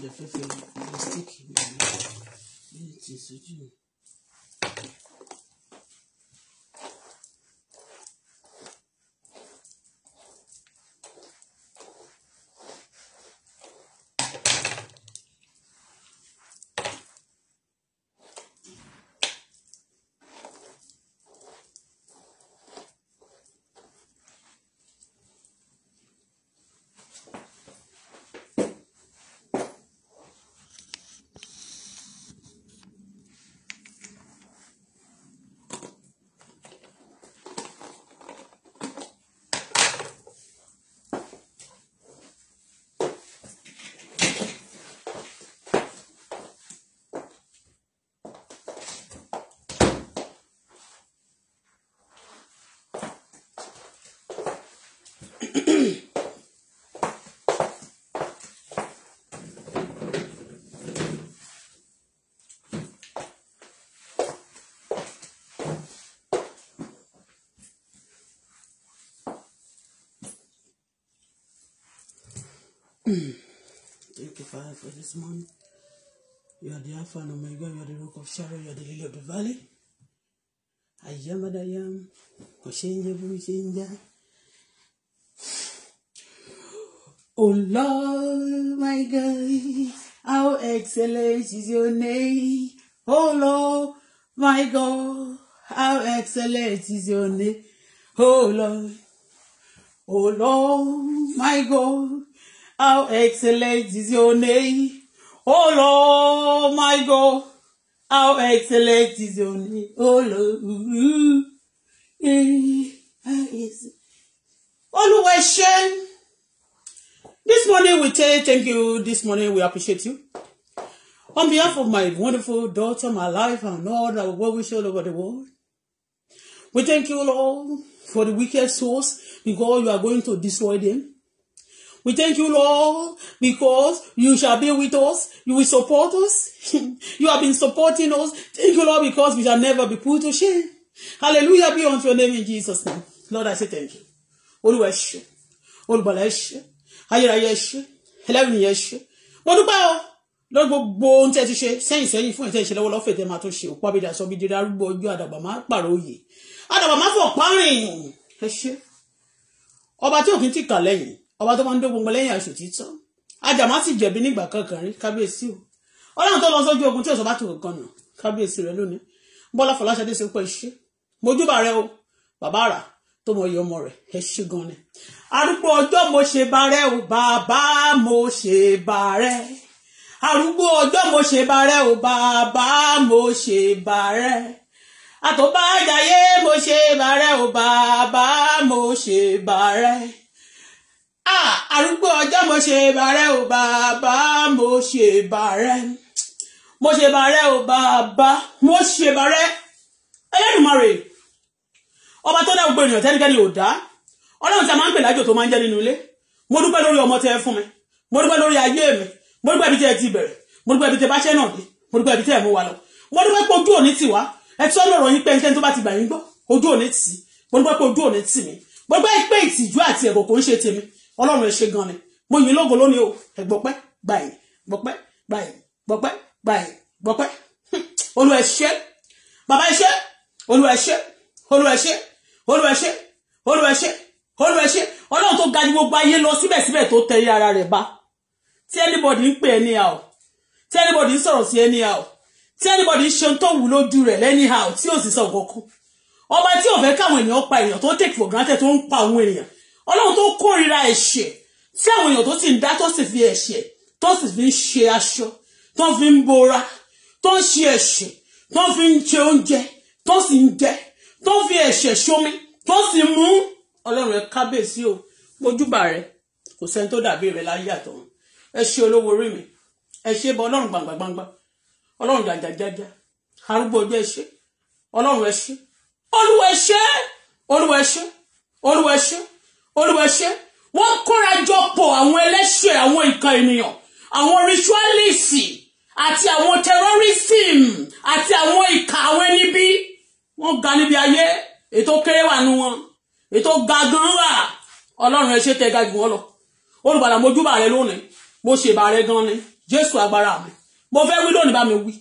有的飞飞，有的飞起，几十句。Thank you, Father, for this morning. You are the Alpha and Omega, you are the Rock of Sharon, you are the Lily of the Valley. I am what I am. Oshenjebu, Shenja. Oh Lord, my God, how excellent is your name. Oh Lord, my God, how excellent is your name. Oh Lord, oh Lord, my God. How excellent is your name. Oh Lord, my God. How excellent is your name. Oh Lord. Olúwa ẹ ṣé. This morning we say thank you. This morning we appreciate you. On behalf of my wonderful daughter, my life, and all that we wish all over the world, we thank you, Lord, for the wicked souls because you are going to destroy them. We thank you, Lord, because you shall be with us. You will support us. you have been supporting us. Thank you, Lord, because we shall never be put to shame. Hallelujah be unto your name in Jesus' name. Lord, I say thank you. Olúwa ẹ ṣé. Olùgbàlà ẹ ṣé. Ayérayé ẹ ṣé. Ẹlẹ́rìí ẹ ṣé. Mo dúpẹ́ o. Lórí gbogbo ohun tí ẹ ti ṣe sẹ́yìn sẹ́yìn fún ẹ̀tẹ́ ìṣẹ̀lẹ̀ lọ́fẹ̀ẹ́ tẹ́ máa tó ṣe òpó abidjan sọ bí dídá arúgbó ọjọ́ àdàgbà máa òye. Àdàgbà fọ̀ párìn. Ẹ ṣé. Ọba tí òkín ti kà lẹ́yìn ọba tó máa ń dógun lẹ́yìn aṣọ títọ́ ajàmá sì jẹ̀bi nígbà kankan rí kábíyèsí o ọlọ́run tó lọ sójú ogun tí òṣùbà tó kankan nà kábíyèsí rẹ lónìí bọ́lá fọláṣadé ṣe pé ṣe mojúbà rẹ o bàbá rà tó mọ iye ọmọ rẹ ẹ ṣe gan ni. arúgbó ọjọ́ mo ṣe bá rẹ o bàbá mo ṣe bá rẹ arúgbó ọjọ́ mo ṣe bá rẹ o bàbá mo ṣe bá rẹ àtọ́bá àjàyé mo ṣe bá rẹ o bàbá mo ṣe bá rẹ arúgbó ọjọ́ mo ṣe bàrẹ́ o bàbá mo ṣe bàrẹ́ mo ṣe bàrẹ́ o bàbá mo ṣe bàrẹ́ Ẹlẹ́dùmarè ọba tó dá gbogbo ènìyàn tẹ́nikẹ́ni ò dá ọlọ́run tí a máa ń pè lájò tó máa ń jẹ́ nínú ilé mo dúpẹ́ lórí ọmọ tẹ́ fún mi mo dúpẹ́ lórí ayé mi mo dúpẹ́ ibi tẹ́ ti bẹ̀rẹ̀ mo dúpẹ́ ibi tẹ́ bá ṣẹ́ náà dé mo dúpẹ́ ibi tẹ́ mú wa lọ mo dúpẹ́ pé ojú òní tiwa ẹ tí wọ́n lọ́rọ̀ yín pé ẹnikẹ́ni tó bá ti gbà yín gbọ́ ojú òní tì mo dúpẹ́ pé ojú òní tì mí mo dúpẹ́ pé ìtìjú àti ẹ̀kọ́ kò ń ṣe tèmi ọlọ́run ẹ ṣe gan ni mo yìn lógo lónìí o ẹ gbọpẹ́ gbàyìn gbọpẹ́ gbàyìn gbọpẹ́ gbàyìn gbọpẹ́ hmm, olúwa ẹ ṣé bàbá ẹ ṣé olúwa ẹ ṣé olúwa ẹ ṣé olúwa ẹ ṣé olúwa ẹ ṣé olúwa ẹ ṣé ọlọ́run tó ga ju gbogbo ayé lọ síbẹ̀síbẹ̀ tó tẹ ara rẹ̀ bá tí anybody ń pè ẹni àwọ̀ tí anybody ń sọ̀rọ̀ sí ẹni àwọ̀ tí anybody ń ṣe tó wù lójú rẹ̀ lẹ́ni àwọ̀ tí ò sì sọ nǹkan kú ọba tí ò fẹ́ káwọn èèyàn pa èèyàn tó take for granted tó ń pa àwọn èèyàn ọlọ́run tó kórìíra ẹ̀ṣẹ̀ tí àwọn èèyàn tó sì ń dá tó sì fi ẹ̀ṣẹ̀ tó sì fi ń ṣe aṣọ tó fi ń bora tó ń ṣe ẹ̀ṣẹ̀ tó fi ń ṣe oúnjẹ tó sì ń jẹ tó fi ẹ̀ṣẹ̀ ṣomi tó sì mú ọlọ́run ẹ kábíyèsí o gbójúbà rẹ kò sẹ́ni tó dàbí rẹ láyé àtọ̀run ẹ ṣe olówó orí mi ẹ ṣe bọ ọlọ́run gbàngbàngbà ọlọ́run jàjàjàjà arúgbó ọjọ́ ẹ ṣe ọlọ́run ẹ ṣe olúwa ẹ ṣe olúwa ẹ ṣe olúwa ẹ ṣe olúwa ṣe wọ́n kóra jọ pọ̀ àwọn ẹlẹ́ṣẹ̀ àwọn ìkan ènìyàn àwọn ritualist àti àwọn terrorism àti àwọn ìka àwọn ẹni bí wọ́n ga níbi ayé ètò kéré wà nù wọn ètò ga gan wà ọlọ́run ẹ ṣe tẹ́ ga jù wọ́n lọ olùbàdà mojúbà rẹ lónìí mo ṣèbà rẹ gan ni jésù agbára mi mo fẹ́ wí lónìí bá mi wí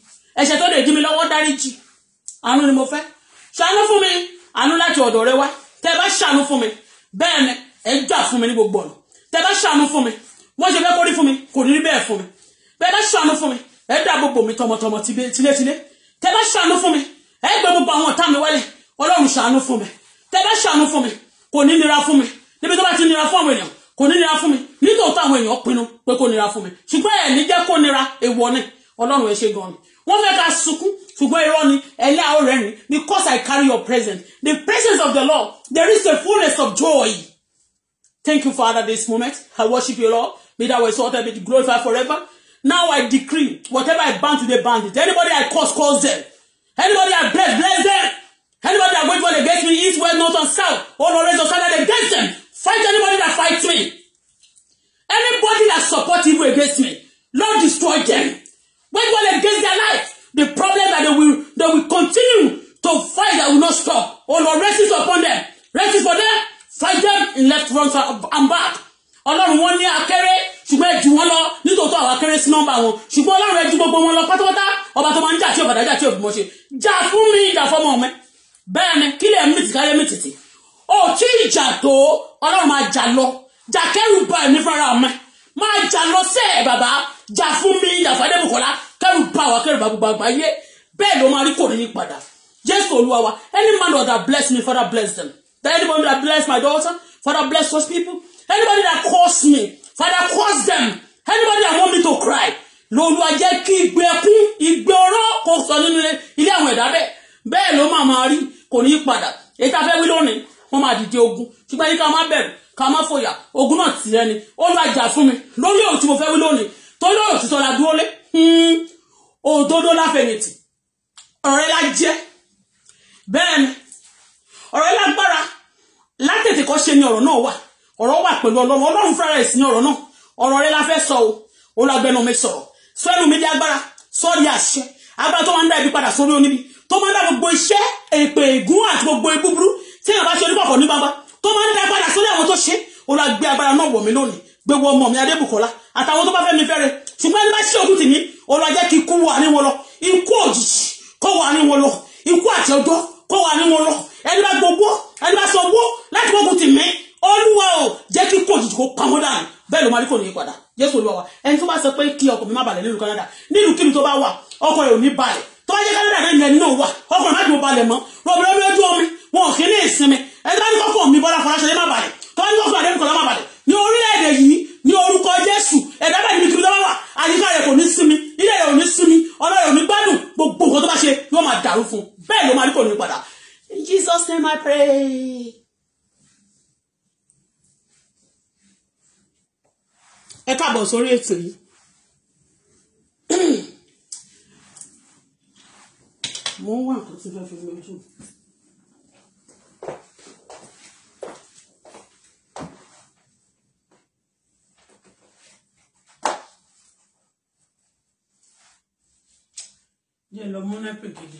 ẹ̀ṣẹ̀ tó lè dí mi lọ́wọ́ dáríjì àánú ni mo fẹ́ ṣàánú fún mi àánú láti ọ̀dọ̀ rẹ wá tẹ́ bá ṣàánú fún mi bẹ́ẹ̀ ni ẹ̀ ń jà fún mi ní gbogbo ọ̀nà tẹ bá ṣàánú fún mi wọ́n ṣe fẹ́ kórí fún mi kò ní rí bẹ́ẹ̀ fún mi bẹ́ẹ̀ bá ṣàánú fún mi ẹ̀ dá gbogbo mi tọmọtọmọ tilétilé tẹ bá ṣàánú fún mi ẹ̀ gbé gbogbo àwọn ọ̀tá mi wálé ọlọ́run ṣàánú fún mi tẹ bá ṣàánú fún mi kò ní nira fún mi níbi tó bá ti nira fún àwọn èèyàn kò ní nira fún mi nítòótọ́ àwọn èèyàn pinnu pé kò nira fún mi ṣùgbọ́n ẹ̀ ní jẹ́ kó nira èèwọ̀ ni ọlọ́run ẹ ṣe gan ni wọ́n fẹ́ ká sunkún ṣùgbọ́n irọ́ ni ẹ̀yìn àwọn rẹ̀ ni because I carry your presence the presence of the Lord there is a fullness of joy. Thank you, Father, this moment. I worship you, Lord. Be thou exalted, be glorified forever. Now I decree, whatever I ban today, ban it. Anybody I curse, curse them. Anybody I bless, bless them. Anybody that wait for against me, east, west, north, and south, all the raise of standard against them. Fight anybody that fights me. Anybody that supports evil against me, Lord, destroy them. Wait for against their life. The problem that they will, they will continue to fight that will not stop. All Lord, rest is upon them. Rest is for them fajab in left front and back ọlọ́run wọn ní akéré ṣùgbọ́n ẹ jù wọn lọ nítòótọ́ àwọn akéré sí nọ́mbà wọn ṣùgbọ́n ọlọ́run ẹ jù gbogbo wọn lọ pátápátá ọba tó máa ń jà tí òbàdà jà tí òbí mọ ṣe jà fún mi ìjà fọmọ mi bẹ́ẹ̀ ni kílẹ̀ mi ti káyé mi tìtì ò tí ìjà tó ọlọ́run máa jà lọ jà kẹrù bá ẹ̀mí fúnra mi máa jà lọ sẹ́ ẹ̀ bàbá jà fún mi ìjà fún adébùkọ́lá kẹrù bá wa kẹrù bá gbogbo àgbáyé bẹ́ẹ̀ ló máa rí kò ní padà Jésù Olúwa wa any man that bless me Father bless them That anybody that bless my daughter, Father, bless those people. Anybody that calls me, Father, calls them. Anybody that want me to cry, Lord, jẹ́ kí ìgbé ẹkún ìgbé ọ̀rọ̀ kò sọ nínú ilé àwọn ẹ̀dá be bẹ́ẹ̀ ló máa máa rí kò ní í padà èyí tá a fẹ́ wí lónìí wọ́n máa dìde ogun ṣùgbọ́n yìí ká má bẹ̀rù ká má fòyà ogun náà tì ẹni Olúwa jà fún mi lórí òun tí mo fẹ́ wí lónìí tó lórí ti sọ la dúró lé hmm, òdodo láfẹ̀yìntì ọ̀rẹ́ la jẹ́ bẹ́ẹ̀ ni ọ̀rọ̀ lágbára látètè kọ́ ṣe ni ọ̀rọ̀ náà wà ọ̀rọ̀ wà pẹ̀lú ọlọ́run ọlọ́run fúnra rẹ̀ sí ni ọ̀rọ̀ náà ọ̀rọ̀ rẹ̀ la fẹ́ sọ o olùgbẹ́nu mi sọ̀rọ̀ sọ ẹnu mi di agbára sọ di àṣẹ agbára tó máa ń dá ibi padà sórí oníbi tó máa ń dá gbogbo iṣẹ́ èpè ègún àti gbogbo ibúburú tí èèyàn bá ṣe onípọ̀pọ̀ ní bàbá tó máa ń dá padà sórí àwọn tó ṣe olùgbẹ́ agbára náà wọ̀ mí lónìí gbogbo ọmọ mi adébùkọ́lá àtàwọn tó bá fẹ́ mi fẹ́rẹ̀ ṣùgbọ́n ẹni bá ṣe òkú tìmí olùwàjẹ́ kí ikú wà ní wọn lọ ikú òjijì kó wà ní wọn lọ ikú àti ọjọ́ kó wà ní wọn lọ ẹni bá gbogbo ẹni bá sọ gbó láti gbógun tì mí olúwa o jẹ́ kí kò jìjì kó pamọ́ dànù bẹ́ẹ̀ ló máa rí kò ní í padà jésù olúwa wa ẹni tó bá sọ pé kí ọkọ mi má balẹ̀ nílùú Canada nílùú kílùú tó bá wà ọkọ rẹ̀ ò ní balẹ̀ tó bá jẹ́ Canada náà ìyẹn náà wà ọkọ náà dùn balẹ̀ mọ́ rọ̀bìrọ̀ bí ojú omi wọn ò kí ní ìsinmi ẹni bá ní kọ́kọ́ mi Bọ́lá Fọláṣadé má balẹ̀ tó bá ní kọ́kọ́ àdé nìkan má balẹ̀ ní orílẹ̀-èdè yìí ní orúkọ Jésù ẹ̀dá bẹ́ẹ̀ níbi kíbi tó bá wà àyíká rẹ̀ kò ní sinmi ilé rẹ̀ ò ní sinmi ọlọ́rẹ̀ ò ní gbádùn gbogbo nǹkan tó bá ṣe yóò máa dàrú fún bẹ́ẹ̀ ló máa rí kò ní padà In Jesus' name I pray. Ẹ káàbọ̀ sórí ètò yìí. Mo ń wá nǹkan tí mo fi lójú. Yẹ lọ mú nẹ́pì gidi.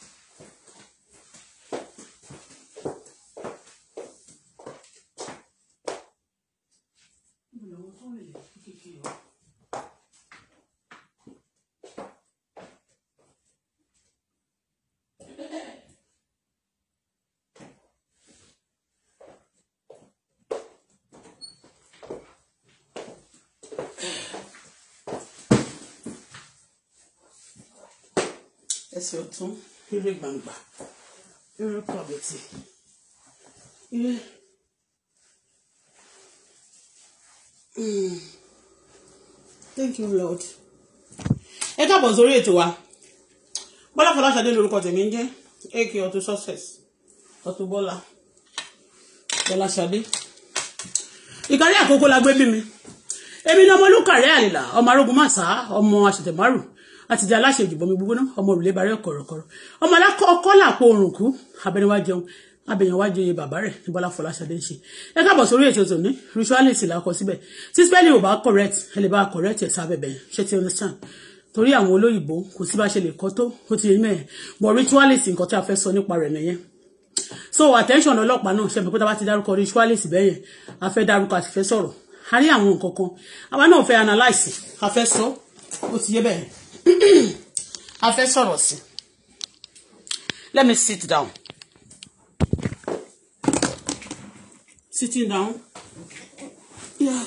ẹsẹ̀ ọ̀tún eré gbangba eré pàbẹ̀tì eré thank you lord ẹ káàbọ̀ sórí ètò wa bọ́lá fọláṣadé lórúkọ tèmi ń jẹ́ ak Auto Success Auto Bola fọláṣadé ìkàrí àkókò la gbé bí mi èmi ni ọmọ olùkàrí àlìlà ọmọ arógun màsá ọmọ àṣetẹmárù àti di aláṣẹ ìjùbọn mi gbogbo náà ọmọ òrùlé barẹ kọ̀rọ̀kọ̀rọ̀ ọmọ alákọ ọkọ làpò òrùn kú abẹniwá jẹun abẹyànwá jẹyẹ bàbá rẹ níbọlá fọláṣadé ń ṣe ẹ káàbọ̀ sórí ètò tòní ritualist làkọ síbẹ̀ tí spẹlì ò bá correct ẹ lè bá correct ẹ sábẹ bẹyẹn ṣé ti understand torí àwọn olóyìnbó kò sí bá ṣe lè kọ́ tó ó ti yẹ mẹ́ẹ̀ but ritualist nǹkan tí a fẹ́ sọ nípa rẹ̀ nìyẹn so attention ọlọ́pàá náà ṣẹ́mi pé tá a bá ti dárúkọ ritualist bẹ́yẹn a fẹ́ dárúkọ àti fẹ́ sọ̀rọ̀ a rí àwọn nǹkan kan àwa náà fẹ́ analyse a fẹ́ sọ ó ti yẹ bẹ́ẹ̀ a fẹ́ sọ̀rọ̀ sí let me sit down sitting down yeah.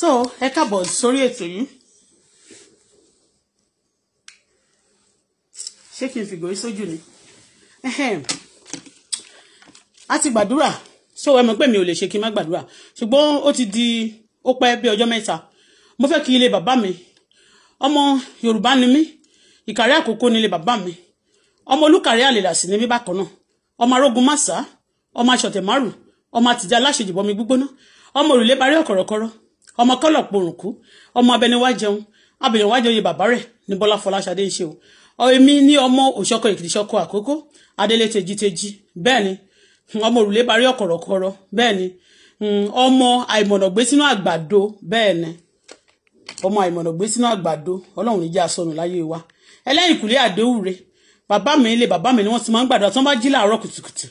so ẹ káàbọ̀ sórí ètò yìí ṣé kí n fìgò yìí sójú ni a ti gbàdúrà ṣé o ẹ mọ̀ pé mi ò lè ṣe kí n má gbàdúrà ṣùgbọ́n ó ti di ó pẹ́ bí ọjọ́ mẹ́ta mo fẹ́ kí ilé bàbá mi ọmọ Yorùbá ni mí Ìkàrẹ́ Àkókó ni ilé bàbá mi ọmọ Olúkàrẹ́ àlèlàsì ni mí bákan náà ọmọ arógun màsà ọmọ aṣọ̀tẹ̀ márùn ọmọ àtijọ́ aláṣejìbọmi gbígbóná ọmọ òrùlé barí ọ̀kọ̀rọ̀kọ̀rọ̀ ọmọ kọ́lọ̀ porùnkú ọmọ abẹniwá jẹun abẹniwá jẹun yẹ bàbá rẹ̀ ní Bọ́lá Fọláṣadé ń ṣe ọmọ òrùlé parí ọ̀kọ̀rọ̀kọ̀rọ̀ bẹ́ẹ̀ ni hmm, ọmọ àìmọ̀nà gbé sínú àgbàdo bẹ́ẹ̀ ni ọmọ àìmọ̀nà gbé sínú àgbàdo ọlọ́run níjà sọnù láyé wa ẹlẹ́yìnkùlé àdéhùre bàbá mi ilé bàbá mi ni wọ́n ti máa ń gbàdúrà tí wọ́n bá jí láàárọ̀ kùtùkùtù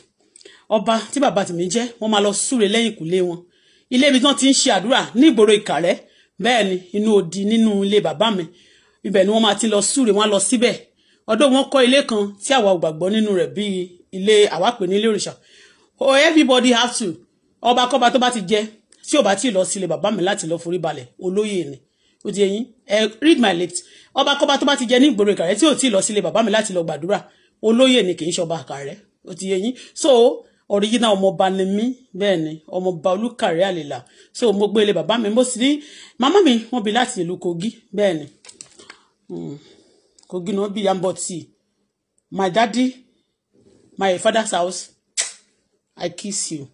ọba tí bàbá tèmi jẹ́ wọ́n máa lọ súre lẹ́yìnkùlé wọn ilé ibi tí wọ́n ti ń ṣe àdúrà ní ìgboro ìkàrẹ́ bẹ́ẹ̀ ni inú odi nínú ilé bàbá mi ibẹ̀ ni wọ́n máa ti lọ súre wọ́n lọ síbẹ̀ ọdún wọn kọ́ ilé kan tí àwa ò gbàgbọ́ nínú rẹ̀ bíi ilé àwápè nílé òrìṣà oh everybody have to ọba kọ́ba tó bá ti jẹ tí ò bá tí ì lọ sílé bàbá mi láti lọ forí balẹ̀ olóyè ni ó ti yẹyin eh, read my lips ọba kọ́ba tó bá ti jẹ ní ìgboro Ìkàrẹ́ tí ò tí ì lọ sílé bàbá mi láti lọ gbàdúrà olóyè ni kì í ṣọba Ìkàrẹ́ ó ti yẹyin so original ọmọọba ni mí bẹ́ẹ̀ ni ọmọọba Olúkàrẹ́ àlèlà so mo gbé ilé bàbá mi mo sì ní màmá mi wọ́n bí láti ìlú Kogi bẹ́ẹ̀ ni hmm. Kogi ni wọ́n bí yambọ tíì my daddy my father's house I kiss you.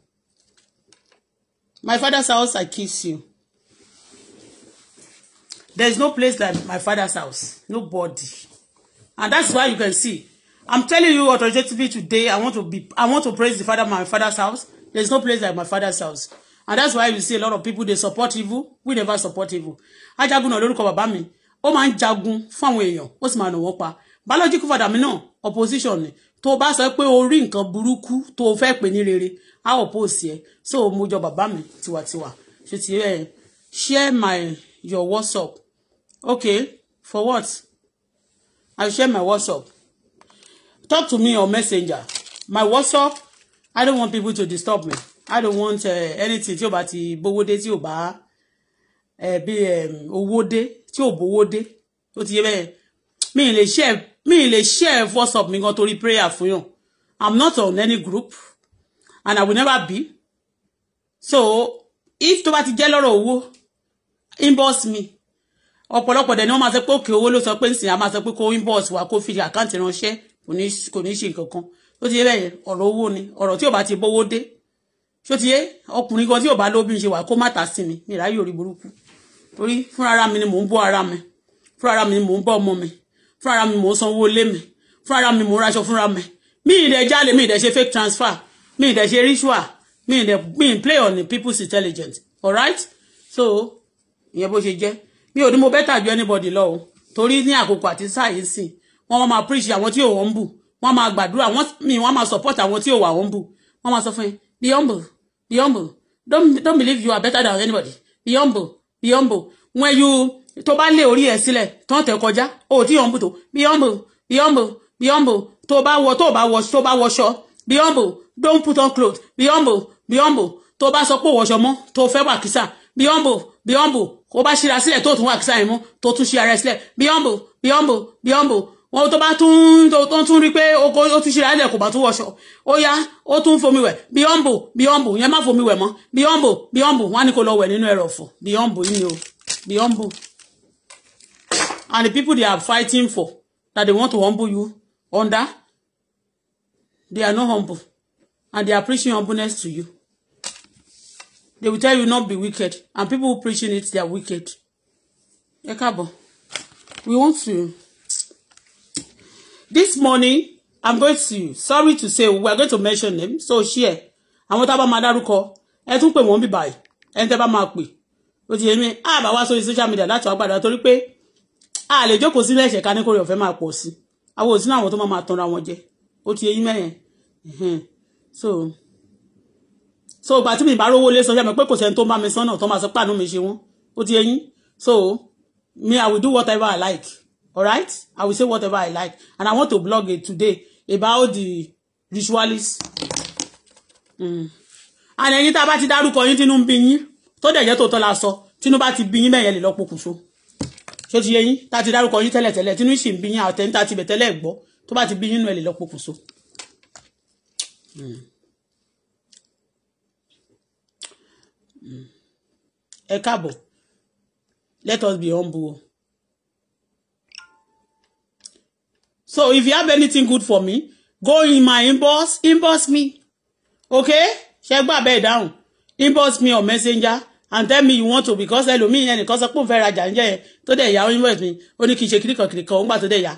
My father's house, I kiss you. There is no place like my father's house. Nobody. And that's why you can see. I'm telling you authoritatively today, I want to be I want to praise the father of my father's house. There's no place like my father's house. And that's why you see a lot of people they support evil. We never support evil. I náà no look over me. Oh man, jagun fún way èèyàn. Ó sì máa nà wọ́n Biological father me náà opposition tó bá sọ pé o nǹkan burúkú tó fẹ́ pè ní rere á ò pòsì ẹ so mo jọ bàbá mi tiwàtiwà ṣe ti ẹ share my your whatsapp okay for what i share my whatsapp talk to me on messenger my whatsapp i don't want people to disturb me i don't want uh, anything tí o bá ti bówó dé tí o bá eh, bí eh, owó dé tí o bówó dé ó ti yé bẹ́ẹ̀ mi ì lè share mi lè share WhatsApp me gan torí prayer for you. i'm not on any group and i will never be so if to bá ti jẹ́ lọ́rọ̀ owó inbox mi ọ̀pọ̀lọpọ̀ dẹ̀ ni wọ́n máa sọ pé òkè owó ló sọ pé nsìn a máa sọ pé kó inbox wà kó fi àkáǹtì ránṣẹ́ kò ní ṣe nǹkan kan ó ti yé bẹ́ẹ̀ ọ̀rọ̀ ni ọ̀rọ̀ tí ò bá ti bówó dé ṣó ti yé ọkùnrin kan tí ò bá lóbi ṣe wà kó má tà sí mi mi ráyè orí burúkú torí fúnra ara mi ni mò ń bọ́ ara mi fúnra ara mi ni mò ń bọ́ ọmọ mi fúnra mi mò ń sanwó lé mi fúnra mi mò ń raṣọ fúnra mi mi ì dẹ̀ mi ì ṣe fake transfer mi ì dẹ̀ ṣe ritual mi ì mi ì play on the people's intelligence alright so ìyẹn bó ṣe jẹ́ mi ò ní mo better ju anybody lọ o torí ní àkókò àti sáyẹ́nsì wọ́n máa preach àwọn tí ò wọ́n ń bù wọ́n máa gbàdúrà wọ́n mi wọ́n máa support àwọn tí ò wà wọ́n ń bù wọ́n máa sọ fún yín be humble be humble don't don't believe you are better than anybody be humble be humble when you tó bá lé orí ẹ̀ sílẹ̀ tó ń tẹ̀ kọjá ó ti humble tó be humble be humble be humble tó bá wọ tó bá wọ tó bá wọṣọ be humble put on clothes be humble be humble tó bá sọ pé wọṣọ mọ́ tó fẹ́ wà kísà be humble be humble kó bá ṣíra sílẹ̀ tó tún wà kísà yẹn mọ́ tó tún ṣí ara ẹ̀ sílẹ̀ be humble be humble be humble wọn tó bá tún tó tún rí pé oko ó tún ṣíra ẹ̀dẹ̀ kò bá tún wọṣọ ó yá ó tún fomi wẹ̀ bíọ́ǹbù bíọ́ǹbù yẹn má fomi wẹ̀ mọ́ bíọ́ǹbù bíọ́ǹbù wọn á ní kó lọ wẹ̀ nínú ẹ̀rọ̀fọ̀ bíọ́ǹbù yìí ni o bíọ́ǹbù and the people they are fighting for that they want to humble you under they are not humble and they are preaching humbleness to you they will tell you not be wicked and people who preaching it they are wicked ẹ we want to this morning i'm going to sorry to say we are going to mention them so share àwọn tá a bá máa dárúkọ ẹ tún pè wọ́n bí báyìí ẹ ń tẹ́ bá máa pè ó ti yẹ mí ah, àbá wá sórí social media láti wá gbàdúrà torí pé a lè jókòó sílẹ̀ ẹ̀ṣẹ̀ ká ní kórè ọ̀fẹ́ máa pọ̀ sí àwọn òsínú àwọn tó máa tanra wọn jẹ ó ti eyín mẹ́yẹn so so ìgbà tí mi bá rówó lé sọ yá mi pé kò sẹ́ni tó bá mi sọ́nà tó máa sọ pàánù mi ṣe wọ́n ó ti eyín so me i will do whatever i like all right i will say whatever i like and i want to blog it today about the rituals. mm. and ẹ̀yin tá a bá ti dárúkọ yín tínú ń bí yín tó dẹ̀ jẹ́ tòótọ́ la sọ tínú bá ti bí yín bẹ́ẹ̀ lè lọ pokùnso ṣó ti yẹ yín ti dárúkọ yín tẹ́lẹ̀ tẹ́lẹ̀ tínú ìsìn bí yín níta ti bẹ̀ gbọ́ tó bá ti bí nù ẹ̀ lè lọ pokùnso. Hmm. Hmm. ẹ káàbọ̀ let us be humble. So if you have anything good for me, go in my inbox, inbox me. Okay? Ṣé gbà bẹ́ẹ̀ dáhùn? Inbox me on messenger and tell me you want to because ẹlòmíì yẹn nìkan sọ pé òun fẹ́ rajà ń jẹ́ yẹn tó dẹ̀ ìyá oníwẹ̀ mi ó ní kí n ṣe kíríkan kíríkan òun gbà tó dẹ̀ ìyá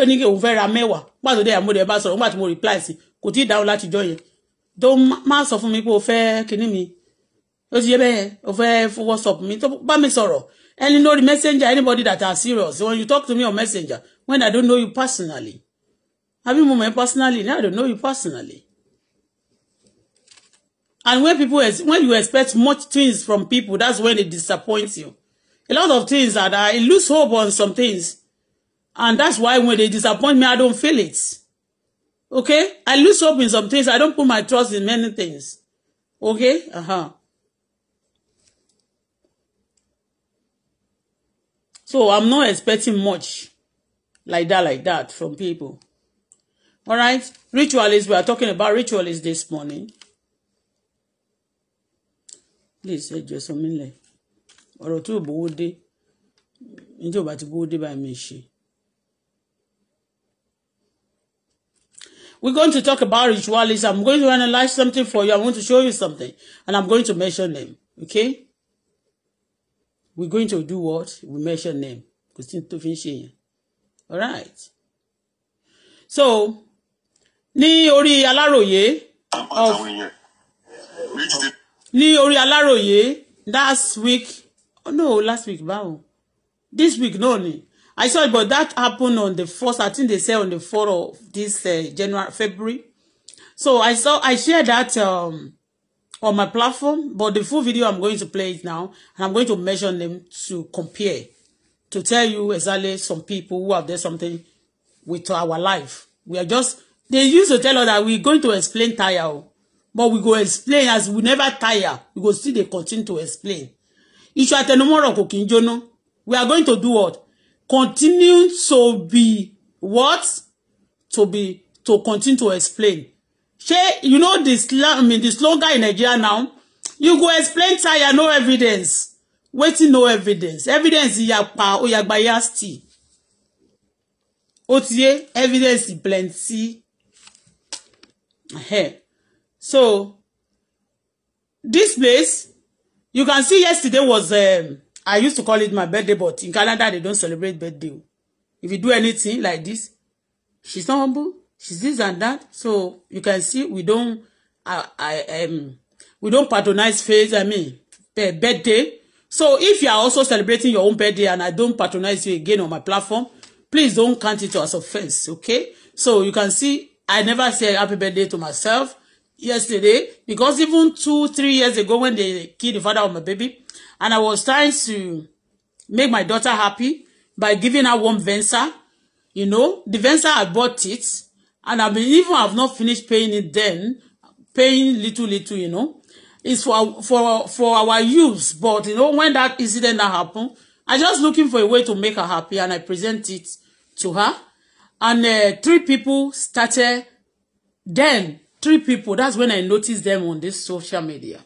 ó ní kí òun fẹ́ ra mẹ́wàá gbà tó dẹ̀ ìyá mo dẹ̀ bá sọ̀rọ̀ nígbà tí mo reply sí kò tí ì dáhùn láti jọ yẹn tó má sọ fún mi pé o fẹ́ kinní mi ó ti yé bẹ́ẹ̀ o fẹ́ whatsapp mi tó bá mi sọ̀rọ̀ ẹni lórí messenger anybody that are serious when you talk to me on messenger when I don't know you personally àbí mo mọ̀ ẹ́ personally now I don't know you personally And when people, when you expect much things from people, that's when it disappoints you. A lot of things are that I lose hope on some things. And that's why when they disappoint me, I don't feel it. Okay? I lose hope in some things. I don't put my trust in many things. Okay? Uh-huh. So I'm not expecting much like that, like that from people. All right? Ritualists, we are talking about ritualists this morning please ẹ jọ sọ lẹ ọ̀rọ̀ tí ò bówó dé níjọ́ bá ti bówó dé báyìí mi ṣe. We're going to talk about ritualism. I'm going to analyze something for you. I want to show you something, and I'm going to mention them. Okay? We're going to do what? We mention them. Kò sí tó fi ń ṣe yẹn. All right. So, ní orí Aláròyé. Of, ní orí aláròyé last week oh no last week báwo this week náà ni i saw it but that happened on the first i think they say on the four of this uh, january february so i saw i shared that um, on my platform but the full video i'm going to play it now and i'm going to mention them to compare to tell you exactly some people who have done something with our life we are just they used to tell us that we're going to explain tire oh but we go explain as we never tire we go still dey continue to explain iṣu àtẹnumọ́rọ̀ kò kí n jóná we are going to do what continue to be what to be to continue to explain ṣé you know the slang I mean the slogan in Nigeria now you go explain tire no evidence wetin no evidence evidence yapa oyagba yasti o tiye evidence plenty. Hey. So this place, you can see yesterday was, um, I used to call it my birthday, but in Canada they don't celebrate birthday. If you do anything like this, she's not humble, she's this and that. So you can see we don't, I, I um, we don't patronize face, I mean, birthday. So if you are also celebrating your own birthday and I don't patronize you again on my platform, please don't count it as offense, okay? So you can see I never say happy birthday to myself yesterday because even two, three years ago when they killed the father of my baby, and I was trying to make my daughter happy by giving her one Venza. You know, the Venza I bought it, and I mean even I've not finished paying it then, paying little little, you know. It's for for for our use, but you know when that incident that happened, I just looking for a way to make her happy, and I present it to her, and uh, three people started. Then three people. That's when I noticed them on this social media.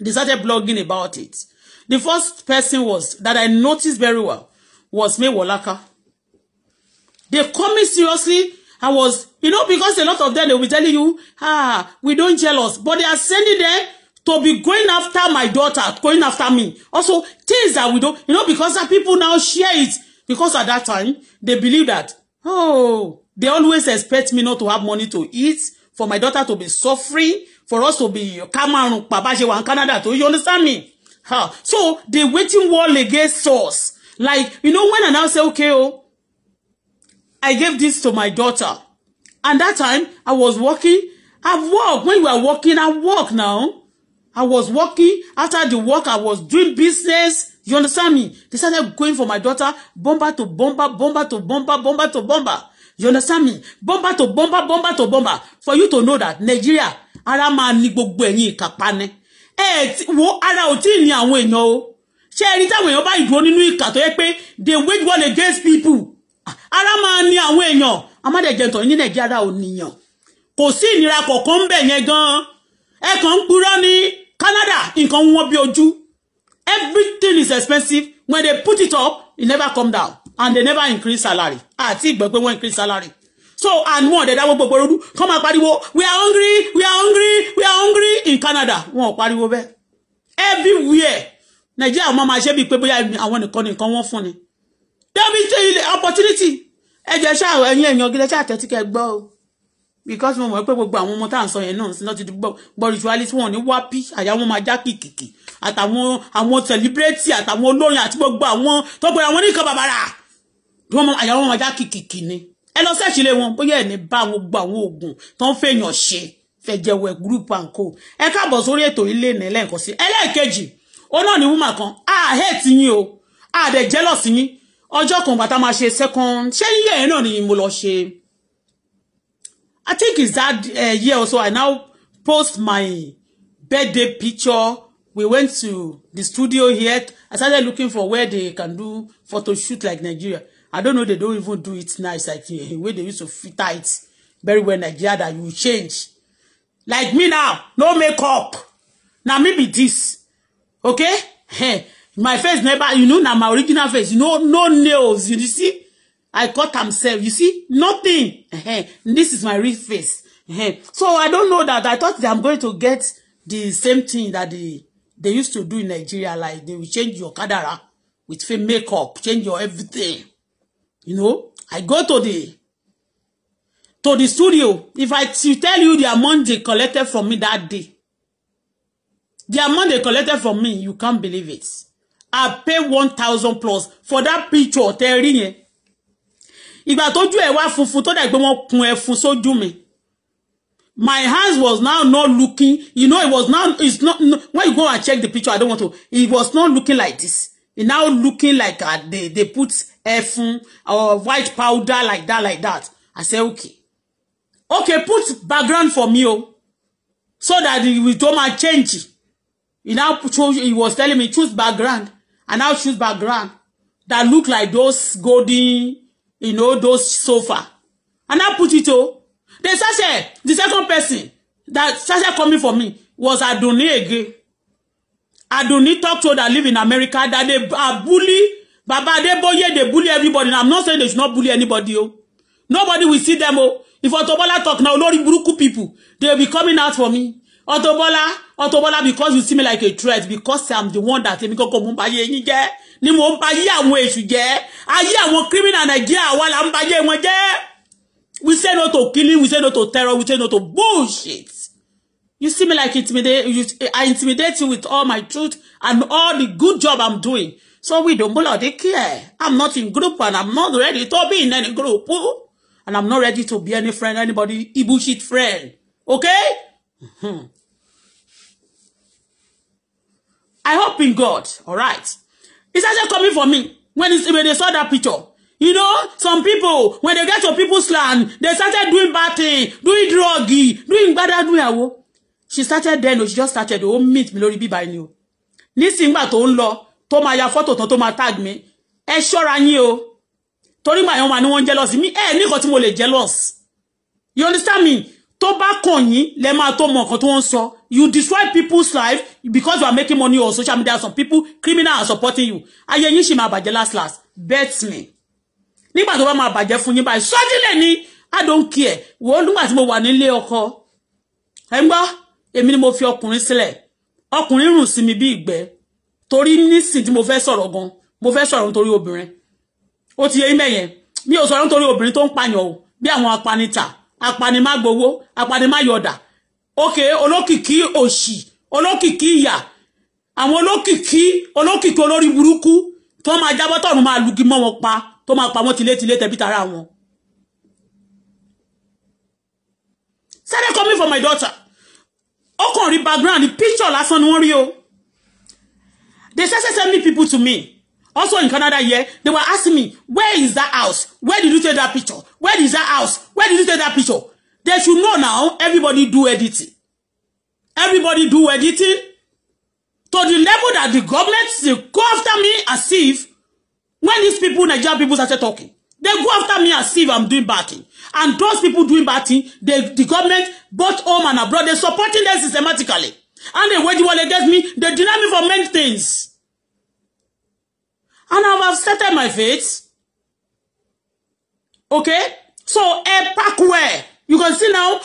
They started blogging about it. The first person was that I noticed very well was May Walaka. They call me seriously. I was, you know, because a lot of them they will be telling you, ah, we don't jealous, but they are sending them to be going after my daughter, going after me. Also, things that we don't, you know, because that people now share it. Because at that time, they believe that, oh, They always expect me not to have money to eat, for my daughter to be suffering, for us to be kamarun pabashewa in Canada too. You understand me? Huh. So they waiting war against us. Like, you know, when I now say, okay, oh, I gave this to my daughter. And that time, I was working. I work. When we are working, I work now. I was working. After the work, I was doing business. You understand me? They started going for my daughter, bomber to bomber, bomber to bomber, bomber to bomber you understand me bomber to bomber bomber to bomber for you to know that Nigeria ara máa ní gbogbo ẹ̀yin ìkàpá ni ẹ wo ara ò tí ì ní àwọn èèyàn o ṣé ẹni táwọn èèyàn bá ìdúró nínú ìkà tó yẹ pé they wage war against people ara máa ní àwọn èèyàn amádẹ̀jẹ̀ntàn ní Nàìjíríà ò níyàn kò sí ìnira kọ̀ọ̀kan ń bẹ̀ yẹn gan-an ẹ kàn ń Canada nǹkan wọn bí ojú everything is expensive when they put it up it never come down and they never increase salary àti ìgbọ́ pé wọ́n increase salary so and wọn ọ̀dẹ̀dá wọ́n gbogbo orúdú kọ́ máa pariwo we are hungry we are hungry we are hungry in Canada wọn ò pariwo bẹ́ẹ̀ everywhere Nàìjíríà wọn máa ṣe bíi pé bóyá àwọn nìkan nìkan wọ́n fún ni there be opportunity ẹjọ ṣáà ẹ̀yin ẹ̀yin ọ̀gílẹ̀ ṣáà tẹ́tí kẹ́ gbọ́ o because mo mọ̀ pé gbogbo àwọn ọmọ tá à ń sọ yẹn náà sí náà ti gbọ́ ritualist wọn ní wápí àyà wọn máa já kìkìkì àtàwọn àwọn celebrity àtàwọn olórin àti gbogbo àwọn tó gbọ́dọ̀ àwọn oníkan bàbàrà àyàwó wọn já kìkìkì ni ẹ lọ sẹ́ẹ̀sì lé wọn bóyá ẹni bá wọn gba àwọn oògùn tó ń fèèyàn ṣe fẹ̀jẹ̀wẹ̀ group and co ẹ káàbọ̀ sórí ètò ilé ní ẹlẹ́ẹ̀kan sí ẹlẹ́ẹ̀kejì ó náà ní wúmà kan a hate yín o a dẹ̀ jealous yín ọjọ́ kan bàtà máa ṣe second ṣé yíyẹ yẹn náà ni mo lọ ṣe I think it's that uh, year also I now post my birthday picture we went to the studio here I started looking for where they can do photo shoot like Nigeria I don't know they don't even do it nice like eh, the way they used to fit tight very well Nigeria that you change. Like me now, no makeup. Now me be this. Okay? Hey, my face never, you know, now my original face, you know, no nails, you see? I cut myself, you see? Nothing. Hey, this is my real face. Hey. So I don't know that. I thought that I'm going to get the same thing that the they used to do in Nigeria, like they will change your kadara with fake makeup, change your everything. You know, I go to the to the studio. If I tell you the amount they collected from me that day, the amount they collected from me, you can't believe it. I pay one thousand plus for that picture tẹ́ rí yẹn. Ìgbà tójú ẹ̀ wá funfun tó dàgbé wọn kun ẹfun sójú mi. My hands was now not looking, you know, it was now, it's not, no, when you go and check the picture, I don't want to, it was not looking like this. It now looking like uh, they, they put ẹfun or white powder like that like that i say okay okay put background for me oh, so that we don ma change he now chose he was telling me choose background i now choose background that look like those golden you know those sofa and now put it oh. then sase the second person that sase coming for me was Adunni again Adunni talk to that live in America that they are bully Baba Adeboye, they bully everybody. And I'm not saying they should not bully anybody. Oh. Nobody will see them. Oh. If Otobola talk now, Olori Buruku people, They'll be coming out for me. Otobola, Otobola, because you see me like a threat, because I'm the one that Emi Koko mú bayé yín jẹ́, ni mò ń bayé àwọn èṣù criminal Nigeria wa la ń bayé We say no to killing, we say no to terror, we say no to bullshit. You see me like intimidate, you, I intimidate you with all my truth and all the good job I'm doing. So we don't bother. bloody care. I'm not in group and I'm not ready to be in any group. And I'm not ready to be any friend, anybody, Ibu shit friend. Okay? Mm-hmm. I hope in God. All right. It's actually coming for me when, it's, when they saw that picture. You know, some people, when they get to people's land, they started doing bad thing, doing druggy, doing bad, doing She started then, she just started, oh, meet me, lórí be ni o. Listen, ìgbà tó law? tó máa ya fọ́tò tán tó máa tag mi ẹ ṣọ́ra yín o torí màá yàn wà ní wọ́n jealous mi ẹ nìkan tí mo lè jealous you understand me tó bá kàn yín lẹ máa tó mọ nǹkan tí wọ́n sọ you destroy people's life because you are making money on social media some people criminal are supporting you ayé yín sì máa bàjẹ́ last last bet me nígbà tó bá máa bàjẹ́ fún yín báyìí sọ́jílẹ̀ ni i don't care wò ó nígbà tí mo wà nílé ọkọ ẹ ń gbọ́ èmi ni mo fi ọkùnrin sílẹ̀ ọkùnrin rùn sí mi bí ìgbẹ́ torí nísìn tí mo fẹ́ sọ̀rọ̀ gan mo fẹ́ sọ̀rọ̀ nítorí obìnrin ó ti yé imẹ̀ yẹn mi ò sọ̀rọ̀ nítorí obìnrin tó ń pààyàn o bí àwọn apanita apanimágbowó apanimáyọ̀dà ókè olókìkí òṣì olókìkí ìyà àwọn olókìkí olókìkí olórí burúkú tó máa jábọ́ tọ̀run máa lugi mọ́ wọn pa tó máa pa wọn tilétilé tẹbí tara wọn. sáré coming for my daughter ó kàn rí background picture lásán ni wọ́n rí o. They sent send me people to me. Also in Canada here, they were asking me, where is that house? Where did you take that picture? Where is that house? Where did you take that picture? They should know now, everybody do editing. Everybody do editing. To the level that the government, they go after me as if, when these people, Nigerian people started talking, they go after me as if I'm doing bad thing. And those people doing bad thing, they, the government, both home and abroad, they're supporting them systematically. And they wage war against me. They deny me for many things. And I have settled my faith. Okay? So, a pack where you can see now,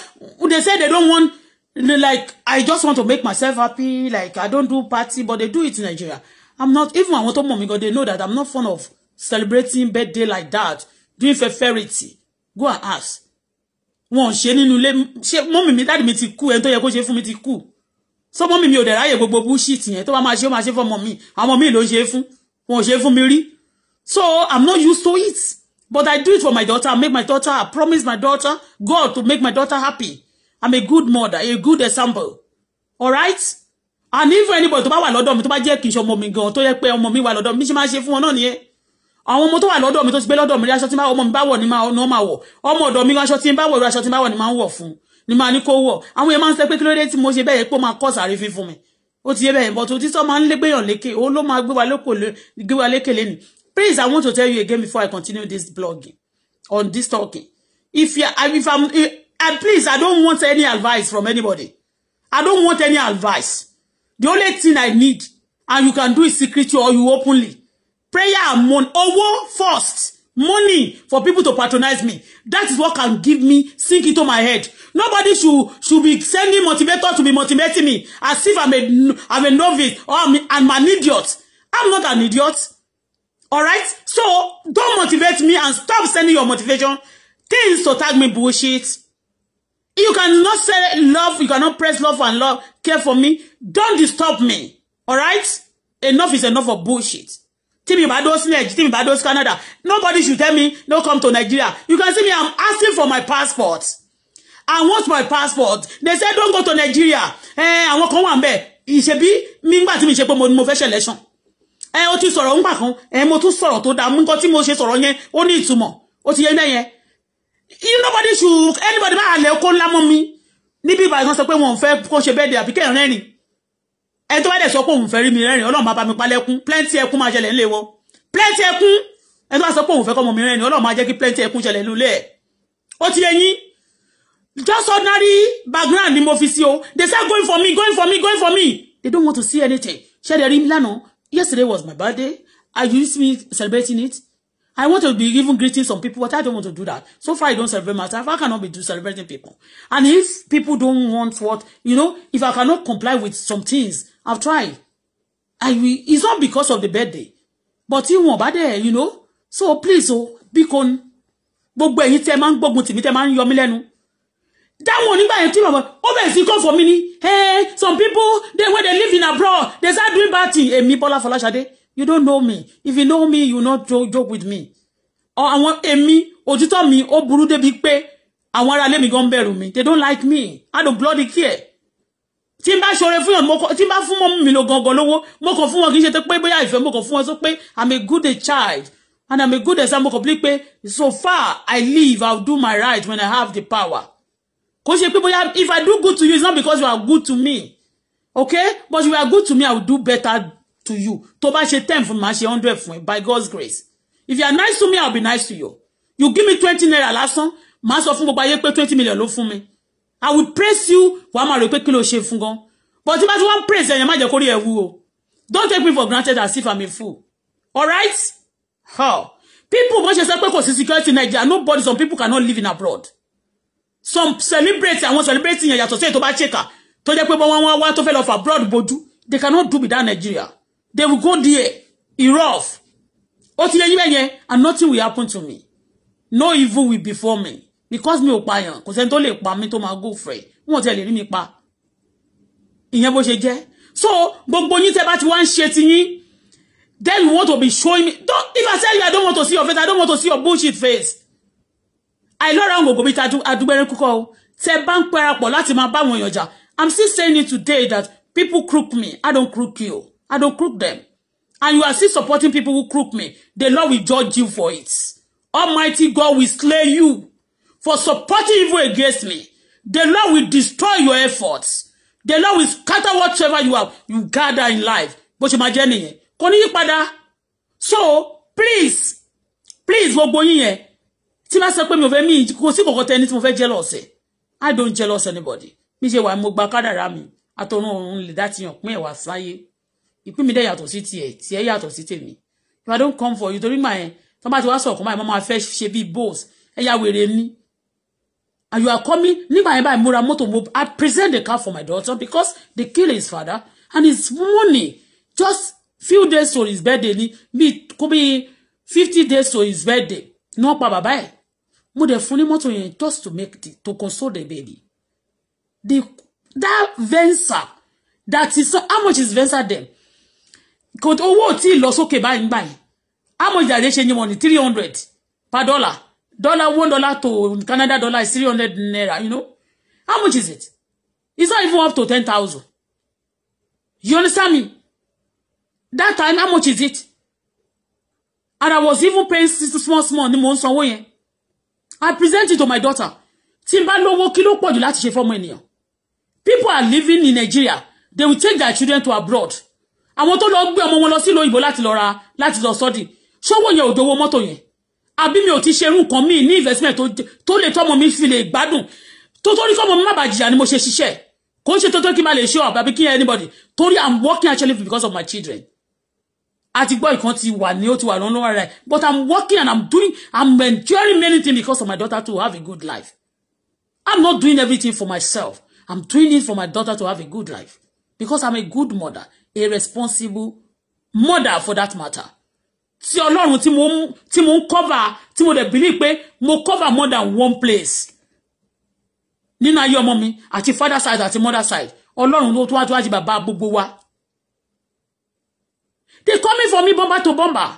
they say they don't want, like, I just want to make myself happy. Like, I don't do party, but they do it in Nigeria. I'm not, even my want to mom, because they know that I'm not fond of celebrating birthday like that, doing fairy Go and ask. Wọ́n ṣe nínú ilé, ṣe mọ́mì mi dáàdì mi ti kú, ẹni tó yẹ kó ṣe fún mi ti kú so mọ́mì mi ò dẹ̀ ráyè gbogbo bullshit yẹn tó bá máa ṣe ó máa ṣe fọ́mọ mi àwọn míì ló ń ṣe fún wọn ò mi rí so i'm not used to it but i do it for my daughter i make my daughter i promise my daughter god to make my daughter happy i'm a good mother a good example all right and if anybody to bá wà lọ́dọ̀ mi To bá jẹ́ kì í ṣe ọmọ mi gan tó yẹ pé ọmọ mi wà lọ́dọ̀ mi ṣe máa ṣe fún wọn náà nìyẹn àwọn ọmọ To wà lọ́dọ̀ mi tó ti gbé lọ́dọ̀ mi rí aṣọ tí ọmọ mi bá wọ̀ ni wọ́n máa wọ̀ ọmọ ọ̀dọ̀ mi aṣọ tí ń bá wọ̀ rí aṣọ tí ni máa ń wọ̀ ni màá ní kó wọ̀ àwọn èèyàn máa ń sẹ pé kí ló dé tí mo ṣe bẹ́ẹ̀ pé ó máa kọ́ sáré mi ó ti yé bẹ́ẹ̀ bọ́ tó títọ́ máa ń lé gbéyàn lékè ó ló máa gbé wa lékè lẹ́nu please i want to tell you again before i continue this blogging on this talking if you if i'm if, please i don't want any advice from anybody i don't want any advice the only thing i need and you can do it secretly or you openly prayer and mourn owó first money for people to patronize me. That is what can give me sink into my head. Nobody should should be sending motivator to be motivating me as if I'm a I'm a novice or I'm, I'm an idiot. I'm not an idiot. All right. So don't motivate me and stop sending your motivation things to tag me bullshit. You cannot say love. You cannot press love and love care for me. Don't disturb me. All right. Enough is enough of bullshit tí mi bá dó sí Nigeria tí mi bá Canada nobody should tell me no come to Nigeria you can see me I'm asking for my passport I want my passport they said don't go to Nigeria Eh, àwọn kan wà ń bẹ ìṣebí should be gbà tí mi ṣe pé mo fẹ́ ṣe election ẹ eh, o ti sọ̀rọ̀ ńgbà kan ẹ eh, mo tún sọ̀rọ̀ tó dáa nǹkan tí mo ṣe sọ̀rọ̀ yẹn ó ní ìtumọ̀ ó ti yẹ nobody should anybody máa lẹ̀ kó ńlá mọ́ mi níbi ìbàdàn sọ pé wọn ò fẹ́ kó ṣe bẹ́ẹ̀ dé àbíkẹ́ rẹ́rìn ẹni tó bá dẹ̀ sọ pé òun fẹ́ rí mi rẹ́rìn ọlọ́run máa bá mi palẹ́kún plenty ẹkún máa ṣẹlẹ̀ ńlẹ̀ wọ plenty ẹkún ẹni tó bá sọ pé òun fẹ́ kọ́mọ mi rẹ́rìn ọlọ́run máa jẹ́ kí plenty ẹkún ṣẹlẹ̀ lulẹ̀ ó ti yẹ yín just ordinary background ni mo fi sí o they say going for me going for me going for me they don't want to see anything ṣé ẹ rí mi lánàá yesterday was my birthday I used me celebrating it I want to be even greeting some people, but I don't want to do that. So far, I don't celebrate myself. I cannot be do celebrating people. And if people don't want what, you know, if I cannot comply with some things, I've tried. I will. It's not because of the birthday. But you won't bad there, you know. So please, oh, be con. ẹ̀yin tẹ́ máa ń gbógun tì mí tẹ́ máa ń yọ mí lẹ́nu. Dáwọn a team of bàbá ó bẹ̀rẹ̀ sí kọ́ fún Hey, some people, they when they live in abroad, they start doing bad thing. Èmi Bọ́lá Fọláṣadé, you don't know me. If you know me, you not joke, joke with me. Oh, Oh, I want you Àwọn èmi, òtítọ́ mi, ó burú débi pé àwọn let me go gan bẹ̀rù me. They don't like me. I don't bloody care tí n bá ṣọrẹ fún yàn mo tí n bá fún mọ́mú mi lo gangan lówó mo kàn fún wọn kì í ṣe pé bóyá ìfẹ́ mo kàn fún wọn sọ pé i'm a good child and i'm a good example mo kàn bí pé so far i live i'll do my right when i have the power kò ṣe pé bóyá if i do good to you it's not because you are good to me okay but if you are good to me i will do better to you tó bá ṣe ten fún mi màá ṣe hundred fún ẹ by God's grace if you are nice to me i will be nice to you you give me twenty naira lásán màá sọ fún gbogbo ayé pé twenty million ló fún mi i will praise you wàá máa rò pé kí ló ṣe gan but tí bá ti wọ́n praise ẹ̀yàn má jẹ́ kó rí ẹ̀ o don't take me for granted as if i'm a fool All right? How people bó ṣe sọ pé kò sí security in Nigeria nobody some people cannot live in abroad some celebrate àwọn celebrate yẹn yàtọ̀ sí èyí tó bá ṣèkà tó jẹ́ pé bọ́ wọn wá wá tó fẹ́ abroad bojú they cannot do without Nigeria they will go there irọ́ ó ti yẹ yí and nothing will happen to me no evil will befall me because mi ò pààyàn kò sẹ́ni tó lè pa mi tó máa go free wọn tẹ̀ lè rí mi pa ìyẹn bó ṣe jẹ́ so gbogbo yín tẹ́ bá ti wá ń ṣe ti yín then you want to be showing me don't if I tell you I don't want to see your face I don't want to see your bullshit face I àìlọ́ra àwọn gbogbo bíi ta adúgbẹ́rẹ́ kúkọ́ o tẹ́ bá ń parapọ̀ láti máa bá àwọn èèyàn jà I'm still saying it today that people crook me I don't crook you I don't crook them and you are still supporting people who crook me the Lord will judge you for it Almighty God will slay you for supporting evil against me. The Lord will destroy your efforts. The Lord will scatter whatever you have you gather in life. Bó ṣe máa jẹ́ nìyẹn. Kò ní yí So please please gbogbo yín yẹn tí bá sọ pé mi ò fẹ́ mí kò sí kòkòtò ẹni tí mo fẹ́ jealous ẹ̀. I don't jealous anybody. Mi ṣe wà mo gba kádàrá mi àtọ̀run òun lè dá ti yàn pín ẹ̀wà sáyé. Ìpín mi dẹ̀ yàtọ̀ sí tiẹ̀ tiẹ̀ yàtọ̀ sí tèmi. If I don't come for you torí màá yẹn tó bá ti wá sọ̀kan báyìí mo máa fẹ́ ṣe bí bowls ẹ̀yà wèrè ni and you are coming nígbà yẹn báyìí mo ra mọ́tò mo I present the car for my daughter because they kill his father and his money just few days to his birthday ni bí kò bí fifty days to his birthday No, wọ́n bye bàbá ẹ̀ mo dẹ̀ fún ní mọ́tò just to make the, to console the baby the that venza that is how much is venza them? Could owó ò tí ì lọ sókè báyìí how much dàdé ṣe ni money three hundred per dollar dollar one dollar to Canada dollar is three hundred naira you know how much is it it's not even up to ten thousand you understand me that time how much is it and I was even paying small small ni mo ń sanwó I presented it to my daughter tí n bá lówó kí ló pọ̀ jù people are living in Nigeria they will take their children to abroad àwọn tó lọ gbé ọmọ wọn lọ sí ìlú òyìnbó láti lọ ra láti lọ sọ́dì ṣówó yẹn ò dowó mọ́tò àbí mi ò ti ṣe irú nǹkan mi ní investment tó lè tọ́mọ mi fi lè gbádùn tó tó ní kọ́mọ mi má bàa jìyà ni mo ṣe ṣiṣẹ́ kò ń ṣe tó tó kí n má lè show up àbí kí anybody torí i'm working actually because of my children àti gbọ́ ìkan ti wà ní ó ti wà lọ́wọ́ rẹ̀ but i'm working and i'm doing i'm enduring many things because of my daughter to have a good life i'm not doing everything for myself i'm doing it for my daughter to have a good life because i'm a good mother a responsible mother for that matter tí ọlọ́run tí mo tí mo ń cover tí mo dẹ̀ believe pé mo cover more than one place nínú ayé ọmọ mi àti father side àti mother side ọlọ́run ló tó wá tó wá di bàbá gbogbo wa they coming for me bomber to bomber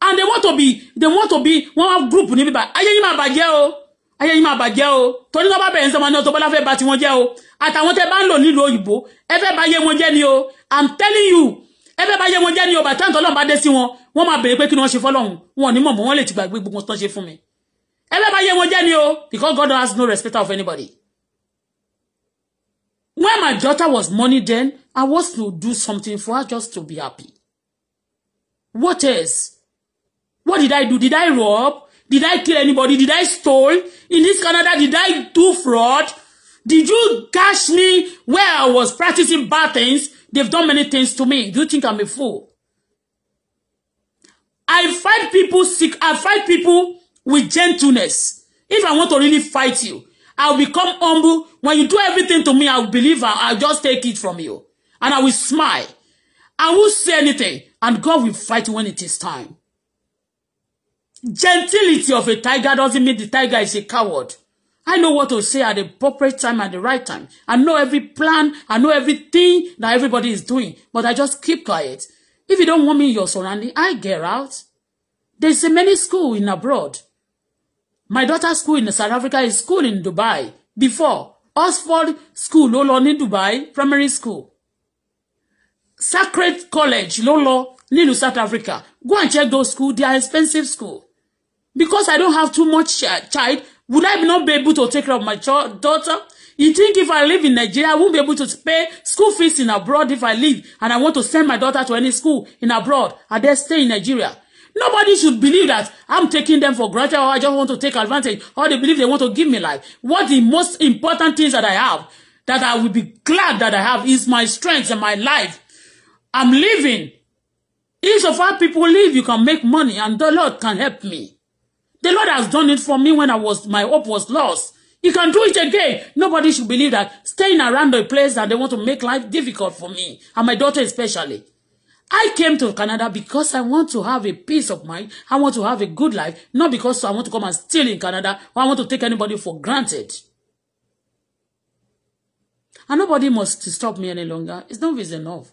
and they want to be they want to be one wá group níbí báyìí ayé yín máa bàjẹ́ o ayé yín máa bàjẹ́ o torí náà bá bẹ̀rẹ̀ sọmọ ní Auto Bola fẹ́ bà tiwọn jẹ́ o àtàwọn tẹ́ bá ń lò nílùú òyìnbó ẹ fẹ́ bà yé wọn jẹ́ ni o i'm telling you ẹ fẹ́ bà yé wọn jẹ́ ni o bàtà ìtọ́lọ́run bá dé sí wọn wọ́n máa béèrè pé kí ni wọ́n ṣe fọ́lọ́hun wọn ní mọ̀mọ́ wọ́n lè ti gbàgbé gbogbo tán ṣe fún mi ẹlẹ́bàáyé wọn jẹ́ ni o because God has no respect of anybody. When my daughter was money then, I was to do something for her just to be happy. What else? What did I do? Did I rob? Did I kill anybody? Did I stole? In this Canada, did I do fraud? Did you catch me where I was practicing bad things? They've done many things to me. Do you think I'm a fool? I fight people sick. I fight people with gentleness. If I want to really fight you, I'll become humble. When you do everything to me, I'll believe I, I'll just take it from you. And I will smile. I won't say anything. And God will fight when it is time. Gentility of a tiger doesn't mean the tiger is a coward. I know what to say at the appropriate time at the right time. I know every plan. I know everything that everybody is doing. But I just keep quiet. If you don't want me in your surrounding, I get out. There's a many school in abroad. My daughter's school in South Africa is school in Dubai. Before, Oxford School ló lọ Dubai primary school. Sacred College ló lọ nílùú South Africa. Go and check those schools. They are expensive school. Because I don't have too much child, would I not be able to take care of my daughter? You think if I live in Nigeria, I won't be able to pay school fees in abroad if I live and I want to send my daughter to any school in abroad and then stay in Nigeria? Nobody should believe that I'm taking them for granted or I just want to take advantage or they believe they want to give me life. What the most important things that I have, that I will be glad that I have is my strength and my life. I'm living. Each of our people live, you can make money and the Lord can help me. The Lord has done it for me when I was, my hope was lost. You can do it again. Nobody should believe that staying around the place that they want to make life difficult for me and my daughter especially. I came to Canada because I want to have a peace of mind. I want to have a good life, not because I want to come and steal in Canada or I want to take anybody for granted. And nobody must stop me any longer. It's not reason enough.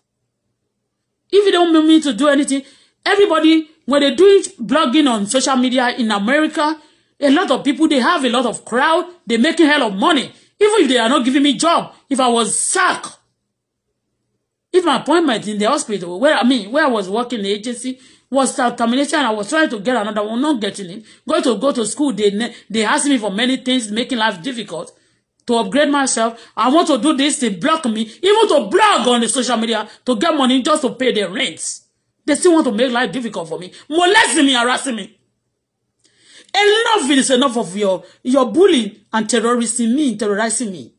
If you don't want me to do anything, everybody, when they do it, blogging on social media in America, A lot of people, they have a lot of crowd. They making hell of money. Even if they are not giving me job, if I was sacked, if my appointment in the hospital, where I mean, where I was working, the agency was termination, I was trying to get another one, not getting it. Going to go to school, they they asked me for many things, making life difficult. To upgrade myself, I want to do this. They block me, even to blog on the social media to get money just to pay their rents. They still want to make life difficult for me, molesting me, harassing me. Enough is enough of your your bullying and terrorizing me, terrorizing me.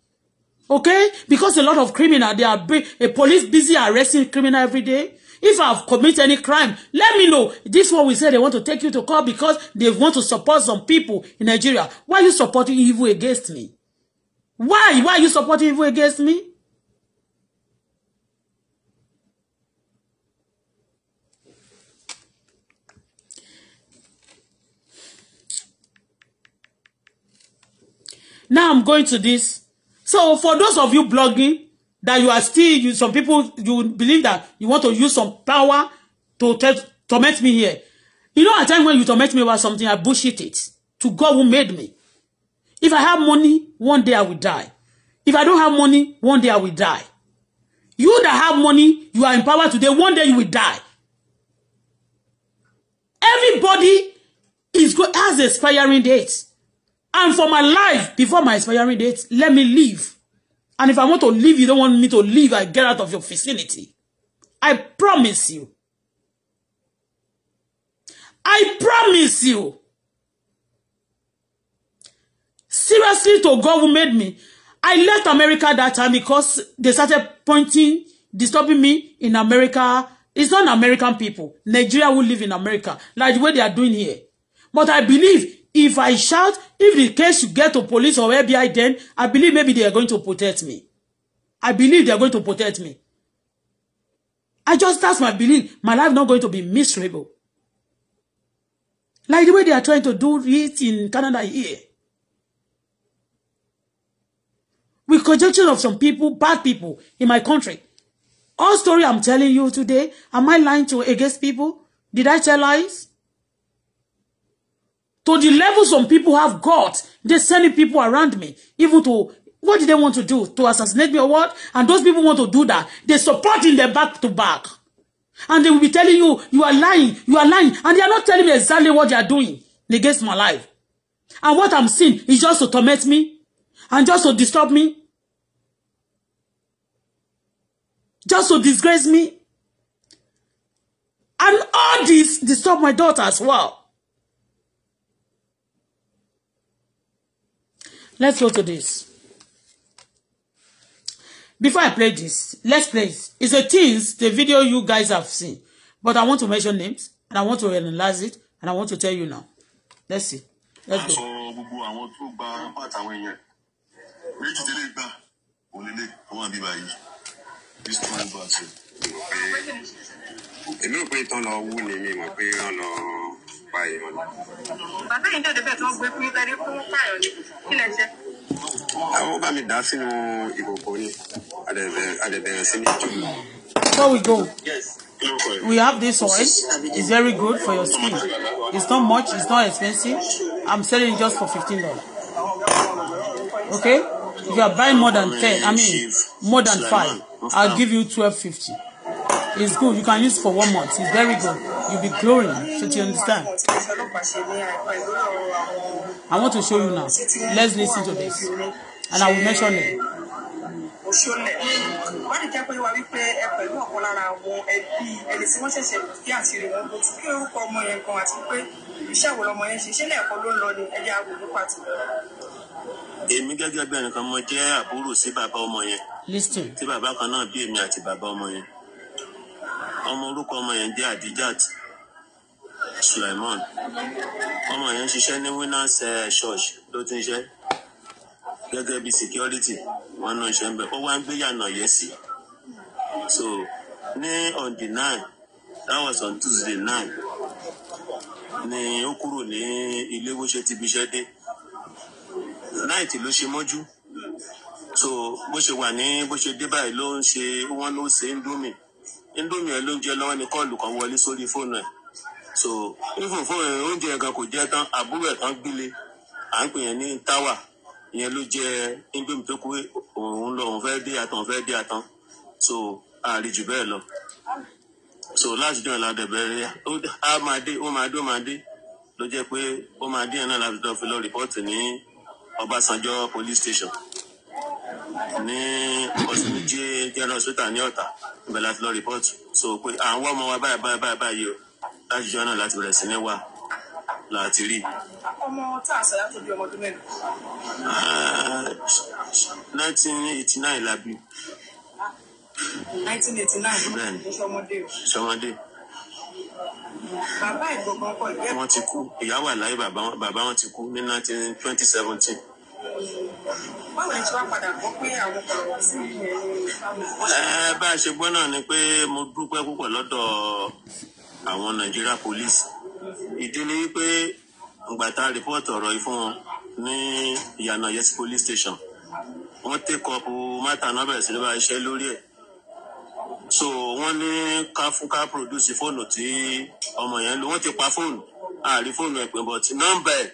Okay? Because a lot of criminal, they are a police busy arresting criminal every day. If I've committed any crime, let me know. This one we say they want to take you to court because they want to support some people in Nigeria. Why are you supporting evil against me? Why? Why are you supporting evil against me? now i'm going to this so for those of you blogging that you are still you some people you believe that you want to use some power to torment me here you know at time when you torment me about something i bullshit it to god who made me if i have money one day i will die if i don't have money one day i will die you that have money you are in power today one day you will die everybody is go has expiring date And for my life, before my expiring date, let me leave. And if I want to leave, you don't want me to leave, I get out of your facility. I promise you. I promise you. Seriously, to God who made me. I left America that time because they started pointing, disturbing me in America. It's not American people. Nigeria will live in America, like the way they are doing here. But I believe if I shout, If the case you get to police or FBI, then I believe maybe they are going to protect me. I believe they are going to protect me. I just that's my belief. My life not going to be miserable. Like the way they are trying to do it in Canada here. With conjunction of some people, bad people in my country. All story I'm telling you today, am I lying to against people? Did I tell lies? to the level some people have got. They're sending people around me, even to what do they want to do? To assassinate me or what? And those people want to do that. They support in their back to back. And they will be telling you, you are lying, you are lying. And they are not telling me exactly what they are doing against my life. And what I'm seeing is just to torment me and just to disturb me. Just to disgrace me. And all this disturb my daughter as well. Let's go to this. Before I play this, let's play it. It's a tease. the video you guys have seen. But I want to mention names, and I want to analyze it, and I want to tell you now. Let's see. Let's go. gbogbo àwọn tó gba this time back èmi rò pé tán lọ wú ni mi mọ̀ pé wọ́n lọ pa èèyàn ni. bàbá yìí jáde bẹ́ẹ̀ tí wọ́n gbé fún ìtẹ́rí fún pààyàn ni kí lẹ ṣe. àwọn bá mi dá sínú ìkòkò ni àdẹ̀bẹ̀rẹ̀ sí ní ìjọ. Before we go, Yes. we have this oil. It's very good for your skin. It's not much, it's not expensive. I'm selling just for fifteen dollars. Okay? If you are buying more than ten, I mean more than five, I'll give you twelve fifty. It's good. You can use for one month. It's very good. You'll be glowing. So you understand? I want to show you now. Let's listen to this. And I will mention it. òṣòlẹ̀ wọ́n jẹ́ pé wá wípé ẹ pẹ̀lú ọ̀kan lára àwọn ẹbí ẹni tí wọ́n ṣẹ̀ṣẹ̀ fi àṣírí wọn bó ti kí orúkọ ọmọ yẹn kan àti pé iṣẹ́ wo lọmọ yẹn ṣe iṣẹ́ lẹ́ẹ̀kan ló ń lọ ní ẹja àgbò pàtó. èmi gẹ́gẹ́ bí ẹnìkan mo jẹ́ àbúrò sí bàbá ọmọ yẹn tí bàbá kan náà bí èmi àti bàbá ọmọ yẹn ọmọ orúkọ ọmọ yẹn jẹ́ Adijat Suleiman ọmọ yẹn ń ṣiṣẹ́ ní winners eh, church ló ti ń ṣe gẹ́gẹ́ bí security wọn náà ṣe ń bẹ ó wá ń gbéyànà yẹ sí so ní on the nine that was on Tuesday nine ni ó kúrò ní ilé bó ṣe ti bíṣẹ́ dé Night ló ṣe mọ́jú so bó ṣe wà ní bó ṣe dé báyìí ló ń ṣe wọ́n ló ṣe ń dún mi indomie ẹ ló ń jẹ lọ́wọ́ ni kọ́ọ̀lù kan wọlé sórí fóònù ẹ̀ so ifun fóònù oúnjẹ gan kò jẹ tán àbúrò ẹ̀ tán gbélé à ń pè yẹn ní táwà ìyẹn ló jẹ indomie tó kú òun lọ òun fẹ́ dé àtàn òun dé àtàn so ààrẹ jù bẹ́ẹ̀ lọ so láti dùn ẹ̀ ládẹ̀ bẹ̀rẹ̀ á máa dé ó máa dé ó máa dé ló jẹ́ pé ó máa dé ẹ̀ náà láti dán fi lọ rìpọ́ọ̀tì ní Ọbásanjọ́ police station ní ọ̀sẹ̀ méjì general hospital ní ọ̀tà ibẹ̀ láti lọ rìpọ́ọ̀tù so pé à ń wá ọmọ wa báyìí báyìí báyìí báyìí o láti jọ náà láti bẹ̀rẹ̀ sí ní wà láti rí. ọmọ tá a sàyà tó di ọmọ ọdún mẹ́rin. Ah, nineteen eighty nine la bí. nineteen eighty nine. bẹ́ẹ̀ni sọmọdé. bàbá ìgbọ̀ngàn kọ̀ ìgbẹ́. wọ́n ti kú ìyá wà láyé bàbá wọn ti kú ní nineteen twenty seventeen bá a ṣe gbọ́ náà ni pé mo dúpẹ́ púpọ̀ lọ́dọ̀ àwọn Nàìjíríà police ìdí ni wípé ngbàtà rìpọ́ọ̀tì ọ̀rọ̀ yìí fún wọn ní ìyànà yes police station wọ́n take up mátà náà bẹ̀rẹ̀ sí ní bá iṣẹ́ lórí ẹ̀ so wọ́n ní ká fún ká produce fóònù tí ọmọ yẹn lò wọ́n ti pa fóònù àárí fóònù ẹ̀ pé but nọ́mbà ẹ̀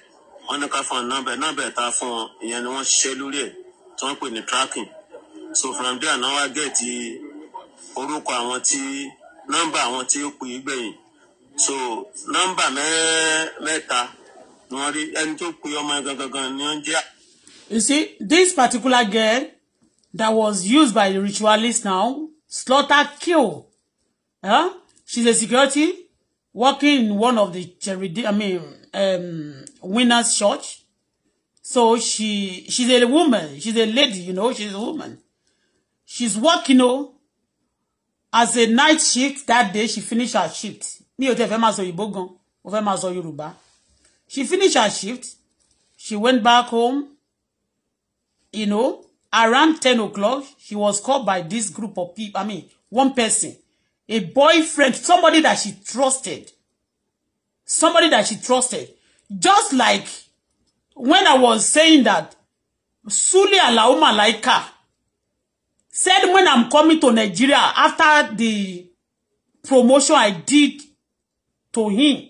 wọ́n ní ká fún un nọ́mbà nọ́mbà ẹ̀ ta fún un ìyẹn ni wọ́n ṣiṣẹ́ lórí ẹ̀ tí wọ́n pè ní tracking so from there náà wá gẹ̀ẹ́tì orúkọ àwọn tí nọ́mbà àwọn tí ó pè é gbẹ̀yìn so nọ́mbà mẹ́ta ni wọ́n rí ẹni tó pè ọmọ yẹn gangan ni wọ́n jẹ́. You see this particular girl that was used by the ritualist now slaughter kill huh? she's a security working in one of the charity I mean um, Winners Church. So she she's a woman. She's a lady, you know. She's a woman. She's working, you oh, know, as a night shift. That day she finished her shift. Mi ò tẹ́ fẹ́ máa sọ Ìgbò She finished her shift. She went back home. You know, around 10 o'clock, she was called by this group of people. I mean, one person, a boyfriend, somebody that she trusted somebody that she trusted. Just like when I was saying that Sule Alao Malaika said when I'm coming to Nigeria after the promotion I did to him,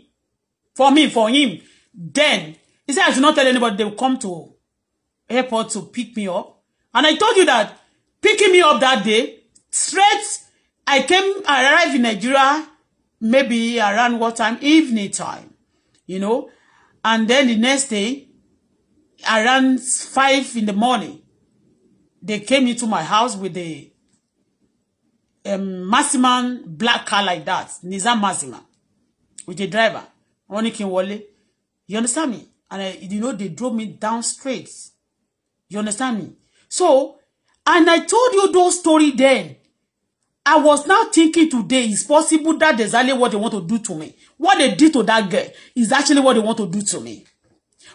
for me, for him, then he said I should not tell anybody they will come to airport to pick me up. And I told you that picking me up that day, straight, I came, I arrived in Nigeria maybe around what time? Evening time, you know. And then the next day, around five in the morning, they came into my house with a, a um, Maximan black car like that, Nissan Maximan, with a driver, Ronnie Kinwole. You understand me? And I, you know, they drove me down straight. You understand me? So, and I told you those story then. I was now thinking today it's possible that exactly what they want to do to me. What they did to that girl is actually what they want to do to me.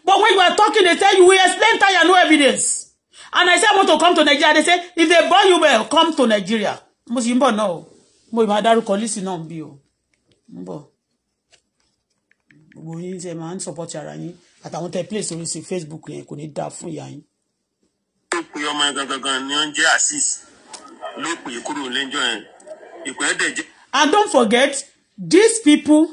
But when you are talking, they say you, we explain time and no evidence. And I say, I want to come to Nigeria. They say, if they burn you, well, come to Nigeria. Mo sì ń bọ̀ náà o. Mo ìmọ̀ adárúkọ lísì náà ń bí o. Ń bọ̀. Gbogbo yín ṣe máa ń support ara yín. Àtàwọn tẹ play sórí sí Facebook You can't do that for you. yín. Ó pe ọmọ gangan ni ló pè é kúrò lẹ́jọ́ yẹn ìpẹ́ dẹ̀ jẹ́. and don't forget these people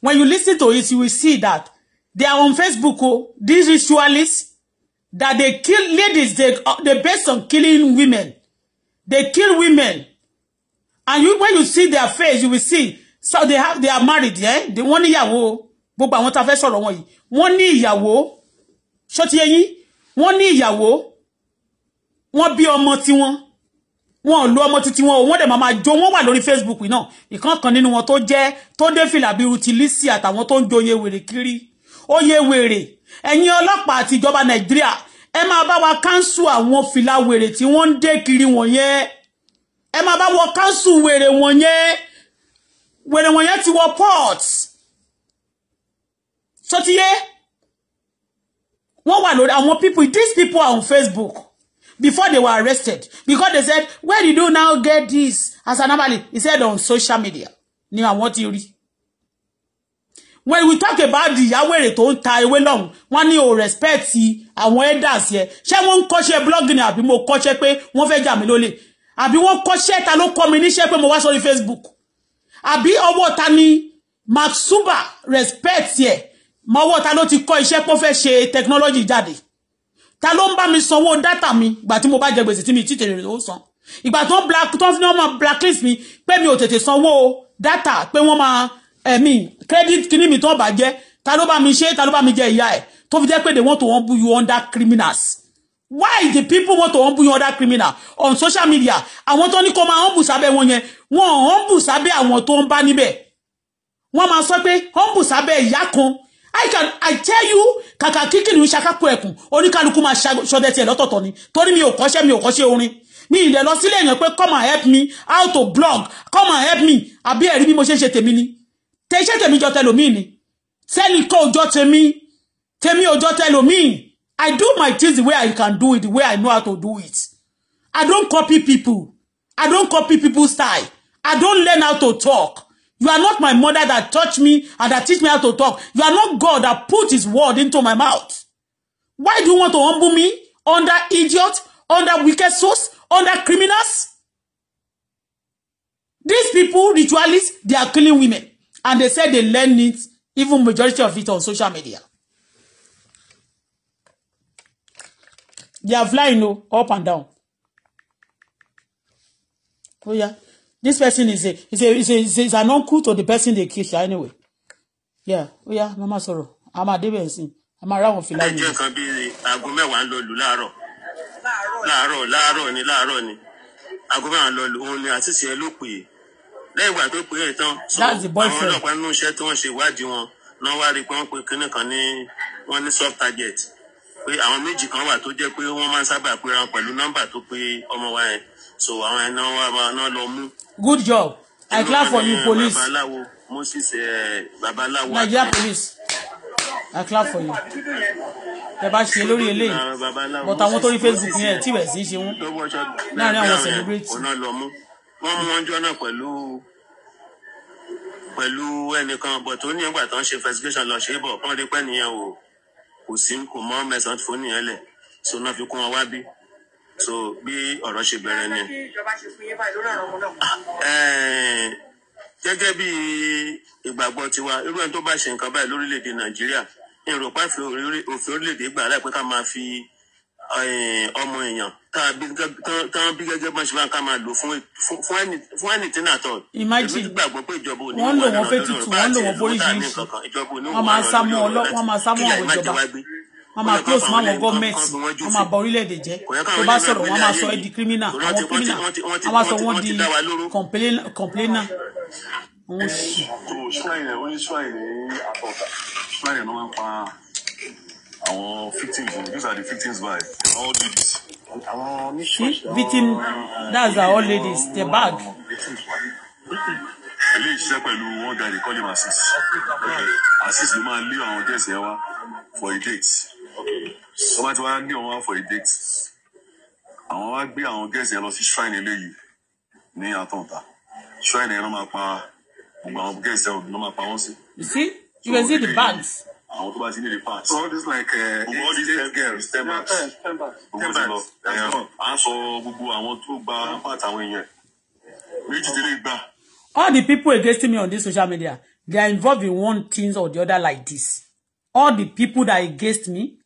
when you listen to it you will see that they are on Facebook o oh, these ritualists that they kill ladies they uh, they based on killing women they kill women and you when you see their face you will see so they have they are married eh they wọ́n ní ìyàwó gbogbo àwọn tá fẹ́ sọ̀rọ̀ wọn yìí wọ́n ní ìyàwó so ti ẹ̀yin wọ́n ní ìyàwó wọ́n bí ọmọ tiwọn wọn ò lo ọmọ titi wọn o wọn dẹ̀ máa máa jó wọn wà lórí Facebook náà ìkan kan nínú wọn tó jẹ́ tó dé fìlà bíi rutilisi àtàwọn tó ń joyè wèrè kiri oyè wèrè ẹ̀yin ọlọ́pàá àti ìjọba Nàìjíríà ẹ máa bá wa káńsù àwọn fìlà wèrè tí wọ́n ń dé kiri wọ̀nyẹn ẹ máa bá wọ káńsù wèrè wọ̀nyẹn wèrè wọ̀nyẹn ti wọ port sotiye wọ́n wà lórí àwọn people these people are on Facebook before they were arrested because they said where did you now get this as an anomaly he said on social media ni àwọn ti when we talk about the yawere to ń ta ewé lọ́hùn wọ́n ní o oh, respect àwọn elders yẹn ṣé wọ́n ń kọ́ṣẹ́ blogging àbí mo kọ́ṣẹ́ pé wọ́n fẹ́ jà mí lólè àbí wọ́n kọ́ṣẹ́ ta ló kọ́ mi níṣẹ́ pé mo wá sórí Facebook àbí ọwọ́ ta ni Mark Suba respect yẹ mọ́wọ́ ta ló ti kọ́ iṣẹ́ pé ó ṣe technology jáde ta ló ń bá mi sanwó dátà mi ìgbà tí mo bá jẹ gbèsè tí mi ti tèmi ló san ìgbà tó ń black tó ń fi ọmọ blacklist mi pé mi ò tètè sanwó dátà pé wọ́n máa ẹ̀mí credit kíní mi tó ń bàjẹ́ ta ló bá mi ṣe ta ló bá mi jẹ ìyá ẹ̀ tó fi jẹ́ pé they want to humble you under criminals why the people want to humble you under criminal on social media àwọn tó ní kó máa humble sábẹ́ wọn yẹn wọn humble sábẹ́ àwọn tó ń bá níbẹ̀ wọ́n máa sọ pé humble sábẹ́ ìyá kan I can I tell you kàkà kíkìlì ń ṣakápò ẹ̀kùn oníkálukú máa ṣọdẹ tiẹ̀ lọ́tọ̀ọ̀tọ̀ ni torí mi ò kọ́ṣẹ́ mi ò kọ́ṣẹ́ orin mi ìdẹ̀ lọ sílé èèyàn pé come and help me how to blog come and help me àbí ẹ̀rí bí mo ṣe ń ṣe tèmi ni tẹ iṣẹ́ tèmi jọ tẹlòmíì ni tẹ́nìkan òjọ́ tèmi tèmi òjọ́ tẹlòmíì I do my things the way I can do it the way I know how to do it I don't copy people I don't copy people style I don't learn how to talk You are not my mother that touched me and that teach me how to talk. You are not God that put his word into my mouth. Why do you want to humble me under idiots, under wicked souls, under criminals? These people, ritualists, they are killing women. And they said they learn it, even majority of it on social media. They are flying oh, up and down. Oh yeah this person is a is a is a is, a, is an uncle to the person they kill ṣá anyway yeah ó oh, yá mama I'm a different thing. I'm a máa ráwọn I yìí. ẹjẹ kan bíi aago mẹ́wàá ń lọ lù láàárọ̀ ni láàárọ̀ ni aago mẹ́wàá ń only lù òun ni àtìsí we ló pè é lẹ́yìn ìgbà tó pè é tán so àwọn ọlọ́pàá nínú iṣẹ́ tí wọ́n ṣe ìwádìí wọn náà wá rí i pé wọ́n pe kinní kan soft target pé àwọn going to wà tó jẹ́ pé wọ́n máa ń sábà pera pẹ̀lú nọ́mbà tó pe ọmọ wa yẹn so àwọn ẹ̀nà wa máa lọ mú. good job i clap for you police. babaláwo moses eh, babaláwo. nigeria police i clap for you. ẹ bá ṣe lórí eléyìí but àwọn tó rí facebook yẹn tí ìwẹ̀ sí ṣe wọ́n láàrin àwọn celebrate. ọ̀nà lọ mú wọ́n mú wọn jọ náà pẹ̀lú pẹ̀lú ẹnìkan But tó ní ìgbà tó ń ṣe investigation lọ ṣe é bọ̀ kán rí pẹ́ nìyẹn o kò sí kò mọ́ mẹ́sàn-án fún nìyẹn lẹ̀ so náà fi kún wọn wá bí so bí ọ̀rọ̀ ṣe bẹ̀rẹ̀ ni. Ah, eh, gẹ́gẹ́ bí ìgbàgbọ́ tiwa irú ẹni tó bá ṣe nǹkan báyìí lórílẹ̀‐èdè nàìjíríà èrò pa òfin orílẹ̀‐èdè gbà láìpẹ́ ká máa fi eh, ọmọ èèyàn tán bí gẹ́gẹ́ bọ́n ṣe máa ká máa lò fún anything at all. imagine wọ́n lò wọ́n fẹ́ tutù wọ́n lò wọ́n bóríṣiríṣi wọ́n máa sá mọ́ ọlọ́pàá wọ́n máa sá mọ́ ọ̀rọ̀ ìjọba wọ́n máa close mọ́ àwọn gọ́ọ̀mẹ̀tì wọ́n máa bà orílẹ̀-èdè jẹ́ tó bá sọ̀rọ̀ wọ́n máa sọ ẹ́ di criminal àwọn criminal wọ́n máa sọ wọ́n di complainer òun sì. àwọn victims these are the victims by all ladies. àwọn victim that's our all ladies the bag. ilé ìṣiṣẹ́ pẹ̀lú one guy they call him assist assist ló máa ń lé àwọn guests yẹn wá for a date wọ́n bá ti wá ní ọ̀hún wá for a àwọn wá gbé àwọn gẹ̀ẹ́sì yẹn lọ sí shrine eléyìí ní àtọ̀ǹta shrine yẹn ló máa pa gbogbo àwọn gẹ̀ẹ́sì yẹn ló máa pa wọ́n sí. you see you can see the bags. àwọn tó bá ti ní the parts. all this like uh, all these ten girls ten bags ten bags ten bags. à gbogbo àwọn tó gba part àwọn èèyàn méjì all the people against me on this social media they are involved in one thing or the other like this all the people that against me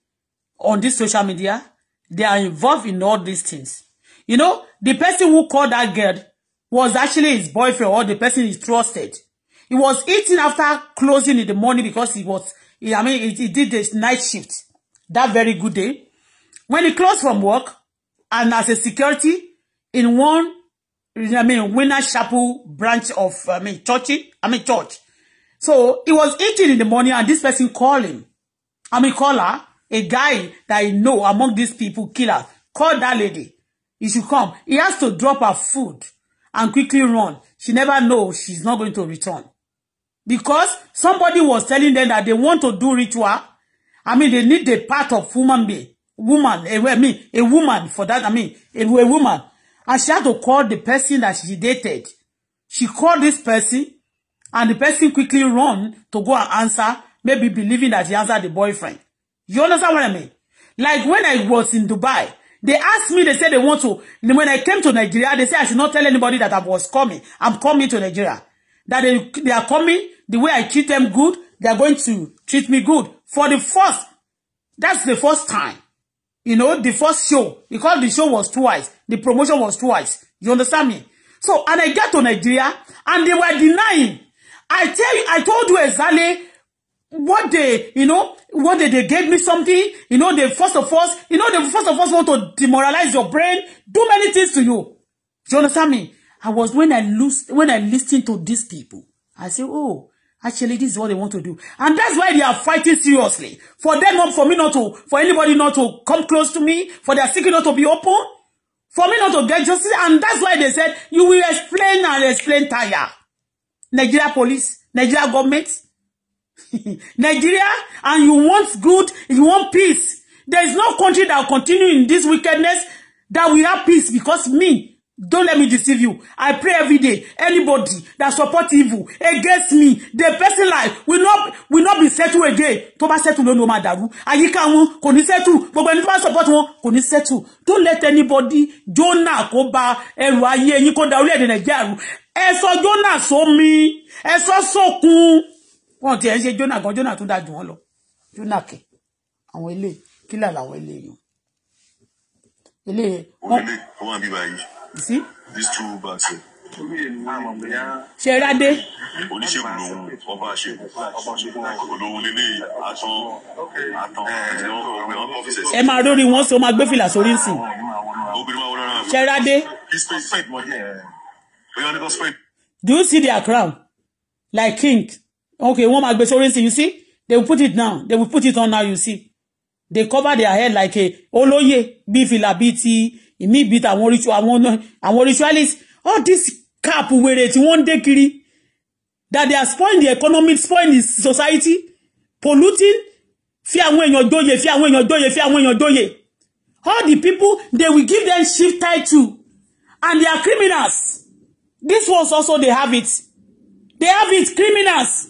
on this social media, they are involved in all these things. You know, the person who called that girl was actually his boyfriend or the person he trusted. He was eating after closing in the morning because he was, he, I mean, he, he did this night shift that very good day. When he closed from work and as a security in one, I mean, Winner Chapel branch of, I mean, church, I mean, church. So he was eating in the morning and this person called him. I mean, call her a guy that I know among these people, killers, call that lady. He should come. He has to drop her food and quickly run. She never knows she's not going to return. Because somebody was telling them that they want to do ritual. I mean, they need the part of human being, woman, a, eh, I mean, a woman for that. I mean, a, a woman. And she had to call the person that she dated. She called this person, and the person quickly run to go and answer, maybe believing that he answered the boyfriend. You understand what I mean? Like when I was in Dubai, they asked me, they said they want to, when I came to Nigeria, they said I should not tell anybody that I was coming. I'm coming to Nigeria. That they, they are coming, the way I treat them good, they are going to treat me good. For the first, that's the first time. You know, the first show, because the show was twice, the promotion was twice. You understand me? So, and I get to Nigeria, and they were denying. I tell you, I told you exactly what they you know what they, they gave me something you know they first of all you know they first of all want to demoralize your brain do many things to you do you understand me I was when I lose when I listened to these people I say oh actually this is what they want to do and that's why they are fighting seriously for them not for me not to for anybody not to come close to me for their secret not to be open for me not to get justice and that's why they said you will explain and explain tire Nigeria police Nigeria government Nigeria, and you want good, you want peace. There is no country that will continue in this wickedness that will have peace because me, don't let me deceive you. I pray every day. Anybody that support evil against me, the person life will not will not be settled again. Tó bá settle ló ló máa dàrú. Àyíká wọn kò ní settle. Gbogbo ẹni tó support wọn kò ní settle. Don't let anybody Jonah kó ba ẹrù ayé yín kó da orílẹ̀-èdè Nàìjíríà rú. Ẹ sọ Jonah sómi. Ẹ sọ sókun wọn ti ẹ̀ ṣe Jonah gan Jonah tún dáa jù lọ Jonah kẹ àwọn ilé kílà làwọn ilé yìí ilé wọn. wọn bí báyìí. sí. these two bags here ṣerade. oníṣègùn lòun ọba ṣègùn olówó lélẹ àtàn àtàn ẹ máa rórí wọn so máa gbé fìlà sórí nsìn. ṣerade. do you see their crown like king okay one máa gbé sórí sí you see they will put it now. they will put it on now you see they cover their head like a oloye, bíi fìlà bíi ti ìmí bíi tàwọn àwọn ritualist all this cap wèrè tí wọ́n ń dé kiri that they are spoiling the economy spoiling the society polluting fi àwọn èèyàn jóye fi àwọn èèyàn jóye fi àwọn èèyàn jóye all the people they will give them chief title and they are criminals this was also they have it they have it criminals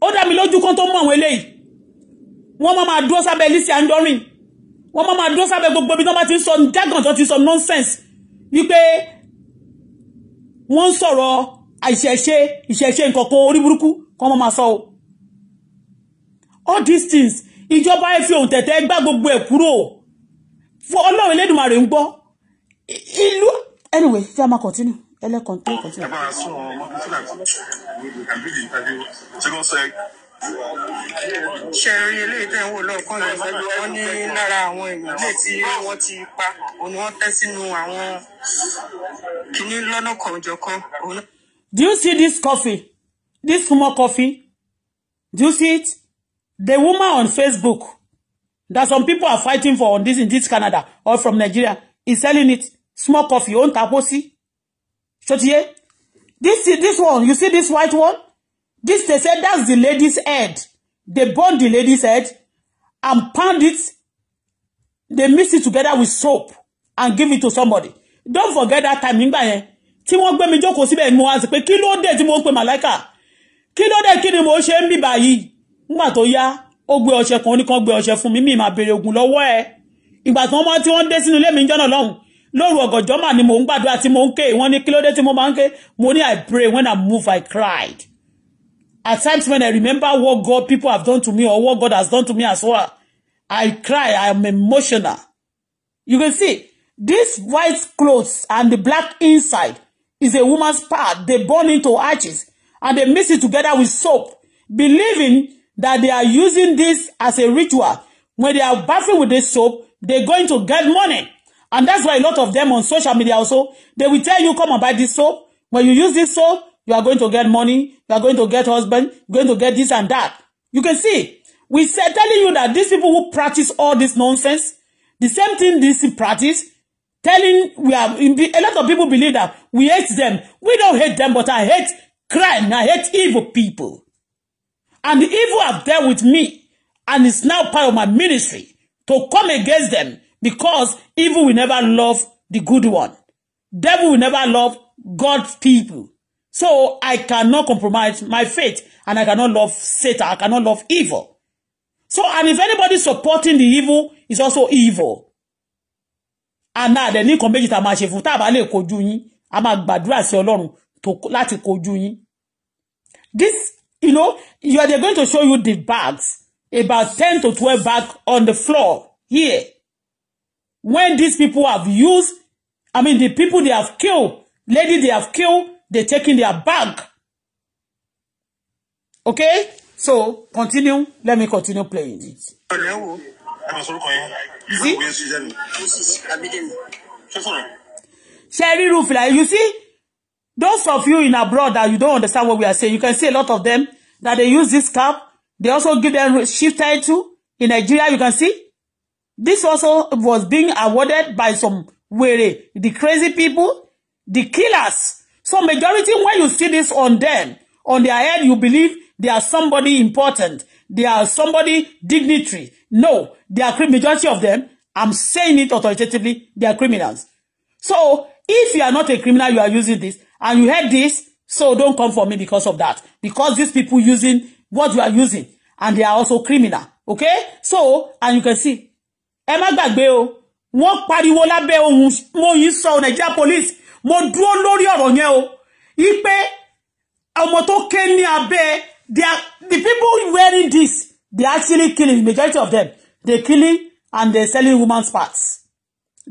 ó dá mi lójú kan tó mọ̀ àwọn eléyìí wọ́n máa máa dúró sábẹ́ Lizzy Anjorin wọ́n máa máa dúró sábẹ́ gbogbo ibi tó bá ti ń sọ jágàn tó ti sọ nonsense wípé wọ́n ń sọ̀rọ̀ àìṣẹ̀ṣe ìṣẹ̀ṣe nǹkan kan orí burúkú kan máa sọ o all these things ìjọba ẹ fi òun tẹ̀tẹ̀ gbá gbogbo ẹ̀ kúrò fún Ọlọ́run Elédùmarè ń gbọ́ ìlú anyway ṣé a máa continue ẹlẹ́kan tó kọjá. ẹ máa sún ọmọ nígbà tí àbílí ìtàgé tí wọ́n sọ ẹ. ṣe eléyìí tẹ́ ń yìí sẹ́gbẹ́ ní lára àwọn èèyàn lè tí wọ́n ti pa òun wọ́n tẹ́ sínú àwọn kìíní lọ́nà kọ̀ọ̀jọ̀kan. do you see this coffee this small coffee do you see it the woman on Facebook that some people are fighting for on this in this Canada or from Nigeria is selling it small coffee own taposi Chotiye? This this one, you see this white one? This they said that's the lady's head. They burn the lady's head and pound it. They mix it together with soap and give it to somebody. Don't forget that timing, nígbà yẹn. Tí wọ́n gbé mi jókòó síbẹ̀ ni mo wá sí pé kí ló dé tí mo ń pe màláìkà? Kí ló dé kí ni mo ṣe ń bì báyìí? Nígbà tó yá, ó gbé ọṣẹ kan oníkan gbé ọṣẹ fún mi, mi máa béèrè oògùn lọ́wọ́ ẹ̀. Ìgbà tí wọ́n mọ́ tí wọ́n dé sínú mi jọ́nà lọ́hùn lóru ọ̀gànjọ́ mà ni mò ń gbàdúrà tí mò ń ké wọ́n ní kílódé tí mo máa ń ké mo ní i pray when i move i cried at times when i remember what god people have done to me or what god has done to me as well i cry i am emotional you can see this white clothes and the black inside is a woman's part they burn into ashes and they mix it together with soap believing that they are using this as a ritual when they are bathing with this soap they going to get money And that's why a lot of them on social media also, they will tell you, come and buy this soap. When you use this soap, you are going to get money, you are going to get husband, you're going to get this and that. You can see, we said telling you that these people who practice all this nonsense, the same thing these practice, telling we are a lot of people believe that we hate them. We don't hate them, but I hate crime, I hate evil people. And the evil have dealt with me, and it's now part of my ministry to come against them because evil will never love the good one. Devil will never love God's people. So I cannot compromise my faith and I cannot love Satan. I cannot love evil. So, and if anybody supporting the evil is also evil. àná àdẹ̀ní kan méjì tá a máa ṣe fún tá a bá lè kojú yín a máa gbàdúrà sí ọlọ́run láti kojú this you know you are they going to show you the bags about ten to twelve bags on the floor here when these people have used, I mean, the people they have killed, lady they have killed, they taking their bag. Okay? So, continue. Let me continue playing it. Sherry Rufila, you see, those of you in abroad that you don't understand what we are saying, you can see a lot of them that they use this cap. They also give them shift title. In Nigeria, you can see This also was being awarded by some were the crazy people, the killers. So majority when you see this on them, on their head, you believe they are somebody important. They are somebody dignitary. No, they are majority of them. I'm saying it authoritatively. They are criminals. So if you are not a criminal, you are using this and you heard this. So don't come for me because of that. Because these people using what you are using and they are also criminal. Okay. So, and you can see ẹ má gbàgbé o wọ́n pariwo lábẹ́ ohun mo yìí sọ Nigeria police mo dúró lórí ọ̀rọ̀ yẹn o ipe ọmọ tó ké ní abẹ́ the people wearing this they actually killing majority of them they killing and they selling women's parts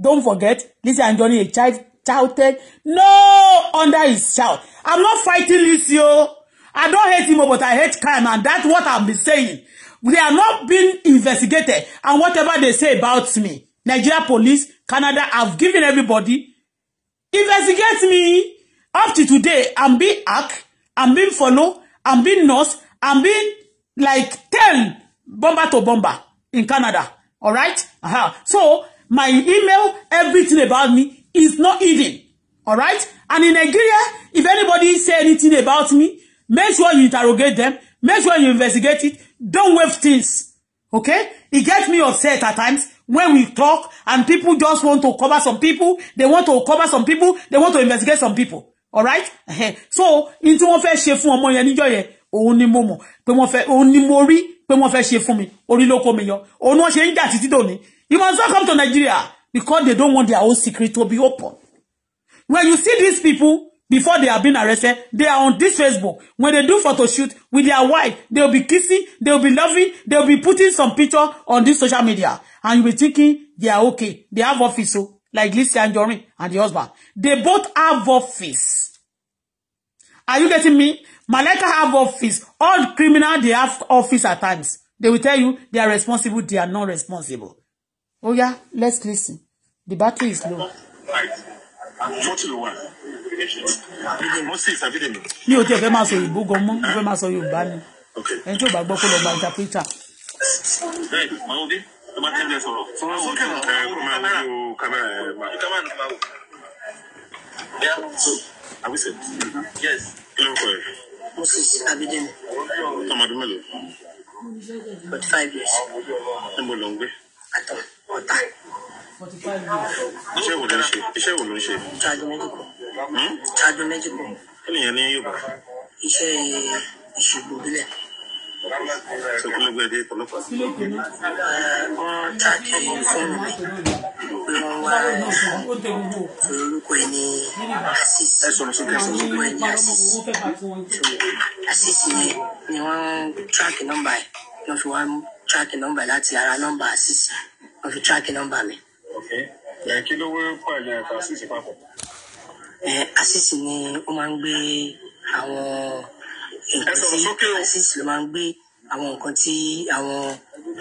don't forget Lizzy Anjorin a child shouted no under his child. i'm not fighting Lizzy o i don't hate him but i hate crime and that's what i've been saying They are not being investigated. And whatever they say about me, Nigeria police, Canada, have given everybody, investigate me. Up to today, I'm being hacked, I'm being followed, I'm being nursed, I'm being like tell bomber to bomber in Canada. All right? Uh-huh. So, my email, everything about me is not hidden. All right? And in Nigeria, if anybody say anything about me, make sure you interrogate them, make sure you investigate it, Don't wave things. Okay? It gets me upset at times when we talk and people just want to cover some people. They want to cover some people. They want to investigate some people. All right? so, in tí wọ́n fẹ́ ṣe fún ọmọ yẹn níjọ́ yẹn, òun ni mo mọ̀ pé wọ́n fẹ́ òun ni mo rí pé wọ́n fẹ́ ṣe fún mi. Orí ló kó mi yọ. Òun wọ́n ṣe ń jà títí dòní. You must not come to Nigeria because they don't want their own secret to be open. When you see these people before they have been arrested, they are on this Facebook. When they do photo shoot with their wife, they'll be kissing, they'll be loving, they'll be putting some picture on this social media. And you'll be thinking they are okay. They have office, so oh. like Lisa and Jorin and the husband. They both have office. Are you getting me? Malaika have office. All criminal, they have office at times. They will tell you they are responsible, they are not responsible. Oh yeah, let's listen. The battery is low. Right. I'm totally well mi ò tiẹ̀ fẹ́ máa sọ òyìnbó gan mọ́ mo fẹ́ máa sọ yorùbá ni ẹni tí ò bá gbọ́ kó lọ gba interpreter. bẹ́ẹ̀ Iṣẹ́ wo ló ń ṣe? Iṣẹ́ wo ló ń ṣe? Ṣáájú mẹ́díkù aago hmm? méjì bọ̀. kí nìyẹn ní Yorùbá. iṣẹ́ ìṣègùn ìbílẹ̀. ṣé kúlẹ̀ gbẹ̀dẹ̀ ọlọ́pàá. wọ́n tààkì ọmọ fóònù mi wọ́n wá orúkọ ẹ̀ ní asis orúkọ ẹ̀ ní asis asis yẹn ni wọ́n tíráàkì nọ́mbà ẹ̀ wọ́n fi wá tíráàkì nọ́mbà ẹ̀ láti ara nọ́mbà asis wọ́n fi tíráàkì nọ́mbà mi. ok ẹ kí ló wé pẹ̀lú ẹ̀ka asis papọ̀. Eh, assist ni ó máa ń gbé àwọn nǹkan tí assist ló máa ń gbé àwọn nǹkan tí àwọn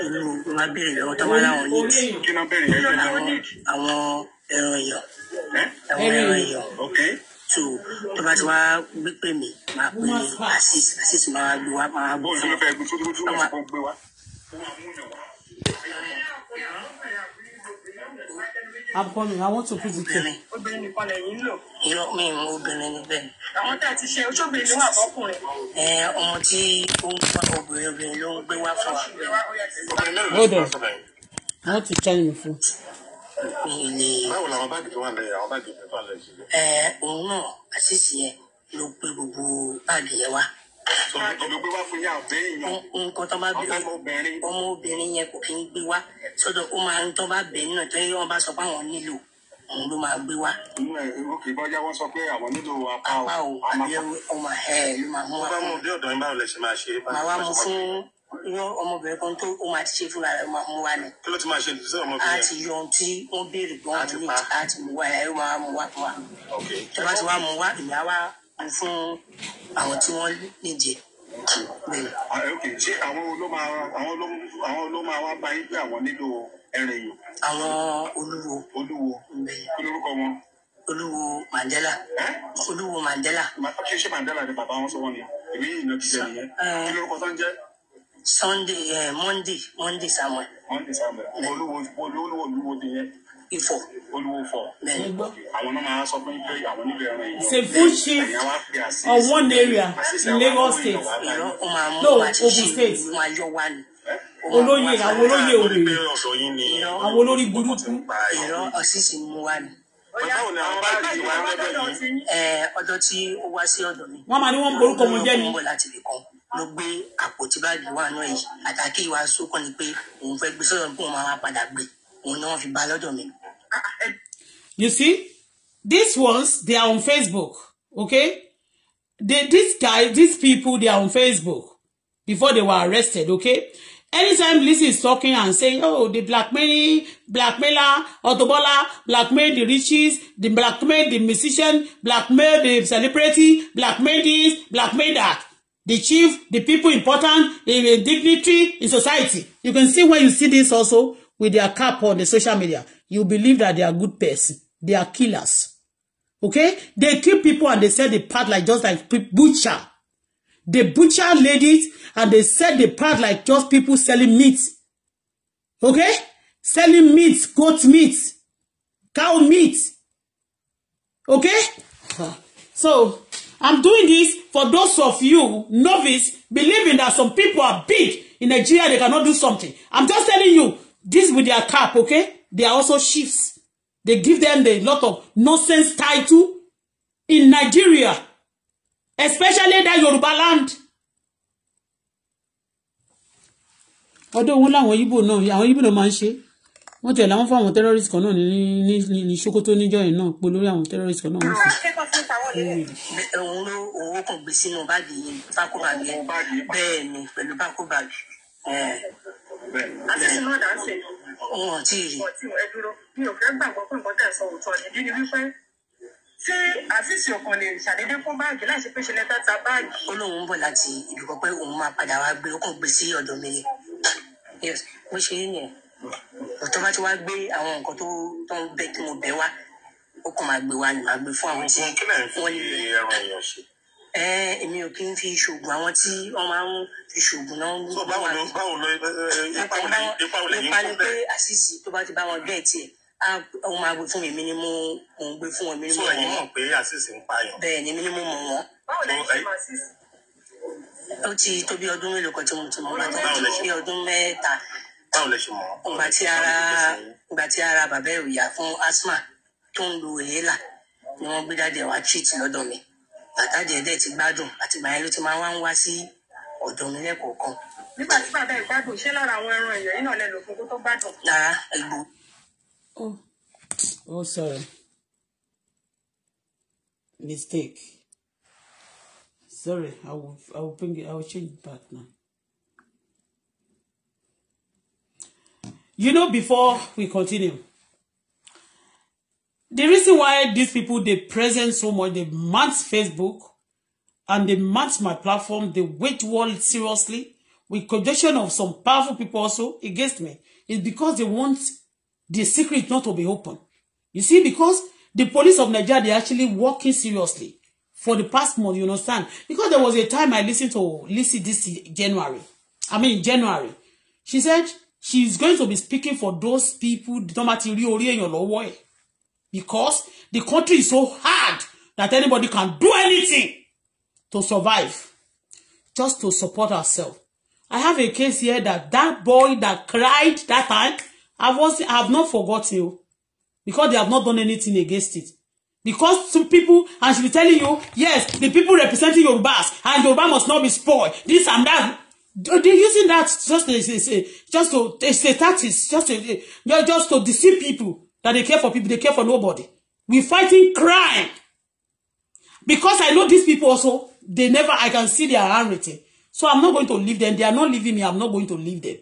olú máa béèrè lọ́wọ́ tó máa láwọn ní ti àwọn ẹran èèyàn àwọn ẹran èèyàn so tó bá ti wá gbé pè mí máa pè assist assist máa gbé wá máa gbé wá abọ́ mi i want to put it there. obìnrin nìkan lẹ́yìn ń lò. irọ́ mi ìmú obìnrin níbẹ̀. àwọn tá a ti ṣe ojúbìnrin ló wà fọkùnrin. ẹ ọmọ tí ó ń sọ obìnrin obìnrin ló ń gbé wá fún wa. hold on i want to tell you fún. ilé báwo làwọn báàgì tó wà lẹ àwọn báàgì tó wà lẹ ṣe. ẹ òun náà àṣìṣe yẹn ló gbé gbogbo báàgì yẹn wá. Ah, nǹkan tó bá bí ọmọbìnrin yẹn kò kí ń gbé wá sọ́dọ̀ ó máa ń tó bá bẹ̀ nínú tó yẹ wọn bá sọ pé àwọn nílò òun ló máa gbé wá. inú ẹ irú kì í bọ́jà wọ́n sọ pé àwọn nílò apá o. apá o àbí ọmọ ẹ ló máa mú wa. wọ́n bá mú bí ọ̀dọ́ yín báwo lẹ ṣe máa ṣe. màá wá mú fún yọ ọmọbìnrin kan tó o máa ti ṣe fúnra rẹ o máa mú wa ni. kí ló ti máa ṣe ìdílé ọmọbìnrin yẹn. a ti yọ ohun tí wọ́n béèrè gbọ́n àti mú wa ẹ̀ ẹ̀ máa mú wa fún wa. tó bá ti wá mú wa ìyá wa fún àwọn tí wọ́n níje. Ah, ṣé àwọn ló máa àwọn ló àwọn ló máa wá bá yín pé àwọn nílò ẹrin yìí. àwọn olúwo. olúwo kí lórúkọ wọn. olúwo Mandela. olúwo Mandela. ṣé ṣé Mandela ni bàbá wọn sọ wọn ni èmi yìí náà ti jẹ nìyẹn eh, kí lórúkọ tó ń jẹ. Sunday eh, Monday Monday Samuel. Monday Samuel olúwo olúwo olúwo nìyẹn. Ifọ̀. Olúwo fọ̀. Àwọn náà máa sọ pé àwọn nílò ẹran èèyàn. Ṣé full shift on one area in Lagos state? No, Ogun state. Olóyè àwọn olóyè òwèrè. Àwọn olórí burúkú. Ìran ọ̀sísì mú wa ni ọjọ́ tí ó wá sí ọ̀dọ̀ mi. wọ́n máa ní wọ́n ń borúkọ wọn jẹ́ ni. mo láti lè kàn ló gbé àpótí báàgì wa náà yìí àtàkì ìwà sókàn ni pé òun fẹ́ gbé sọ́dọ̀ pé òun máa padà gbé òun fi bá lọ́dọ̀ mi. you see these ones they are on Facebook okay they this guy, these people they are on Facebook before they were arrested okay anytime Lizzy is talking and saying oh the blackmail blackmailer otobola, blackmail the riches the blackmail the musician blackmail the celebrity blackmail this blackmail that the chief the people important the dignity in society you can see when you see this also with their cap on the social media, you believe that they are good person. They are killers. Okay? They kill people and they sell the part like just like butcher. They butcher ladies and they sell the part like just people selling meat. Okay? Selling meat, goat meat, cow meat. Okay? So, I'm doing this for those of you novice believing that some people are big in Nigeria, they cannot do something. I'm just telling you, this with their cap okay they are also chiefs they give them a lot of nonsense title in Nigeria especially that Yoruba land ọdọ òun làwọn Ìgbò náà àwọn Ìgbò náà máa ń ṣe wọn tẹ̀lé àwọn fún àwọn terrorist kan náà ní ní ní ní Sokoto níjọ yẹn náà pé lórí àwọn terrorist kan náà wọn sì. òun ló owó kan gbé sínú báàgì yìí bákúbàgì bẹ́ẹ̀ ni pẹ̀lú bákúbàgì àṣìṣe náà dá sí. wọn ò tí ì rí. ọtí ẹ dúró mi ò fẹ́ gbàgbọ́ pé nǹkan tẹ̀ sọ òótọ́ ni bí ni wípé tí àfíìsì ọkàn lè ṣàdédé fún báàgì láì ṣe pé ṣe lẹ́tà ta báàgì. ó lóun ń bọ̀ láti ìdúgbò pé òun máa padà wá gbé ó kàn gbé sí ọ̀dọ̀ mi ni bó ṣe ń yẹn ọ̀tọ́ bá ti wá gbé àwọn nǹkan tó tó ń bẹ tí mo bẹ wá ó máa gbé wá ni màá gbé fún àwọn tí wọ́n lè. kí lẹ́yìn fi ẹran èèyàn ṣe. Eh, èmi ò kí ń fi ṣoògùn àwọn tí wọ́n máa ń fi ṣoògùn náà ń lù. báwo ló báwo eh, ló eh, ipa ò lẹ́yìn ipa ò lẹ́yìn kó bẹ́ẹ̀. ipa ni pé àṣìṣe tó bá ti bá wọn gẹ̀ tiẹ̀ àwọn máa gbé fún mi èmi ni mo mò ń gbé fún wọn èmi ni mo mọ̀ wọ́n. sọ èyí mọ̀ pé àṣìṣe ń pààyàn. bẹ́ẹ̀ ni èmi ni mo mọ̀ wọ́n. báwo lè ṣe máa ṣìṣe ó ti tó bí ọdún mélòó kan tí mo ti mọ ọgbà tó ti bí ọdún mẹ́ta ìgbà tí ara ìgbà tí ara bàbá ẹ̀ ò yá fún asthma tó ń lo èélà ni wọ́n gbé jáde wá treat lọ́dọ̀ mi bàtàdì ẹ̀dẹ̀ ti gbádùn àti gbàyẹn ló ti máa wá ń wá sí ọ̀dọ̀ mi lẹ́kọ̀ọ̀kan. nígbà tí bàbá ẹ̀ gbádùn ṣé lára àwọn ẹran ẹ̀yọ́ yìí náà lẹ lò kó tó gbádùn. lára ẹgbò. ó sọ̀rọ̀ mistake sorry i will i will bring it i will change it back now. you know before we continue the reason why these people they present so much they match Facebook and they match my platform they wait world seriously with conjunction of some powerful people also against me is because they want the secret not to be open you see because the police of Nigeria they actually working seriously for the past month you understand because there was a time I listened to Lisi this January I mean January she said she's going to be speaking for those people because the country is so hard that anybody can do anything to survive, just to support ourselves. I have a case here that that boy that cried that time, I was I have not forgotten you because they have not done anything against it. Because some people, and she be telling you, yes, the people representing Yorubas, and Yoruba must not be spoiled, this and that. they using that just, just to, just to, just to, just to deceive people that they care for people, they care for nobody. We fighting crime. Because I know these people also, they never, I can see their handwriting. So I'm not going to leave them. They are not leaving me. I'm not going to leave them.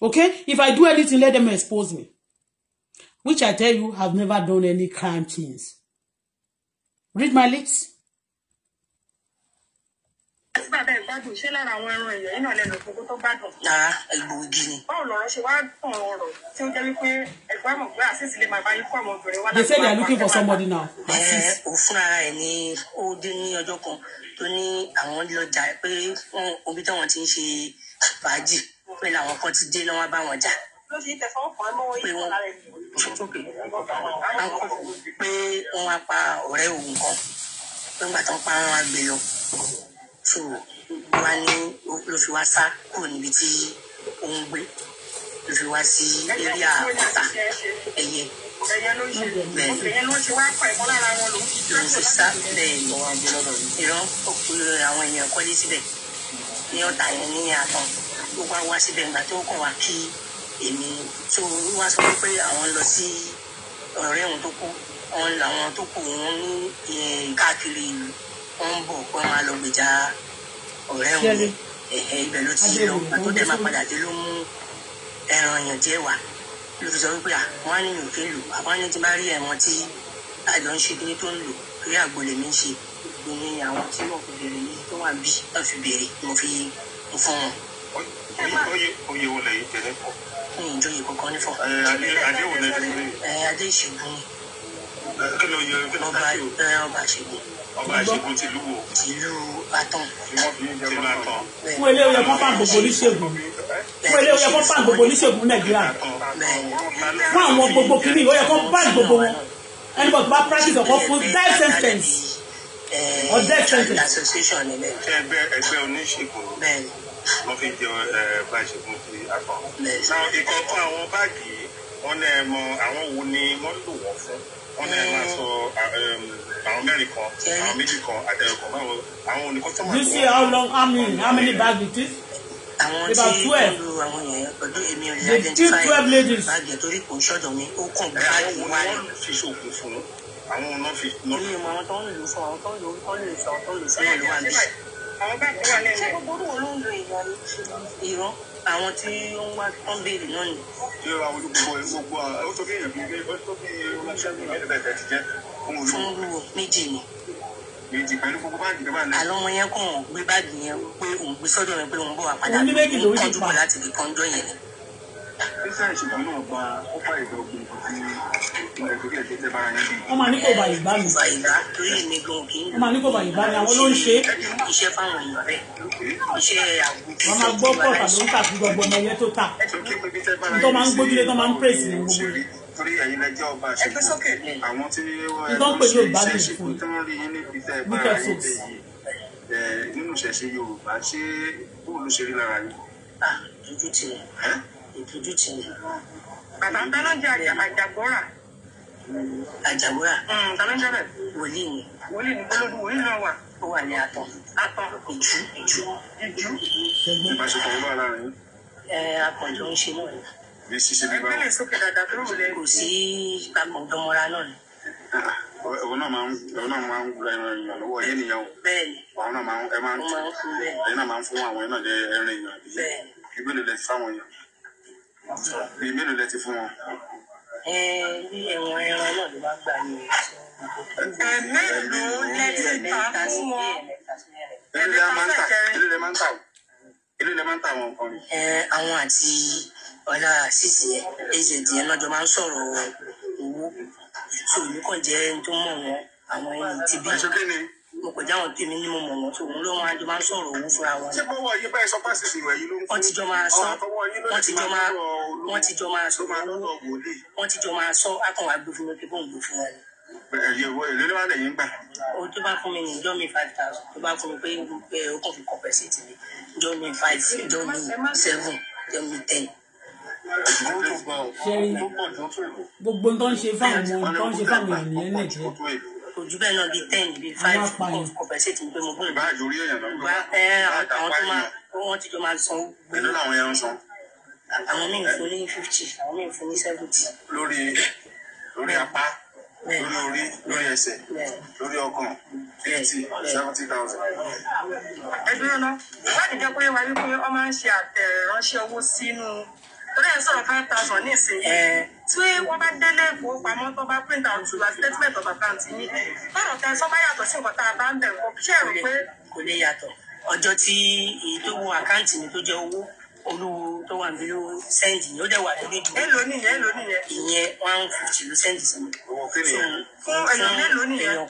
Okay? If I do anything, let them expose me. Which I tell you, have never done any crime things. Read my lips tí bàbá ṣé lára àwọn ẹran èèyàn yìí náà lẹ́nu gbogbo tó gbádùn. rárá egbòogi ni. báwo lọ́rọ̀ ṣe wá tàn ọ̀rọ̀ tí ó jẹ́ wípé ẹ̀gbọ́n mọ̀ pé àṣìṣe lè máa bá yín kó àwọn obìnrin wá láti wá. they say they are looking for somebody now. ẹ ẹ ò fúnra ẹ ní ó dé ní ọjọ́ kan tó ní àwọn lọjà pé omi táwọn ti ń ṣe fàájì pé làwọn kan ti dé lọ́wọ́ bá wọn jà pé wọn pé wọn apá ọ̀rẹ́ òun kan nígbà tó ń pa wọn agbè lọ so gbogbo wa ní ló fi wá sá kúrò níbi tí ó ń gbé ló fi wá sí eré àpáta ẹyẹ bẹ́ẹ̀ ló sá bẹ́ẹ̀ ìran àwọn èèyàn kọ́lé síbẹ̀ ní ọ̀tà yẹn ní àtọ̀ ó wá wá síbẹ̀ nígbà tó kàn wá kí èmi tó wá sọ pé àwọn lọ sí ọ̀rẹ́ òun tó kú àwọn tó kù wọn ní káàkiri ìlú wọ́n ń bọ̀ wọ́n máa lọ gbèjà ọ̀rẹ́ wọn ẹ̀hẹ́ ibẹ̀ ló ti lọ tó dẹ̀ máa padà dé ló mú ẹran èèyàn díẹ̀ wá ló fi sọ wípé àwọn àníyàn ò fi lò àwọn àníyàn ti bá rí ẹ̀wọ̀n tí àjọ ń ṣe kí ni tó ń lò torí àgbo lèmi ń ṣe gbogbo ní àwọn tí wọn kò béèrè yìí tó wà bí náà fi béèrè mo fi mo fún wọn. oyè oyè wo lè yí tẹ̀lé fọ. mi ò jọyè kankan nífọ. adé adé wo lè fi lè. adé ìṣègùn ni. kí ló yẹ kí ló bá o. ọba ọba ìṣègùn ti lúwo. ìlú atán. ìlú atán. fún eléyìí yẹ fọ́pá gbogbo oníṣègùn fún eléyìí yẹ fọ́pá gbogbo oníṣègùn nàìjíríà fún àwọn gbogbo kìíní ó yẹ kó bá gbogbo wọn ẹni bọ̀ bá practice ọkọ̀ fún death sentence or death sentence. ẹgbẹ́ ẹgbẹ́ oníṣègùn ló fi jẹ bá ìṣègùn ti atán. ìkọ̀ọ̀kan àwọn báàgì wọn náà mọ àwọn wo ni wọ́n lò wọ́n fún wọ́n náà máa sọ àwọn mẹ́rin kan àwọn méjì kan àtẹ̀rù kan báwo àwọn oníkọ́sọ́mọ̀. you see how long how many how many bags it is. àwọn tí olú àwọn yẹn pẹ̀lú èmi ò lè identify báàgì torí kò ṣọ́dọ̀ mi ó kàn báàgì wá ní. àwọn fi ṣoògùn fún un àwọn náà fi. mi ò mọ àwọn tó ń lò fún àwọn tó ń lò fún àwọn tó ń lò fún àwọn ló àwọn bá àwọn tí ó ń wá tó ń béèrè náà ni. ṣé àwọn olùgbogbo ẹ gbogbo ó tó bí èèyàn bí ó tó bí ọlọ́ṣẹ́gun mẹ́rin bẹ̀rẹ̀ ti jẹ́ fún olùgbò. fún olùwọ méjì ni. méjì pẹ̀lú gbogbo báàgì tó bá lẹ. àlọ́ ọmọ yẹn kàn gbé báàgì yẹn pé òun gbé sọ́dọ̀ yẹn pé òun bọ̀ wá padà. òun ní méjì lórí ìgbà. òun kọ́ bísẹ̀ ìṣègùn náà gba ọ̀pá ìdọ̀gbìn tí ilẹ̀ ìdókè tó tẹ bára yín bí. wọ́n máa ní kò bàyè bá mi. bàyìbá torí èmi gan kì í. wọ́n máa ní kò bàyè bá mi àwọn ló ń ṣe. iṣẹ́ fáwọn èèyàn rẹ̀ iṣẹ́ àgùntàn. wọ́n máa gbọ́ pọ̀ tàbí ń tàbí gbogbo ọmọ ẹyẹ tó tà. nítorí máa ń gbójúlé tó máa ń pèsè ní gbogbo torí ẹ̀yin lẹjẹ ọba àṣẹjù àwọn tí wọn ṣe iṣẹ́ ṣìkún tí wọn rí yín níbi tẹ ẹ bá ara yín dé yìí nínú ìṣẹ̀ṣe Yorùbá ṣé bóòlù ṣe rí lára yín. ah ojú ti rẹ̀ ìdójútì ni. bàbá ń dáná jẹ àjàgbọ́ra. àjàgbọ́ra. dáná jẹ bẹ́ẹ̀. wòlíì ni. wòlíì ni bolódù wòlíì náà wà. ó wà ní atọ. atọ ìjú ìjú. ìjú. ìbáṣepọ̀ ń bá ara rẹ̀. ẹ akọ̀jọ ń ṣe náà ni. bí ṣíṣe bí bá. ẹgbẹ́ sókè dáadáa tó rò lẹ́yìn. kò sí akọ̀dọ́mọra náà ni. òun ah, náà máa ń òun náà máa ń gba ìrànlọ́wọ́ lọ́wọ́ yẹn nìyẹn o. bẹ́ẹ̀ni. òun náà máa ń ẹ máa ń fún àwọn yẹn náà jẹ ẹrin ìyàn àbí. bẹ́ẹ̀ni. ìbéèrè lè fáwọn yẹn bíi mélòó lẹ ti fún wọn. bí ẹ̀wọ̀n ẹran náà ló máa gbà ní mélòó lẹ ti ta fún wọn. èló lẹ máa ń tà èló lẹ máa ń tà èló lẹ máa ń tà àwọn nǹkan rẹ. àwọn àti ọ̀la àṣìṣe agent yẹn lọ́jọ́ máa ń sọ̀rọ̀ owó ṣòwò kàn jẹ́ tó mọ̀ wọn àwọn ẹni tí bí. àṣọ kí ni mo kò jáwọn tèmi ni mo mọ̀ wọ́n tó ló wọn àjọ máa ń sọ̀rọ̀ fúnra wọn. ṣé bọ́wọ́ yìí bá ẹ sọ pàṣẹ ìwẹ̀ yìí ló ń kú wọ́n ti jọ máa sọ ti jọ máa wọ́n ti jọ máa sọ wọ́n ti jọ máa sọ akọ̀wà gbé fún mi pé bóun gbé fún wọn ni èlé ló wà lẹ́yìn gbà. o tó bá fún mi ní jọ́ mi five thousand tó bá fún mi pé pé o kàn fi kọ̀pẹ́ sí ti mi jọ́ mi five jọ́ mi seven jọ́ mi ten. gbogbo tó ń ṣe fáwọn tó ń ṣe fáwọn ènìyàn kò jù bẹ́ẹ̀ náà bíi ten bíi five ọbẹ̀ ṣe ti gbé mo gbé. báàgì orí èèyàn náà gbé. ẹ tó máa wọ́n ti jọ máa san. èló làwọn yẹn ń san. àwọn míì fún ní fifty àwọn míì fún ní seventy. lórí lórí apá lórí orí lórí ẹsẹ̀ lórí ọkàn fifty seventy thousand. ẹ dúró ná wádìí jẹ́ pé wàá wípé ọmọ ń ṣe àtẹ̀ránṣẹ́ owó sínú ó dẹ̀ sọ̀rọ̀ five thousand ní ìsinyìí tí wọ́n bá délé ìfowópamọ́ tó bá print out wa statement of account yìí lọ́rọ̀ tẹ sọ bá yàtọ̀ sí nǹkan tá a bá ń bẹ̀ kó ṣe rò pé. kò lè yàtọ̀ ọjọ́ tí ìdówó àkáǹtì mi tó jẹ́ owó olúwo tó wà níbi ló sẹ́ǹdì yẹn ó dẹ̀ wà lórí ìdúró. èlò nìyẹn èlò nìyẹn. ìyẹn one fifty ló sẹ́ǹdì sí mi. owó kéde yẹn. fún èèyàn mélòó nìyẹn. èèyàn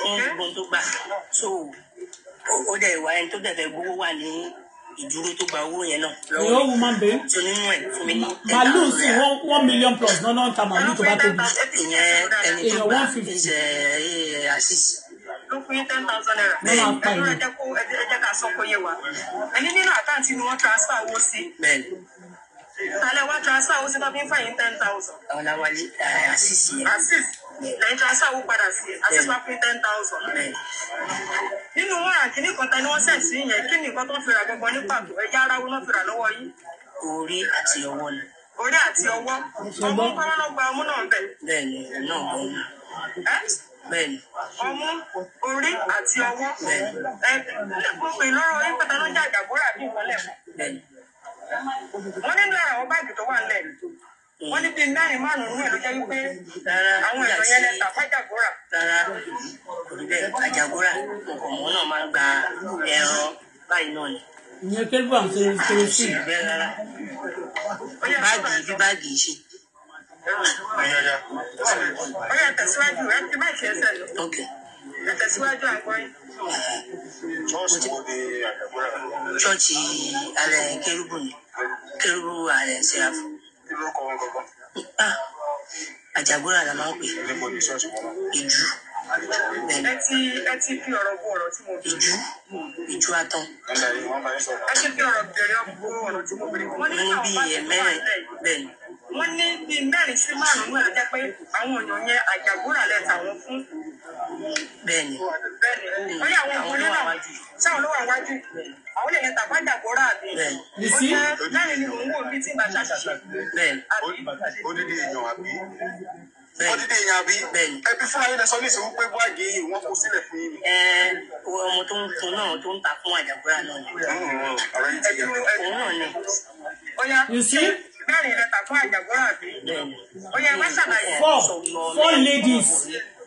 kan fún gbogbo tó gbà. so ó dẹ̀ wà ẹni tó dẹ̀ fẹ́ gbowó wà ní ìdúró tó gba owó yẹn náà lọ́wọ́ yóò máa ń bẹ́ẹ̀. tó nínú ẹ̀ fún mi ní. màálù sí one million plus náà náà ń ta màálù tó bá tóbi. èèyàn one fifty. Eh, ló fún yín ten thousand naira. bẹ́ẹ̀ ni ẹ̀rọ ẹ̀jẹ̀ kó ẹ̀jẹ̀ ká sọ́kọ yẹ wa. ẹni nínú àkáǹtì ni wọ́n transfer owó sí. bẹ́ẹ̀ni. alẹ́ wa transfer owó sí tó fi ń fàyín ten thousand. ọ̀làwálé àṣìṣe. Eh, àṣìṣe lẹ́yìn transfer owó padà sí àṣìṣe wá fún ten thousand kìíní kan tani wọ́n sẹ̀ sí yẹn kí ni nǹkan tó ń fira gangan ní pàtó ẹ̀yà ara wọn náà fira lọ́wọ́ yìí. orí àti ọwọ́ ni. orí àti ọwọ́ ọmọ nǹkan lọ́gbà ọmú náà bẹ̀. bẹ́ẹ̀ni ẹ náà bẹ́ẹ̀ni. ẹ bẹ́ẹ̀ni. ọmú orí àti ọwọ́. bẹ́ẹ̀ni. ẹ mo pè lọ́rọ̀ yín pé tani ó jẹ́ àjàgbó rà bí ìmọ̀lẹ̀ mọ́. bẹ́ẹ̀ni. wọ́n nínú àwọn báàgì tó wà nílẹ̀ wọ́n ní bíi mẹ́rin márùn-ún náà ló jẹ́ wípé àwọn èèyàn yẹn lẹ́ta fájàgbóra. rárá kò rí bẹ́ẹ̀ àjàgbóra ọmọ náà máa ń gba ẹran báyìí náà ni. ìyẹn kẹ́gbà ń ṣe ṣe sí. báàgì bí báàgì ṣe. ọ̀yà tẹ̀síwájú ẹ ti má ṣe ẹsẹ̀ lọ. ẹ tẹ̀síwájú àgbọ̀yìn. Chọ́ọ̀chì alẹ́ kérúbù ni kérúbù alẹ́ ṣe àfọ̀. Ah, àjàgbọ́ra la máa ń pè é ẹ ti ẹ ti fi ọ̀rọ̀ bu ọ̀rọ̀ tí mo bèrè. ìjú ìjú ẹ ti fi ọ̀rọ̀ bèrè bu ọ̀rọ̀ tí mo bèrè. wọ́n ní bí ẹ̀mẹ́rin bẹ́ẹ̀ ni. wọ́n ní bí mẹ́rin sí márùn náà jẹ́ pé àwọn èèyàn yẹn àjàgbóra lẹ́ta wọn fún. bẹ́ẹ̀ ni. bẹ́ẹ̀ yà hmm. àwọn ọmọ náà sáwọn ló wà wájú àwọn lè lẹ́ta bá jàgbóra àbí. bẹ́ẹ̀ ni sí. ni mò ń wò bí tí bàtà ṣàṣà. bẹ́ẹ̀ ọdídé yẹn àbí ẹbí fún ayé lẹsọ nísìnyí wípé Bùhárí yìí wọn kó sílẹ̀ fún yìí. ẹ ọmọ tó ń tó náà tó ń ta fún àjàgbéra náà ni. ẹbí òun náà ni. ọyá mẹ́rin lẹ ta fún àjàgbéra àbí. ọyá ẹ má ṣàlàyé. four four ladies.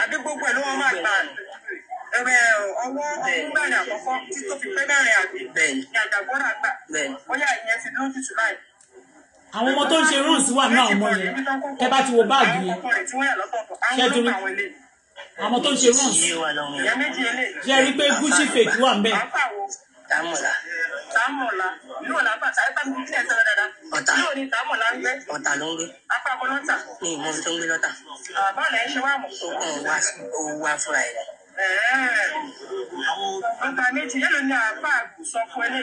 àbí gbogbo ẹ̀ ló wọ́n máa gbà ẹ̀rẹ̀ ọwọ́ ọdún mẹ́rin àkọ́kọ́ tí tó fi pé mẹ́rin àbí ní àjàgbọ́dà gbà bóyá ìyẹn ti lójú jù báyìí. àwọn ọmọ tó ń ṣe rúùsì wà ní àwọn ọmọ yẹn ẹ bá ti wo báàgì yẹn ṣẹ́dúró àwọn tó ń ṣe rúùsì ṣe rí pé gúúsì fèkì wà ń bẹ́ẹ̀. Tàmọ̀lá. Tàmọ̀lá. Yóò là bàtà ẹ bá mi kílẹ̀ sọ̀rọ̀ dáadáa. Ọ̀tà. Yóò ní Tàmọ̀lá ń gbé. Ọ̀tà ló ń gbé. Apá ọmọ lọ́tà. Mi ì mọ tó ń gbé lọ́tà. Àbá ọ̀nà ẹ̀ ṣe wá mọ̀. Ó wá fúnra ẹ̀ lọ. Ọ̀tà méjì yẹ́lò ni àbá àgùsọ fún ẹ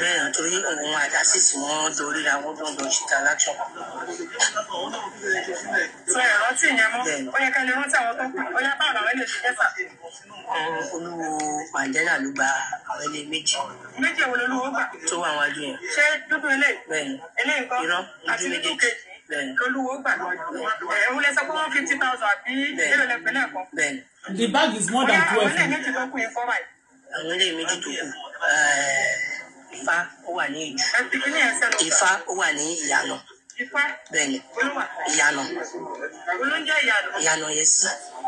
bẹ́ẹ̀ nítorí òun àdásìsì wọn dorí àwọn gbọ́dọ̀ ṣìkà lájọ. sọ ẹ̀rọ tí ìyẹn mọ́ ó yẹ ká lè rántí àwọn tó kù ó yẹ bá àwọn ẹlẹ́sìn mẹ́fà. olúwo mandela ló gba àwọn ilé méjì. méjì èwo lolúwo gbà. tó wà wájú yẹn. ṣé dúdú eléyìí. bẹ́ẹ̀ni eléyìí kan àti dúdú kejì lolúwo gbà lọ́jọ́. ẹ̀ ń lẹ sọ pé one fifty thousand àbí èlò lẹ́gbẹ̀ẹ́ náà kan. the bag is more than twelve. àwọn ilé méjì tó kù yìí fọ́ báyìí. àwọn ilé méjì tó kù. Eh, ifá ó wà ní ìjù ifá ó wà ní ìyànà bẹ́ẹ̀ni ìyànà ìyànà yẹn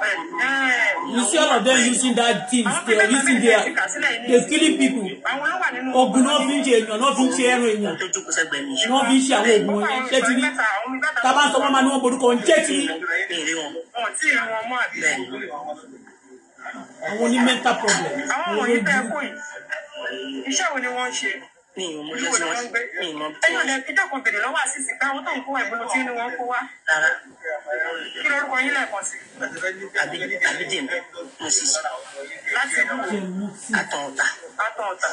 eh, You see all of them using that things they are using their they killing people ogun náà fi ń ṣe èèyàn náà fi ń ṣe ẹran èèyàn náà fi ń ṣe àwọn oògùn wọ̀nyẹn ṣé ti rí tábà sọ wọn máa ní wọn borúkọ ń jẹ́ ti àwọn oní mental problem. àwọn wọ̀nyí tẹ́ ẹ kú yìí iṣẹ́ wo ni wọ́n ń ṣe ní ìmọ̀ bí wọ́n ń gbé ẹ̀yìn ọ̀lẹ́ peter kan bèrè lọ́wọ́ àṣìṣe pé àwọn tó ń kó wà ìbọn tí ni wọ́n kó wá. kí lorúkọ yín lẹ́ẹ̀kan sí. abidjan musisi láti àtọ̀ ọ̀tà. àtọ̀ ọ̀tà.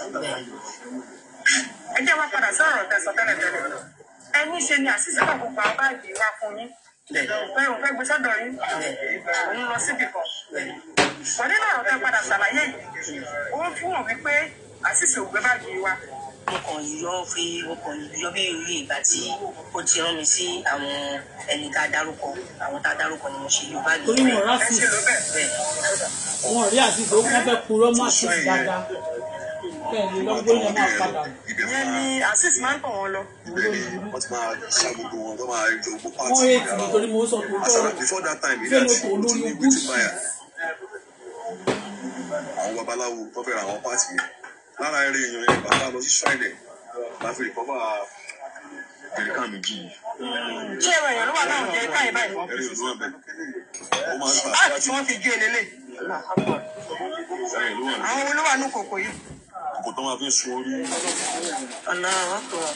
ẹ jẹ́ wá padà sọ̀rọ̀ tẹ̀sán tẹ́lẹ̀ tẹ́lẹ̀ ẹ ní ṣe ni àṣìṣe kan kò pa báàgì wa fún yín. bẹ́ẹ̀ òun fẹ́ gbé sọ́dọ̀ yín òun lọ síbì kan wọ́n nínú ọ̀rọ̀ padà ṣàlàyé yìí ó fún hàn wípé àṣìṣe òwe má gbé wa. mo kàn yọ fi mo kàn yọ bí orí ìgbà tí ó ti rán mi sí àwọn ẹni tá a dárúkọ àwọn tá a dárúkọ ni mo ṣe yọ bá gbé. torí wọn rà wọn rí àṣìṣe ó fẹ́ purọ́ má ṣe dáadáa wọ́n yé tìmọ̀ torí mo sọ pé ó tọrọ fẹ́ẹ́ lọ tó olórí ogún àwọn babaláwo tó fẹ́ ra àwọn páàtì yẹn lára eré èèyàn yẹn bàbá lọ sí ṣáìlẹ̀ láti rí kọ́fà méjì yìí. ṣé ẹ̀rọ èèyàn ló wà láwọn jẹ́ ká ìbá ìfọ́? ẹ̀rọ ìlú ọ̀bẹ. ó máa ń gbà. báàgì tí wọ́n fi gé lélẹ̀. àwọn olówó àánú kòkò yìí. kòkò tó máa fi sun orí. ọ̀nà àwọn kò wá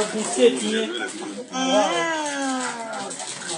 ọdún tí èdè yẹn. Mm.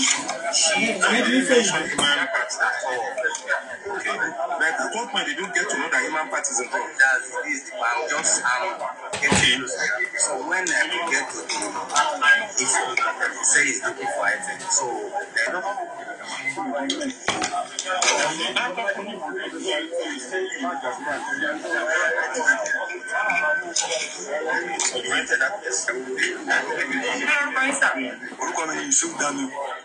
at what point they don't get to know that human part is involved. That's this. I'm just um, So when uh, get to the issue, he say he's looking for item. So Orúkọ mi ni Yusuf Damiu.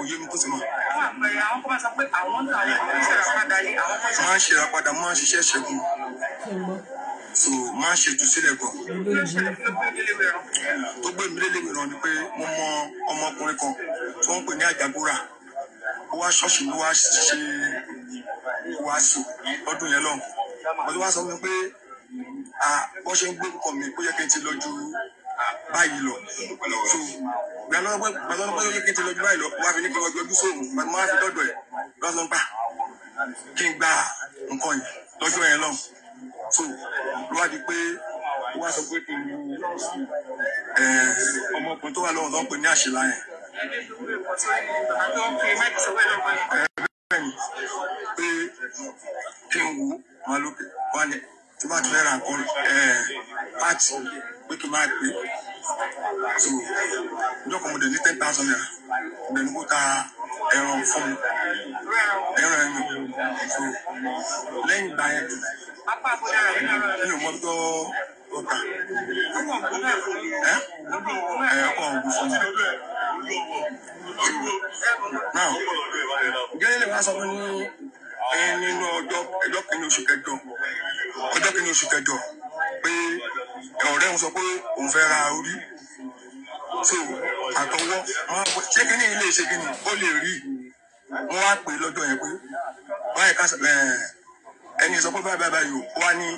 òye mi kò sí mọ. àwọn àpẹẹrẹ àwọn kọ́ bá sọ pé àwọn ń tà ní àwọn ìṣẹ̀ra padà ní àwọn kọ́ sọ. máa ń ṣera padà máa ń ṣiṣẹ́ ṣẹ́gun so máa ń ṣètò sílẹ̀ gan. tó gbé mi lélẹ̀ mìíràn ni pé mo mọ ọmọkùnrin kan tí wọ́n ń pè ní àjàgbóra ó wá ṣọ́ọ̀ṣì ló wá ṣe wàásù lọ́dún yẹn lọ́hùn-ún. wọ́n ti wá sọ fún mi pé bọ́n ṣe ń gbórúkọ mi kó yẹ kí n ti lọ ju báyìí lọ so gbàlọ́pẹ́ gbàlọ́pẹ́ yóò kéde lọ́jọ́ báyìí lọ wà á fi ní kí ọjọ́ ojú sóòrùn gbàtúmọ̀ wà á fi dọ́dọ̀ ẹ̀ lọ́sọ̀ ń pa kí n gba nǹkan yìí lọ́jọ́ yẹn lọ́hùn so ló wá di pé wọ́n á sọ pé kí n lu ọmọkùnrin tó wà lọ́wọ́ tó ń pè ní àṣìlá yẹn. ẹ bẹ́ẹ̀ ni pé kí n wo wọn lókè wọn ni tó bá ti fẹ́ ra nǹkan pàtì pé kí n máa gbé so ìjọkọ̀ mo dẹ̀ ní ten thousand naira mo dẹ̀ ní kó ta ẹran fún mi ẹran ẹran so lẹ́yìn ìgbà yẹn mi ò mọ̀ tó ọ̀tà ẹ ẹ ọkọ̀ fún mi now gẹ́gẹ́ wá sọ fún mi nínú ọjọ́ ẹjọ́ kìíní oṣù kẹjọ ọjọ́ kìíní oṣù kẹjọ pé ọ̀rẹ́ òun sọ pé òun fẹ́ ra orí so àtọwọ́ ṣé kíní ilé ṣe kíní ó lè rí wọ́n wá pè lọ́jọ́ yẹn pé báyìí ká ẹni sọ pé báyìí báyìí báyìí ó wá ní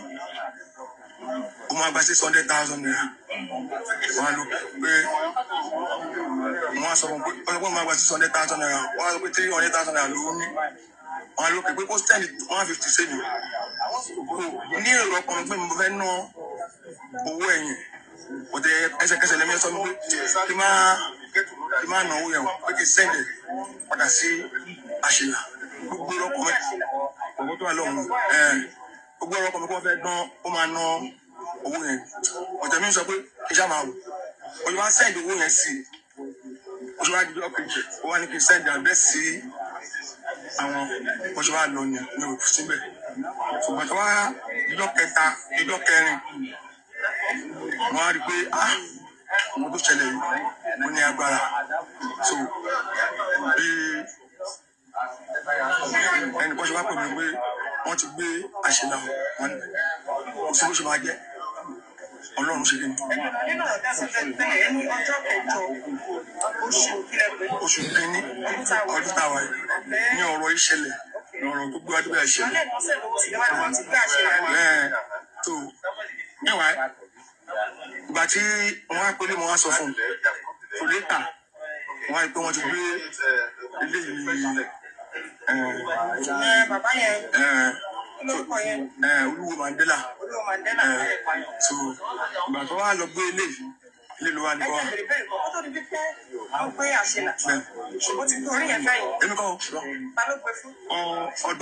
ó máa gba six hundred thousand naira wọn ló pé wọn sọ pé ọlọ́pàá máa gba six hundred thousand naira wọn sọ pé three hundred thousand naira ló ní wọn ló pè pé stand send one fifty seven o ní èrò ọkùnrin pé mo fẹ́ ná owó ẹ̀yìn kò tẹ ẹsẹ̀kẹsẹ̀ lẹ́mí sọ pé kí máa kí máa ná owó yẹn o pé kí send padà sí àṣìlá gbogbo ọkùnrin gbogbo tó wà lọ́hùn ẹ̀ gbogbo ọkùnrin kó fẹ́ dán ó máa ná owó yẹn ọ̀tẹ̀ mi sọ pé ìjà máa wò òyìnbá send owó yẹn sí i oṣù wa di ọkùnrin ó wá ní kí n sẹ́ndì àdírẹ́sì sí àwọn oṣù wa ní ní òkú síbẹ̀ ṣùgbọ́n tó wá ìjọ kẹta ìjọ kẹrin wọ́n á rí i pé ah mo tó ṣẹlẹ̀ yìí mo ní agbára so bí ẹnì kan ṣe wá pè mí pé wọ́n ti gbé àṣìlá wọn ní oṣù oṣù máa jẹ́ ọlọ́run ṣe kí ni. nínú ọ̀dà sọ fẹ́ ní ọjọ́ kẹjọ oṣù kẹrin. oṣù kẹrin ọdún táwa ní ọ̀rọ̀ ìṣẹ̀lẹ̀ ọ̀rọ̀ gbogbo adúgbò ìṣẹ̀lẹ̀. bẹ́ẹ̀ tó níwá ìgbà tí wọ́n á pélé mo wá sọ fún un kò lè tà wọ́n á pé wọ́n ti gbé ilé yìí. bàbá yẹn olúwo mandela eh, so ìgbà tó wà lọ gbé eléyìí ilé ló wà ní kọ́. èmi kọ́ ọdún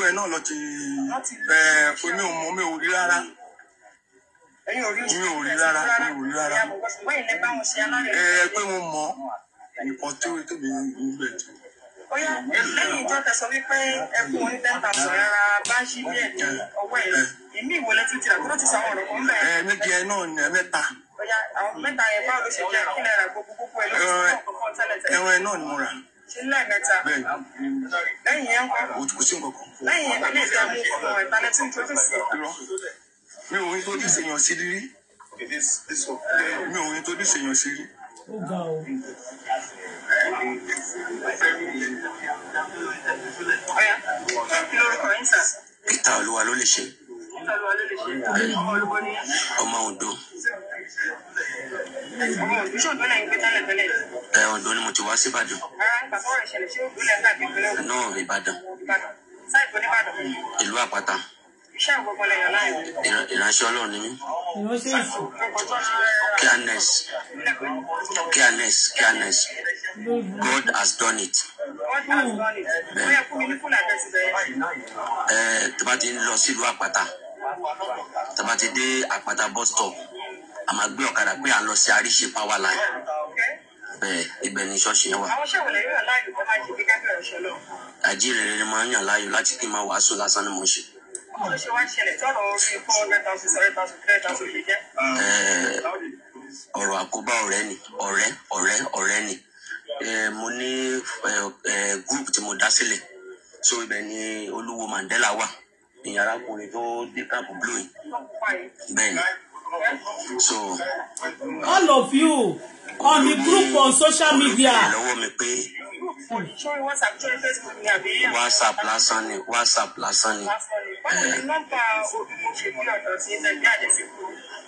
ẹ náà lọ ti omi ò mọ omi ò rí rárá mi ò rí rárá mi ò rí rárá ẹ pé mo mọ nǹkan tó tóbi ń bẹ̀ tó bóyá lẹ́yìn ìjọ tẹ̀sán wípé ẹkùn oní ten thousand rárá bá ṣí díẹ̀ ní ọwọ́ ẹ̀ ìmí ìwọlé tún ti rà kúrò ti sọ àwọn ọ̀rọ̀ kan bẹ́ẹ̀. ẹ méjì ẹ náà ní mẹ́ta. bóyá àwọn mẹ́ta yẹn báwo ló ṣe jẹ́ kí lẹ́ra gbogbo gbogbo ẹ ló ti sọ ọ̀kan tẹ́lẹ̀ tẹ́lẹ̀. ẹran ẹ náà ni mo rà. ṣe ní lẹ́ẹ̀mẹ́ta. bẹ́ẹ̀ lẹ́yìn yẹn ń kọ́. kò sí nǹkan kan. lẹ́yìn ilé ìjà mú ọmọ ìtàlẹ́tì ń tó fi sí. mi Peter Olúwa ló lè ṣe. Ọmọ Ondo. Ẹ Ondo ni mo ti wá sí Ìbàdàn. Náà Ìbàdàn. Ìlú Àpáta ìránṣẹ́ ọlọ́run ni mí clearness clearness clearness God has done it. tó bá ti ń lọ sílùú àpáta tó bá ti dé àpáta bus stop a máa gbé ọ̀kadà pé à ń lọ sí àríṣe power line bẹ́ẹ̀ ibẹ̀ ni ṣọ́ọ̀ṣì yẹn wà. àjíǹrere ni màá yàn láàyò láti kí n máa wàásù lásán ni mo ń ṣe bó eh, àkóbá ọ̀rẹ́ ni ọ̀rẹ́ ọ̀rẹ́ ọ̀rẹ́ ni eh, mo ní eh, group tí mo dá sílẹ̀ so ibẹ̀ ni olúwo Mandela wà ìyẹn arákùnrin tó dé cap blue yìí bẹ́ẹ̀ so. all of you on the group on social media. lọ́wọ́ mi pé whatsapp lásán ni whatsapp lásán sani,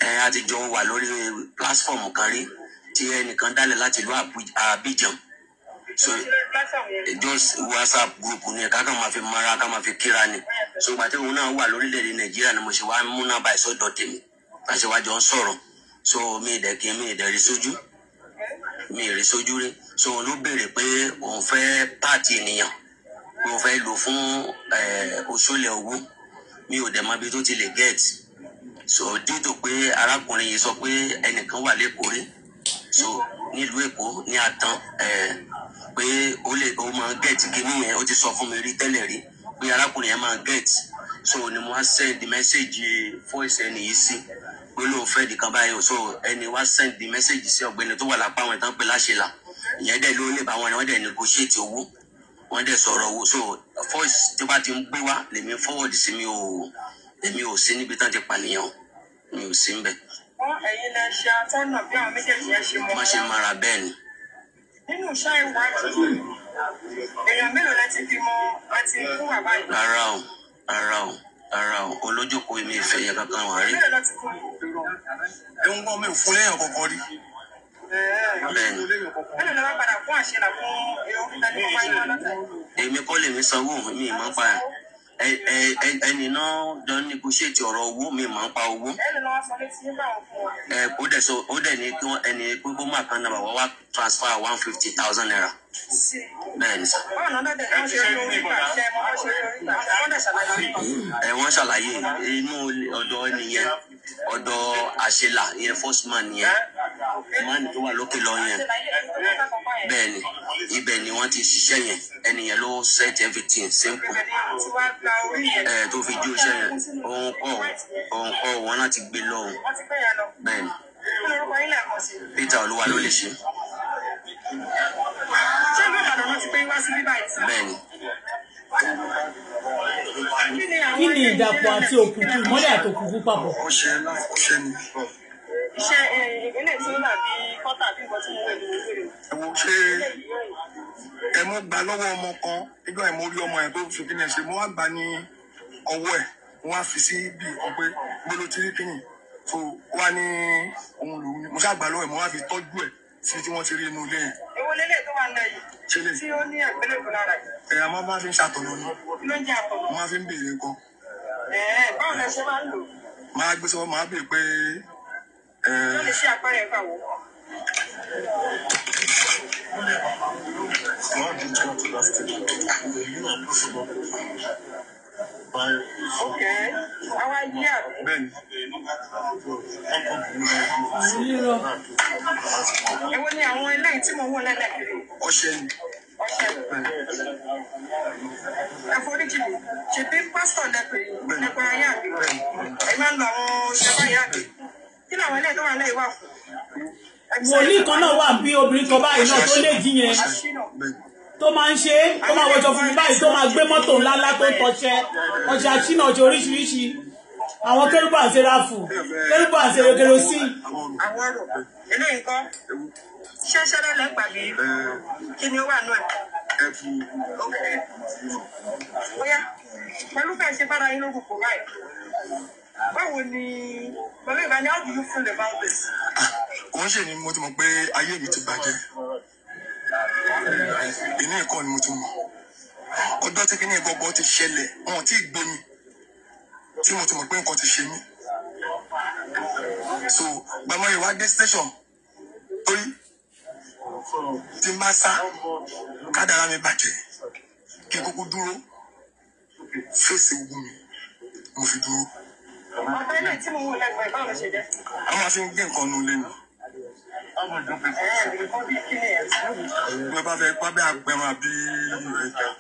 ẹ a ti jọ wà lórí platform kan rí tí ẹnìkan dálẹ̀ láti ìlú Abidjan whatsapp group ni ká kàn máa fi mara ká máa fi kíra ni so gbàtí òun náà wà lórílẹ̀‐èdè Nàìjíríà ni mo ṣe wá múná báyìí tèmi àṣewájọ ń sọ̀rọ̀ so mi ì mi ì sójú mi rí sójú rí so òun ló béèrè pé òun fẹ́ pààtì ènìyàn pé òun fẹ́ lò fún oṣoolẹ owó mi ò dẹ̀ mọ ibi tó ti lè get so dídò pé arákùnrin yìí sọ pé ẹnìkan wà lẹ́kọ̀ọ́ rí so nílùú èkó ní àtàn pé ó lè ó máa get kíní yẹn ó ti sọ fún mi rí tẹ́lẹ̀ rí pé arákùnrin yẹn máa get so ni mo á send message voice ẹni yìí sí pé lóun fẹ́ nìkan báyìí so ẹni wá send the message sí ọ̀gbẹ́ni tó wà lápá àwọn ìtàn pé láṣẹ là ìyẹn dẹ̀ ló lè bá wọn ni wọ́n dẹ̀ negotiate owó wọ́n dẹ̀ sọ̀rọ̀ owó so voice tí wọ́n ti ń gbé wá lèmi forward sí mi ò èmi ò sí níbi tán ti pànìyàn mi ò sí ń bẹ̀. ẹ̀yin lẹ ṣe àtọ́nà bí àwọn méjèèjì yẹn ṣe mọ́. wọ́n ṣe mara bẹ́ẹ̀ ni. nínú iṣẹ́ ìwádìí èèyàn mélòó lẹ ti bímọ àti ikú àbáyé. rárá o rárá o rárá o olójókòó mi ìfẹ́ yẹn kankan wà rí. ẹ ń gbọ́n mi ò fún léèyàn kankan rí. bẹ́ẹ̀ni eh, èmi kọ́ lèmi sanwó mi ì pa ẹ̀ ẹnì náà jọ negotiate ọ̀rọ̀ owó mi máa ń pa owó. ó dẹ̀ so ó dẹ̀ ní kí wọ́n ẹni pé kó má kan nàbà wá wá transfer one fifty thousand naira. bẹ́ẹ̀ ni sà. ẹ wọ́n ṣàlàyé inú ọ̀dọ̀ ẹnìyẹn ọ̀dọ̀ àṣelà ìyẹn first man yẹn man tó wà lókè lọ yẹn bẹ́ẹ̀ ni ibẹ̀ ni wọ́n ti ṣiṣẹ́ yẹn ẹni ló set everything simple ẹ̀ tó fi dí oṣẹ́ yẹn òun kọ́ òun kọ́ wọn láti gbé lọ òun bẹ́ẹ̀ ni Peter Olúwa ló lè ṣe. bẹ́ẹ̀ ni kí ni ìdàpọ̀ àti òkùnkùn mọ́lẹ̀ àti òkùnkùn papọ̀. ọṣẹ náà ọṣẹ ni. iṣẹ́ ilé tí ó dàbí kọ́tà bí nǹkan tí mo wẹ̀ lórí rẹ̀. ẹ̀wọ̀n ṣé ẹ mú gba lọ́wọ́ ọmọ kan nígbà yẹn mo rí ọmọ yẹn tó fi kí ni ẹ ṣe mo wá gbà ní ọwọ́ ẹ̀ mo wá fi sí bí ọgbẹ́ gbólótírí kìnnì tó wá ní ohun lòun mo ṣàgbà lọ́wọ́ ẹ̀ mo wá fi tọ́jú ẹ̀ sí tí wọ́n ti rí inú ilé yìí. èwo lélẹ̀ tó wà lẹ́yìn. ṣẹlẹ̀ tí ó ní àgbélébùú lára yìí. ẹ àmọ́ máa fi ń ṣàtọ̀nà ni. ló ń jẹ àtọ̀nà. máa fi ń béèrè nǹkan. ẹ báwo lẹ ṣe máa ń lò. máa gbé sọ máa bèè pé. ló ṣe àpẹẹrẹ ẹ̀fà wò. Wọ́n á di jẹ́ àtúndà sí ti Okay. How yí àbí. èwo ni àwọn eléyìí tí mo wọ lẹ́lẹ̀. ọṣẹ ni. ọṣẹ ni. àforíjì mi ṣètò pásítọ̀ lẹ́pẹ̀ lẹ́pẹ̀ ayé àbí. ẹ máa ń lo àwọn ìjọba ayé àbí. kí làwọn eléyìí tó wà lẹ́yìn wà fún. wòlíì kan náà wà bí obìnrin kan báyìí náà tó lè jí yẹn tó máa ń ṣe tó máa wọjọ fún mi báyìí tó máa gbé mọ́tò ńlá ńlá tó ń tọṣẹ ọjà china ọjà oríṣiríṣi àwọn kérúbù àti ráfù kérúbù àti erékerosí. àwọn ọ̀rọ̀ lẹ́gbàgbé kí ni ó wà náà bóyá pẹ̀lú bẹ́ẹ̀ ṣe bára yín lógun kò ráì báwo ni pẹ̀lú ìbáni how do you feel about this. kò ń ṣe ni mo ti mọ̀ pé ayé mi ti bàjẹ́ inú ẹ̀kọ́ ni mo ti mọ̀ ọjọ́ tí kíní ìgbọ́gbọ́ ti ṣẹlẹ̀ wọn ti gbé mi tí mo ti mọ̀ pé nǹkan ti ṣe mí so gbàmọ́ ìwà dé station torí tí n bá sá kádàrá mi bàjẹ́ kí n kúkú dúró fèsì ogun mi mo fi dúró. ọ̀tẹ́lẹ̀ tí mo wò lẹ́gbẹ̀ẹ́ báwo ló ṣe jẹ́. a máa fi ń gbé nǹkan nu lẹ́nu. Bí o bá fẹ́ pa bí apẹ̀rún àbí ẹ̀jẹ̀.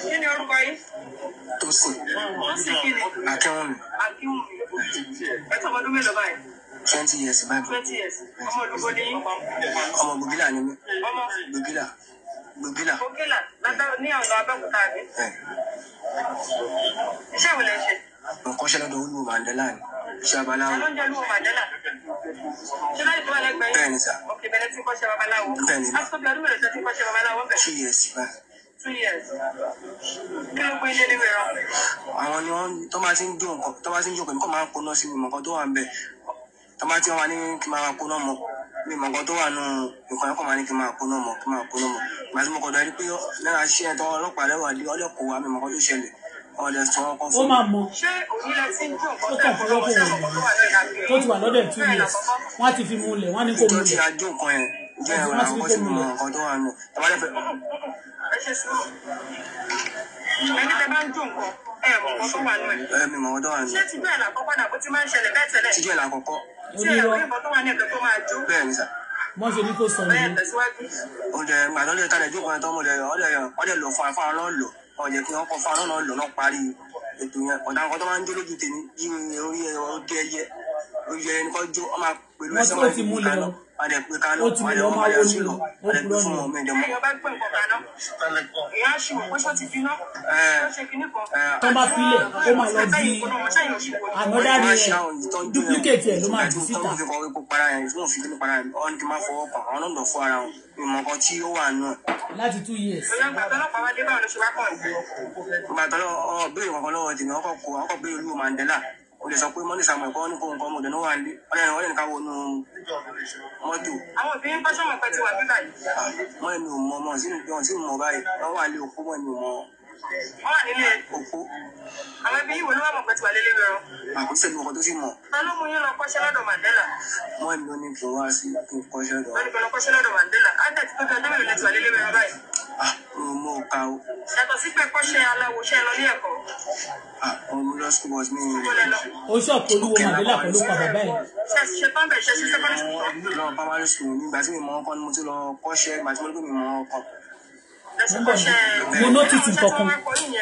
Kí ni orúkọ yìí? Tósìn. Tósìn kí ni? Akínwùmí. Akínwùmí. Ẹ tọ́mọ ọdún mélòó báyìí? Twenty years báyìí. Twenty years. Ọmọ olùkọ́ ni yín. Ọmọ Bùgílà ni mí. Ọmọ. Bùgílà. Bùgílà. Bùgílà. Ní ọ̀nà Abẹ́òkúta mi. Iṣẹ́ wo lẹ ṣe? Nǹkan ṣẹlẹ̀ lọ́dọ̀ Olúwo Mandela ni iṣẹ́ babaláwo. bẹ́ẹ̀ni sà. bẹ́ẹ̀ni ma. two years báyìí. Two years. Kí ló gbé ilé níwèé rán? Àwọn ni wọ́n tó máa ti ń dùn nǹkan tó máa ti ń dùn pẹ̀lú kó máa ń koná sí mi mọ̀kàn tó wà ń bẹ̀. Tó máa ti wọ́n máa ní kí máa koná mọ̀ mi mọ̀kàn tó wà nù nǹkan ẹ̀kọ́ máa ní kí máa koná mọ̀ kí máa koná mọ̀. Màá ti mọ̀kàn dárí pé lára ṣẹ́ tọ́ ọlọ́pàá lẹ́wà lé ọlẹ́kọ̀ọ́ wa mi mọ̀kàn tó ṣẹlẹ̀ ó máa mọ ó kàn fọwọ́ kó wọn mọ̀ tó ti wà lọ́dẹ̀ two years wọ́n á ti fi múlẹ̀ wọ́n á ní kó múlẹ̀ wọ́n á ti fi kó múlẹ̀. ẹni tẹ bá ń dùn nǹkan ẹ mọ nǹkan tó wà nù ẹ. ẹ mi mọ ọdọ wa nù. ṣé tìjú ẹ̀ làkọ́kọ́ náà bó ti máa ń ṣẹlẹ̀ bẹ́ẹ̀ tẹ́lẹ̀. tìjú ẹ̀ làkọ́kọ́. tí ẹ̀ lórí nǹkan tó wà ní ẹ̀kẹ́ tó máa jó. bẹ́ẹ̀ ni sà wọ́n ṣe ní kó sọ nìyí. ọ̀dẹ̀ màdọ́lẹ̀ tàdé jókòó ẹ̀ tọ́ mọ̀ ọ̀dẹ̀ lọ fún afárá lọ́ọ̀lọ́ ọ̀jẹ̀ kí wọ́n kọ fa lọ́nà lọ́nà parí ètò yẹn ọ̀daràn kan tó máa ń jó lójú tèmi yí orí ẹ̀rọ ọdẹ ẹyẹ orí ẹ̀rọ ẹnìkan jó ọmọ pẹ̀lú ẹsẹ̀ wọn ti mú lẹ́nu wọ́n pé kánú wọ́n dẹ̀ wọ́n máa yọ sí lọ wọ́n pé fún ọmọ ẹ̀dẹ̀ mọ́. ẹ̀yọ́ bá gbé nǹkan kaná ìyá ṣì wò pé ṣó ti fi náà ṣe kinní kan. tó filẹ̀ ó máa lọ di ànọ́dá rẹ̀ duplicate ẹ̀ ló máa di síta. ìtọ́jú fi kọ́ wípé para ẹ̀ fún òfin kíní para ẹ̀ ọ̀n ti máa fọwọ́ kàn ọ̀n náà fún ara ìmọ̀ kan tí ó wà náà. láti two years. ìgbà tọ́lọ́pàá wá dé báwọn ló ṣe wá kàn o lè sọ pé mọ́nì sàmọ̀ ẹ̀kọ́ ní kóńkọ́ ọmọdé ló wà ní ọ̀yẹ́ ọ̀yẹ́ nìkan wọnú mọ́tò. àwọn obìnrin kọ́ sọ́mọ̀ pẹ́ ti wà nígbà yìí. Ah, mọ́ ẹni ò mọ ọmọ sí ni mọ̀ báyìí wọ́n wà lé òkú mọ́ ẹni ò mọ wọ́n wà nílé òpó. àwọn ẹbí ìwé ló wà mọ̀ pé tiwa lélẹ́ rẹ̀ o. àkúṣe mi ọkọ tó sì mọ̀. ta ló mú yín lọ kọ́ṣẹ́ lọ́dọ̀ Mandela. wọ́n ló ní kí wá sí tó kọ́ṣẹ́ lọ. wọ́n ní kí lọ kọ́ṣẹ́ lọ́dọ̀ Mandela. á dẹ̀ ti pé bẹ́ẹ̀ lórí ilẹ̀ tiwa lélẹ́ rẹ̀ báyìí. ah mo mọ ọ̀ka o. yàtọ̀ sí pé kọ́ṣẹ́ aláwo ṣẹ́ lọ ní ẹ̀kọ́. ah ọmọ lọ sí wọ́n mi. ó ṣọ́ọ̀pù olúwo Mandela pẹ̀lú pa bàbá ẹ̀. ṣe ṣe pọ́ńbẹ̀ ṣe ṣe sẹ́kọ́ndì mo notice nǹkan kan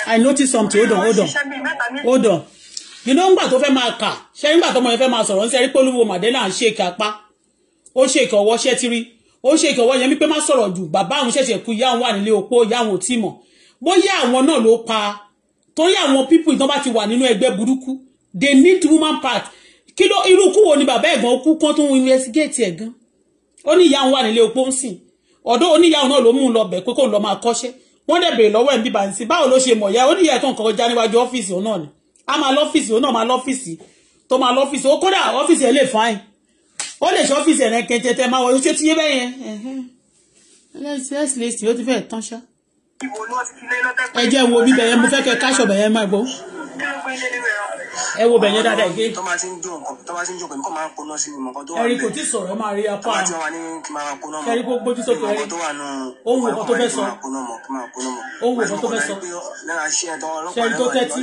i notice something hold on hold on hold on You nínú ńgbà tó fẹ́ máa kà ṣe nígbà tó ọmọ yẹn fẹ́ máa sọ̀rọ̀ ń sẹ́rí pé olúwo màdélà ń ṣe kápá ó ṣe ìkọ̀wọ́ ṣẹ́ tírí ó ṣe ìkọ̀wọ́ yẹn wípé má sọ̀rọ̀ jù bàbá àwọn ṣẹ̀ṣẹ̀ kú ìyá àwọn wà nílé opó ìyá àwọn ò tí mọ̀ bóyá àwọn náà ló pa torí àwọn pípù ìtàn bá ti wà nínú ẹgbẹ́ burúkú they need woman part kí ló irú kú wo ni bàbá ẹ̀gbọ́n kú kán tó ń investigate ẹ̀gán ó ní ìyá àwọn wà nílé opó ń sìn ọ̀dọ́ oníyàwó náà ló mú un lọ bẹ̀ pé kó lọ máa kọ́ṣẹ́ wọ́n dẹ̀ bèrè lọ́wọ́ ẹ̀ ń bíbá ń sí báwo ló ṣe mọ̀ ya oníyàwó tó ń kọjá níwájú ọ́fíìsì òun náà ni a máa lọ́fíìsì òun náà máa lọ́fíìsì tó máa lọ́fíìsì ó kódà ọ́fíìsì ẹ̀ lè fáìn ó lè ṣe ọ́fíìsì ẹ̀rẹ́ kẹtẹ tẹ máa wọ oṣù tí yé bẹ́yẹn ẹ jẹ́ wo bíbẹ̀ yẹn mo fẹ́ kẹ́ káṣọ̀ bẹ̀ yẹn máa gbọ́ ẹ wo bẹ̀yẹn dáadáa ìgbé. tọ́ máa ti ń dùn nǹkan tọ́ máa ti ń dùn nǹkan máa ń koná sí mi nǹkan tó wà nù. ẹ̀rí tí sọ̀rọ̀ máa rí apá. tọ́ máa ti wà ní kí máa koná mọ́. ẹ̀rí kò gbójú sókè ẹ̀rí. ohun nǹkan tó fẹ́ sọ. ohun nǹkan tó fẹ́ sọ. sẹ́ni tó tẹ́tí.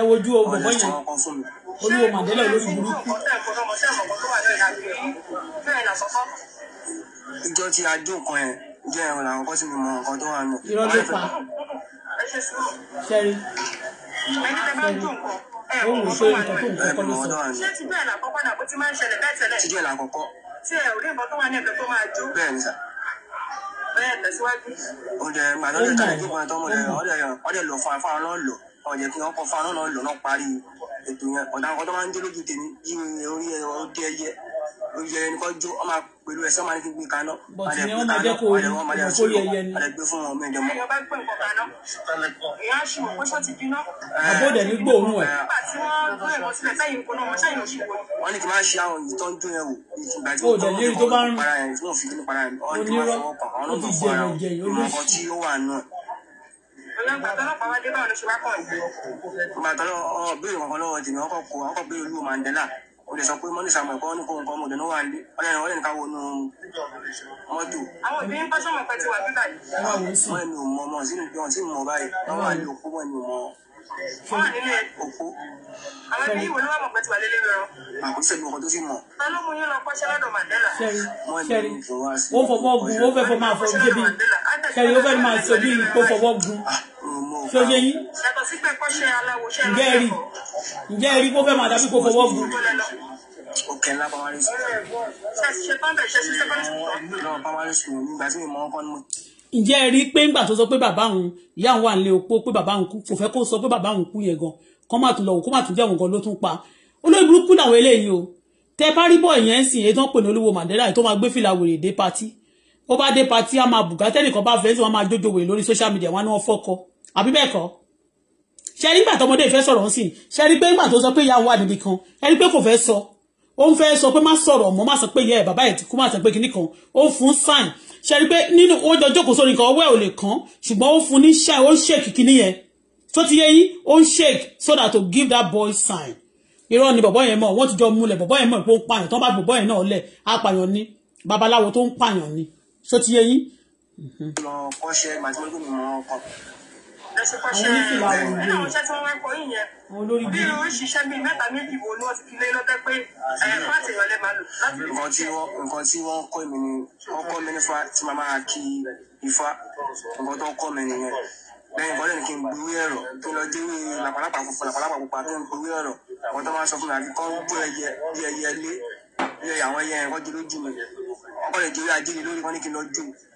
ẹ wojú ogun bọ́yìn. olúwo màdélà olórí burúkú. ìjọ ti àjò kan ẹ̀ jẹ́ ẹ̀rọ làwọn kọ́ sí mi mọ nǹkan tó wà nù. ìrọ́lẹ́pàá sẹ́ni ẹni tẹ bá ń jó nǹkan ẹ kò kọ́ tó wà lọ́wọ́ ṣé náà bó ti máa ń ṣẹlẹ̀ bẹ́ẹ̀ tẹ́lẹ̀ tíjú ẹ̀ làkọ́kọ́ tí ẹ ò nǹkan tó wà ní ẹ̀gbẹ́ tó máa jó bẹ́ẹ̀ ni sà bẹ́ẹ̀ tẹ̀síwájú. ó jẹ màdán lè tàbí gbogbo ẹ̀tọ́ ọmọdé ọdẹ lọ fún afárá náà lọ ọ̀jẹ̀ kí wọ́n kọ fún aná lọ náà parí ètò yẹn ọ̀dà pẹ̀lú ẹ̀sán máa ní kí n kaná. bọ̀tí ni wọ́n máa jẹ́ kó mọ̀ kó yẹ yẹ ni. ọ̀rẹ́ gbé fún ọmọ ẹ̀dẹ̀ mọ́. èèyàn bá gbé nǹkan kaná èèyàn ṣì mọ̀ pé ṣó ti gbiná. àbódẹ̀ ní gbòòrùn ẹ̀. wọ́n ní kí n máa ṣe àwọn ìtọ́ ń dún yẹn wò. ìgbà tí wọ́n tó bá ń para ẹ̀ tí wọ́n fi gbé para ẹ̀ ọ̀rẹ́ kí n ọ bí ìwọ̀n kan lọ́wọ́ ọkọ̀ kó ọkọ̀ bí olú Mandela o lè sọ pé mọ́nì sàmọ̀ ẹ̀kọ́ ní kóńkọ́ mo dẹ̀nu wà nílé ọlẹ́ni ọlẹ́ni ká wọnú mọ́tò. àwọn òbí ń bá sọmọ ẹ̀kọ́ ti wà bíbá yìí. wọ́n ẹni ò mọ ọmọ sínú ìjọ sí mọ̀ báyìí wọ́n wà ní òkú wọ́n ẹni ò mọ. wọ́n wà nílé òkú. àwọn ẹbí ìwé ló wà mọ̀ pé ti wà lélẹ́ yọrọ. àkúnṣe mi ọkọ tó sì mọ̀. ta ló mú yín lọ kọ́ṣẹ́ lọ́dọ̀ Mandela. sẹ́rí ó fọwọ́ gun ó fẹ́ fọ́ máa fọ ṣé o ṣe yín. ǹjẹ́ ẹ rí ǹjẹ́ ẹ rí kó fẹ́ máa dàbí kó fọwọ́ bu. òkè ńlá primary school. ṣe pàǹdà ṣe ṣe secondary school. lọ primary school nígbà tí mo mọ ọkọ ni mo. ǹjẹ́ ẹ rí pé ńgbà tó sọ pé bàbá òun ìyá òun wà nílé opó pé bàbá òun kú kò fẹ́ kó sọ pé bàbá òun kú yẹn gan kọ́ máa tún lọ kó máa tún jẹ́ òun gan ló tún pa olóyè burúkú làwọn eléyìí o tẹ bá rí bọ̀ yẹn ń sìn èyí tó ń pè ní olúwo mandela èyí tó máa gbé fìlà wèrè dé patí ó bá dé patí á máa bùgá tẹ́nìkan bá fẹ́ sí wọn máa jójó wèrè lórí social media wọn ni wọ́n fọ́kọ́ àbí bẹ́ẹ̀ kọ́ ṣe rí gbà tọmọdé ìfẹ́ sọ̀rọ̀ ń sìn ṣe rí pé nígbà tó sọ pé ìyá wà níbi kan ẹ rí pé kò fẹ́ sọ ó ń fẹ́ sọ pé má sọ̀rọ̀ mọ́ má sọ pé ìyá ẹ̀ bàbá ẹ̀ ti kú má sọ pé kinní kan ó fún sign ṣe rí pé nínú ó jọ jókòó sórí nǹkan ọwọ́ ẹ̀ ò lè kàn ṣùgbọ́n ó fún ní ṣáì ó ń ṣèkì kinní yẹn tó ti yé yín ó ń ṣèkì so that to give that boy sign irọ́ ni bọ̀bọ́ yẹn mọ̀ wọ́n ti jọ múlẹ̀ bọ̀bọ́ yẹn mọ̀ pé ó ń pààyàn tó bá bọ̀bọ́ yẹn náà lẹ̀ apààyàn ni babaláwo tó ń pààyàn ni ṣó ti yé yín. lọ kọ́ ṣe màtíwájú mọ́ ọkọ̀ lẹ́sẹ̀kọ́ṣẹ́ nínú àwọn iṣẹ́ tí wọ́n kọ mi ni wọ́n kọ́ mi nífa tí màá kí ifá nǹkan tó ń mi nìyẹn lẹ́yìn ìkọ́lẹ̀ ni kí n gbowó ẹ̀rọ tó lọ dé wíì làpàlàpà pupa làpàlàpà pupa kí n gbowó ẹ̀rọ wọ́n tó máa sọ fún mi àbí kọ́ bó ẹyẹ bí ẹyẹ lé bí ẹyẹ àwọn ẹyẹ ẹ̀kọ́ jẹ lójú mi wọ́n kọ́ lè jẹ́ ajé lórí wọn ní kí n lọ jó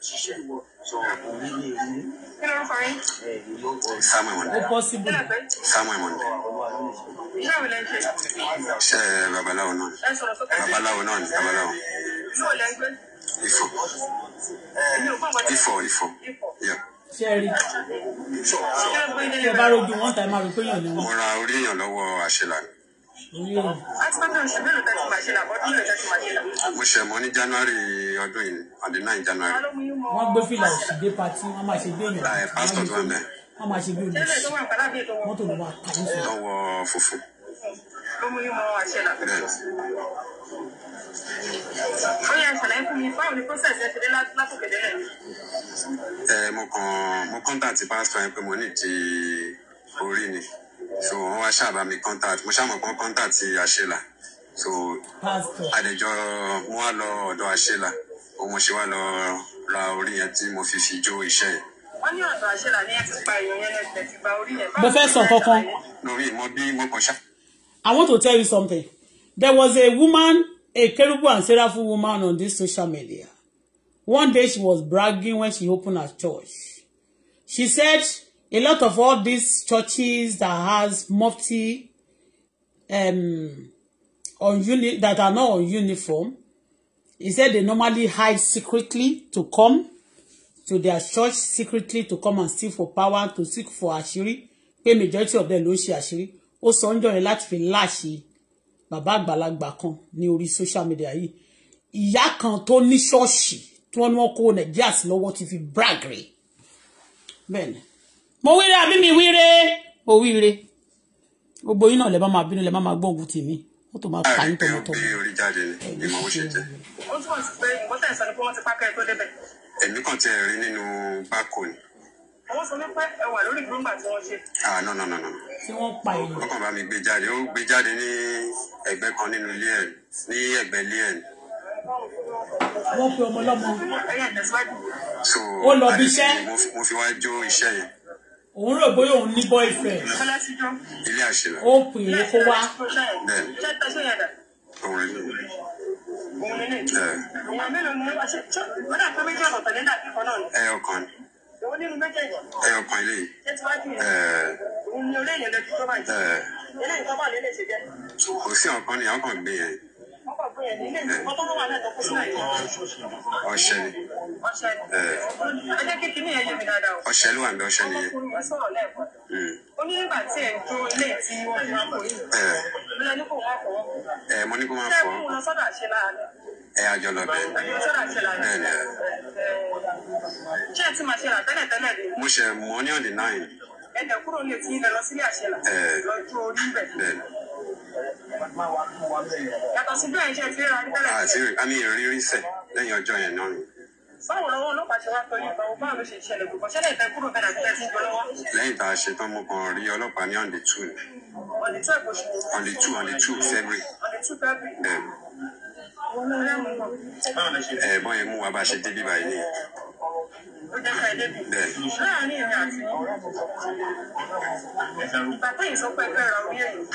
Samuel Samuel Monde. iṣẹ́ wo lẹ́ ń ṣe. Mo ra orí èèyàn lọ́wọ́ àṣelà ni mo ṣe mọ ní january ọdún yìí àdé nine january. wọ́n gbé fìlà òṣìdé pati wọ́n máa ṣe bí èèyàn. láì pásítọ̀ tó wà mẹ́. wọ́n máa ṣe bí olùsí mọ́tò ló wà kàwé fún. lọ́wọ́ funfun. Bóyá ṣàlàyé fún mi báwo ni process ẹ ṣe dé látòkè délẹ̀ mi. Ẹ mo kàn mo kọ́ńtà ti pásítọ̀ yẹn pé mo ní ti orí ni so wọ́n wá ṣáà bá mi contact mo ṣáà mọ̀ contact ti àṣelà so àdèjọ mo wá lọ ọ̀dọ̀ àṣelà òun mo ṣe wá lọ ra orí yẹn tí mo fi fi jó iṣẹ́ yẹn. wọ́n ní ọ̀dọ̀ àṣelà ní ẹ̀ ti pa èèyàn yẹn ti gba orí yẹn. mo fẹ́ sọ kankan. lórí mo bí mo kàn ṣá. I want to tell you something. There was a woman, a Kerubu and Seraphu woman on this social media. One day she was bragging when she opened her church. She said a lot of all these churches that has multi um, on uni that are not on uniform he said they normally hide secretly to come to their church secretly to come and seek for power to seek for ashiri. pé majority of them ló ashiri. àṣírí ó sọ ń jọyìn láti fi láṣì bàbá àgbàlagbà kan ní orí social media yìí ìyá kan tó ní ṣọ́ọ̀ṣì tí wọ́n ní wọ́n kó nàìjíríà sí lọ́wọ́ ti fi brag rè bẹ́ẹ̀ ni mo wíre àbí mi wíre mo wíre gbogbo yín náà lè má máa bínú lè má máa gbọ́ ògùn tèmi ó tó máa pa yín ah, tọmọtọmọ. èmi kàn tiẹ̀ rí nínú bákò ni. àwọn sọ wípé ẹ wà lórí gbóngbà tí wọ́n ṣe. ah no no no no. tí wọ́n pa èyí. wọ́n bá mi gbé jáde ó gbé jáde ní ẹgbẹ́ kan nínú ilé ẹ̀ ní ẹgbẹ́ ilé ẹ̀ wọ́n pe ọmọ lọ́mọ. ó lọ bí iṣẹ́. mo fi wá jó iṣẹ́ yẹn òun rò bóyá òun ní boyfriend. ilé àṣírà. ń pè é kó wá. bẹ́ẹ̀ni òun ni wọ́n ṣe yẹn. òun ni ọjọ́ kékeré yẹn yé o. ọṣẹ ló wà ní ọṣẹ nìyẹn. ọmọkùnrin yẹn sọ̀rọ̀ lẹ́ẹ̀kan. Hmm. ó ní nígbà tí ẹ̀ ń dúró ilé tí wọ́n fi máa ń kó yìí. mo ní kó wọ́n fọwọ́ kù. ẹ mo ní kó wọ́n fọwọ́ kù. ṣé kó wọn sọ́dọ̀ àṣẹ láàánú. ẹ àjọ lọ bẹ́ẹ̀. sọ́dọ̀ àṣẹ láàánú. bẹ́ẹ̀ ni. ṣé ẹ ti máa ṣe rà tẹ́lẹ̀ tẹ́lẹ̀ rí. mo ṣe mọ́ ní ọ̀dẹ̀ náà yìí. ẹ jẹ́ kúrò ní etí ilẹ̀ lọ sílé àṣẹ là. lọ́jọ́ orí bẹ̀ yàtọ̀ sí bí ṣe ti rí ra tẹ́lẹ̀. àti àmì ìrírí sẹ̀ lẹ́yìn ọjọ́ yẹn náà báwo lẹ́yìn tá a ṣe tán mo kàn rí ọlọ́pàá ní on two ni. two February. two February ẹ bọ́ yẹn mú wa bá ṣe débí báyìí ni. láàárín ìrìn àti bàbá yìí sọ pé ẹgbẹ́ ra orí ẹ̀yìn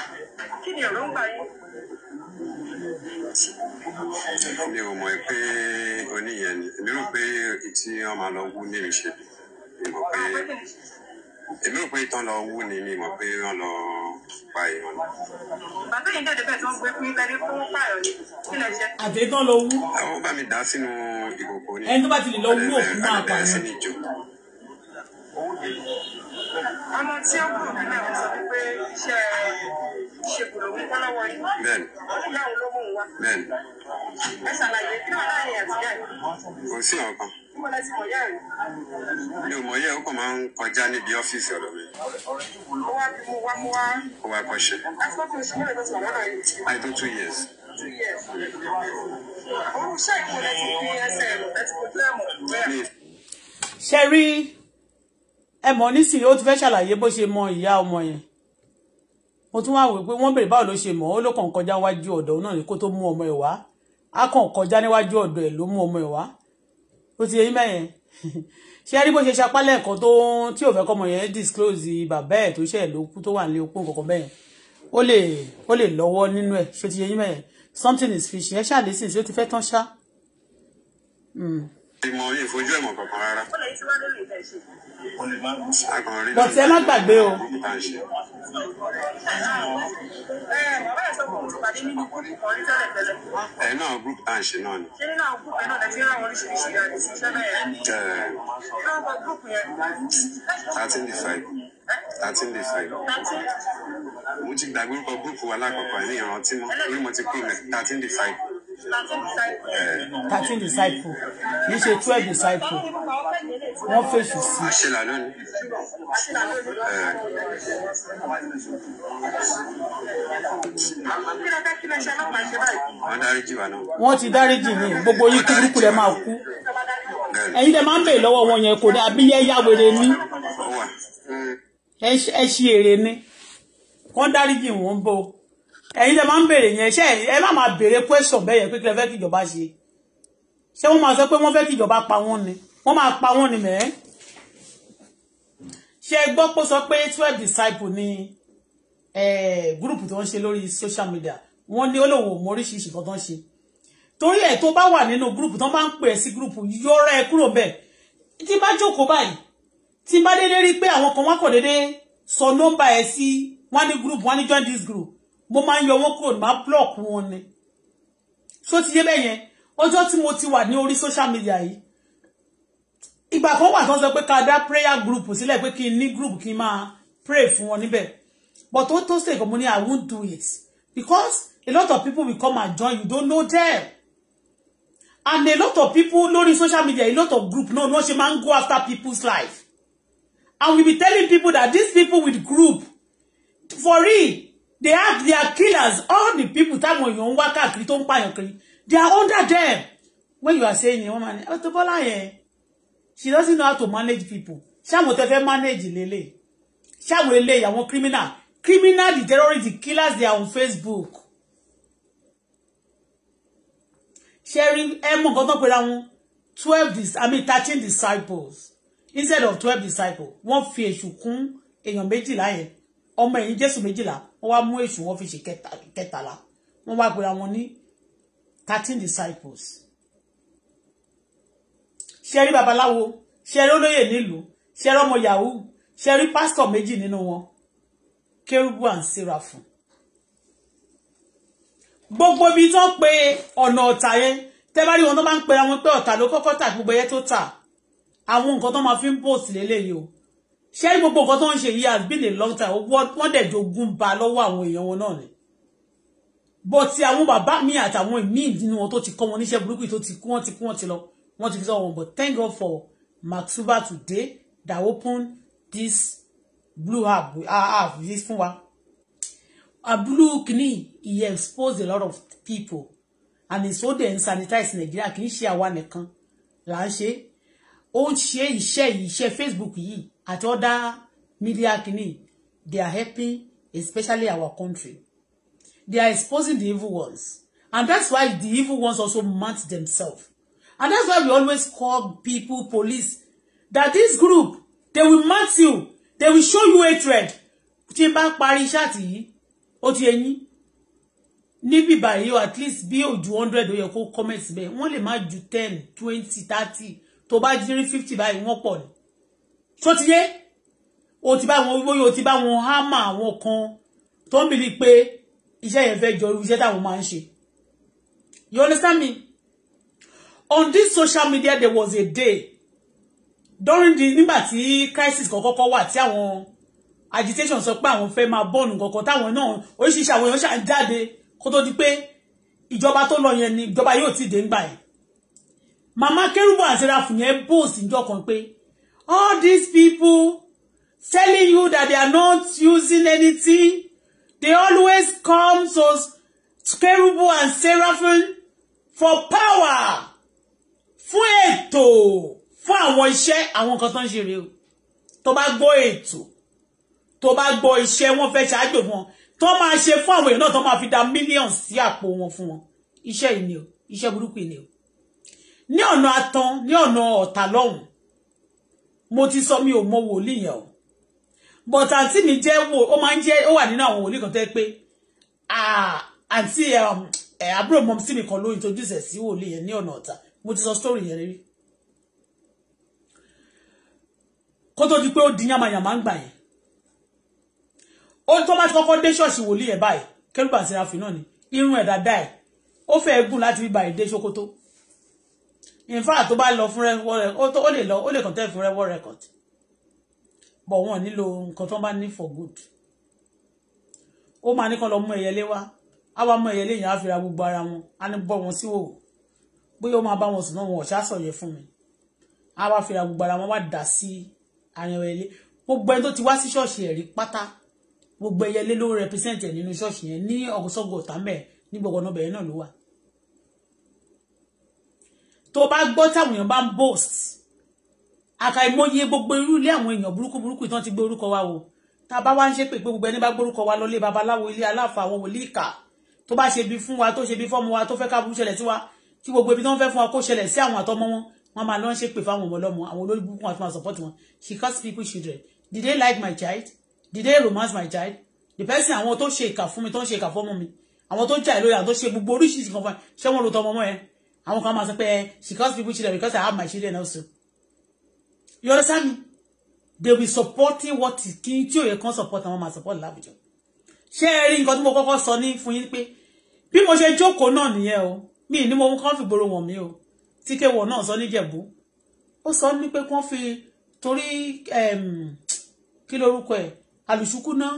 kí ni èròǹgbà yìí mi ò mọ̀ pé oníyẹn ni mi rò pé tí wọ́n máa lọ wú ní ìṣèlú mi mọ̀ pé èmi ò pé tán lọ wú ni mi mọ̀ pé wọ́n lọ pa èèyàn lọ. bàbá yìí dẹ̀dẹ̀ bẹ́ẹ̀ tó ń gbé fún ìtẹ́rí fún pààyàn ni kí lè ṣe. àti tán lọ wú. àwọn bá mi dá sínú ìkòkò ni. ẹni tó bá ti lè lọ wú òkú máa pààyàn ọmọ tí ó kù nílẹ̀ wọ́n sọ pé iṣẹ́ ìṣègùn lòún kọ́ lọ́wọ́ yìí. bẹ́ẹ̀ni ọdúnláwọ̀ ló mú un wá. ẹ ṣàlàyé kí wọn láàyè àtìyá yìí. kò sí àwọn kan. níbo lẹ ti mọ̀ yẹ́ rẹ̀. mi ò mọ̀ yẹ́ ó kàn máa ń kọjá níbi ọ́fíìsì ọ̀dọ̀ mi. ó wá bí mo wá mú wá. ó wá kọ́ṣẹ́. afọ́kùnrin ṣùgbọ́n ṣe rí ẹ mọ̀ nísìnyí ó ti fẹ́ ṣàlàyé bó ṣe mọ ìyá ọmọ yẹn mo tún wá wò pé wọ́n bèrè báwo ló ṣe mọ̀ ó ló kàn kọjá wájú ọ̀dọ̀ náà ní kó tó mú ọmọ ẹ̀ wá á kàn kọjá níwájú ọ̀dọ̀ ẹ̀ ló mú ọmọ ẹ̀ wá ó ti yẹ yín mẹ́yẹn ṣé rí bó ṣe ṣapá lẹ́ẹ̀kan tó tí ò fẹ́ kọ́mọ yẹn disclose bàbá ẹ̀ tó ṣe ẹ̀ lókú tó wà ní opó kankan bẹ́yẹn ó lè lọ́wọ́ nínú ẹ̀ ṣé ti yẹ mẹ́yẹn something is fishy ẹ ṣáà lè sìn ṣé ó ti fẹ́ tán ṣá. Hmm ìmọ̀ ìfojú ẹ̀mọ̀ kankan rárá. bọ̀tí ẹ má gbàgbé o. ẹ náà group tá à ń ṣe náà ni. ṣé nínú àwọn group yẹn náà lẹ́tí ń ráwọn oríṣiríṣi àti ṣiṣẹ́ bẹ́ẹ̀. kí ló ń bọ group yẹn. thirteen to five thirteen to five. mo ti gbàgbé orúkọ group wa lákọ̀ọ́kọ́ ẹ̀ ní ìrántí mọ́ ní ti pè mẹ́ thirteen to five thirteen disciple kì í ṣe twelve disciple wọ́n fèsì sí. wọ́n ti dáríjì ní gbogbo yín kúrúkú lẹ máa kú ẹ̀yin lẹ máa ń bèè lọ́wọ́ wọn yẹn kò dáa bí yẹn yá wèrè ní ẹ ṣí èrè ní kọ́ńdáríjì wọ́n ń bọ̀ ẹ̀yin lè máa ń béèrè yẹn ṣé ẹ má máa béèrè question bẹ́ẹ̀ yẹn pé kí lẹ fẹ́ kí ìjọba ṣe ṣé wọ́n máa sọ pé wọ́n fẹ́ kí ìjọba pa wọ́n ni wọ́n máa pa wọ́n ni mẹ́ẹ́ ṣé ẹ gbọ́ pé sọ pé twelve disciple ni gúrùpù tó ń ṣe lórí social media wọ́n ní olówó mọ́ríṣiríṣi kan tó ń ṣe torí ẹ̀ tó bá wà nínú gúrùpù tó máa ń pè é sí gúrùpù yọra ẹ kúrò bẹ́ẹ̀ tí bá jókòó báyìí tí bá dédé rí pé àwọn kan wá kò dédé sọ nọ́mbà ẹ sí wọ́n ní gúrùpù wọ́n ní join this group mo máa ń yọ wọ́n kúrò máa block wọn ni so ti yé bẹ́ẹ̀ yẹn ọjọ́ tí mo ti wà ní orí social media yìí ìgbà kan wà tán sọ pé ká dá prayer group sílẹ̀ pé kí n ní group kí n máa pray fún wọn níbẹ̀ but ó tó sèkò mo ní I won't do it because a lot of people will come and join you don't know them and a lot of people lórí social media a lot of group náà ni wọ́n ṣe máa ń go after people's life and we be telling people that these people with group for real they have their killers all the people táwọn èèyàn ń wá káàkiri tó ń pààyàn kiri they are under them when you are saying wọn woman, ní Auto Bola yẹn she doesn't know how to manage people ṣáwọn tẹ fẹ́ manage lélẹ̀ ṣáwọn eléyìí àwọn criminal criminal the terrorists the killers they are on Facebook sharing ẹmọ nǹkan tó pera wọn twelve i mean thirteen disciples instead of twelve disciples fear shukun èṣù kún èèyàn méjìlá yẹn ọmọ ẹ̀yìn Jésù méjìlá wọ́n wá mú èṣù wọ́n fi ṣe kẹtàlá wọ́n wá gbéra wọn ní thirteen disciples ṣe rí babaláwo ṣe rí olóyè nílùú ṣe rí ọmọ yahoo ṣe rí pásítọ̀ méjì nínú wọn kérúbù and sírafù gbogbo ibi tó ń pe ọ̀nà ọ̀tà yẹn tẹ́ bá rí wọn tó máa ń pe àwọn pé ọ̀tà ló kọ́kọ́ tà gbogbo ẹyẹ tó tà àwọn nǹkan tó máa fi ń bò sí lélẹ́yìí o ṣé gbogbo nǹkan tó ń ṣe yìí has been a long time wọ́n dẹ̀ jogún ba lọ́wọ́ àwọn èèyàn wọn náà ni bọ́ ti àwọn bàbá mi àtàwọn míì nínú wọn tó ti kọ́ wọn níṣẹ́ burúkú tó ti kú wọ́n ti kú wọ́n ti lọ wọ́n ti fi sọ wọn but thank God for Maxuba today that open this blue app app this fún wa a blue kìíní he exposed a lot of people and it's all them sanitize Nigeria kì í ṣe àwa nìkan là ń ṣe ó ń ṣe iṣẹ́ yìí iṣẹ́ Facebook yìí at other media kini they are helping especially our country they are exposing the evil ones and that's why the evil ones also match themselves and that's why we always call people police that this group they will match you they will show you hatred tí n bá parí ṣáàtì yìí ó ti ẹyin níbí báyìí o at least bí ó hundred ó yẹ kó comment bẹ́ẹ̀ wọ́n lè má ju ten twenty thirty tó bá jírí fifty báyìí wọ́n pọ̀ ni tó ti yé o ti bá wọn bóyá o ti bá wọn hámà àwọn kan tó ń bìlí pé iṣẹ́ yẹn fẹ́ jọ iṣẹ́ táwọn máa ń ṣe you understand me on this social media there was a day during the nígbà tí crisis kọ̀ọ̀kọ̀ọ̀kọ̀ wà tí àwọn agitation sọ pé àwọn fẹ́ máa bọ́ọ̀nù kọ̀ọ̀kan táwọn náà oríṣiríṣi àwọn èèyàn ṣáà ń jáde kó tó di pé ìjọba tó lọ yẹn ni ìjọba yóò ti dé ń gbà yẹn màmá kérúbù àti rafù yẹn bóòsì níjọ́ kan pé all these people telling you that they are not using anything, they always come to Kerubu and Seraphim for power, fún ètò, fún àwọn iṣẹ́, àwọn nǹkan tó ń ṣe rèé o. Tó bá gbọ́ ètò, tó bá gbọ́ iṣẹ́ wọ́n fẹ́ ṣáájú wọn, tó máa ṣe fún àwọn èèyàn náà tó máa fi da millions sí àpò wọn fún wọn. Iṣẹ́ yìí o, iṣẹ́ burúkú yìí o. Ní ọ̀nà àtàn, ní ọ̀nà ọ̀tà lọ́hùn-ún mo ti sọ mi ò mọ wòlíì yẹn o but àǹtí mi jẹ́ wò ó máa ń jẹ́ ó wà nínú àwọn wòlíì kan tẹ́ pé àǹtí um, àbúrò mọ́ sí mi kan ló introduce ẹ̀ sí wòlíì yẹn ní ọ̀nà ọ̀tà mo ti sọ story yẹn rí kó tó di pé ó di yàmàyàmà ń gbà yẹn ó tó bá ti kọ́kọ́ dé ṣọ́ọ̀ṣì wòlíì yẹn báyìí kérúbà sẹ́ráfì náà ni irun ẹ̀ dáadáa ẹ̀ ó fẹ́ gùn láti fi bàyìí dé ṣòkòtò in fact tó bá lọ fún rẹ́wọ́ rẹ́kọ̀tì ó lè lọ ó lè contest fún rẹ́wọ́ rẹ́kọ̀tì but wọ́n nílò nǹkan tó bá ní for good ó máa ní kán lọ mú ẹyẹlé wá á wá mú ẹyẹlé yẹn á fi ra gbogbo ara wọn á ní bọ́ wọn sí wò bóyá ó máa bá wọn sùn náà wọn ọ̀ṣá sọ̀yẹ fún mi á wá fi ra gbogbo ara wọn wá dà sí àyàn ẹyẹlé gbogbo ẹni tó ti wá sí ṣọ́ọ̀ṣì ẹ̀ rí pátá gbogbo ẹyẹlé ló represent ẹ̀ nínú ṣọ́ọ̀ṣì yẹn ní ọ̀gọ́sọ́gọ̀ tàmẹ́ ní gbogbo ọ̀nà bẹ̀rẹ̀ náà ló wà tó bá gbọ́ táwọn èèyàn bá ń boast àkàìmọye gbogbo irú ilé àwọn èèyàn burúkú burúkú ìtàn ti gbé orúkọ wa o tá a bá wá ń ṣe pé gbogbo ẹni bá gbórúkọ wa lọlé babaláwo ilé aláfa àwọn wòlíì kà tó bá ṣe bí fún wa tó ṣe bí fọ́mọ wa tó fẹ́ ká burú ṣẹlẹ̀ sí wa tí gbogbo ibi tó ń fẹ́ fún wa kó ṣẹlẹ̀ sí àwọn àtọmọ wọn wọn máa lọ ń ṣe pé fáwọn ọmọ ọlọmọ àwọn olórí burúkú àti máa support wọn she cause people children did they like my child did they romance my child the person àwọn tó ṣe ìkà fún mi tó ń ṣe ìkà fọ́mọ mi àwọn tó jà lórí àwọn tó ṣe gbogbo oríṣiríṣi kan fún mi ṣé wọn lo tọmọ mọ yẹn àwọn kan máa sọ pé she cause people children because I have my children also you understand me they be supporting what kí tí òye kan support àwọn máa support láwùjọ ṣé ẹ rí nǹkan tí mo kọ́kọ́ sọ ní fún yín pé bí mo ṣe jókòó náà nìyẹn o mi ní mo kàn fi gbòòrò wọ̀n mi o tí kéwọ̀ náà sọ níjẹ̀bú ó sọ ní pé kí wọ́n fi torí kí lorúkọ ẹ̀ àlùsùkú náà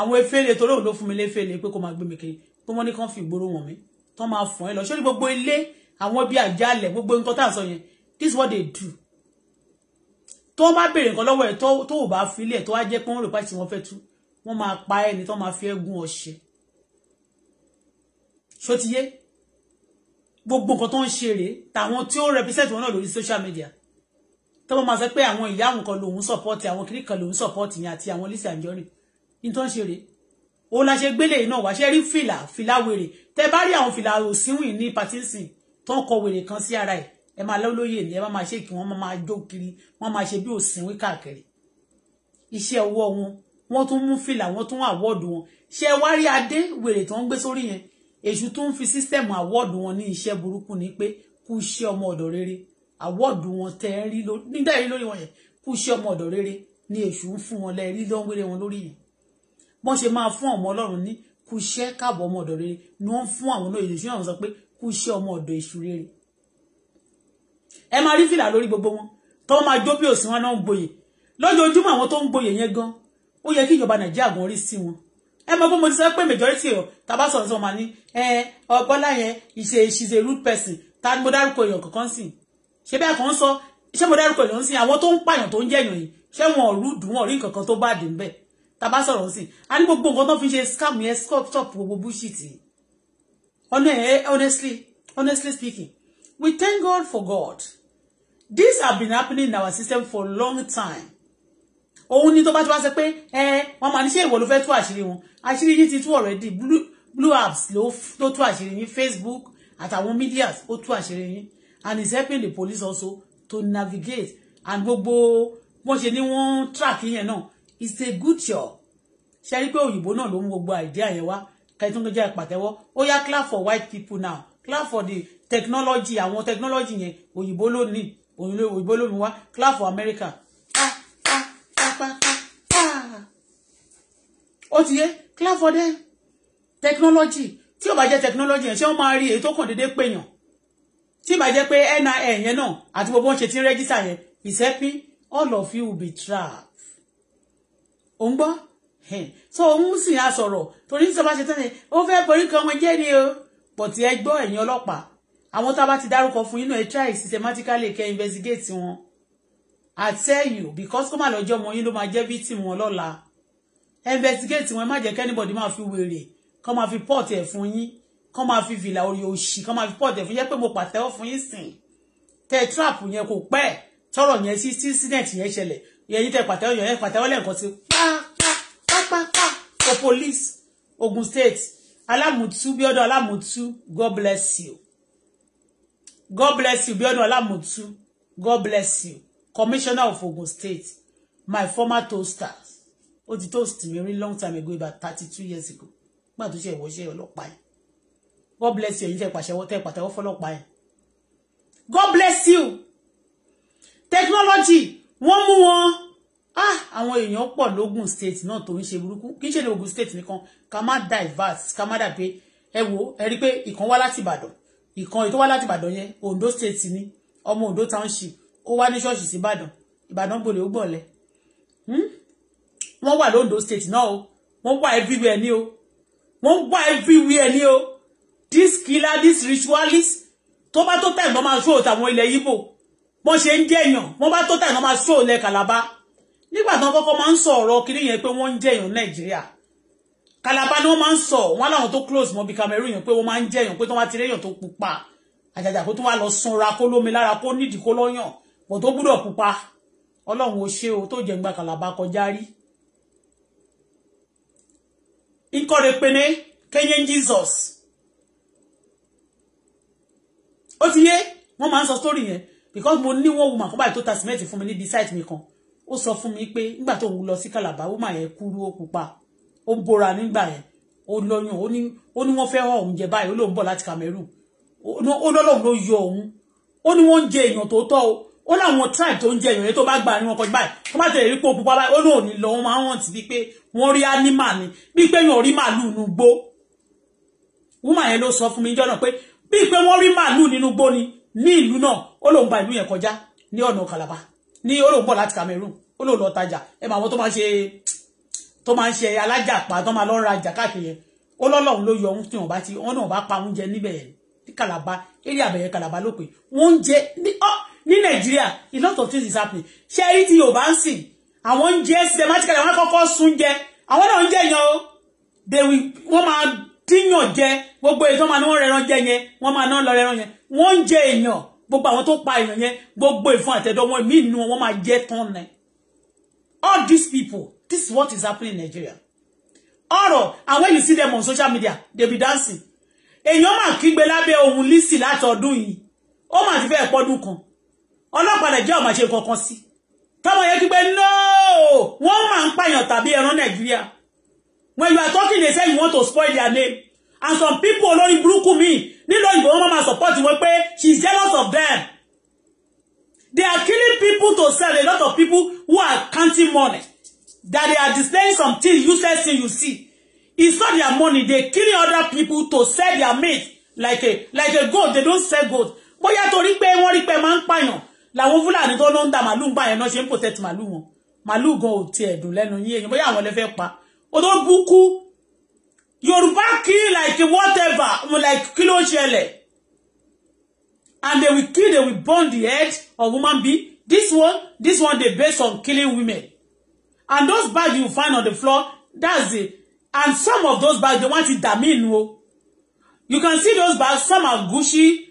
àwọn efele torí òun ló fún mi léfele pé kó máa gbé mi kiri pé wọ́n ní kàn fi gbòòrò wọ̀n mi tán máa fún ẹ lọ sórí gbogbo ilé àwọn bíi àjálẹ̀ gbogbo nǹkan tá à ń sọ yẹn this is what they do tó bá béèrè nǹkan lọ́wọ́ ẹ̀ tó ò bá fi ilé ẹ̀ tó wá jẹ́ pé wọ́n rò pàṣẹ wọn fẹ́ tú wọ́n máa pa ẹni tó máa fi ẹ̀gún ọ̀ṣẹ́ ṣótiyé gbogbo nǹkan tó ń ṣe rèé tàwọn tí ó represent wọn náà lórí social media tó wọ́n máa sọ pé àwọn ìyá àwọn kan lòun support àwọn kiri kan lòun support yẹn àti àwọn Lizzy Anjorin ní tó ń ṣe rèé ó la ṣe gbélé iná wá ṣe rí fìlà fìlà wèrè tẹ bá rí àwọn fìlà òsínwìn ní patinsin tó ń kọ wèrè kan sí ara ẹ ẹ máa lọ́lóyè ní ẹ bá máa ṣe kí wọ́n máa jó kiri wọ́n máa ṣe bí òsínwìn káàkiri iṣẹ́ ọwọ́ wọn wọ́n tún mú fìlà wọ́n tún àwọ́ọ̀dù wọn ṣe wá rí adé wèrè tó ń gbé sórí yẹn èṣù tó ń fi sísítẹ̀mù àwọ́ọ̀dù wọn ní iṣẹ́ burúkú ni pé kú iṣẹ́ ọmọ ọ̀dọ̀ rere àwọ́ọ̀dù wọn tẹ́ rí lórí wọn yẹn kú iṣẹ́ ọmọ ọ̀dọ̀ rere ni èṣù ń fún wọn lẹ́ẹ̀rí lọ́wọ́ wọn lórí yẹn wọ́n ṣe máa fún ọmọ ọlọ́run ní kúṣẹ́ káàbọ̀ ọmọ ọ̀dọ̀ rere ni wọ́n fún àwọn náà èdè àwọn sọ pé kúṣẹ́ ọmọ ọ̀dọ̀ èṣù rere ẹ máa rí fìlà lórí gbogbo wọn tó máa jó bí òsì wọn náà ń gboyè lójoojúmọ́ àwọn tó ń gboyè yẹn gan ó yẹ kí ìjọba nàìjíríà gan rí sí wọn ẹ mọ fún mo ti sọ pé majority ọ tàbá sọ̀rọ̀ sọ̀rọ̀ mà ní ẹ ọgbọ́lá yẹn ìṣe ìṣiṣẹ́ rude person ta ni mo dárúkọ èèyàn kankan sí ṣé bẹ́ẹ̀ kan sọ ṣé mo dárúkọ èèyàn sí àwọn tó ń pààyàn tó ń jẹ̀yàn yìí ṣé wọn ò rúdùn wọn ò rí nǹkan kan tó bá dé ń bẹ́ẹ̀ tàbá sọ̀rọ̀ sí a ní gbogbo nǹkan tó fi ṣe scam yẹn scop chop gbogbo bullshit honestly honestly speaking we thank God for God this have been happening in our system for long time òun ni tó bá ti wá sọ pé ẹ wọn máa ní ṣe ìwọ ló fẹ́ tú àṣírí wọn àṣírí yìí ti tú already blue blue apps ló tú àṣírí yín Facebook àtàwọn medias ó tú àṣírí yín and it's helping the police also to navigate and gbogbo wọn ṣe ni wọn track yẹn No it's a good show. ṣe rí pé òyìnbó náà ló mú gbogbo idea yẹn wá kẹtún tó jẹ́ ìpàtẹ́wọ́ ó yá clap for white people now clap for the technology àwọn technology yẹn òyìnbó ló ní òyìnbó ló mú wá clap for America ó ti yé clap for them technology tí ò bá jẹ́ technology yẹn ṣé wọ́n máa rí èyí tó kàn déédéé pèèyàn tí ì bá jẹ́ pé NIN yẹn náà àti gbogbo wọn ṣe ti ń rẹ́gísà yẹn is all of you will be trapped ò ń gbọ́ so òun sì á sọ̀rọ̀ torí nítorí bá ṣe tán ni ó fẹ́ borí kan wọn jẹ́ ni o pọ̀tì ẹ gbọ́ ẹ̀yin ọlọ́pàá àwọn tá a bá ti dárúkọ fún yín náà ẹ try systematically kẹ́ investigate wọn I tell you because kó má lọ jẹ́ ọmọ yín ló máa jẹ́ victim wọn lọ́la investigate wọn ẹ má jẹ́ kí anybody máa fi wèrè kọ́ máa fi pọ́ọ̀tì ẹ̀ fún yín kọ́ máa fi fìlà orí òṣì kọ́ máa fi pọ́ọ̀tì ẹ̀ fún yín pé mo pàtẹ́wọ́ fún yín sìn tẹ trap yẹn kò pẹ́ tọrọ yẹn sí incident yẹn ṣẹlẹ̀ yẹn yìí tẹ pàtẹ́wọ́ yẹn pàtẹ́wọ́ lẹ́ǹkan sí pápápápá for police Ogun State Alamutu Bíọ́dún Alamutu God bless you God bless you Bíọ́dún Alamutu God bless you Commissioner of Ogun State my former toaster ó ti toast mi rí long time ago about thirty two years ago nígbà tó ṣe ìwọ́ṣẹ́ ọlọ́pàá yẹn God bless you ẹ̀yin tẹ pàṣẹwọ́ tẹ pàtẹ́wọ́ fọlọ́pàá yẹn God bless you technology wọ́n mú wọn ah, àwọn èèyàn pọ̀ lógùn state náà tó ń ṣe burúkú kì í ṣe ní Ògùn state nìkan ká má divert ká má dà pé ẹ wo ẹ rí i pé ìkan wá láti Ìbàdàn ìkan èyí tó wá láti Ìbàdàn yẹn Ondo state ni ọmọ Ondo township ó wá ní ṣọ́ọ̀ṣì sí Ìbàdàn Ìbàdàn gbòòrè ó gbọ̀nlẹ̀ hmm? wọ́n wà lóńdó state náà o wọ́n wà everywhere ni o wọ́n wà everywhere ni o this killer this ritualist tó bá tó tẹ̀ ń bọ́ máa ṣó òtàwọn ilẹ̀ yíbò bó ṣe ń jẹyàn wọ́n bá tó tà náà máa ṣó lẹ Calabar nígbà tán kọ́kọ́ máa ń sọ ọ̀rọ̀ kiri yẹn pé wọ́n ń jẹyàn Nàìjíríà Calabar ni wọ́n máa ń sọ wọn láwọn tó close mọ́ bí Cameroon yẹn pé wọ́n máa ń jẹyàn pé tó máa ti réyàn tó pupa àjàjà kó tó wá lọ sanra kó lómi lára kó nídìí kó lọ́yàn bọ̀ tó gbúdọ̀ pupa Ọlọ́run ò ṣe o tó jẹ̀ǹgbà Calabar kọjá rí pene kenyan Jesus ó ti yé wọ́n máa ń sọ sórí yẹn because mo ní wọ́n woman kan báyìí tó ta cement fún mi níbi site mi kan ó sọ fún mi pé nígbà tó ń lọ sí kàlàbà woman yẹn kúrú ó pupa ó ń bora nígbà yẹn ó lóyún ó ní wọ́n fẹ́ họ òun jẹ báyìí ó lóun bọ̀ láti Cameroon ó lọ́lọ́run ló yọ òun ó ní wọ́n ń jẹ èèyàn tó tọ́ ó láwọn tribe tó ń jẹ èèyàn tó bá gbà ní wọn kọjú báyìí tó bá tẹ̀lé pé òpupa báyìí ó ní òní lọ wọn máa ń rántí bíi pé wọ́n rí ánímà ni bíi pé yàn rí màálùú nínú gbó woman yẹn ló sọ fún mi jọ́nà pé bíi pé wọ́n rí màálùú nínú gbó ni ní ìlú náà ó lóun ba ìlú yẹn kọjá ní ọ̀nà Calabar ní ó lóun bọ̀ láti Cameroon ó lóun lọ tajà ẹ máa wọn tó máa ṣe tó máa ń ṣe alájàpá tó máa lọ ra ìjà káàkiri yẹn ó lọ́lọ́run ló yọ ohun tí wọn bá ti wọn náà bá pa oúnjẹ níbẹ̀ yẹn ní Calabar eré àbẹ̀yẹ Calabar ló pé oúnjẹ ní ọ ní Nàìjíríà a lot of things is happening ṣé èyí tí Yorùbá ń sìn àwọn oúnjẹ systematically àwọn akọ́kọ́ sún jẹ àwọn náà ń jẹ yan o wọ́n máa díyàn jẹ gbogbo èyí tó máa ní wọ́n rẹran jẹ yẹn wọ́n máa náà lọ rẹran yẹn wọ́n ń jẹ èèyàn gbogbo àwọn tó pa èèyàn yẹn gbogbo ìfun àtẹ̀dọ̀ wọn mí nínú wọn máa jẹ́ tán ni all these people this is what is happening in Nigeria ọ̀rọ̀ and when you see them on social media they be dancing èèyàn máa kígbe lábẹ́ ohun lísì látọdún yìí ó máa ti fẹ́ pọ́dún kan ọlọ́pàá nàìjíríà máa ṣe kankan sí tọ́mọ yẹn kígbe nóò wọ́n máa ń pààyàn tàbí ẹran nàìjíríà when you are talking they say you want to spoil their name and some people olórí burúkú mi nílò ìbò wọn máa support wọn pé she is jealous of them they are killing people to sell a lot of people who are counting money that they are displaying things useless thing you see it's not their money they killing other people to sell their meat like a like a goat they don't sell goat Boya tori pé wọ́n rí pé máa ń pààyàn làwọn fúlàní tó ló ń da màlúù gbà yẹn náà ṣe ń protect màlúù wọn màlúù gan ò tiẹ̀ dùn lẹ́nu yín èyàn bóyá àwọn lè fẹ́ pa ó tó búkú Yoruba kill like whatever, like kilo ló And they will kill, they will burn the head of woman be. This one, this one they based on killing women. And those bags you find on the floor, that's it. And some of those bags, they want it damin o. You can see those bags, some are gushy,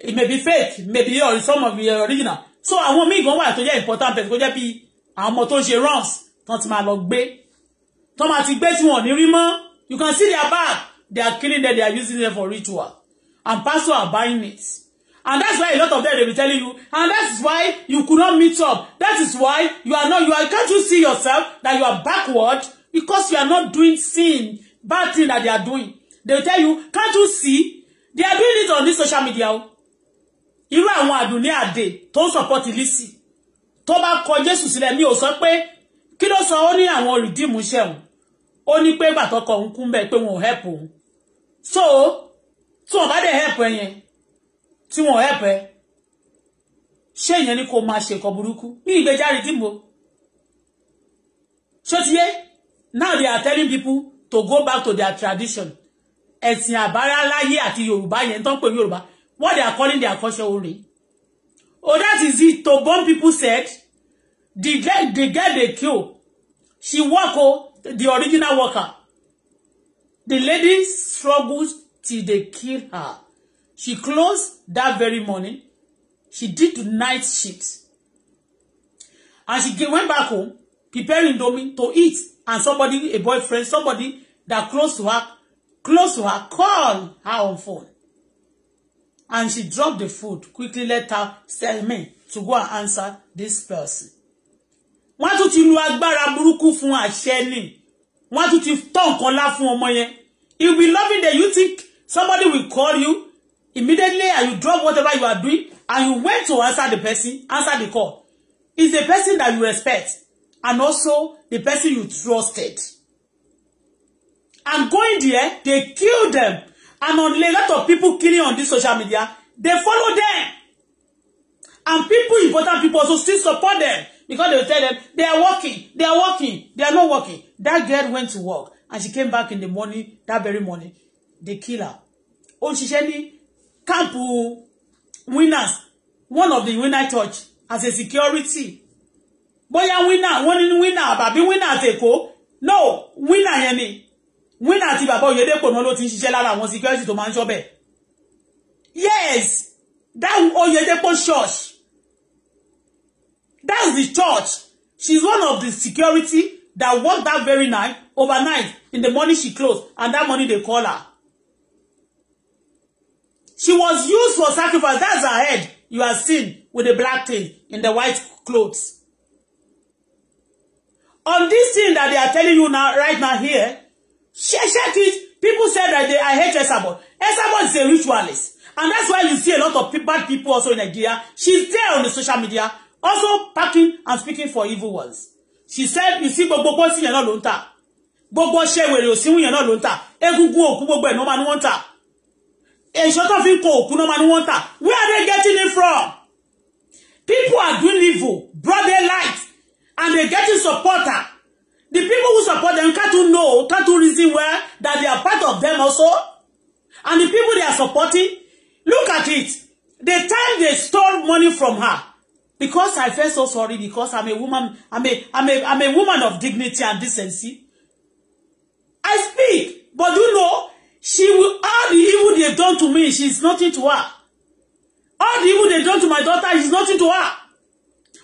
it may be fake, maybe or some of the original. So I want me go tó jẹ́ important person kó jẹ́ bí àwọn ọmọ tó ń ṣe runs tán ti máa lọ gbé. Tán one, you remember. You can see their bag. They are killing them. They are using them for ritual. And pastors are buying it. And that's why a lot of them they be telling you. And that's why you could not meet up. That is why you are not. You are, can't you see yourself that you are backward because you are not doing sin, bad thing that they are doing. They will tell you, can't you see? They are doing it on this social media. Irú àwọn àdùnní àdè tó ń support Ilisi. Tó bá kọ Jésù sílẹ̀ mi ò sọ pé kí ló sọ ó ní àwọn olùdímúṣẹ́ ó ní pé gbàtọkọ òun kú mbẹ pé wọn ò help òun so tí wọn bá dẹ help ẹ yẹn tí wọn ò help ẹ ṣé ìyẹn ni kò máa ṣe nǹkan burúkú ní ìgbéjáre tí mo now they are telling people to go back to their tradition ẹ̀sìn àbáráláyé àti yorùbá yẹn tó ń pè ní yorùbá what they are calling their culture only oh that is it to bomb people said the girl the girl dey kill she work o oh, the original worker. The lady struggled till they killed her. She closed that very morning. She did the night shift. And she went back home, preparing Domi to eat. And somebody, a boyfriend, somebody that close to her, close to her, called her on phone. And she dropped the food, quickly let her tell me to go and answer this person. Wọ́n tún ti lu agbára burúkú fún àṣẹ ni wọ́n tún ti tọ́ nǹkan lá fún ọmọ yẹn it be loving that you think somebody will call you immediately and you drop whatever you are doing and you went to answer the person answer the call Is the person that you respect and also the person you trusted and going there they kill them and on a lot of people killing on this social media they follow them and people important people also still support them because they will tell them they are working, they are working, they are not working. That girl went to work and she came back in the morning, that very morning. They kill her. Ó ṣiṣẹ́ ní camp winners, one of the winner church as a security. Bóyá winner, wọ́n ní winner àbàbí winner àti Èkó. No, winner yẹn ni. Winner àti bàbá Oyedepo náà ló ti ń ṣiṣẹ́ lára àwọn security to máa ń ṣọ́bẹ̀. Yes, that Oyedepo church. That's the church. She's one of the security that worked that very night, overnight. In the morning she closed, and that morning they call her. She was used for sacrifice. That's her head. You are seen with the black thing in the white clothes. On this thing that they are telling you now, right now here, check, check it. People said that they, I hate Esabod. Esabod is a ritualist. And that's why you see a lot of bad people also in Nigeria. She's there on the social media also packing and speaking for evil ones she said you see Bobo, bọ́sì yẹn náà ló ń tà gbogbo ṣe wèrè òsínwó yẹn náà ló ń tà egungun òkú gbogbo ẹ̀ ní wọ́n máa ní wọ́n tà èso tó fi ń where are they getting it from people are doing evil broad daylight and they're getting supporter the people who support them can't to know can't to reason well that they are part of them also and the people they are supporting look at it the time they stole money from her because I feel so sorry because I'm a woman, I'm a, I'm a, I'm a woman of dignity and decency. I speak, but you know, she will, all the evil they've done to me, she's nothing to her. All the evil they've done to my daughter is nothing to her.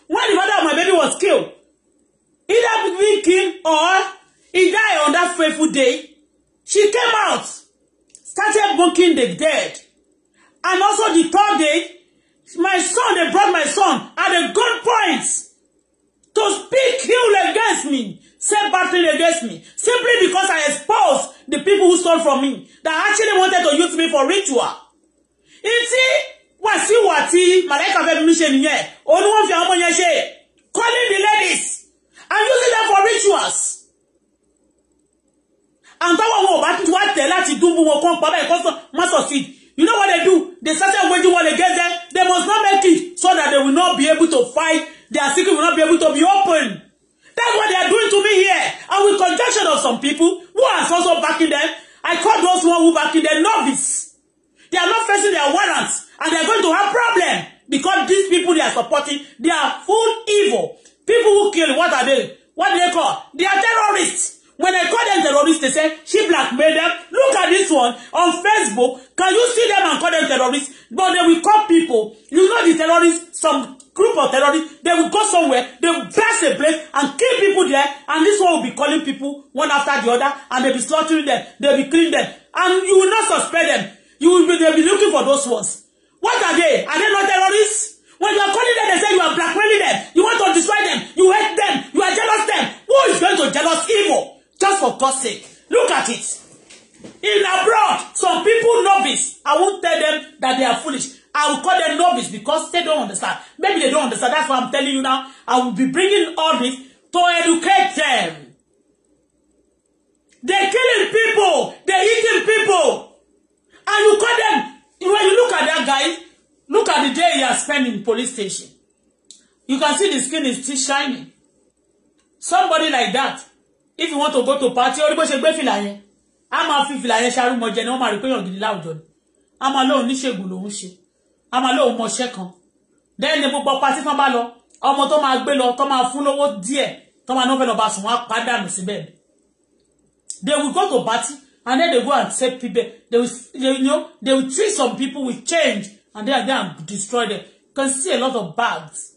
When the mother of my baby was killed, either being killed or he died on that fateful day, she came out, started mocking the dead. And also the third day, my son, they brought my son at a gunpoint to speak ill against me, say bad things against me, simply because I exposed the people who stole from me that actually wanted to use me for ritual. You see, what Màlẹ́kà fẹ́ fi mí ṣe nìyẹn, òun ni wọ́n fi àwọn calling the ladies and using them for rituals. and Àǹtọ́wọ̀ wọn ò bá wá tẹ̀ láti dúnbú wọn kọ́ come báyìí kọ́sọ̀ má succeed. You know what they do? They started waging war against them. They must not make it so that they will not be able to fight. Their secret will not be able to be open. That's what they are doing to me here. And with conjunction of some people who are also backing them, I call those one who backing them novice. They are not facing their warrants and they are going to have problems because these people they are supporting, they are full evil. People who kill, what are they? What do they call? They are terrorists. When I call them terrorists, they say, she blackmailed them. Look at this one on Facebook. Can you see them and call them terrorists? But they will call people. You know the terrorists, some group of terrorists, they will go somewhere, they will blast a place and kill people there. And this one will be calling people one after the other and they'll be slaughtering them, they'll be killing them. And you will not suspect them. You will be, they'll be looking for those ones. What are they? Are they not terrorists? When you are calling them, they say you are blackmailing them. You want to destroy them. You hate them. You are jealous them. Who is going to jealous evil? Just for God's sake. Look at it. In abroad, some people novice. I won't tell them that they are foolish. I will call them novice because they don't understand. Maybe they don't understand. That's why I'm telling you now. I will be bringing all this to educate them. They're killing people. They're eating people. And you call them, when you look at that guy, look at the day he has spent in police station. You can see the skin is still shining. Somebody like that, if you want to go to party orí bó ṣe gbé fìlà yẹn a máa fi fìlà yẹn ṣarúmọ jẹ ni wọ́n máa rí pé yàn gidi láwùjọ ni a máa lóun níṣègùn lòun ṣe a máa lóun mọṣẹ́ kan then ni gbogbo party tán bá lọ ọmọ tó máa gbé lọ tó máa fún lówó díẹ̀ tó máa nọfẹ lọ bá sùn wọn á pàdánù síbẹ̀ they will go to party and then they go and save people they will they, you know, they will treat some people with change and then again destroy them you can see a lot of bags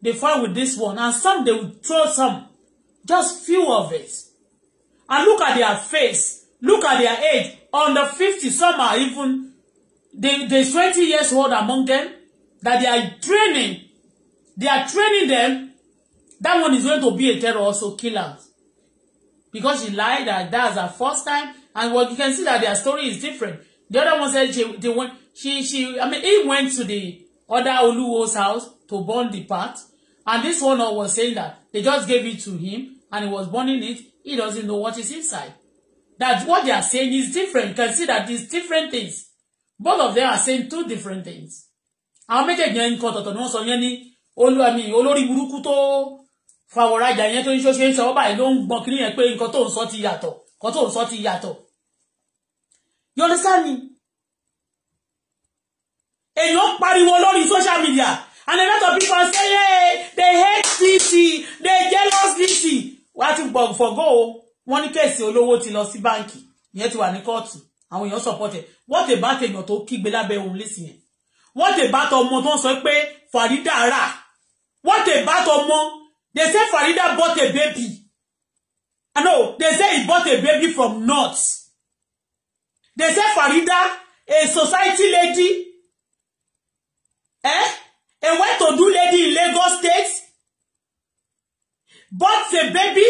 they find with this one and some they will throw some Just few of it. And look at their face. Look at their age. Under fifty. some are even, they, they twenty years old among them, that they are training. They are training them. That one is going to be a terror also killer. Because she lied that that's her first time. And what you can see that their story is different. The other one said she, they went, she, she, I mean, he went to the other Oluwo's house to burn the part. And this one was saying that They just gave it to him and he was burning it. He doesn't know what is inside. That's what they are saying is different. You can see that these different things. Both of them are saying two different things. Àwọn méjèèjì a ń kọ́ tọ̀tọ̀ ni wọ́n sọ yẹn ní olúwàmí olórí burúkú tó fàwọ̀rajà yẹn tó ń ṣó ṣe ń sọ ọ́ báyìí ló ń gbọ́n kiri yẹn pé nǹkan tó ń sọ ti yàtọ̀ nǹkan tó ń sọ ti yàtọ̀. pariwo lórí social media And a lot of people say, hey, they hate Lizzy, they jealous Lizzy. Wọ́n á tún gbọ̀ fọ̀gọ́ o. Wọ́n ní kẹ́sì olówó ti lọ sí báǹkì. Ìyẹn ti wà ní kóòtù. Àwọn èèyàn sọ̀pọ̀tẹ̀. Wọ́n tè bá tèèyàn tó kígbe lábẹ́ òun Lizzy yẹn. Wọ́n tè bá tọmọ tó ń sọ pé Farida rà. Wọ́n tè bá tọmọ. They say Farida bought a baby. I know. They say he bought a baby from North. They say Farida, a society lady. Eh? And well-to-do lady in Lagos State But the baby.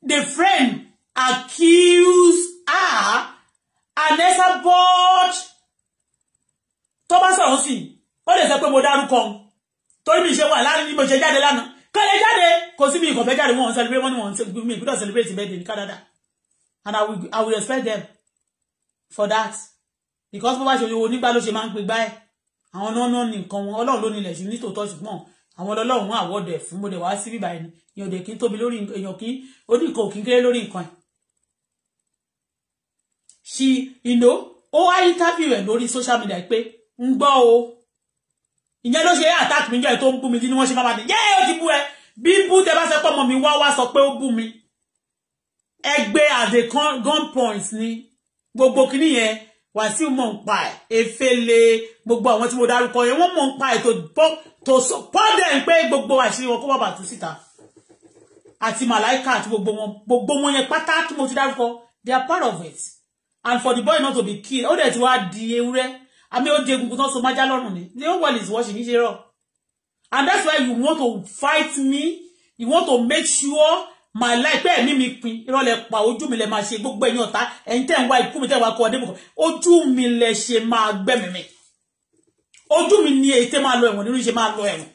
The friend accused her and Esther bought tó bá sọ̀rọ̀ sí ó lè sọ pé mo dárúkọ torí mi ṣe wà láàrin ní mo ṣe jáde lánàá kọ́ lè jáde kò sí mi ìkọ̀fẹ́ jáde wọn celebrate wọn ni wọn celebrate me don't celebrate birthday in Canada and I will, I will respect them for that because bó bá ṣe owó nígbà ló ṣe máa ń pe gbá ẹ̀ àwọn náà ní nǹkan wọn ọlọ́run ló nílẹ̀ ṣùgbọ́n nítòótọ́ ṣùgbọ́n àwọn ọlọ́run àwọ̀dẹ̀ fún mo dẹ̀ wá síbí báyìí ni èèyàn dẹ̀ kí n tóbi lórí èèyàn kí ó ní nǹkan òkín kéré lórí nǹkan ẹ̀. ṣì ìnáwó ó wá interview rẹ̀ lórí social media pé ń gbọ́ o ìyẹn ló ṣe attack mi jẹ́ tó ń bú mi tí wọ́n ṣe máa dé yẹ́ ó ti bú ẹ bí bú tẹ bá ṣe pọ́ ọmọ mi wá wá sọ pé ó bú mi ẹgbẹ́ at the gun point ni gbogbo kìnìyẹn Wàsíù mọ̀ ń pa ẹ̀ efele gbogbo àwọn tí mo dárúkọ yẹn wọ́n mọ̀ ń pa ẹ̀ tó pọ́dẹ̀ ń pé gbogbo àṣírí wọn kó wà bàtú síta àti màláìka àti gbogbo wọn gbogbo wọn yẹn pátá tí mo ti dárúkọ they are part of it and for the boy not to be killed ó dẹ̀ ti wá di ewúrẹ́ àmì ó di egungun tán so májá lọ́rùn ni the whole world is watching yìí ṣe rọ̀ and that's why you want to fight me you want to make sure my life pé ẹ̀mí mi pin irọ́ lẹ pa ojú mi lẹ máa ṣe gbogbo ẹ̀yin ọ̀tá ẹ̀yin tẹ́ ń wá ikú mi tẹ́ wá kọ́ ọdẹ bùkọ́ ojú mi lẹ ṣe máa gbẹ̀mí mi ojú mi ni èyí tẹ́ máa lọ ẹ̀wọ̀n nínú ṣe máa lọ ẹ̀wọ̀n.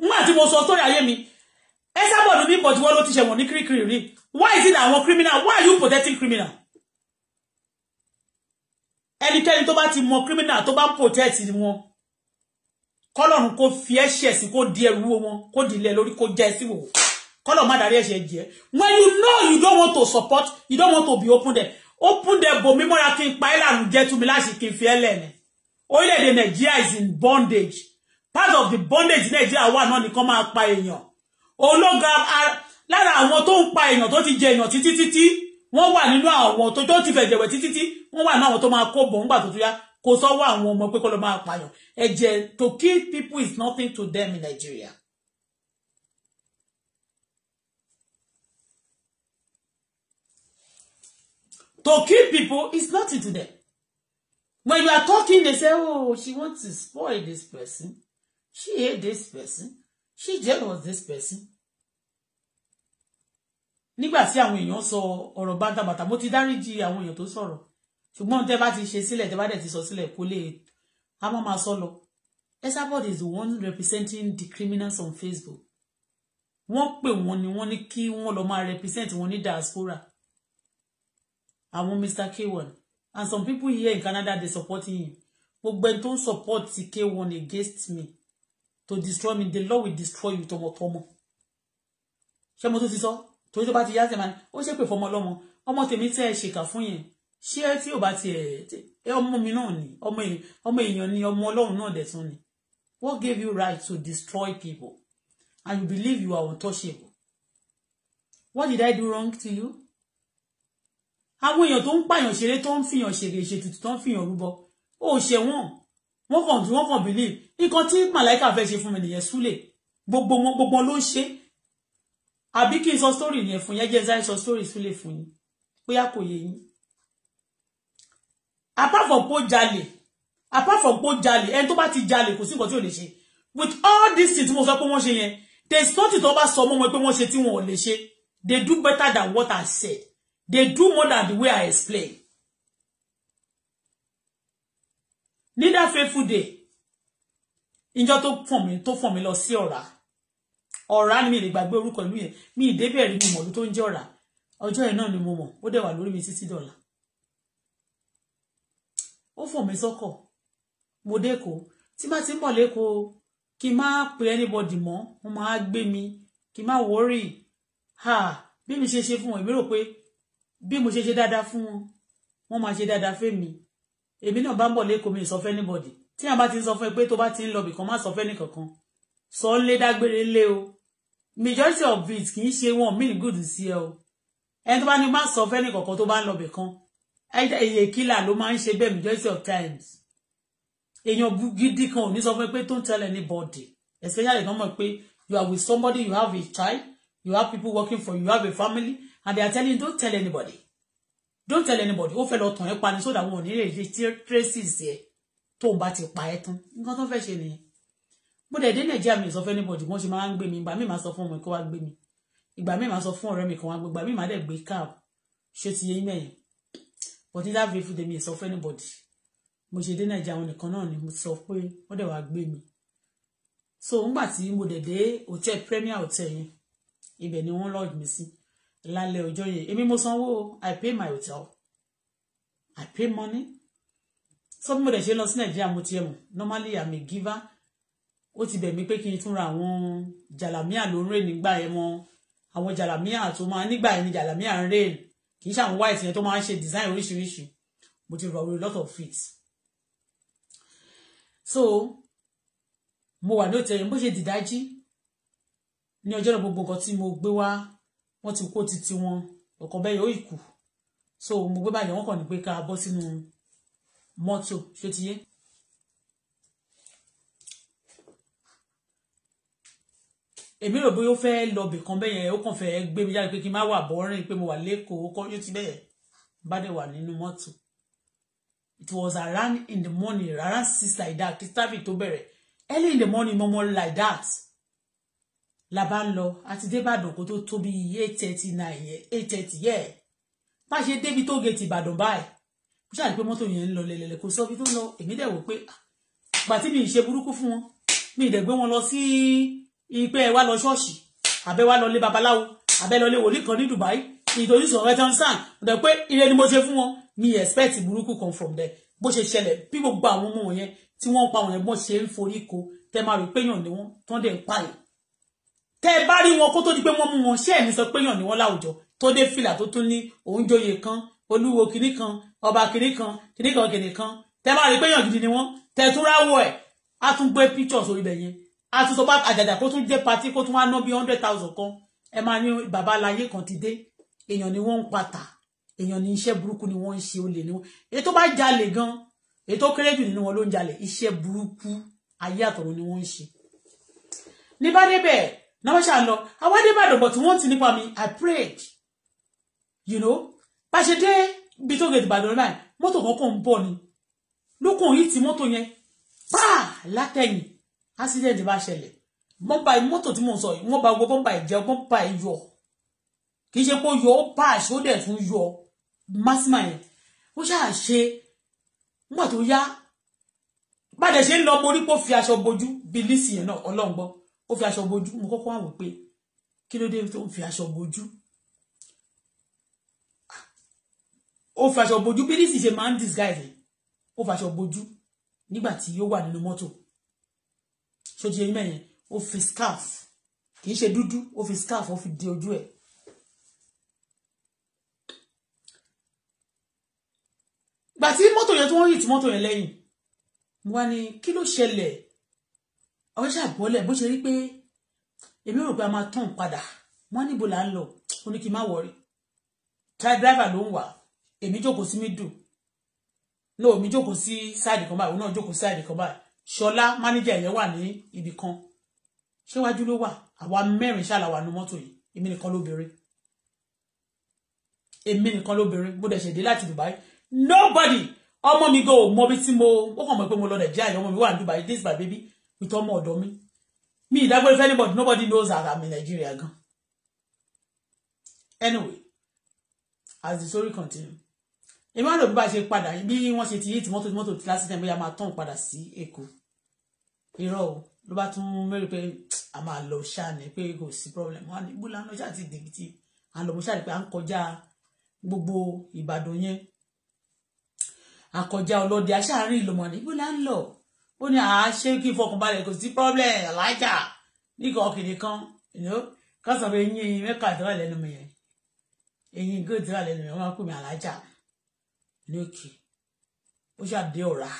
nígbà tí mo sọ sórí ayé mi ẹ sábọ̀ ní bí bọ̀tí wọ́n ló ti ṣẹ̀wọ̀n ní kíríkírí rí why is it àwọn criminal why are you protecting criminal? ẹnikẹ́ni tó bá ti mọ criminal tó bá protect wọn kọ́lọ́run kó fi ẹ̀ṣẹ̀ sí kó di ẹrù wọn kó di ilẹ̀ lórí kó jẹ́ sí wòwò kọ́lọ́run má darí ẹ̀ṣẹ̀ jẹ́ when you know you don't want to support you don't want to be open there open there bò mí mọ́ra kí n pa ẹ́ lànà jẹ́ tu mi láti kí fi ẹ́ lẹ́nu orílẹ̀-èdè is in bondage part of the bondage nàìjíríà wà náà nìkan máa pa èèyàn ológa lára àwọn tó ń pa èèyàn tó ti jẹ èèyàn títí títí wọ́n wà nínú àwọn tó tó ti fẹ̀jẹ̀wẹ̀ títí tí wọ́n wà náà àwọn tó máa kó bọ̀ ńgbà tó tó yá kò sọ́wọ́ àwọn ọmọ pé kó lọ máa pààyàn ẹ̀jẹ̀ to kill people is nothing to them in Nigeria. To kill people is nothing to them. When you are talking, they say, oh, she wants to spoil this person. She hate this person. She jealous this person. Nígbà tí àwọn èèyàn sọ ọ̀rọ̀ bàtàbàtà, mo ti dáríji àwọn èèyàn tó sọ̀rọ̀ ṣùgbọ́n tẹ́ bá ti ṣe sílẹ̀ tẹ́ bá dẹ̀ ti sọ sílẹ̀ kó lè a máa sọ lọ Esabod is the one representing the criminals on Facebook wọ́n pè wọ́n ni wọ́n ní kí wọ́n lọ máa represent wọn ní diaspora àwọn Mr K1 and some people here in Canada dey support him gbogbo ẹni tó ń support K1 against me to destroy me the law will destroy you tọmọtọmọ ṣé mo tó ti sọ torí tó bá ti yá sẹ́mà ó ṣépè fọmọ ọlọ́mọ ọmọ tèmi tẹ́ ẹ ṣèkà fún yẹn ṣé tí ò bá tiẹ̀ ẹ ọmọ mi náà ni ọmọ èèyàn ni ọmọ ọlọ́run náà dẹ̀ tún ni what gave you right to destroy people and you believe you are untouchable what did I do wrong to you àwọn èèyàn tó ń pààyàn ṣeré tó ń fìyàn ṣèrè ṣètùtù tó ń fìyàn rúbọ ó ṣe wọn wọn kàn tún wọn kàn bìlì nǹkan tí màláìka fẹ́ ṣe fún mi nìyẹn súlè gbogbo wọn gbogbo ló ń ṣe àbí kí n sọ story yẹn fún yẹn jẹ́ sáré sọ story súlè fún yín bóyá kò yé yín apart from kó jalè apart from kó jalè ẹni to bá ti jalè kò sí nǹkan tí ò lè ṣe with all these things tí mo sọ pé wọ́n ṣe yẹn there is nothing tó bá sọ mọ́ wọn pé wọ́n ṣe tí wọn ò lè they do better than what I said they do more than the way I explain ní faithful day ìjọ tó fọ̀n mi tó fọ̀n mi lọ sí ọ̀rá ọ̀rá ni mi lè gbàgbé orúkọ ìlú yẹn mi ìdébẹ̀rí mi mọ̀lú tó ń jẹ́ ọ̀rá ọjọ́ yẹn náà ni mo mọ̀ ó dẹ̀ wà lórí mi títí dọ̀la ó fò mí sọ́kọ̀ mo dẹ́kọ̀ tí bá ti ń bọ̀ lẹ́kọ̀ọ́ kí n má pe anybody mọ́ wọ́n máa gbé mi kí n má wọ́rì ha bí mi ṣe ṣe fún wọn èmi rò pé bí mo ṣe ṣe dáadáa fún wọn wọ́n máa ṣe dáadáa fẹ́mi èmi náà bá ń bọ̀ lẹ́kọ̀ọ́ mi sọ fẹ́ anybody tí a bá ti ń sọ fún ẹ pé tó bá ti ń lọ bìkan má sọ fẹ́ nìkankan sọ ń lé dágbére lé o majority of it kì í ṣe wọn mean good sí ẹ o ẹni tó bá ní má sọ fẹ́ nìkankan tó bá ń lọ bìkan a killer ló máa ń ṣe bẹ́ẹ̀ majority of times èèyàn gidi kan ò ní sọ fún ẹ pé don't tell anybody especially kan mọ̀ pé you are with somebody you have a child you have people working for you you have a family and they are telling you don't tell anybody don't tell anybody ó fẹ́ lọ tàn ẹ́ pa ni so that wọn ò ní lè ṣe traces ẹ̀ tó ń bá ti pa ẹ́ tán nǹkan tó fẹ́ ṣe nìyẹn mo dẹ̀ dé nàìjíríà mi sọ fún anybody wọ́n ṣe máa ń gbé mi ìgbà mi máa sọ fún ọmọ kí wọ́n á gbé mi ìgbà mi máa sọ fún ọ̀rẹ́ mi kí wọ́n á gbé ìgbà mi máa dẹ̀ gbé cab ṣé ti yé mẹ́yìn but in that brief day mi ì sọ fún anybody mo ṣe dé nàìjíríà àwọn nìkan náà ni mo sọ pé wọ́n dẹ̀ wá gbé mi so ngbà tí mo dẹ̀ dé hotel premier hotel yẹn ibẹ̀ ni wọ́n lodge mi sí lálẹ́ ọjọ́ yẹn èmi mo sanwó i pay my hotel i pay money so bí mo dẹ̀ ṣe lọ sí nàìjíríà mo tiẹ̀ mọ̀ normally i'm a giver ó ti bẹ̀ mí pé kí n tún ra àwọn jàlámíà ló ń rè nígbà yẹn mọ́ àwọn jàlámíà tó máa nígbà yẹn ni jàlámíà ń rè ní kì í ṣàwọn white yẹn tó máa ń ṣe design oríṣiríṣi mo ti rọ orí lot of it so mo wà ní òtẹ́yìn bó ṣe dìdájí ní ọjọ́ náà gbogbo nǹkan tí mo gbé wá wọ́n ti kó titi wọn ọ̀kan bẹ́ẹ̀ yóò kù so mo gbé báyìí wọ́n kàn ní pé ká bọ́ sínú mọ́tò ṣé ti yé èmi rò bóyá ó fẹ́ lọ bìkan bẹ́ẹ̀ yẹn ó kàn fẹ́ gbé mi jáde pé kí n má wà bọ́rìn pé mo wà lẹ́kọ̀ọ́ kọ́ yóò ti bẹ́ẹ̀ bá dẹ̀ wà nínú mọ́tò it was around in the morning around six like that kí stavi tó bẹ̀rẹ̀ early in the morning mọ́mọ́ like that la bá ń lọ àti débàdàn kó tó tó bíi eight thirty nine yẹn eight thirty yẹn bá ṣe débi tó gèètì ìbàdàn báyìí kó ṣáà ní pé mọ́tò yẹn ń lọ lẹ́lẹ́lẹ́ kó sọ bí tó ń lọ èmi dẹ̀ wò pé ah, gbà mi ì ṣe burúkú fún wọn mi ì dẹ̀ gbé wọn lọ sí. Si ìpẹ́ ẹ̀ wá lọ ṣọ́ọ̀ṣì àbẹ́ wá lọ lé babaláwo àbẹ́ lọ kan ní Dubai ìtòjú sọ̀rọ̀ ẹ̀ tán sàn ọ̀dọ̀ pé ire ni mo ṣe fún wọn mi expect burúkú kan from there bó ṣe ṣẹlẹ̀ bí gbogbo àwọn ọmọ yẹn tí wọ́n pa wọ̀nyẹn bọ́n ṣe ń forí ko tẹ máa rò péyàn ni wọ́n tán dẹ̀ ń pààyàn tẹ bá rí wọn kó tó di pé wọ́n mú wọn ṣé ẹ̀mí sọ péyàn ni wọ́n láwùjọ tó dé fìlà tó tún ní òun kan olúwo kìnì kan ọba kìnì kan kìnì kan kìnì kan tẹ bá rí péyàn gidi ni wọ́n tẹ tún ráwọ̀ ẹ̀ á tún gbé pictures orí bẹ̀ àti sọ bá àjàjà kó tún jẹ́ patí kó tún wá ná bí hundred thousand kan ẹ máa ní bàbá aláyé kan ti dé èèyàn ni wọ́n ń pàtà èèyàn ni iṣẹ́ burúkú ni wọ́n ń ṣe olè ni wọ́n èyí bá jalè gan èyí tó kéré jù nínú wọn ló ń jalè iṣẹ́ burúkú ayé àtọ̀run ni wọ́n ń ṣe ní bá débẹ̀ náà ṣáà lọ àwọn adébàdàn bọ̀ tí wọ́n ti nípa mi I prayed you know bá ṣe dé ibi tó gèdè ìbàdàn náà mọ́tò kankan ń bọ̀ ni lókùn yìí ti mọ́tò yẹn pàà látẹ̀yìn accident bá ṣẹlẹ̀ bọ́mbà mọ́tò tí mò ń sọ yìí wọ́n ba gbogbo bọ́mbà ìjẹ́ bọ́mbà ìyọ̀ kì í ṣe pé ó yọ ó pass ó dẹ̀ tún yọ másímà yẹn ó ṣáà ṣe nígbà tó yá bàdẹ̀ ṣe ń lọ mo rí pé ó fi aṣọ bojú bílíìsì yẹn náà ọlọ́run gbọ́ ó fi aṣọ bojú mo kọ́kọ́ wà wò pé kí ló dé tó ń fi aṣọ bojú ó fi aṣọ bojú bílíìsì ṣe máa ń disguise ó fi aṣọ bojú nígbà tí ó wà nínú mọ́tò ṣó ti eyín mẹ́yìn ó fi scarf kì í ṣe dúdú ó fi scarf ó fi di ojú ẹ̀. gbà tí mọ́tò yẹn tí wọ́n yìí tí mọ́tò yẹn lẹ́yìn mo wá ní kí ló ṣẹlẹ̀ ọ̀rẹ́ ṣàgbọ́lẹ̀ bó ṣe rí pé èmi rò pé a máa tàn padà wọ́n níbo là ń lọ ó ní kí n má wọrí táì dráìvà ló ń wà èmi jókòó sí middle no èmi jókòó sí sáàdì kan báyìí òun náà jókòó sí sáàdì kan báyìí ṣọlá mánéjà yẹn wà ní ibì kan ṣéwájú ló wà àwa mẹ́rin ṣàlàwà nu mọ́tò yìí èmi nìkan lóbìnrin èmi nìkan lóbìnrin mo dẹ̀ ṣẹ̀dé láti Dubai nobody ọmọ mi go mọ bí tí mo ó kàn mọ̀ pé mo lọ Nàìjíríà yẹn ọmọ mi wà ní Dubai this my baby with ọmọ ọ̀dọ́ mi mi ìdágbére fẹ́ anybody nobody knows that I'm in Nigeria gan anyway as the story continue èmi wá rò bí bá ṣe padà bí wọ́n ṣe ti yí tìmọ́tò tìmọ́tò ti lásìkò bóyá máa tán padà sí èkó irọ́ o ló bá tún mẹ́rin pé a máa lọ ṣáà ní pé kò sí problem wọn ni bó lánà ṣáà ti dèbí tí a lọ ṣáà ní pé à ń kọjá gbogbo Ìbàdàn yẹn àkọjá ọlọ́dẹ aṣáárín ìlọmọ ní bó lá ń lọ ó ní àá ṣe kí ìfọkànbalẹ̀ kò sí problem alájà nígbà ọkìnrin kan kásán pé eyín eyín mẹ́ka ìtura lẹ́nu mi yẹn eyín gé ìtura lẹ́nu mi yẹn wọ́n máa kú mi alájà ní òkè ó ṣàdé ọ̀rá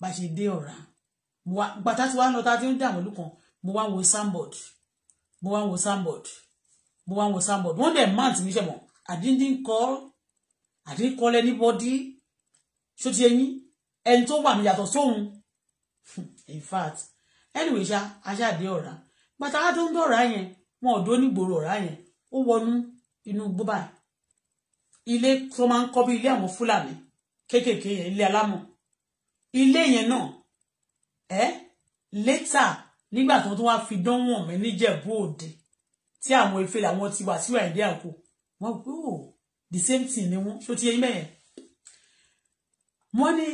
bá ṣe dé ọ̀rá gbàtà tí wàá lọ tá a ti ń dààmú lùkàn mo wá ń wo sandboard mo wá ń wo sandboard mo wá ń wo sandboard wọ́n dẹ̀ mount mi ṣe mọ̀ I didn't call I didn't call anybody ṣó ti ẹyin ẹni tó wà mí yàtọ̀ sóhun in fact anyway ṣá aṣáàdé ọ̀rá gbàtà wàá tó ń dọ̀rá yẹn wọn ò dó nígboro ọ̀rá yẹn ó wọnú inú gbó ilé tó máa ń kọ́ bí ilé àwọn fúlàní kéékèèké yẹn ilé alámọ̀ ilé yẹn náà ẹ létà nígbà tó tún wáá fi dán wọ̀n mí níjẹ̀bú òde tí àwọn efe làwọn ti wà sí wàìdí àkó wọn pé ó the same thing ni wọn ṣó ti yẹn mẹ́yẹn wọn ní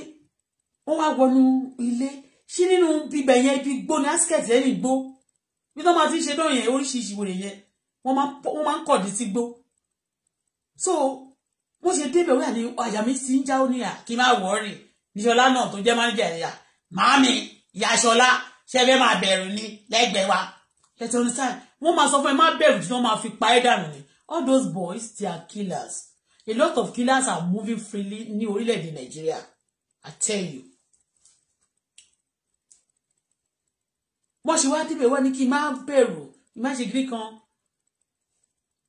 wọn wá wọnú ilé ṣí nínú ibẹ̀ yẹn ibi gbó ní asket ẹni gbó bí wọn máa ti ń ṣe dán yẹn oríṣiríṣi wèrè yẹn wọn máa ń kọ̀dí sí gbó so bó ṣe débẹ̀ wíwà ní àyà mi ti ń já ó ní à kí n má wọ́ọ̀rì níṣọlá náà tó jẹ́ máníjà ẹ̀yà màámi ìyá aṣọlá ṣẹ́fẹ́ máa bẹ̀rù ni lẹ́gbẹ̀ẹ́ wa lẹ́tọ̀ ní sáà wọ́n máa sọ fún ẹ má bẹ̀rù tí wọ́n máa fi pa ẹ́ dànù ni all those boys they are killers a lot of killers are moving freely ní orílẹ̀-èdè nàìjíríà I tell you. wọ́n ṣe wá débẹ̀ wá ní kí n má bẹ̀rù kí gírí kan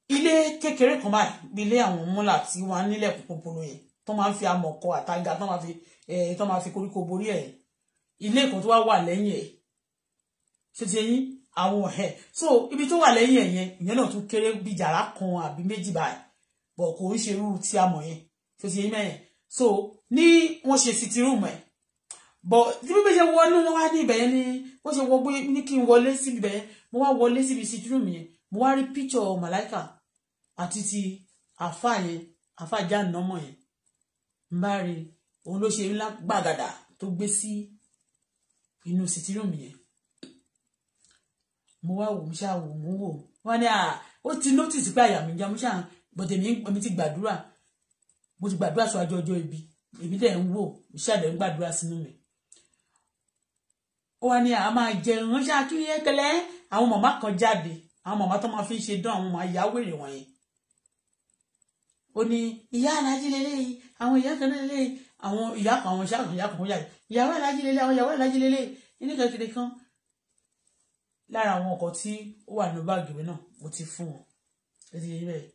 ilé kékeré kan báyìí bí ilé àwọn múlà tí wọ́n á nílẹ̀ kúkúrú yẹn tó máa ń fi amọ̀ kọ àtàgà tó máa fi tó máa fi koríko borí ẹ̀ ilé kan tó wá wà lẹ́yìn ẹ̀ ṣe ti yín àwọn ọ̀hẹ́ so ibi tó wà lẹ́yìn ẹ̀ yẹn ìyẹn náà tún kéré bí yàrá kan àbí méjì báyìí bọ̀ kò ń ṣe irú tí a mọ̀ yẹn ṣe ti yín mẹ́yìn so ní wọ́n ṣe sitting room ẹ̀ bọ̀ tí bí bẹ́ẹ̀ ṣe wọnú wá ní ibẹ̀ yẹn ni wọ́n ṣe wọ pé ní kí n wọlé síbi ibẹ̀ yẹn mo wá wọlé síbi sitting room yẹn mo wá rí picture màláìkà àti ti àfa yẹn àfa jáǹnàmọ yẹn ń bá rí òun ló ṣe ńlá gbàgàdà tó gbé sí inú sitirúm yẹn mo wá wò mo ṣáà wò mo wò wọn ní à ó ti notice pé àyà mi já mo ṣáà bọ̀dẹ̀ mi ti gbàdúrà mo ti gbàdúrà sọ àjọ ọjọ́ ibi èmi dẹ̀ ń wò mo ṣáà dẹ̀ ń gbàdúrà sínú mi ó wá ní máa jẹun ránṣẹ́ àtúnyẹ́ àwọn màmá kan jáde àwọn màmá tó máa fi ń ṣe dán àwọn màmá yáwèrè wọ̀nyẹn ó ní ìyá alájí lélẹ́yìí àwọn ìyá kan lélẹ́yìí àwọn ìyá kan àwọn ìṣàkùn ìyá kan yà ìyàwó alájí lélẹ́yìí àwọn ìyàwó alájí lélẹ́yìí oníkan kiri kan lára àwọn ọkọ̀ tí ó wà nínú báàgì mi náà mo ti fún wọn ẹ ti yẹ bẹ́ẹ̀.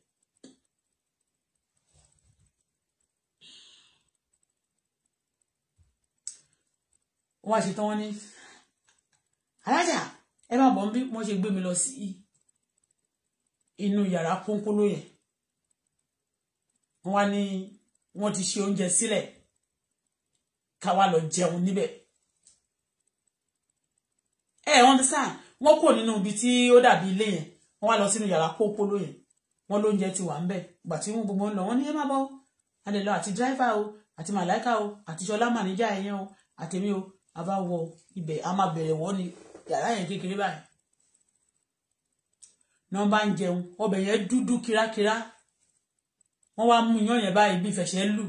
wọ́n á ṣe tán wọ́n ní alájà ẹ má bọ̀ ń bí wọ́n ṣe gbé mi lọ sí inú yàrá pọ́npọ́lọ́ yẹn wọ́n ní wọ́n ti ṣe oúnjẹ sílẹ̀ ká wá lọ jẹun níbẹ̀ ẹ ẹ understand wọ́n kò nínú ibi tí ó dàbí ilé yẹn wọ́n wá lọ sínú yàrá pópóló yẹn wọ́n lóúnjẹ ti wà ń bẹ̀ gbà tí wọ́n gbogbo ń lọ wọ́n ní ẹ má bọ́ alẹ́ lọ àti dráìvà o àti màláìka o àti ṣọlá màníjà ẹ̀yẹn o àtẹ̀mí o a bá wọ ibẹ̀ a máa bẹ̀rẹ̀ wọ́n ní yàrá yẹn kékeré báyìí náà bá ń jẹun ọbẹ̀ yẹn dúdú kírákírá wọ́n wá mú iyán yẹn báyìí bí fẹ̀sẹ̀ lù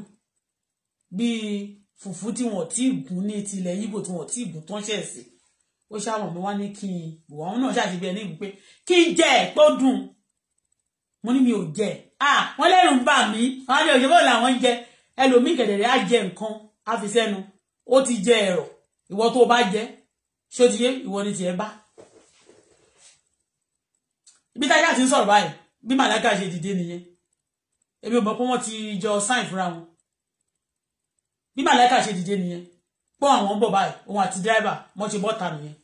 bíi fùfú tí wọ́n ti gùn ní tilẹ̀ yíbò tí wọ́n ti gùn tán ṣẹ̀sì ó ṣàwọn mi wá ní kí n wọ̀ ọ́n náà ṣàṣìbí ẹni pé kí n jẹ ẹ̀pọ̀ dùn mo ní mi ò jẹ ah wọ́n lẹ́rù ń bà mí àwọn àmì òjòbó làwọn ń jẹ ẹlòmíì kẹ̀dẹ̀rẹ̀ á jẹ nǹkan á fi sẹ́nu ó ti jẹ ẹ̀rọ̀ ìwọ tó o bá jẹ ṣó ti yé ìwọ ni tiẹ̀ bá ibi táyà ti ń sọ̀rọ̀ báyìí bí màláka ṣe dìde nìyẹn èmi ò mọ̀ pé wọ́n ti jọ sáìn fúnra wọn bí màláìka ṣe dìde nìyẹn pọ́ àwọn bọ̀ báyìí òun àti dírẹ́bà wọ́n ṣe bọ́ta nìyẹn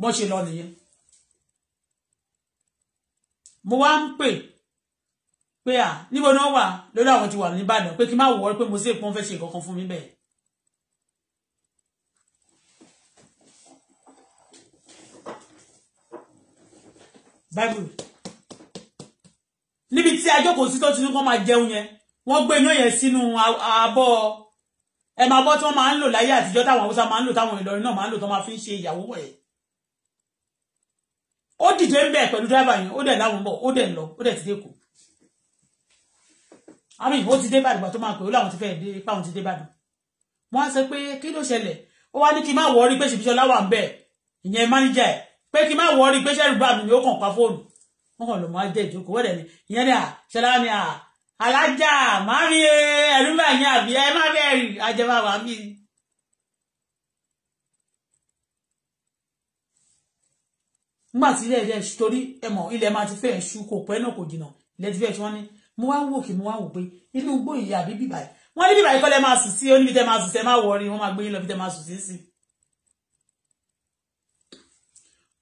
wọ́n ṣe lọ nìyẹn mo wá ń pè pé à níbo náà wà lórí àwọn tí wà ní Ìbàdàn pé kí n má wọ̀ ọ́ pé mo sì pọ́n fẹ́ ṣe kankan fún mi bẹ́ẹ̀. Bible níbi tí ajókòó sí tó ti ní kó máa jẹun yẹn wọ́n gbé iyán yẹn sínú abọ́ ẹ máa bọ́ tí wọ́n máa ń lò láyé àtijọ́ táwọn Haúsá máa ń lò táwọn Ìlọrin náà máa ń lò tó máa fi ń ṣe ìyàwó wọ̀nyẹn ó dìde ń bẹ̀ pẹ̀lú dráìbà yẹn ó dẹ̀ láwọn bọ̀ ó dẹ̀ lọ ó dẹ̀ ti dé kù àmì ìbò ti dé bàdàn gbà tó máa pè ó láwọn ti fẹ́ dé ipá òun ti dé bàdàn wọ́n á sọ pé kí ló ṣẹlẹ̀ ó wá ní kí n má wọrí pé ṣèbíṣọlá wà ń bẹ̀ ìyẹn máníjà ẹ̀ pé kí n má wọrí pé ṣẹ́rù bá mi ni ó kàn pa fóònù wọn kàn ló máa jẹ́ ìjókòó wọ́n dẹ̀ ni ìyẹn ni à ṣẹlá ni à alájà má mi e, ẹ̀rú bá yín àbí ẹ má bẹ̀rù ajẹ́bá wa mí. nígbà tí ilé ẹ̀jẹ̀ torí ẹ̀mọ̀ ilẹ̀ máa ti fẹ́ ṣú kò pẹ́ náà kò jìnnà ilẹ̀ ti fẹ́ ṣú wọn ni mo wá ń wò kí mo wá wò pé inú igbó àbí bíbáyìí wọ́n ní bíbáyìí kọ́lẹ́ máa sùn sí ó níbi tẹ́ máa sùn sí ẹ má wọrí wọ́n máa gbé yín lọ bí tẹ́ máa sùn sí sí i.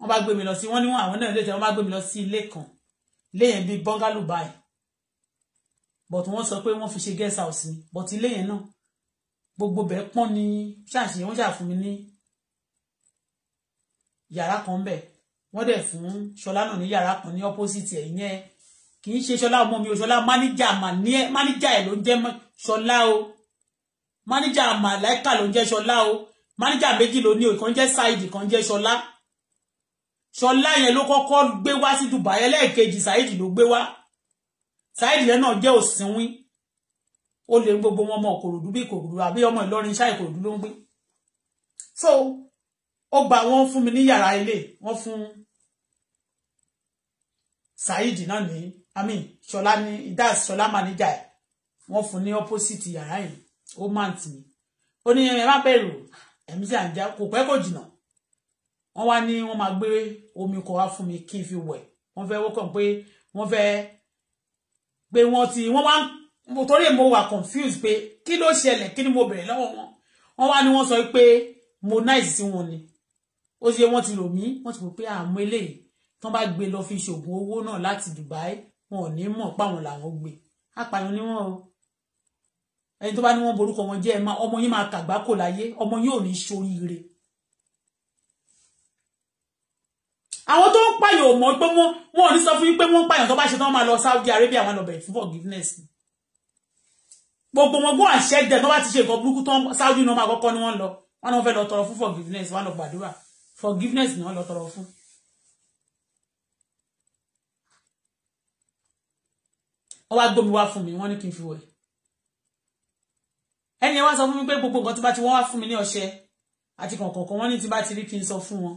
wọ́n bá gbé mi lọ sí wọ́n níwọ̀n àwọn náà lè jẹ́ wọ́n bá gbé mi lọ sí ilé kan ilé yẹn bíi bọ́ngálù báyìí but wọ́n sọ pé wọ́n fi ṣe guest house ni but ilé yẹn náà gbogbo bẹ́ẹ̀ pọ́n ní ṣáàṣì wọ́n ṣàfún mi ní yàrá kan bẹ̀ wọ́n dẹ̀ fún ṣọlá náà ní yàrá kan ní opposite ẹ̀ yẹn kì í ṣe ṣọlá ọmọ mi o ṣọlá máníjà máníjà ẹ̀ ló ń jẹ́ ṣọlá o máníjà màláìkà ló ń jẹ́ ṣọlá o máníjà méjì ló ní o ìkan jẹ́ ṣáìdì kan ṣọlá ṣọlá yẹn ló kọ́kọ́ gbé wá sí Dubai ẹlẹ́ẹ̀kejì Saidi ló gbé wá Saidi yẹn náà jẹ́ òsínwín ó lè gbogbo wọn ọmọ òkòròdú bí ìkòròdú àbí ọmọ Ìlọrin ṣáà ìkòròdú ló ń gbé so ó gba wọn fún mi ní yàrá ilé wọn fún Saidi náà ní àmì ṣọlá ní idas ṣọlá manager ẹ wọn fún ní opposite yàrá yìí ó máa ń tì mí ó ní ẹ má bẹ̀rù ẹ̀mí sí àǹjá kò pẹ́ kò jìnnà wọ́n wá ní wọ́n máa gbé omi kan wá fún mi kí n fi wẹ̀ wọ́n fẹ́ wọ́kàn pé wọ́n fẹ́ pé wọ́n ti wọ́n wá mo torí mo wà confused pé kí ló ṣẹlẹ̀ kí ni mo bẹ̀rẹ̀ lọ́wọ́ wọn wọ́n wá ní wọ́n sọ pé mo nice sí wọn ni ó ṣe wọ́n ti rò mí wọ́n ti rò pé àmọ́ eléyìí tí wọ́n bá gbé lọ fi ṣògùn owó náà láti Dubai wọn ò ní mọ̀ páwọn làwọn gbé apààyàn ni wọn o ẹni tó bá ní wọn borúkọ wọn jẹ́ ẹ máa ọmọ yín máa kàgbákò láyé ọmọ yín ò ní ṣoríire àwọn tó ń pààyàn ò mọ̀ pé wọ́n wọn ò ní sọ fún yín pé wọ́n ń pààyàn tó bá ṣe tán máa lọ Saudi Arabia wọn lọ bẹ̀rẹ̀ fún forgiveness gbogbo wọn gbọ́ àṣẹ dẹ̀ tó bá ti ṣe nǹkan burúkú tán Saudi náà máa kọ́kọ́ ni wọ́n lọ wọn náà fẹ́ lọ tọrọ fún forgiveness wọn lọ gbàdúrà forgiveness ni wọ́n lọ tọrọ fún. wọ́n wá gbómi wá fún mi wọ́n ní kí n fi wẹ̀ ẹni ẹ wá sọ fún mi pé gbogbo nǹkan tí bá ti wọ́n wá fún mi ní ọṣẹ àti kọ̀ọ̀kọ̀ọ̀kan wọ́n ní tí bá ti rí kí n sọ fún wọn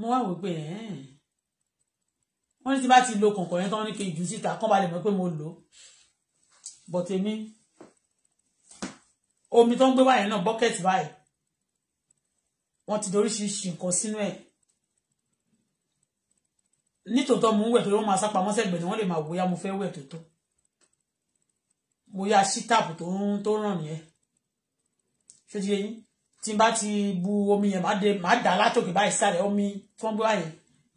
mo wá wò pé wọ́n ní tí bá ti lo kọ̀ǹkọ̀ yẹn tán ní kí n jù síta kán balẹ̀ mọ́ pé mo lò ó but èmi omi tó ń gbé wáyé náà bọ́kẹ́tì báyìí wọ́n ti doríṣiríṣi nǹkan sínú ẹ̀ nítòótọ́ mo ń wẹ̀ torí wọ́n máa sápamọ́ sẹ́gbẹ̀ẹ́ ni wọ́n lè máa wòóyá mo fẹ́ wẹ̀ tòótọ́ mo yá sí táàpù tó ń tó ràn yẹn ṣé ti yẹ yín tí n bá ti bu omi yẹn má dà látòkè báyìí sálẹ̀ omi tí wọ́n gbé báyìí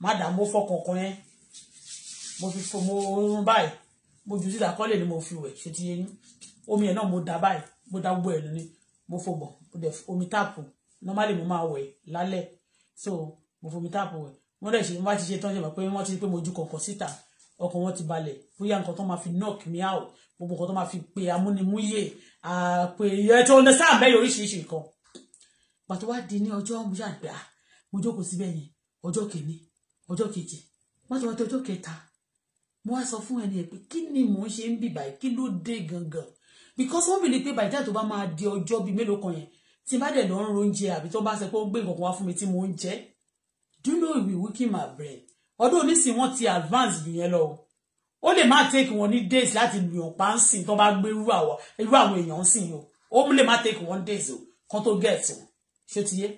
má dà mo fọ kọ̀ọ̀kan yẹn mo fi fọ mo rún báyìí mo jù síta kọ́lé ni mo fi wẹ̀ ṣe ti yẹn omi yẹn náà mo dà báyìí mo dà gbogbo ẹ̀ lónìí mo fò bọ̀ mo dẹ̀ omi táàpù normally mo máa wẹ̀ lálẹ́ so mo fomi táàpù wẹ̀ wọ́n dẹ̀ ṣe wọ́n bá ti ṣe tán ṣe mọ̀ pé wọ́n ti pé mo ju kọ̀ọ̀kan síta ọkàn wọn ti balẹ̀ bóyá nǹkan tó máa fi knock me out gbogbo nǹkan tó máa fi pe amúnimúyè àpè ẹ̀ tó ń dẹ́ sáà bẹ́ẹ̀ oríṣiríṣi nǹkan pàtó wá di ní ọjọ́ mo ṣàgbà ah, mo jókòó síbẹ̀ yẹn ọjọ́ kìíní ọjọ́ kejì wọ́n ti wá tó ọjọ́ kẹta mo wá sọ fún ẹni ẹ̀ pé kí ni mò ń ṣe ń bì báyìí kí ló dé gangan because wọ́n bìlí pé bàjẹ́ tó bá máa di ọjọ́ bíi mélòó kan yẹn tí bá dẹ̀ lọ ń roúnjẹ àbí tó bá sọ pé ó gbé nǹkan wá fún mi tí mò ń jẹ do you know we weaken my brain ọdún onísìn wọn ti advance jù yẹn lọ ó lè má take wọn ní days láti lùyàn pánsìn tó bá gbé irú àwọn èèyàn sìn o ó lè má take wọn days o kan tó get wọn ṣé ti yé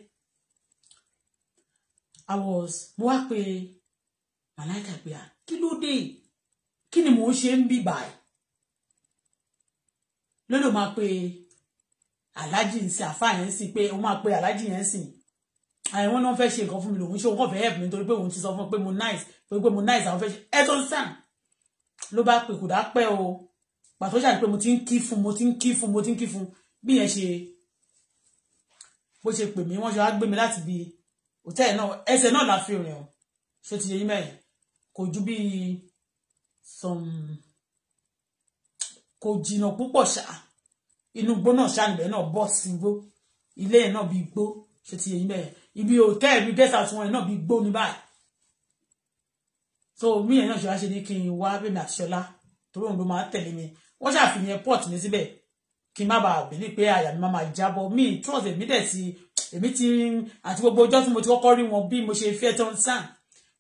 i was mo wá pé màláìka pé à kí ló dé kí ni mò ń ṣe ń bì báyìí lódò máa pé aláàjì ń sin àfáà yẹn ń sin pé òun máa pé aláàjì yẹn ń sìn àwọn náà fẹ́ ṣe nǹkan fún mi lòun ṣe òun kàn fẹ́ help mi nítorí pé òun ti sọ fún mi pé mo nice pé mo nice àwọn fẹ́ ṣe ẹ tó ń sàn ló bá pè kò dá pẹ́ o pàtó ṣàdí pé mo ti ń kí fún mo ti ń kí fún mo ti ń kí fún bí yẹn ṣe bó ṣe pè mí wọ́n ṣe wá gbé mi láti bi hòtẹ́ẹ̀lì náà ẹsẹ̀ náà la fi rìn o ṣó ti yẹ yín mẹ́rin kò ju bí some kò jìnnà púpọ̀ ṣá inú igbó náà ṣá níbẹ̀ náà bọ́ sí igbó ilé yẹn náà bí igbó ṣó ti yẹ yín mẹ́rin ibi hòtẹ́ẹ̀lì bí gẹ́sà tí wọ́n yẹn náà bí igbó ní báyìí so mí yẹn náà ṣe wá ṣe ní kí n wá bèbè àṣọlá torí òun ló máa tẹ̀lé mi wọ́n ṣàfihàn port mi síbẹ̀ kí n má bàa bìlí pé àyà mi máa jábọ́ mi trust èmi dẹ̀ ti èmi ti àti gbogbo ọjọ́ tí mo ti kọ́kọ́ rí wọn bí mo ṣe fẹ́ tó ń sàn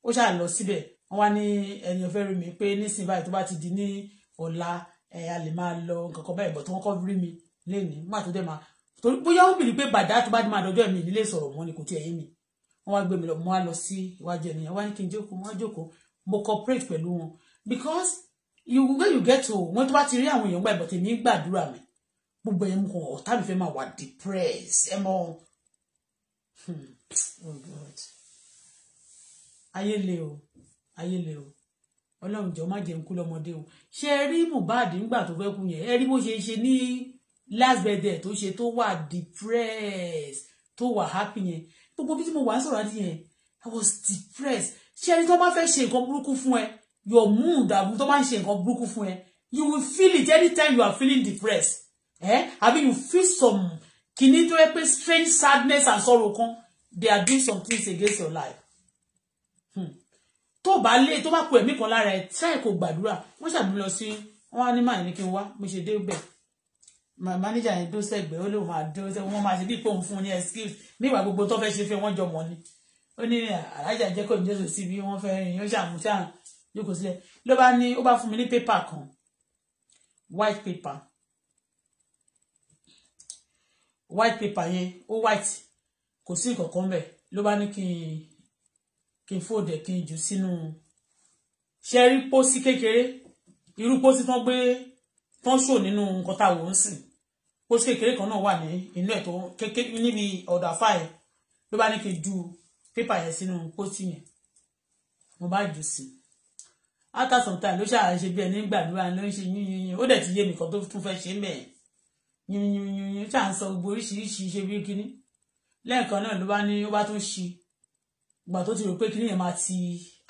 ó ṣáà lọ síbẹ̀ wọ́n wá ní ẹni ọ̀fẹ́ rí mi pé nísìnyí báyìí tó bá ti di ní ọ̀la a lè máa lọ nǹkan kan báyìí bọ̀ tó wọ́n rí mi léèní má tó dẹ̀ máa torí bóyá ó bìlí pé bàdá tó bá di máa dọjọ́ mi nílé sọ̀rọ̀ mọ́ ni kò tiẹ̀ yé mi wọ́n wá gbé mi lọ mo wá lọ sí iwájú ènìyàn wá ní kí n jókòó mo jókòó mo cooperate pẹ̀lú wọn because you when you get to wọn tó bá ti rí àwọn èèyàn gbà ìbọ̀tẹ̀ mi gbàdúrà mi gbogbo ẹ̀yẹ́ mọ̀ ọ̀tá mi fẹ́ máa wà depressed ẹ mọ̀ hmm, oh God ayé le o ayé le o ọlọ́run jọ̀ọ́ má jẹun kú lọ́mọdé o ṣé ẹ rí Mohbad nígbà tó fẹ́ kú yẹn ẹ rí bó ṣe ṣe ní last birthday tó ṣe tó wà depressed tó wà happy yẹn gbogbo bí tí mo wà ń sọ̀rọ̀ àti yẹn I was depressed ṣé ẹni tó bá fẹ́ ṣe nǹkan burúkú fún ẹ your mood àbúrò tó bá ń ṣe nǹkan burúkú fún ẹ you will feel it anytime you are feeling depressed eh? àbí you feel some kìíní tó yẹ strange sadness and sorrow kan they are doing some things against your life hmm. tó bá lé tó bá kú ẹ̀mí kan lára ẹ̀ try kò gbàdúrà wọ́n ṣàbí lọ sí wọ́n á ní màá ní kí n wá mo ṣe dé bẹ̀ my manager yẹn dó sẹ́gbẹ́ ó lóun máa dó sẹ́gbẹ́ wọ́n máa ṣe bí pé òun fún un ní excuse nígbà gbogbo tó fẹ́ ṣe fẹ́ wọ́n jọ mọ́ ni ó ní alájà jẹ́ kó ìjọ́sọ̀ sí bí wọ́n fẹ́ rìn yóò ṣàmú ṣáà jókòó sílẹ̀ ló bá ní ó bá fún mi ní pépà kan white paper white paper yẹn ó white kò sí nǹkan kan bẹ̀ ló bá ní kí n kí n fòdẹ̀ kí n jù sínú ṣe rí pósí kékeré irú pósí tán gbé tán ṣò nínú nǹkan tá a wò ń sìn pósí kékeré kan náà wà ní inú ẹ̀ tó kékeré níbi ọ̀dọ̀ àfà yẹn ló bá ní kí n ju pépà yẹn sínú pósí yẹn mo bá jù sí after some time ló ṣàṣe bí ẹni gbàdúrà ló ń ṣe yín yín yín ó dẹ̀ ti yé mi kan tó tún fẹ́ ṣe mẹ́ẹ̀ yìnyínyìnyín ṣà ń sọ gbogbo oríṣiríṣi ṣe bí kíní lẹ́ẹ̀kan náà ló bá ní ó bá tún ṣí ìgbà tó ti rò pé kíní yẹn máa ti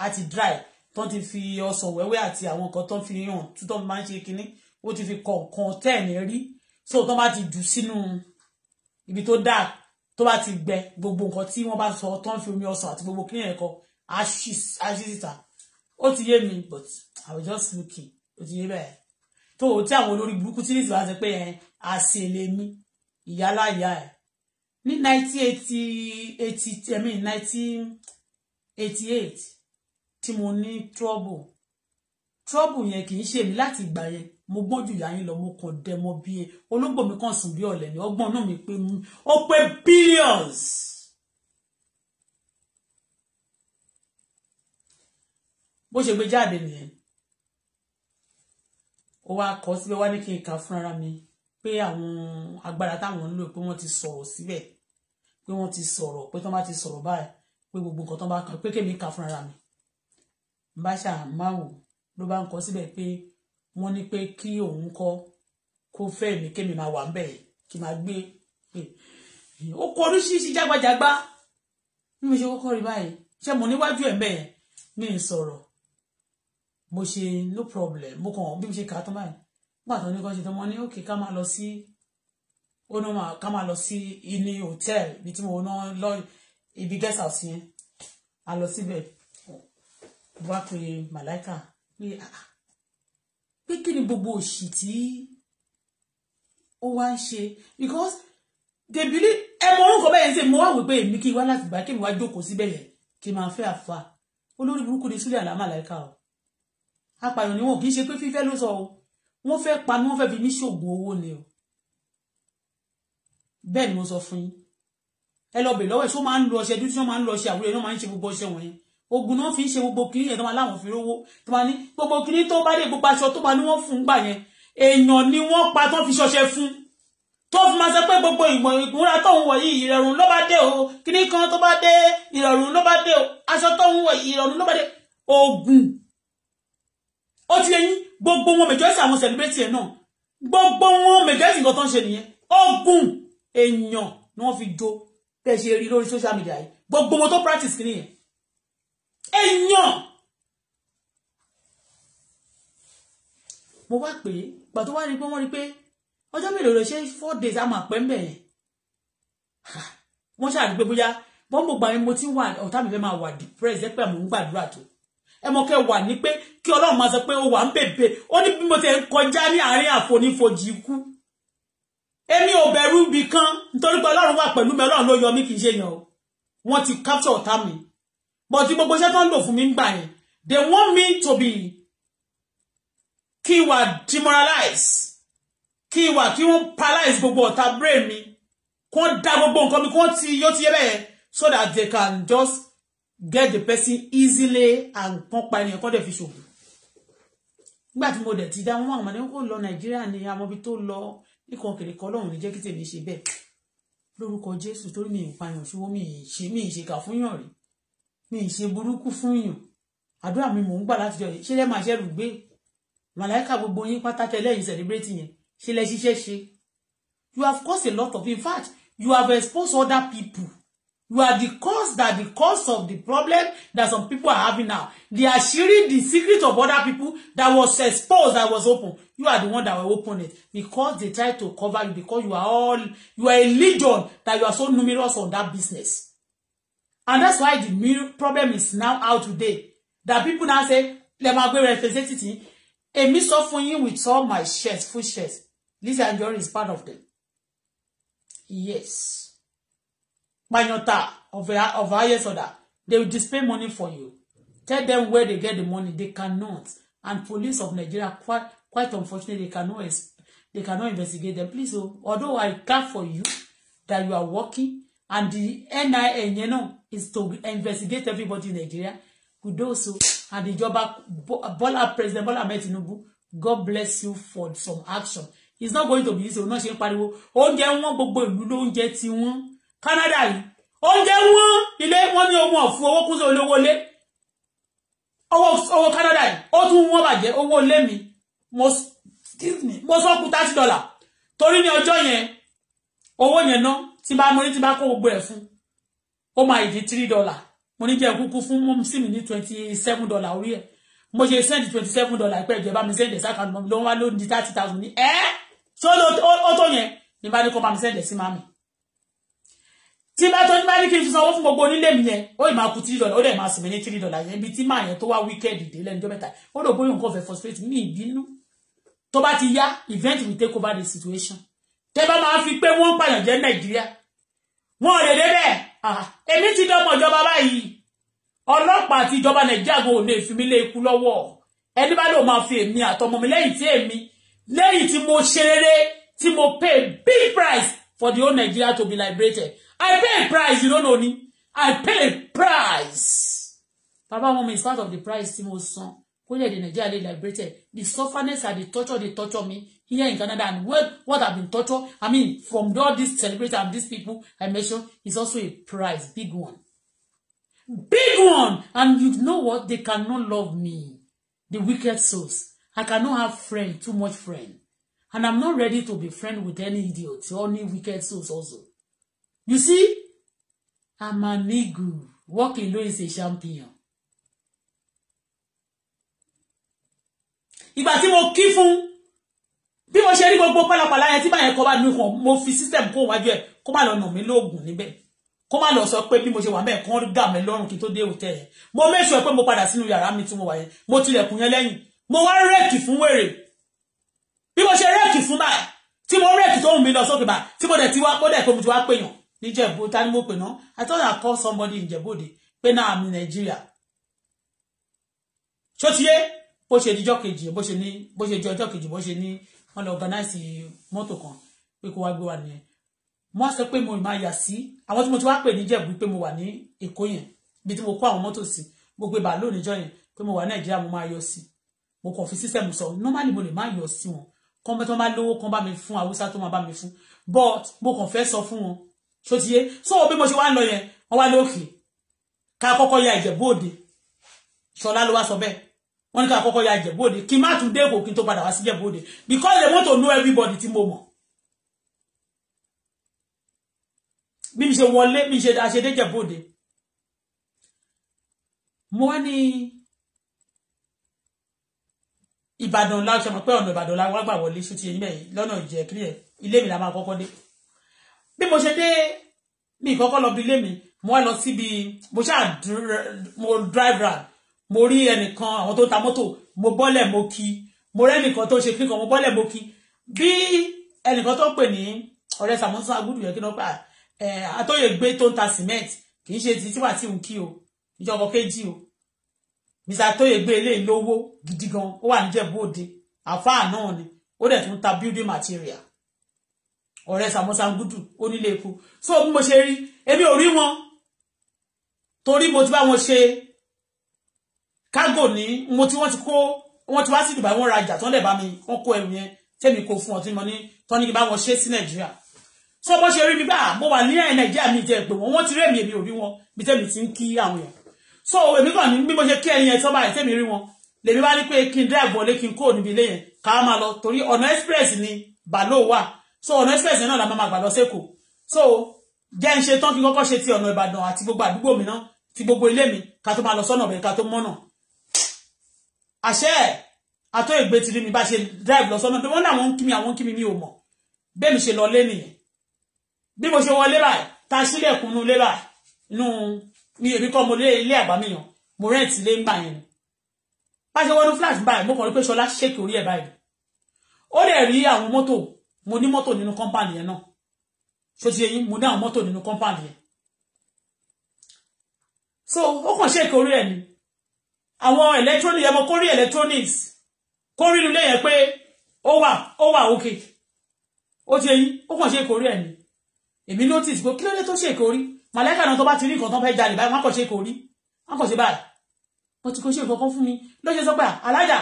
á ti dry tó ti fi ọsàn wẹ́wẹ́ àti àwọn nǹkan tó fi hàn tó tó máa ń ṣe kíní ó ti fi kọ̀ọ̀kan tẹ́ẹ̀ní rí so tó bá ti jù sínú ibi tó dáa tó bá ti gbẹ gbogbo nǹkan tí wọ́n bá sọ tó ń fi omi ọsàn àti gbogbo kíní yẹn kọ á ṣí síta ó ti yé mi but I was just looking ó ti yé bẹ́ẹ̀ tó o tí àwọn olórí burúkú tí nìtìwá ṣe pé ẹ àṣẹ lèmi ìyáláyà ẹ ní nineteen eighty eighty i mean nineteen eighty eight tí mo ní trouble trouble yẹn kì í ṣe mi láti ìgbà yẹn mo gbọ́n jù yáyín lọ mo kàn dẹ mọ bí e ológbò mi kàn sùn bí ọ̀lẹ ni ọgbọ́n náà mi pé ó pé billions. bó ṣe gbé jáde nìyẹn ó wá kọ síbẹ̀ wá ní kí n kà fúnra mi pé àwọn agbára táwọn ń lò pé wọ́n ti sọ̀rọ̀ síbẹ̀ pé wọ́n ti sọ̀rọ̀ pé tán bá ti sọ̀rọ̀ báyìí pé gbogbo nǹkan tán bá kàn pé kémi kà fúnra mi bá ṣáà máa wò ló bá ń kọ síbẹ̀ pé wọ́n ní pé kí òun kọ́ kó fẹ́ mi kémi máa wà ń bẹ̀ kí máa gbé e. ó kọ oríṣiríṣi jágbajàgba bí mo ṣe kọ́kọ́ rí báyìí ṣé mo níwájú ẹ̀ bẹ́ẹ̀ mi ì sọ̀rọ̀ mo ṣe no problem mo kàn bí mo ṣe kà á tán báyìí nígbà tó ní kàn ṣe tán mo ní òkè ká máa lọ sí ó ná máa ká máa lọ sí ilé hòtẹ́ẹ̀lì ibi tí mo ná lọ ibi guest house yẹn a lọ síbẹ̀ wá pe màláìkà pé ah, ah. pé kí ni gbogbo òṣì tí ó wá ń ṣe because they believe ẹ mọ orúkọ bẹ́ẹ̀ ń sè mo wá wò pé èmi kí n wá láti gbà kí n wá jókòó síbẹ̀ yẹn kí n máa fẹ́ àfa olórí burúkú ni sílẹ̀ àlámà láìka o apààyàn ni wọn kì í ṣe pé fífẹ́ ló sọ o wọ́n fẹ́ pa ni wọ́n fẹ́ fi mí ṣoògùn owó ni o bẹ́ẹ̀ ni mo sọ fún yín ẹ lọ bẹ̀ lọ́wọ́ ẹ̀ ṣó máa ń lo ọṣẹ dúdú ṣó máa ń lo ọṣẹ àwúrẹ́ náà máa ń ṣe gbogbo ọṣẹ wọ̀nyẹn ogun náà fi ń ṣe gbogbo kiri yẹn tó máa láwọn fi rówó tó máa ní gbogbo kiri tó bá dé gbogbo aṣọ tó máa ní wọ́n fún gbà yẹn èèyàn ni wọ́n pa tó fi ṣọṣẹ fún tó fi máa sọ pé gbogbo ìgbọ̀n ìkúnra tó ń wọ̀ yìí ìrọ̀rùn ló bá dé o kiri kan tó bá dé ìrọ̀rùn ló bá dé o aṣọ tó ń wọ̀ yìí ìrọ̀rùn ló bá dé ogun ó ti yẹn gbogbo wọn majority àwọn celebrity ẹ̀ náà gbogbo wọn majority nǹkan tó ń ṣe nìyẹn ogun èèyàn ni wọ́n fi jó tẹ̀ ṣe rí lórí social media yìí gbogbo wọn to practice kìíní yẹn èèyàn mo wa pé gbà tó wá rí pé wọ́n rí pé ọjọ́ mélòó ló ṣe four days a máa pẹ́ ń bẹ̀ yẹn wọ́n ṣàrí pé bóyá bọ́m̀bù gbà mo ti wà ọ̀tá mi fẹ́ máa wà depressed pé mo ń gbàdúrà tó ẹ mọ kẹ wà ní pé kí Ọlọ́run máa sọ pé ó wà ń bèbè ó ní bí mo ti kọjá ní àárín àfonífojì ikú èmi ò bẹ̀rù ibì kan nítorí pé Ọlọ́run wà pẹ̀lú mi Ọlọ́run ló yọ mí kì í ṣe yàn o wọ́n ti capture ọ̀tá mi but gbogbo iṣẹ́ tó ń lò fún mi ń gbà yẹn they want me to be kí wà demoralize kí wà kí wọ́n paralyze gbogbo ọ̀tá brain mi kí wọ́n da gbogbo nǹkan mi kí wọ́n ti yóò ti yẹ bẹ́ẹ̀ so that they can just get the person easily and kan pa ènìyàn kọ́ dẹ̀ fi ṣòfò nígbà tí mo dẹ̀ ti dá wọn àwọn ọmọdé kò lọ nàìjíríà ni àwọn ibi tó lọ nìkan kèrè kọ́ lọ́hùn ní jẹ́ kí tèmi ṣe bẹ́ẹ̀ lórúkọ jésù torí mi ì pààyàn ṣòwò mi ì ṣe mi ì ṣe kà fún yàn rí mi ì ṣe burúkú fún yàn àdúrà mi mò ń gbà láti jọ yìí ṣé lẹ́ máa ṣẹ́rù gbé màláìka gbogbo yín pátákẹ́ lẹ́yìn celebrate yẹn ṣe lẹ́ ṣiṣẹ́ ṣe you have caused a lot of in fact you have exposed other people You are the cause that the cause of the problem that some people are having now. They are sharing the secret of other people that was exposed, that was open. You are the one that will open it because they try to cover you because you are all, you are a legion that you are so numerous on that business. And that's why the problem is now out today. That people now say, let me go representative. Èmi sọ fún yín with all my shares, full shares. Lizzy is part of them. Yes panyota of a, uh, of highest order they will display money for you tell them where they get the money they cannot and police of Nigeria quite quite unfortunately they cannot they cannot investigate them please o oh, although I care for you that you are working and the NIN you know is to investigate everybody in Nigeria kudoso and the ìjọba Bola President Bola Ahmed Tinubu God bless you for some action it's not going to be easy o náà ṣe ń pariwo oúnjẹ wọn gbogbo ìlú lóúnjẹ tí wọn. Canada yìí oúnjẹ wọn ilé wọn ní ohun ọ̀fun owó kún olówó ilé owó Canada yìí ó tún wọ́n bàjẹ́ owó ilé mi mo sọ kú thirty dollar torí ní ọjọ́ yẹn owó yẹn ná tí bá mo ní tí bá kó gbogbo ẹ̀ fún ó máa ìdí three dollar mo ní jẹ́ kúkú fún mọ́mí ní twenty seven dollar orí ẹ̀ mo ṣe send twenty seven dollar pẹ́ ìjọba mi send ẹ̀sà kan ló ń wá lóun di thirty thousand ní ẹ́ ṣó ó tó yẹn ni bá ní kó máa mi send ẹ̀ máa mi tí bá tó ní bá ní kí n fi sanwó fún gbogbo onílé mi yẹn ó ì máa kú three dollar ó dẹ̀ máa sì mí ní three dollar yẹn ibi tí máa yẹn tó wá wíkẹ́ẹ̀dì dé lẹ́nu jọ́mẹ́ta ó rò bóyá nǹkan fẹ́ frustrate mí ìbínú tó bá ti yá event will take over the situation tẹ́ bá máa fi pé wọ́n pààyàn jẹ́ nàìjíríà wọn ò lè dé bẹ́ẹ̀ èmi ti dọ́mọ̀ ìjọba báyìí ọlọ́pàá àti ìjọba nàìjíríà kò lè fi mí lé ikú lọ́wọ́ ẹni bá mi lẹ́yìn tí mo ṣe rere pay big price for the whole Nigeria to be liberated I pay a price, you don't know me. I pay a price. Papa, mom is part of the price Timo's son, who Kóyè di Nigeria liberated. The sufferness and the torture they torture me here in Canada and what what I've been tortured. I mean from all these celebrities and these people I mentioned is also a price, big one. Big one! And you know what? They cannot love me. The wicked souls. I cannot have friend, too much friend. And I'm not ready to be friend with any idiot or any wicked souls also. You see, Amanigu walking low is a champion. Ìgbà tí mo kí fún bí mo ṣe rí gbogbo pálapàla yẹn tí báyẹn kọ́ bá nu kàn mo fi system kó wájú ẹ̀ kó má lọ nà mí lóògùn níbẹ̀ kó má lọ sọ pé bí mo ṣe wà bẹ́ẹ̀ kán gà mí lọ́rùn kí n tó dé hotel yẹn mo mẹ́sọ̀ pé mo padà sínú yàrá mi tí mo wà yẹn mo tilẹ̀kùn yẹn lẹ́yìn mo wá rẹ́ẹ̀kì fún wèrè bí mo ṣe rẹ́ẹ̀kì fún báyìí tí mo rẹ́ẹ̀kì tó ń mi lọ sókè báyìí tí mo dẹ̀ ti wá kó dẹ̀ tó mo ti wá pèèyàn níjẹ̀bú ta ni mo pè náà I thought I call somebody in Jẹ̀bóde pé náà àmì Nàìjíríà ṣó ti yé bó ṣe dijọ́ kejì bó ṣe ní bó ṣe jọ ọjọ́ kejì bó ṣe ní wọ́n lọ organize mọ́tò kan pé kó wá gbé wa nìyẹn mo á sọ pé mo máa yà sí àwọn tí mo ti wá pè níjẹ̀bú pé mo wà ní Èkó yẹn bí tí mo kó àwọn mọ́tò sí mo gbé bàálù níjọ́ yẹn pé mo wà Nàìjíríà mo máa yọ sí mo kàn fi system sọ normally mo lè má yọ sí wọn kọ́ńbẹ́ tó máa lówó kán bá mi fún Haúsá tó máa bá mi fún but mo kàn fẹ́ sọ fún wọn so ti so Obi mo ṣe wá ń lọ yẹn wọ́n wá lókè ká kọ́kọ́ ya Ìjẹ̀bú Òde Ṣọlá ló wá sọ bẹ́ẹ̀ wọ́n ní ká ya Ìjẹ̀bú Òde kí n má tún dé Èkó kí n tó padà wá sí because they want to know everybody ti mo mọ̀ bí mi ṣe wọlé bí mi ṣe àṣedé Ìjẹ̀bú Òde mo wá ní Ìbàdàn láwọn ṣe mọ̀ pé ọ̀nà Ìbàdàn láwọn gbà wọlé ṣó ti yẹ níbẹ̀ yìí lọ́nà ìjẹ́ kílẹ̀ ilé mi la máa kọ́kọ́ dé bí mo ṣe dé mi kọ́kọ́ lọ bí ilé mi mo wá lọ síbi mo ṣáà mo drive round mo rí ẹnìkan àwọn tó ta mọ́tò mo bọ́lẹ̀ mo kí mo rẹ́ nìkan tó ṣe kíkan mo bọ́lẹ̀ mo kí bí ẹnìkan tó pè ní ọ̀rẹ́ samusa agudu yẹn kí ló pa ah, àtọ́yẹ eh, gbé tó ń ta cement kì í ṣe ti tíwà tí ń kí o ìjọba kejì o mr àtọ́yẹ gbé eléyìí lówó gidi gan ó wà níjẹ̀bú òde àfáà náà ni ó dẹ̀ tún ta building material ọ̀rẹ́ sàmọ́sàngúdù onílé epo so bí mo ṣe rí èmi ò rí wọn torí mo ti bá wọn ṣe kágò ní mo ti wọ́n ti kó wọ́n ti wá sí Dubai wọ́n ra ìjà tán lẹ̀ bá mi wọ́n kó ẹrù yẹn tẹ́mi kò fún ọtí mo ní tán ní bá wọn ṣe sí Nàìjíríà so bó ṣe rí mi bá mo wà ní Nàìjíríà mi jẹ́ pé wọ́n wọ́n ti rí èmi èmi ò wọn bí tẹ́mi ti ń kí àwọn èèyàn so èmi kàn ní bí mo ṣe kí ẹyin ẹ̀ tán báyìí tẹ́mi rí wọn lèmi bá ní pé kí n drive wọlé kí n kó níbi ilé yẹn ká máa lọ torí ọ̀nà express ni bàlóò wà so ọ̀nà express yẹn náà la máa gbà lọ sẹ́kọ̀ọ́ so jẹ́ ń ṣe tán kí kọ́kọ́ ṣe ti ọ̀nà ìbàdàn àti gbogbo àdúgbò mi náà ti gbogbo ilé mi ká tó máa lọ sọ́nà ọ̀bẹ̀ ká tó mọ́nà àṣẹ àtọ́ ìgbé ti rí mi bá ṣe drive lọ sọ́nà wọ́n náà wọ́n ń kí mi àwọn ń kí mi mi ò mọ̀ bẹ́ẹ̀ mi ṣe lọ lé nìyẹn bí mo ṣe wọlé báyìí ta sílẹ̀kùn nú lé báyìí mi èmi kọ́ mo lé ilé àbámiyàn mo rẹ́ǹtì lé ń gbà yẹn bá ṣe wọnú flat báyìí mo kàn rí pé ṣọlá ṣèkì orí ẹ̀ báyìí ó dẹ̀ rí àwọn mọ́tò mo ní mọ́tò nínú kọ́mpáànì yẹn náà ṣó ti yẹyin mo ní àwọn mọ́tò nínú kọ́mpáànì yẹn so ó kàn ṣe ìkórè ẹ̀ ni àwọn electronics ẹmọ kórè electronics kórè inú lẹ́yìn pé ó wà ó wà òkè ó ti yẹyin ó kàn ṣe ìkórè ẹ̀ ni èmi notice pé kí ló dé tó ṣe ìkórè màlẹ́kà náà tó bá ti rí nǹkan tó fẹ́ jalè báyìí wọ́n kàn ṣe ìkórè wọ́n kàn ṣe báyìí wọ́n ti kò ṣe nǹkan kan fún mi ló ṣe sọ pé ah, alájà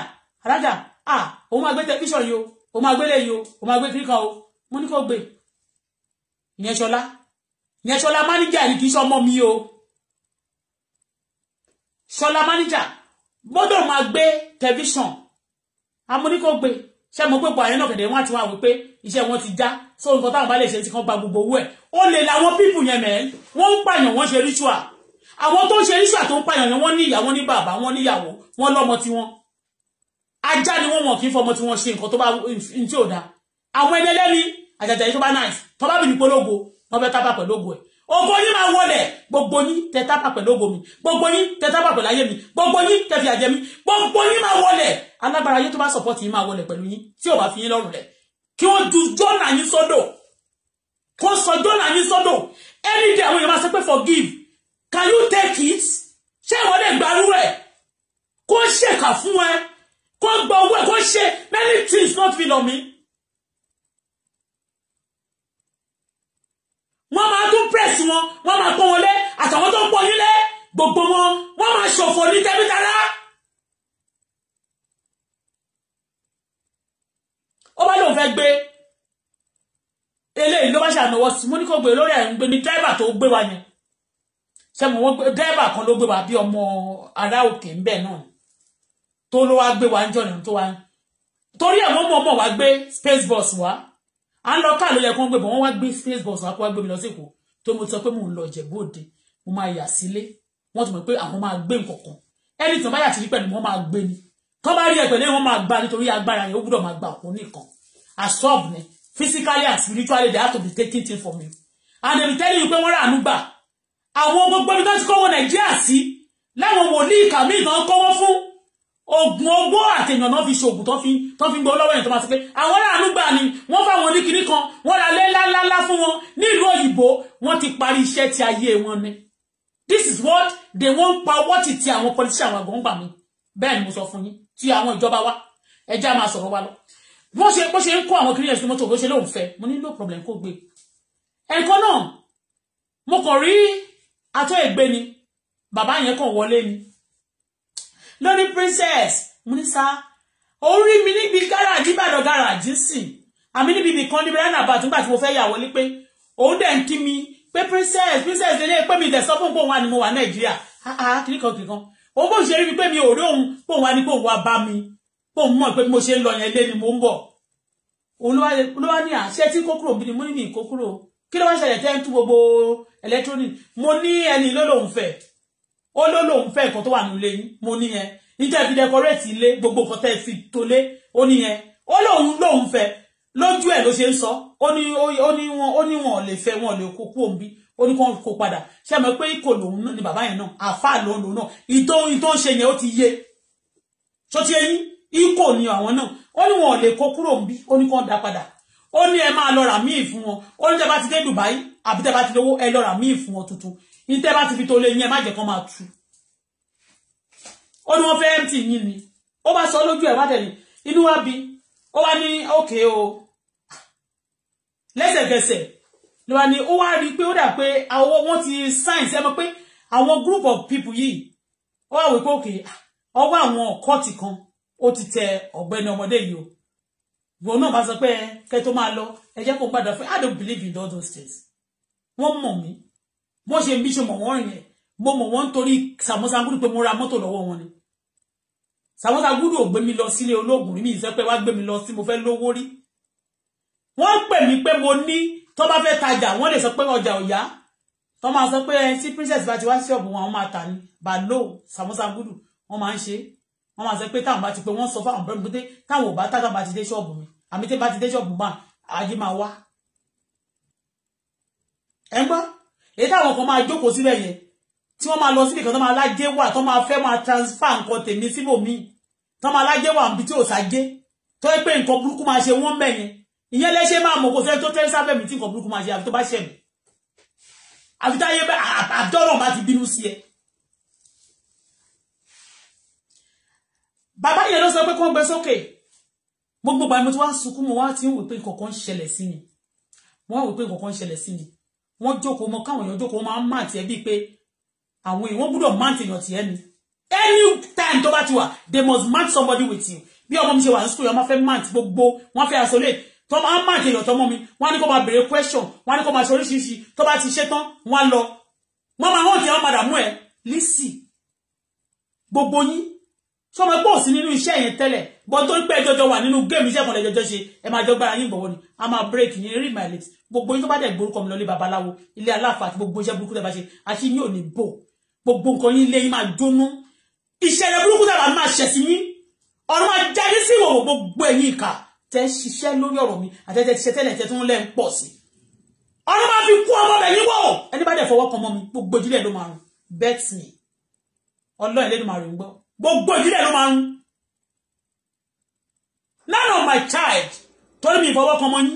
alájà à ah, òun máa gbé tẹlifíṣàn yìí o o máa gbélé yìí o o máa gbé kíríkà o mo ní kó gbé ìyẹn ṣọlá ìyẹn ṣọlá máníjà ni kì í ṣọmọ mi o ṣọlá máníjà gbọ́dọ̀ máa gbé tẹlifíṣàn amúníkó gbé ṣe mo pé pààyàn náà kẹ̀dẹ̀ wọn àti wọn àwọn pé iṣẹ́ wọn ti já so nǹkan táwọn bá lè ṣe ti kan gba gbogbo owó ẹ̀ ó lè làwọn pípù yẹn mẹ́ẹ́ wọ́n ń pààyàn wọ́n ṣe ritual àwọn tó ń ṣe ritual tó ń pààyàn yẹn wọ́n ní ìyá wọn ní bàbá wọn níyàwó wọn lọ́mọ tiwọn ajá ni wọ́n mọ̀ kí fọmọ tí wọ́n ṣe nǹkan tó bá n tí ò da àwọn ẹni ẹlẹ́ni àjàjà yìí tó bá náà tó bá bìnrin pológo wọ́n fẹ́ tábà pẹ̀lú ògo ẹ̀ ògo yín máa wọlẹ̀ gbogbo yín tẹ tábà pẹ̀lú ògo mi gbogbo yín tẹ tábà pẹ̀lú ayé mi gbogbo yín tẹ fi àjẹ mi gbogbo yín máa wọlẹ̀ alágbára ayé tó bá sọ̀pọ̀tì yín máa wọlẹ̀ pẹ̀lú yín tí ò bá fi yín lọ́rùn rẹ̀ kí wọ́n ju jọ́nà yín sọ́dọ̀ kó sọ jọ́nà yín sọ́dọ̀ every day àwọn èèyàn máa sọ pé forgive can you take it ṣé ìwọ́n lè gbarú ẹ̀ kó ṣèkà fún ẹ kó gba owó ẹ̀ kó ṣe many things not fit on me. wọ́n máa tún press wọn wọ́n máa pọ́n wọn lé àtàwọn tó ń pọ́n yín lé gbogbo wọn wọ́n máa ṣòfò ní tẹ́bítàrá. ó bá lóun fẹ́ gbé eléyìí ló bá ṣànáwó sí mo ní kó gbé lórí ẹ̀ ń gbé ní dírẹ́bà tó gbé wa yẹn sẹ́mu wọn dírẹ́bà kan ló gbé wa bí ọmọ ará òkè ń bẹ̀ náà tó ló wá gbé wa ń jọ̀nà tó wá ń torí àwọn ọmọ ọmọ wa gbé space bus wa à ń lọ káà ló yẹ kó ń gbé bọ̀ wọ́n wá gbé space bus wa kó wá gbé mi lọ sí Èkó tó mo sọ pé mò ń lọ Ìjẹ̀bú Òde mo máa yà sílé wọ́n ti mọ̀ pé àwọn máa gbé nǹkan kan ẹni tí wọ́n bá yà sí pẹ̀lú wọ́n máa gbé ni kọ́ bá rí ẹ pẹ̀lú wọn máa gba nítorí agbára yẹn ó gbúdọ̀ máa gba òkun nìkan absorb ni physically and spiritually they have to be taking things from you and they be telling you pé wọ́n rà àánú gbà àwọn gbogbo ibi tó ti kọ́wọ́ Nàìjíríà sí láwọn wòlíì kàmí ìtàn kọ́wọ́ fún oògùn owó àtẹ̀yàn náà fi ṣoògùn tó fi tó fi gbọ́ lọ́wọ́ yẹn tó máa sọ pé àwọn aráàlú gbà ni wọ́n fà wọn kan wọ́n ra lé ńláńlá fún wọn nílùú òyìnbó wọ́n ti parí iṣẹ́ ti ayé wọn ni this is what they wọ́n pa owó ti ti àwọn politician àwọn àgbọ̀ngbà mi bẹ́ẹ̀ ni mo sọ fún yín ti àwọn ìjọba wa ẹ já máa sọ̀rọ̀ wa lọ bó ṣe bó ṣe ń kó àwọn kiri ẹ̀sùn mọ́tò bó ṣe lóun fẹ́ mo ní no problem kó gbé ẹ̀kọ́ náà mo kàn rí atọ́ ẹ̀gbẹ́ ni bàbá yẹn kàn wọlé ni lórí princess mo ní sá ó rí mi níbi gàrà níbàdàn gàrà jísìn àmì níbi nìkan níbi rana àbàtú nígbà tí mo fẹ́ yà wọlé pé òun dẹ̀ ń kí mi pé princess princess lè pé mi dẹ̀ sọ fún pòun wà ní mo wà nàìjíríà ah, ah, kìnìkan kìnìkan òun kò ṣe rí mi pé mi ò rí òun pòun wà ní pòun wà bá mi pòun mọ̀ pé mo ṣe ń lọ yẹn lé ni mo ń bọ̀ olúwa ní àṣẹ tí kókúrò bí ni mo ní ní ìkókúrò kí ló wá ṣẹlẹ̀ tẹ́ ń tú gbogbo electronic mo ní ẹni ló lòun fẹ́ ó ló lòun fẹ́ nǹkan tó wà nílé yín mo ní yẹn níjẹ́ fi decorate ilé gbogbo nǹkan tẹ́ fi tó lé ó ní yẹn ó lòun lòun fẹ́ lójú ẹ̀ ló ṣe ń sọ ó ní ó ní wọn ó ní wọn ò lè fẹ́ wọn ò lè kó kú òǹbí ó ní kó wọn kó padà ṣé mo pé kò lòun ni bàbá yẹn náà àáfàá lòun lòun náà ìtò ìtò ń ṣe yẹn ó ti yé tó ti yẹn ikò ni àwọn náà ó ní wọn ò lè kó kúrò òǹbí ó ní kó wọn dá padà ó ní ẹ máa lọ rà míì fún wọn ó ní tẹ́ bá ti dé Dubai àbí tẹ́ bá ti lówó ẹ lọ rà míì fún wọn tuntun ìtẹ́ bá ti fi tó lé yín ẹ má jẹ́ kó máa tú ó ní wọ́n fẹ́ mt yín ni ó bá sọ lójú ẹ̀ wá tẹ̀lé inú wa bí ó wá ní òkè o lẹ́sẹ̀kẹsẹ̀ ló wá ní ó wá rí i pé ó dà pé àwọn wọn ti sáyẹ̀nsì ẹ mọ̀ pé àwọn group of people yìí ó wà wípé òkè ọwọ́ àwọn kọ́ọ̀tì kan ó ti tẹ ọ̀gbẹ́ni ọmọdé yìí o ìwọ náà bá sọ pé kẹ́ tó máa lọ ẹ jẹ́ kó padà fún i i don't believe in all those things wọ́n mọ̀ mí bó ṣe ń bí ṣe mọ̀ wọ́n yẹn mo mọ̀ wọ́n torí samosa gudu pé mo ra mọ́tò lọ́wọ́ wọn ni samosa gudu ò gbé mi lọ sílé olóògùn rí mi ìṣe pé wá gbé mi lọ sí mo fẹ́ lówó rí wọ́n pè mí pé mo ní tó bá fẹ́ tajà wọ́n lè sọ pé ọjà ò yá tó máa sọ pé ẹ sí princess bá ti wá sí ọ̀bùn àwọn máa tà ní balo samosa gudu wọ́n máa ń ṣe wọ́n máa sọ pé táwọn bá ti pé wọ́n sọ fáwọn bẹ́ẹ̀ mi pé táwọn ò bá táwọn bá ti dé ṣọ́ọ̀bù mi àmì tí bá ti dé ṣọ́ọ̀bù máa ajé máa wá ẹ gbọ́ èyí táwọn kan máa jókòó síbẹ̀ yẹn tí wọ́n máa lọ síbi kan tó máa lájé wà tó máa fẹ́ máa transfer nǹkan tèmi síbòmíì tó máa lájé wà níbi tí ò sájé tó yẹ pé nǹkan burúkú máa ṣe wọ́n bẹ̀ yẹn ìyẹn lẹ́ṣẹ́ máa mọ̀ kó sẹ́ni tó tẹ́ sábẹ́ mi tí nǹkan burúkú máa ṣe àfi tó bá ṣẹ̀ mí àfi táyé bẹ́ àdọ́rọ̀ bá ti bínú sí ẹ. bàbá yẹn ló sọ pé kó gbé sókè gbogbo gbàgbé tí wọ́n á sunkún mọ́ wọ́n á ti ń wò pé nǹkan kan ń ṣẹlẹ̀ sí ni wọ́n á wò pé nǹkan kan ń ṣẹlẹ̀ sí ni wọ́n jókòó mọ káwọn èèyàn jókòó máa ń máa tiẹ̀ bíi pé àwọn èèyàn wọ́n gbúdọ̀ máa tiẹ̀ tiẹ̀ ni any time tó bá ti wà they must match somebody with you bí ọmọ mi ṣe wà ní school yẹn wọ́n fẹ́ match gbogbo wọ́n fẹ́ isolate tó máa ń máa tiẹ̀ tọmọ mi wọ́n á ní kó máa béèrè question wọ́n á ní kó máa ṣe oríṣiríṣi tó bá ti ṣe tán wọ́n á lọ wọ́n máa hàn tí wọ́n padà mú ẹ lísì gbogbo yín tó mọ̀ pé ò sí nínú iṣẹ́ yẹn tẹ́lẹ̀ bọ́ tó ń pẹ́ jọjọ wà nínú géèmù iṣẹ́ kan lè jọjọ ṣe ẹ máa jọ gbára yín bọ̀wọ́ ni a máa break yín read my lips gbogbo yín tó bá dẹ̀ gbórúkọ mi lọ ilé babaláwo ilé aláfa àti gbogbo iṣẹ́ burúkú tẹ́lẹ̀ bá ṣe àti yín ò ní bò gbogbo nǹkan yín lé yín máa jóná iṣẹ́ rẹ burúkú tẹ́lẹ̀ máa ṣẹ̀ sí yín ọ̀rọ̀ máa jáde sí ìwòwò gbogbo ẹ̀yìn ìkà tẹ́ ṣiṣẹ́ lórí ọ̀rọ̀ mi àtẹ́tẹ́ ṣiṣẹ́ tẹ́lẹ̀ tẹ́ tún lẹ́ ń pọ̀ sí ọ̀rọ̀ máa fi kú ọmọ bẹ̀yìn wò ẹni bá dẹ̀ fọwọ́ kan mọ́ mi gbogbo ìdílé ló máa rùn bẹ́ẹ̀ tì ọlọ́ọ̀lẹ́nu máa rùn gbọ́ gbogbo ìdílé ló máa ń none of my child torí mi ìfọwọ́kan mọ́ yín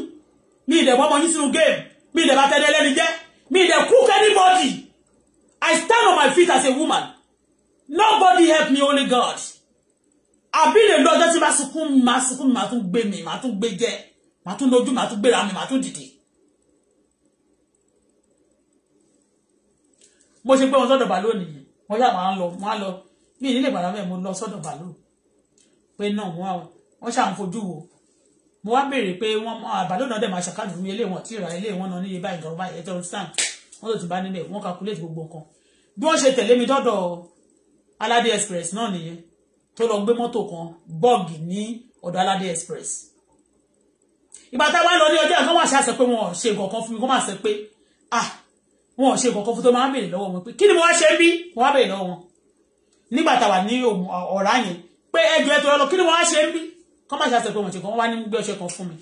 mi ìdẹ̀bọ́ mọ́ yín sínú game mi ìdẹ̀bá tẹ́lẹ̀ ẹlẹ́ni jẹ́ mi ìdẹ̀ cook anybody I stand on my feet as a woman nobody help me only God àbí lè lọ ọjọ́ tí máa sunkún máa sunkún máa tún gbé mi máa tún gbé jẹ́ máa tún lójú máa tún gbéra mi máa tún dìde. mo ṣe pé wọn sọ́dọ̀ bá lónìí wọn yà máa ń lọ wọn á lọ mi nílé bàrà mẹ mo lọ sọ́dọ̀ bàálù pé náà wọn wọn ṣàwọn fojú wo mo wá béèrè pé wọn bàálù náà dẹ̀ máa ṣàkàdù fún mi eléwọn tí ìrà eléwọn náà níye báyìí ìjọba ẹ̀ tó ń sàn wọn tó ti bá nílẹ̀ wọn calculate gbogbo nǹkan bí wọn ṣe tẹ̀lé mi dọ́dọ̀ aládé express náà nìyẹn tó lọ gbé mọ́tò kan bọ́ọ̀gì ní ọ̀dọ̀ aládé express ìgbà tá a wá lọ ní ọjọ́ àkọ́wọ́ àṣà sọ pé wọn ò ṣe nǹkan kan fún mi kó má sọ pé ah wọn ò ṣe nǹkan kan fún tó máa ń béèrè lọ́wọ́ wọn pé kí ni mo wá ṣe ń bí wọn á béèrè lọ́wọ́ wọn nígbà tá a wà ní ọ̀rá yẹn pé ẹjọ́ ẹ tó yọ lọ kí ni wọ́n á ṣe ń bí kọ́ má ṣe àṣẹ pé wọ́n ti kọ́ wá ní gbé ọṣẹ kan fún mi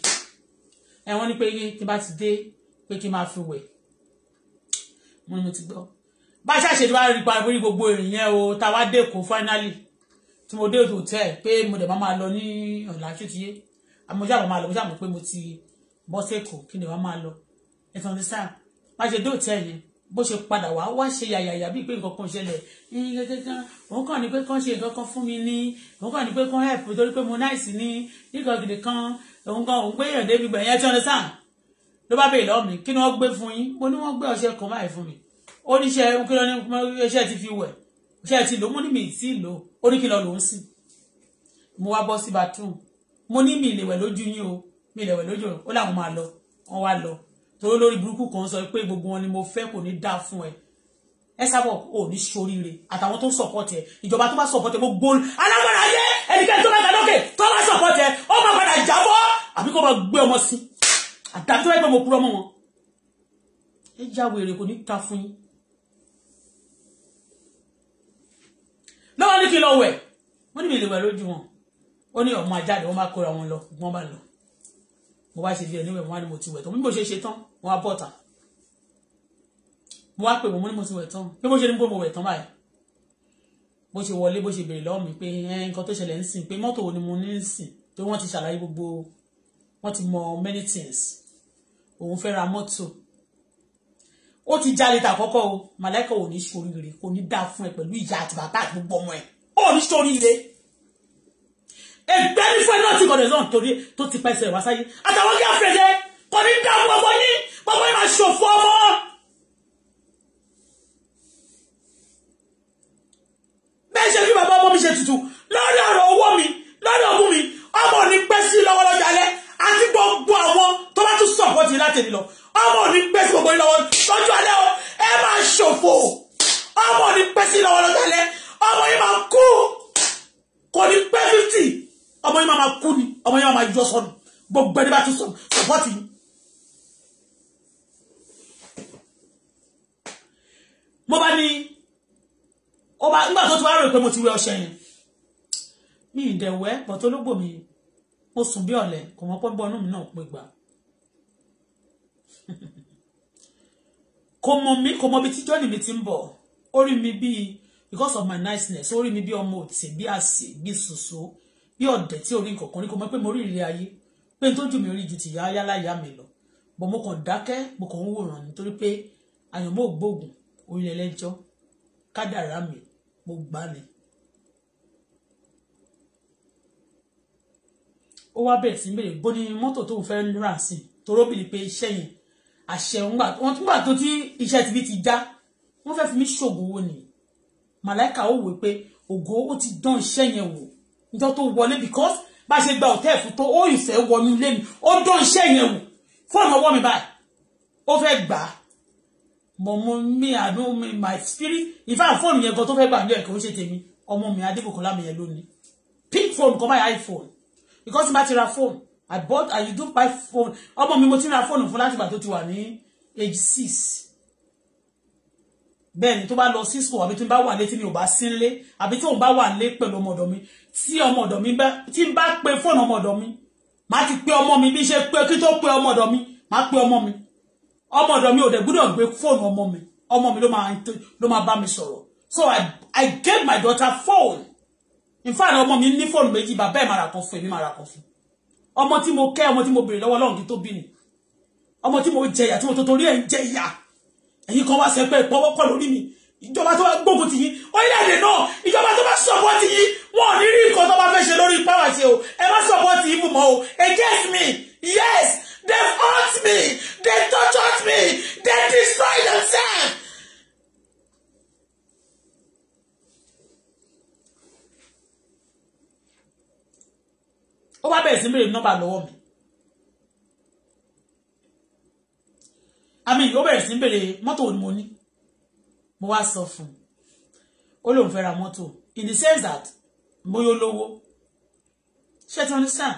ẹ wọ́n ní pé kí n bá ti dé pé kí n máa fi wẹ̀ mo ní mo ti gbọ́ bá a ṣàṣe tí wàá rí parí gbogbo ìrìn o tá wá dé kó finally tí mo dé hotel pé mo dẹ̀ máa lọ ní ọ̀la ṣùtìyé àmọ́jà mo máa lọ mo ṣàmọ̀ pé mo ti bọ́ sẹ́kọ̀ọ́ kí ni wàá máa lọ ẹ̀sán ti sáà bá a ṣe dé hotel yẹn bó ṣe padà wá wá ṣe yàyàyà bíi pé nǹkan kan ṣẹlẹ̀ yín kankan òun kàn ní pé kán ṣe nǹkan kan fún mi ní òun kàn ní pé kán help torí pé mo náìsì ní nígbà gidi kan òun kan òun pé èèyàn débi gbà yẹn tí wọn sàn ló bá bèèrè lọ́ọ̀ mi kí ni wọ́n gbé fún yín mo ní wọ́n gbé ọṣẹ kan báyìí fún mi ó ní ṣe kí ló ní iṣẹ́ ti fi wẹ̀ iṣẹ́ ti lò mo ní mi ti lò ó ní kí lọ lòún sí mo wá bọ́ sí bathroom mo ní mi ìlẹ̀wẹ̀ lójú yín o mi ìlẹ̀wẹ̀ lójú o ó láwọn máa lọ wọ́n wá lọ torí olórí burúkú kan sọ pé gbogbo wọn ni mo fẹ́ kò ní dá fún ẹ ẹ sábọ̀ ò ní ṣoríire àtàwọn tó ń sọ̀pọ̀tẹ̀ ìjọba tó bá sọ̀pọ̀tẹ̀ gbogbo alágbára ayé ẹnikẹ́ni tó bá ga lókè tó bá sọ̀pọ̀tẹ̀ ó máa padà jábọ́ àbí kó máa gbé ọmọ sí àtàbí tó bá gbé ọmọ kúrọ́ mọ́ wọn ẹ jáwé èrè kò ní ta fún yín lọ́wọ́ ní kí lọ wẹ̀ wọ́n níbi ìlèwẹ̀ lójú wọn ó ní ọmọ ajáde wọ́n bá kóra wọn lọ wọ́n bá lọ mo bá ṣe bí ẹni wẹ̀ wọ́n á ní mo ti wẹ̀ tó mo bí mo ṣe ṣe tán wọn á bọ̀ta mo wá pè mo ní mo ti wẹ̀ tán pé bó ṣe ní pé mo wẹ̀ tán báyìí bó ṣe wọlé bó ṣe béèrè lọ́wọ́ mi pé nǹkan tó ṣẹlẹ̀ ń sìn pé mọ́tò wo ni mo ní ń sìn pé wọ́n ti ṣàlàyé gbogbo wọ́n ti mọ many things òun fẹ́ ra mọ́tò ó ti jalè tà kọ́kọ́ o màláìka ò ní ṣoríire kò ní dáa fún ẹ pẹ̀lú ìyá àti bàbá àti gbogbo ọmọ ẹ ó ní ṣoríire ẹgbẹ́ ní fún ẹ náà ti kọ̀dẹ̀ náà torí tó ti pẹ́sẹ̀ wá sáyé àtàwọn kí á fẹsẹ̀ kò ní dáa fún ọkọ yín gbogbo yín máa ṣòfò ọmọ. bẹ́ẹ̀ ṣe kí bàbá ọmọ mi ṣe tutù lórí ọ̀rọ̀ owó mi lórí ọ̀gùn mi ọmọ ò ní pẹ́ sí lọ́wọ́ lọ́jọ́ alẹ́ àti gbogbo àwọn tó bá tún sọ̀pọ̀tì láti èmi lọ ọmọ ò ní pẹ́ sí gbogbo yín lọ́wọ́ lọ́jọ́ alẹ́ o ẹ máa ṣòfò ọmọ ò ní pẹ́ sí lọ́wọ́ lọ́jọ́ alẹ́ ọmọ yín máa kú kò ní pẹ́ fifty ọmọ yín máa máa kú ni ọmọ yín máa máa yọ sọnù gbogbo ẹni bá tún sọ̀pọ̀tì yìí mo bá ní ó bá nígbà tó ti wá rò pé mo ti wẹ ọṣẹ yẹn mi ì dẹ̀wẹ́ pọ̀tó mi mo sùn bí ọ̀lẹ kò mọ́ pọ́n bọ́nú mi náà pé gbà kò mọ̀ mí kò mọ̀ bí tí jọ́nì mi ti ń bọ̀ ó mi bíi because of my niceness ó mi bí ọmọ òtí bí àsè bí sòso bí ọ̀dẹ̀ tí orí nǹkan kan rí kò mọ̀ pé mo rí ìrìn ayé pé n tó jù mí rí ju tìyá yálà ìyá mi lọ bọ̀ mo kàn dákẹ́ mo kàn ń wòran nítorí pé àyànmọ́ ògbóògùn orí ẹlẹ́jọ́ kádàrá mi mo gbà ni. ó wá bẹ̀rẹ̀ sí bèrè bó ni mọ́tò tóun fẹ́ rà sí toró bìrì pé iṣẹ́ yẹn àṣẹ wọn tún gbà tó tí iṣẹ́ tìbí ti já wọ́n fẹ́ fi mí ṣògo owó nìyí màláìka ó wò pé ògo ó ti dán iṣẹ́ yẹn wò níjọ́ tó wọlé because bá ṣe gba òtẹ́ ẹ̀fún tó ó ìfẹ́ wọnú ilé mi ó dán iṣẹ́ yẹn wò fóònù ọwọ́ mi báyìí ó fẹ́ gbà á mo mo mi àánú mi my spirit in fact fóònù yẹn gan tó fẹ́ gbà ní ẹ̀kọ́ ṣe tèmi ọmọ mi adébùkọ́lá mi yẹn lónìí pick phone kọ́ my iphone because bá ti ra phone i bought i do buy phone ọmọ mi mo ti ra phone fún láti ìgbà tó ti wà ní age six bẹ́ẹ̀ ni tó bá lọ sí school àbí tó ń bá wà létí mi ò bá sí nílé àbí tó ń bá wà lé pẹ̀lú ọmọ ọ̀dọ̀ mi tí ọmọ ọ̀dọ̀ mi bá tí ń bá pe fóònù ọmọ ọ̀dọ̀ mi máa ti pe ọmọ mi bí ṣe pé kí tó pe ọmọ ọ̀dọ̀ mi máa pe ọmọ mi ọmọ ọ̀dọ̀ mi ò dẹ̀ gbọ́dọ̀ gbé fóònù ọmọ mi ọmọ mi ló máa ló máa bá mi sọ̀rọ̀ so I I gave my daughter phone in fact ọmọ mi ní fóònù méjì bàbá ẹ̀ máa rà kan fún èmi máa rà kan fún ọmọ tí mo kẹ́ ọmọ tí mo béèrè lọ́wọ́ Ọlọ́run kí tó bí ni ọmọ tí mo jẹ ìyà tí mo tó torí ẹ̀ ń jẹ ìyà ẹ̀yin kan wá sẹ pé ìpọwọ́ kọ́ lórí mi ìjọba tó bá gbógun ti yín orílẹ̀-èdè náà ìjọba tó bá sọ̀pọ̀ ti yín wọn ò ní rí nǹkan tó bá fẹ́ ṣe lórí pàwàṣe o ẹ má sọ̀pọ̀ ti yín mọ̀ o against me yes They hurt me. They torture me. They destroy themselves. ó wá bẹ̀rẹ̀ sí ń béèrè nọ́mbà lọ́wọ́ mi àmì ó bẹ̀rẹ̀ sí ń béèrè mọ́tò ni mo ní mo wá sọ fún un ó lóun fẹ́ ra mọ́tò in the sense that bóyá olówó ṣé tí wọ́n ní sàn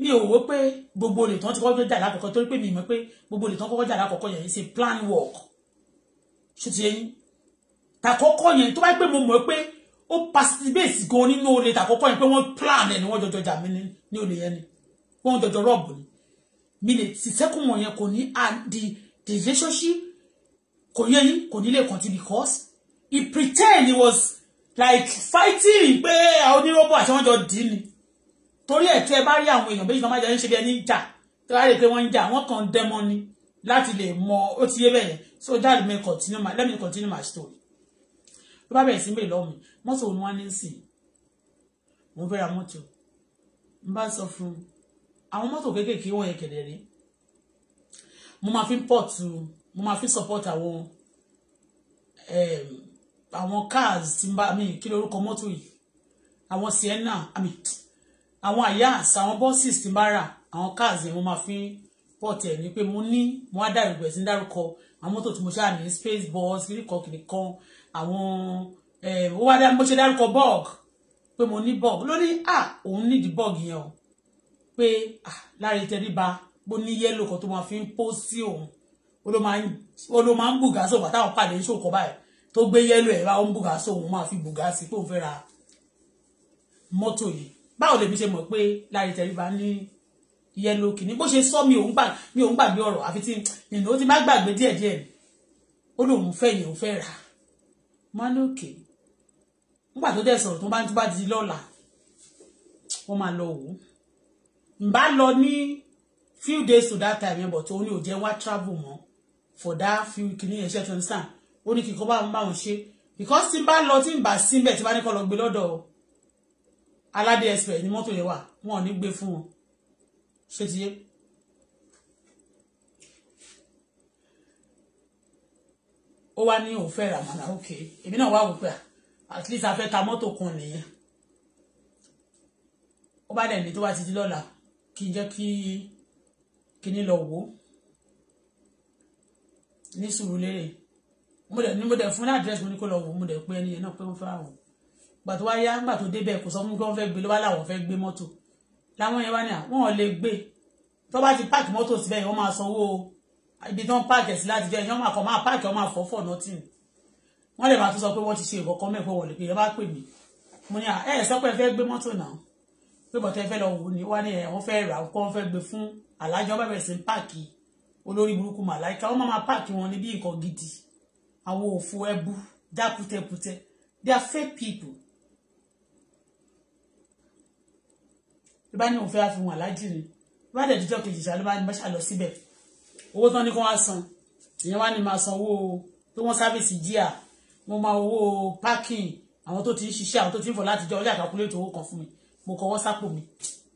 mi ò wò pé gbogbo olè tán ti kọ́kọ́ jà lákọ̀ọ́kọ́ torí pé mi mọ̀ pé gbogbo olè tán kọ́kọ́ jà lákọ̀ọ́kọ́ yẹn ṣe plan work ṣùtì ẹyin tàkọ́kọ́ yẹn tó bá pé mo mọ̀ pé ó participate gan nínú olè tàkọ́kọ́ yẹn pé wọ́n plan ẹ̀ ni wọ́n jọjọ jà mí ní olè yẹn ni wọ́n jọjọ rọ́ọ̀bù ni mi lè ti sẹ́kùn mọ̀ yẹn kò ní the the relationship kò yẹ yín kò ní lè continue because he pretend he was like fighting pé àwọn onírọ́bù àti wọ́n jọ dì í ni torí ẹ̀ tí ẹ bá rí àwọn èèyàn méjì tó máa jẹ́ ń ṣe bí ẹni jà tó bá rí pé wọ́n ń jà wọ́n kàn ń dẹ́mọ́ ni láti lè mọ ó ti yé bẹ́ẹ̀ so dad may continue my let me continue my story tó bá bẹ̀rẹ̀ sí bèrè lọ́wọ́ mi mọ́tò òun wá ní sìn mo fẹ́ ra mọ́tò n bá sọ fún àwọn mọ́tò kéékèèké wọ̀nyẹn kẹ̀dẹ̀ rí mo máa fi pọ̀tù mo máa fi support àwọn ehm, àwọn cars tí n bá mi kí lórúkọ mọ́tò yìí àwọn Sienna I mean àwọn àyáàsì àwọn bọ́sìs ti bá rà àwọn cars yẹn mo máa fi pọ̀tì ẹ̀ ní pé mo ní mo á dá ìgbẹ̀ sí dárúkọ àwọn mọ́tò tí mo ṣáà ní space bus kìnìkan kìnìkan àwọn ó wá dá mo ṣe dárúkọ bug pé mo ní bug ló ní à òun nídìí bug yẹn o pé lára ìtẹríba bó ní yẹ́lò kan tó máa fi ń pó sí òun ó ló máa ń bùgá sóun àtàwọn pàdé ń ṣòkọ báyìí tó gbé yẹ́lò ẹ̀ bá ó ń bùgá sóun máa fi bùgá sí pé òun fẹ́ ra mọ́tò yìí báwo lèmi ṣe mọ̀ pé láyé tẹríba ní yẹlo kìíní bó ṣe sọ mi òun gbà mi òun gbàgbé ọ̀rọ̀ àfi tí nìyẹn ó ti má gbàgbé díẹ̀díẹ̀ ó lóun fẹ́ yẹn òun fẹ́ rà mánòkè nígbà tó dẹ̀ sọ̀rọ̀ tó bá tó bá di lọ́la wọ́n máa lọ wò ó nbá lọ ní few days to that time yẹn but ó ní ò wá travel mọ́ for that few kìíní yẹn ṣe tó ń sàn ó ní kíkọ́ bá wọn ṣe because tí n bá lọ tí n bá síbẹ̀ tí n bá ní kọ́ lọ gbé lọ́dọ̀ o aládé express ni mọ́tò yẹn wà wọn ò ní gbé fún wọn ṣé ti yé. ó wá ní òun fẹ́ ra màlà òkè èmi náà wá wò at least a fẹ́ ta mọ́tò kan nìyẹn ó bá dẹ̀ ní tó bá ti di lọ́la kí n jẹ́ kí kíní lọ wò ó ní sùúrù lérè mo dẹ̀ ní mo dẹ̀ fún ní àdírẹ́sì mo ní kó lọ wò mo dẹ̀ pé ẹni yẹn náà pé ó fẹ́ àwọn gbà tó wá yá gbà tó débẹ̀ kò sọ fún kí wọ́n fẹ́ gbé ló wá láwọn fẹ́ gbé mọ́tò láwọn yẹn wá ní àwọn ò lè gbé tó bá ti páàkì mọ́tò síbẹ̀ wọ́n máa sanwó ibi tó ń páàkì sí láti jẹ́ ẹ̀yán máa kọ́ máa páàkì wọ́n máa fọ́ fọ́ nọ́tì wọ́n lè máa tún sọ pé wọ́n ti ṣe ìkọ̀kọ́ mẹ́fọ́ wọ̀lẹ̀ pé ẹ bá pè mí mo ní ẹ ẹ sọ pé ẹ fẹ́ gbé mọ́tò náà pé bọ̀tẹ́ fẹ́ lọ wò ní wá ní ẹ̀ wọ́n fẹ́ rà kọ́ wọ́n fẹ́ gbé fún alájọ bẹ̀rẹ̀ sí páàkì olórí burúkú màláìka wọ́n máa páàkì wọn ní bí gidi àwọn òfò ẹbu dákútẹkútẹ they are fake people ló bá ní òun fẹ́ àfihàn aláàjì ni ló bá dẹ̀díjọ́ kejì ṣá ló bá ní bá ṣà lọ síbẹ̀ owó tán ní kó wá san ìyẹn wá ní máa san owó tó wọ́n sáfíìsì jíà mo máa owó pákìn àwọn tó ti ń ṣiṣẹ́ àwọn tó ti ń fọ̀ láti jọ ọjà kàkúlẹ̀tì owó kan fún mi mo kọ́wọ́ sápò mi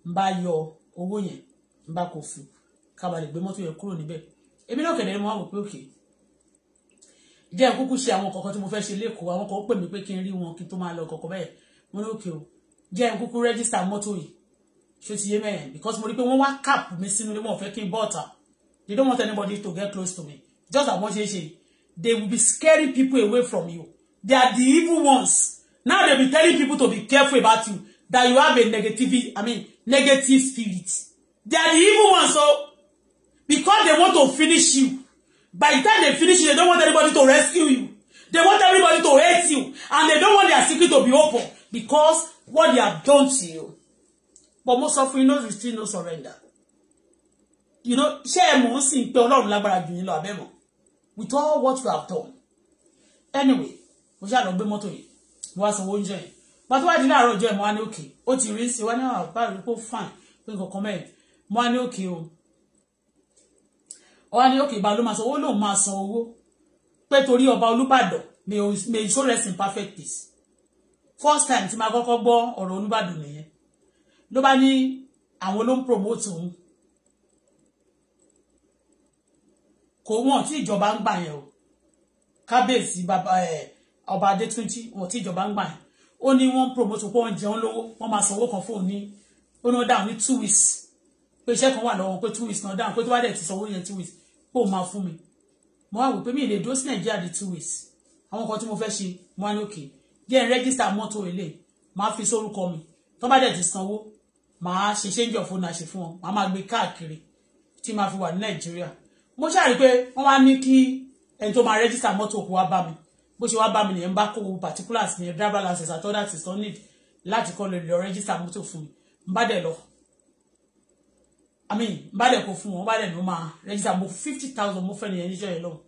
ń bá yọ owó yẹn ń bá kò fún kábàlẹ̀ gbé mọ́tò yẹn kúrò níbẹ̀ èmi náà kẹ̀dẹ̀ ni mo wá wò pé òkè jẹ́ kúkú ṣe àwọn kọ̀ọ̀kan tí mo fẹ́ ṣe lẹ́kọ̀ọ́ àwọn kan ó pè mí pé kí n rí wọn kí n tó máa lọ kọ̀ọ̀kan bẹ́ẹ̀ mo ní òkè o jẹ́ kúkú rẹ́jísà mọ́tò yìí ṣé ti yé mẹ́yìn because mo rí pé wọ́n wá cap mi sínú ilé wọn fẹ́ kí n bọ́ ọ̀tà they don't want anybody to get close to me just as wọ́n ṣe ṣe they will be scaring people away from you they are the evil ones now they be telling people to be careful about you that you have a negative i mean negative spirit they are the evil ones so oh. because they want to finish you by the time they finish you they don't want anybody to rescue you they want everybody to hate you and they don't want their secret to be open because what they have done to you but mo sọ fún yín no still no surrender you know ṣé ẹ mọ̀ ń sìn pé ọlọ́run lágbára jù yín lọ abẹ́ mọ̀ with all what you have done anyway mo ṣáà lọ gbé mọ́tò yìí mo wá sanwó oúnjẹ yìí pàtó wá di láàárọ̀ ọjọ́ ẹ̀ mo wá ní òkè ó ti rí sí wá ní àwọn àgbà rẹ̀ kó fine pé nǹkan mẹ́rin mo wá ní òkè o wá ní òkè ìbàlú máa san owó lòun máa san owó pé torí ọba Olúbàdàn may he show rest in perfect peace first time tí máa kọ́kọ́ gbọ́ ọ̀rọ̀ Olúbàdàn nìyẹn ló bá ní àwọn ló ń promote òun kò wọ́n tí ìjọba ń gbà yẹn o kábíyèsí bàbá ẹ ọba adétúnjì wọ́n tí ìjọba ń gbà yẹn ó ní wọ́n promote pé wọ́n jẹun lówó wọ́n máa sanwó kan fóun ní ó ní wọ́n dáhùn ní two weeks pé iṣẹ́ kan wà lọ́wọ́ pé two weeks náà dáhùn pé tó bá dẹ̀ ti sanwó yẹn two weeks pé ó máa fún mi mo wá wò pé mi ì lè dúró sí nàìjíríà di two weeks àwọn kan tí mo fẹ́ ṣe mo wá ní òkè jẹ́ ń rẹ́gísítà mọ́tò ilé màá fi sórúkọ mi tó bá dẹ̀ ti sanwó màá ṣe change of ownership fún wọn màá máa gbé káàkiri tí màá fi wà ní nàìjíríà mo ṣàrí pé wọ́n wá ní kí ẹni tó máa rẹ́jísítà mọ́tò kó wá bá mi bó ṣe wá bá mi nìyẹn bá kó particulars ní driver license àti other things don need láti kọ́ lè lọ rẹ́jísítà mọ́tò fún mi n bá dẹ̀ lọ àmì n bá dẹ̀ kó fún wọn n bá dẹ̀ ló máa rẹ́jísítà mo fifty thousand mo fẹ́ nìyẹn níjọ́ yẹn lọ́wọ́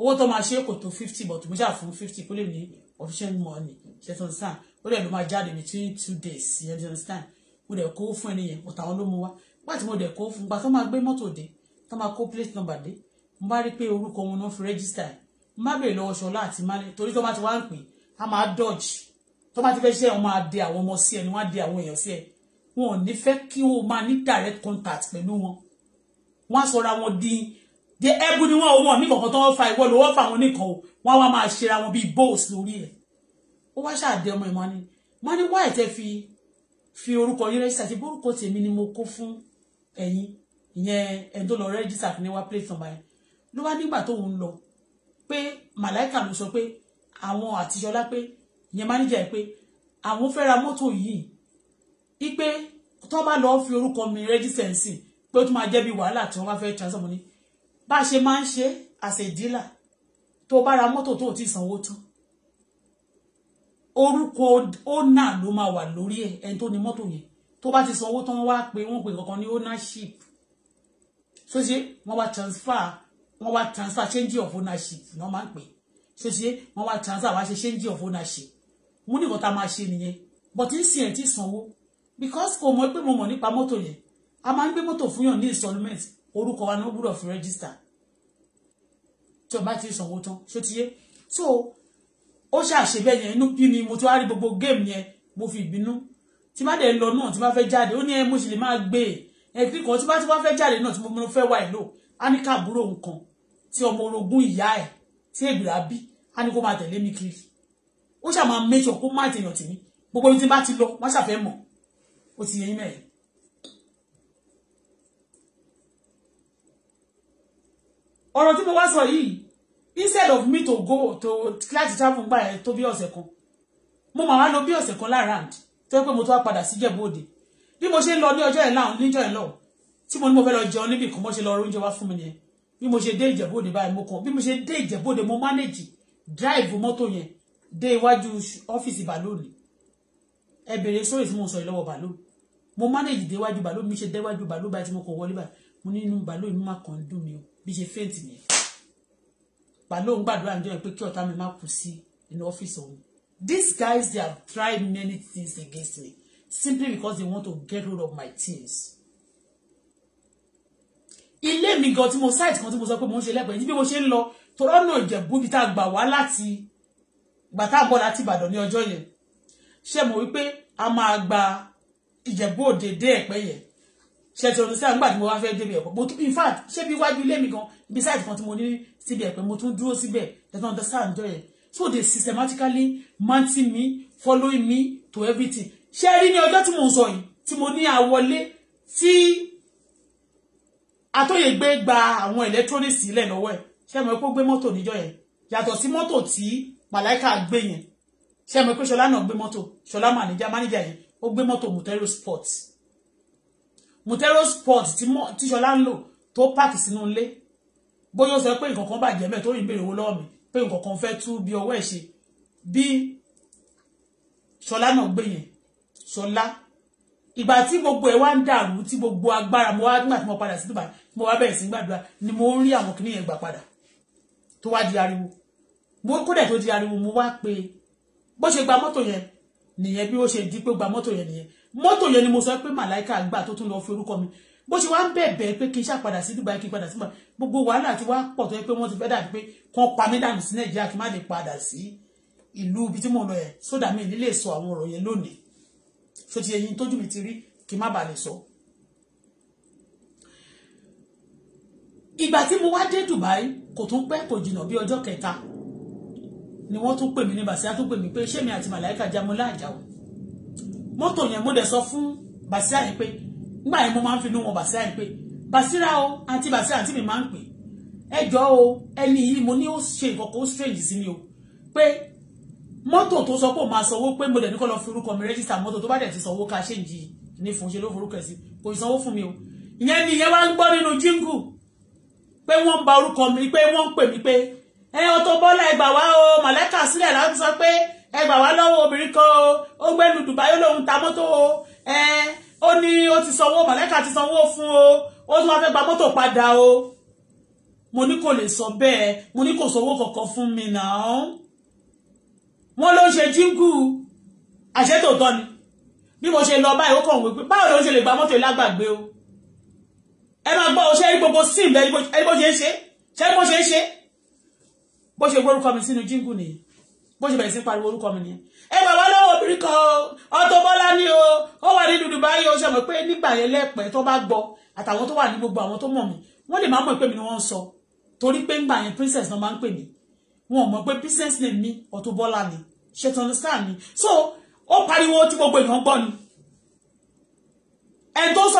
owó tó máa ṣe kò tó fifty but mo ṣáà fún fifty kó lè ní official money ṣe tó ń sàn ó dẹ̀ ló máa jáde between two days you understand mo dẹ̀ kó fún ẹni yẹn ọ̀tà wọn ló mu wá nígbà tí mo dẹ̀ kó fún gbà tó máa gbé mọ́tò dé tó máa kó plate number dé mo bá rí pé orúkọ wọn náà fi rẹ́gísítà ẹ̀ mo má bèèrè lọ́wọ́ ṣọlá àti má torí tó bá ti wá ń pè á máa dodge tó bá ti fẹ́ ṣiṣẹ́ wọn máa de àwọn ọmọ sí ẹ ni wọ́n á de àwọn èèyàn sí ẹ wọn ò ní fẹ́ kí o máa ní direct contact pẹ̀lú wọn wọ́n á sọra wọn di de ẹbú ni wọn ò wọn ní kọ̀ọ̀kan tó wọ́n fa ìwọ lówó fa àwọn oníkan o wọ́n á wá máa ṣera wọn bíi bowls lórí ẹ̀ ó wá ṣáà dé ọmọ ìmọ̀ ni mo ní wáyé tẹ́ fi fi orúkọ yín rẹ́jísà ṣe bórúkọ tèmi ni mo kó fún ẹ̀yin ìyẹn ẹni tó lọ rẹ́jísà fún wa platform báyìí ló wá nígbà tó ń lọ pé màláìkà ló sọ pé àwọn àtijọ́lá pé ìyẹn máníjà ẹ̀ pé àwọn fẹ́ ra mọ́tò yìí i pé tó bá lọ fi orúkọ mi rẹ́jísà ẹ̀ sìn pé ó tún máa jẹ́ bí wàhálà tí wọ́n bá fẹ́ transfer money bá a ṣe máa ń ṣe as a dealer tó bá ra mọ́tò tó ti sanwó tán orúkọ ọ̀nà ló máa wà lórí ẹ̀ ẹni tó ní mọ́tò yẹn tó bá ti sanwó tán wá pé wọ́n pè kankan ní ownership so ṣe wọ́n wá transfer wọ́n wá transfer change of ownership náà máa ń pè so ṣe wọ́n wá transfer wá ṣe change of ownership mo ní nǹkan tá a máa ṣe nìyẹn but n sì ẹ̀ ti sanwó because kò mọ̀ pé mo mọ̀ nípa mọ́tò yẹn a máa ń gbé mọ́tò fún yàn ní installment orúkọ wa ni wọ́n gbúdọ̀ fi register tí o bá ti sanwó tán ṣó ti yé so ó ṣàṣe bẹ́ẹ̀ yẹn inú bí mi mo ti wá rí gbogbo géèmù yẹn mo fi ìbínú tí má dẹ̀ lọ náà tí má fẹ́ jáde ó ní ẹ mo sì lè máa gbé e ẹ̀kí kan tí bá ti wá fẹ́ jáde náà tí mo fẹ́ wà ìlò á ní káàbúrò nǹkan tí ọmọ orogún ìyá ẹ̀ tí èbìrà bí á ní kó máa tẹ̀lé mi kiri ó ṣà máa méjọ kó má tèèyàn tì mí gbogbo ibi tí bá ti lọ wọ́n ṣàfẹ́ mọ̀ ó ti yẹ yín mẹ́rin. ọ̀rọ̀ tí mo wá sọ yìí instead of me to go to láti travel gbà ẹ tó bí ọ̀sẹ̀ kan mo mà wá lọ bí ọ̀sẹ̀ kan lára àǹd tó yẹ pé mo tó wá padà sí Ìjẹ̀bú Òde bí mo ṣe ń lọ ní ọjọ́ ẹ̀ náà níjọ́ ẹ̀ lọ tí mo ní mo fẹ́ lọ jẹun níbi kan mo ṣe lọ oúnjẹ wá fún mi yẹn bí mo ṣe dé Ìjẹ̀bú Òde mo kàn bí mo ṣe dé Ìjẹ̀bú mo manage drive mọ́tò yẹn de iwájú office Bàlóòlì ẹ bèrè sórí tí mo so ìlọ́wọ́ Bàlóòlì mo manage de iwájú Bàlóòlì mi ṣe dé iwájú Bàlóòlì báyìí tí mo kàn wọlé báyìí mo nínú Bàlóòlì mi má kàn ń dùn o bí ṣe faint nìyẹn pàlóhùn gbàdúrà ń jẹ́ pé kí ọ̀tá mi má kú sí inú ọ́fíìsì òun these guys they have tried many things against me simply because they want to get hold of my things. ilé mi gan tí mo site kan tí mo sọ pé mo ń ṣe lẹ́pẹ̀ẹ́ níbi mo ṣe ń lọ tọ́lọ́nà ìjẹ̀bú ibi tá a gbà wá láti gbà tá a bọ̀ láti ìbàdàn ní ọjọ́ yẹn ṣe mọ̀ wípé a máa gba ìjẹ̀bú òde dé ẹ̀pẹ́ yẹn ṣe ti ọdún sí àgbà tí mo wá fẹ́ débi ẹ̀kọ́ in fact ṣé bí iwájú ilé mi gan besides kan tí mo ní síbẹ̀ pé mo tún dúró síbẹ̀ they don't understand jọ yẹn so they systematically mounting me following me to everything ṣé rí ní ọjọ́ tí mo ń sọ yìí tí mo ní àwọlé tí atóyègbè gba àwọn electronics sílẹ̀ lọ́wọ́ ẹ̀ ṣé mo kó gbé mọ́tò níjọ́ yẹn yàtọ̀ sí mọ́tò tí màláìka gbé yẹn ṣé mo pé ṣọlá náà gbé mọ́tò ṣọlá mànìjà mánìjà yẹn ó gbé mọ́tò mutero sports mutero sports tí ṣọlá ń lò tó pààkì sínú ilé bóyá ó sọ pé nǹkan kan bàjẹ́ mẹ́ẹ̀ tó yìn béèrè owó lọ́wọ́ mi pé nǹkan kan fẹ́ tú bí ọwọ́ ẹ̀ ṣe bí ṣọlá náà gbé yẹn ṣọlá ìgbà tí gbogbo ẹ̀ wá ń dàrú tí gbogbo agbára mo wá nígbà tí mo padà sí Dubai tí mo wá bẹ̀rẹ̀ sí gbàdúrà ni mo ń rí àwọn kìnìún yẹn gbà padà tó wá di ariwo mo kódà tó di ariwo mo wá pé bó ṣe gba mọ́tò yẹn nìyẹn bí ó ṣe di pé gba mọ́tò yẹn nìyẹn mọ́tò yẹn ni mo sọ pé màláìka gbà tó tún lọ fi orúkọ mi bó ṣe wá ń bẹ̀bẹ̀ pé kí n ṣàpadà sí Dubai kí n padà sí mà gbogbo wàhálà ti wá pọ̀ tó yẹ pé wọ́n ti fẹ́ dàbí pé kàn pa mí dànù sí Nàìjíríà kí n má lè padà sí ìlú ibi tí mò ń lọ yẹn sódà mi nílé sọ àwọn ọ̀rọ̀ yẹn lónìí tó ti ẹyin tójú mi ti rí kí n má bàa lè sọ. ìgbà tí mo wá dé Dubai kò tún pẹ́ kò jìnnà bí ọjọ́ kẹta ni wọ́n tún pè mí ní bàṣẹ́ àtúpè mí pé ṣé mi àti màláìka jamu láàjà o mọ́tò yẹn mo dẹ̀ sọ fún bàṣẹ́ àyè pé nígbà yẹn mo máa ń fi wọn Basira yìí pé Basira o àǹtí Basira àǹtí mi máa ń pè ẹjọ́ o ẹni yìí mo ní ó ṣe nǹkan strange sí ni o pé mọ́tò tó sọ pé ó máa sanwó pé mo dẹ̀ ní kọ́ lọ forúkọ mi rẹ́jísítà mọ́tò tó bá dẹ̀ ti sanwó ká ṣe ń jì ní fún ṣe ló forúkọ sí kò sanwó fún mi o ìyẹn ni ìyẹn wá ń gbọ́ nínú jíngù pé wọ́n ń ba orúkọ mi pé wọ́n ń pè mí pé ẹ Auto Bola ẹ gbà wá o màlẹ́kà sílẹ̀ láti sọ pé ẹ gbà wá lọ́wọ́ obìnrin kan o ó gbẹ́nu Dubai ó ta mọ́tò o ẹ ó ní ó ti sanwó màlẹ́kà ti sanwó fún o ó tún wá fẹ́ gba mọ́tò padà o mo ní kò lè sọ bẹ́ẹ̀ mo ní kò sanwó kankan fún mi náà wọ́n ló ń ṣe jíngù àṣetòótọ́ ni bí mo ṣe lọ báyìí ó kàn wípé báwo ló ń ṣe lè gba mọ́tò lágbàgbé o ẹ máa gbọ́ ọṣẹ́ rí gbogbo sim ẹ bó ṣe ń ṣe ṣe bó ṣe ń ṣe bó ṣe gbórúkọ mi sínú jíngù nìyí bó ṣe bẹ̀rẹ̀ sí pariwo orúkọ mi nìyẹn ẹ bàbá lọ́wọ́ obìnrin kan o Auto Bola ni o ó wà nínú Dubai o ṣe mọ̀ pé nígbà yẹn lẹ́pẹ́ tó bá gbọ́ àtàwọn tó wà ní gbogbo àwọn tó mọ̀ mí wọ́n lè má mọ̀ pé mi ni wọ́n ń sọ torí pé ńgbà yẹn princess náà máa ń pè mí wọn ò mọ̀ pé princess name mi Auto Bola ni ṣe tí understand mi so ó pariwo tí gbogbo èèyàn gbọ́ ni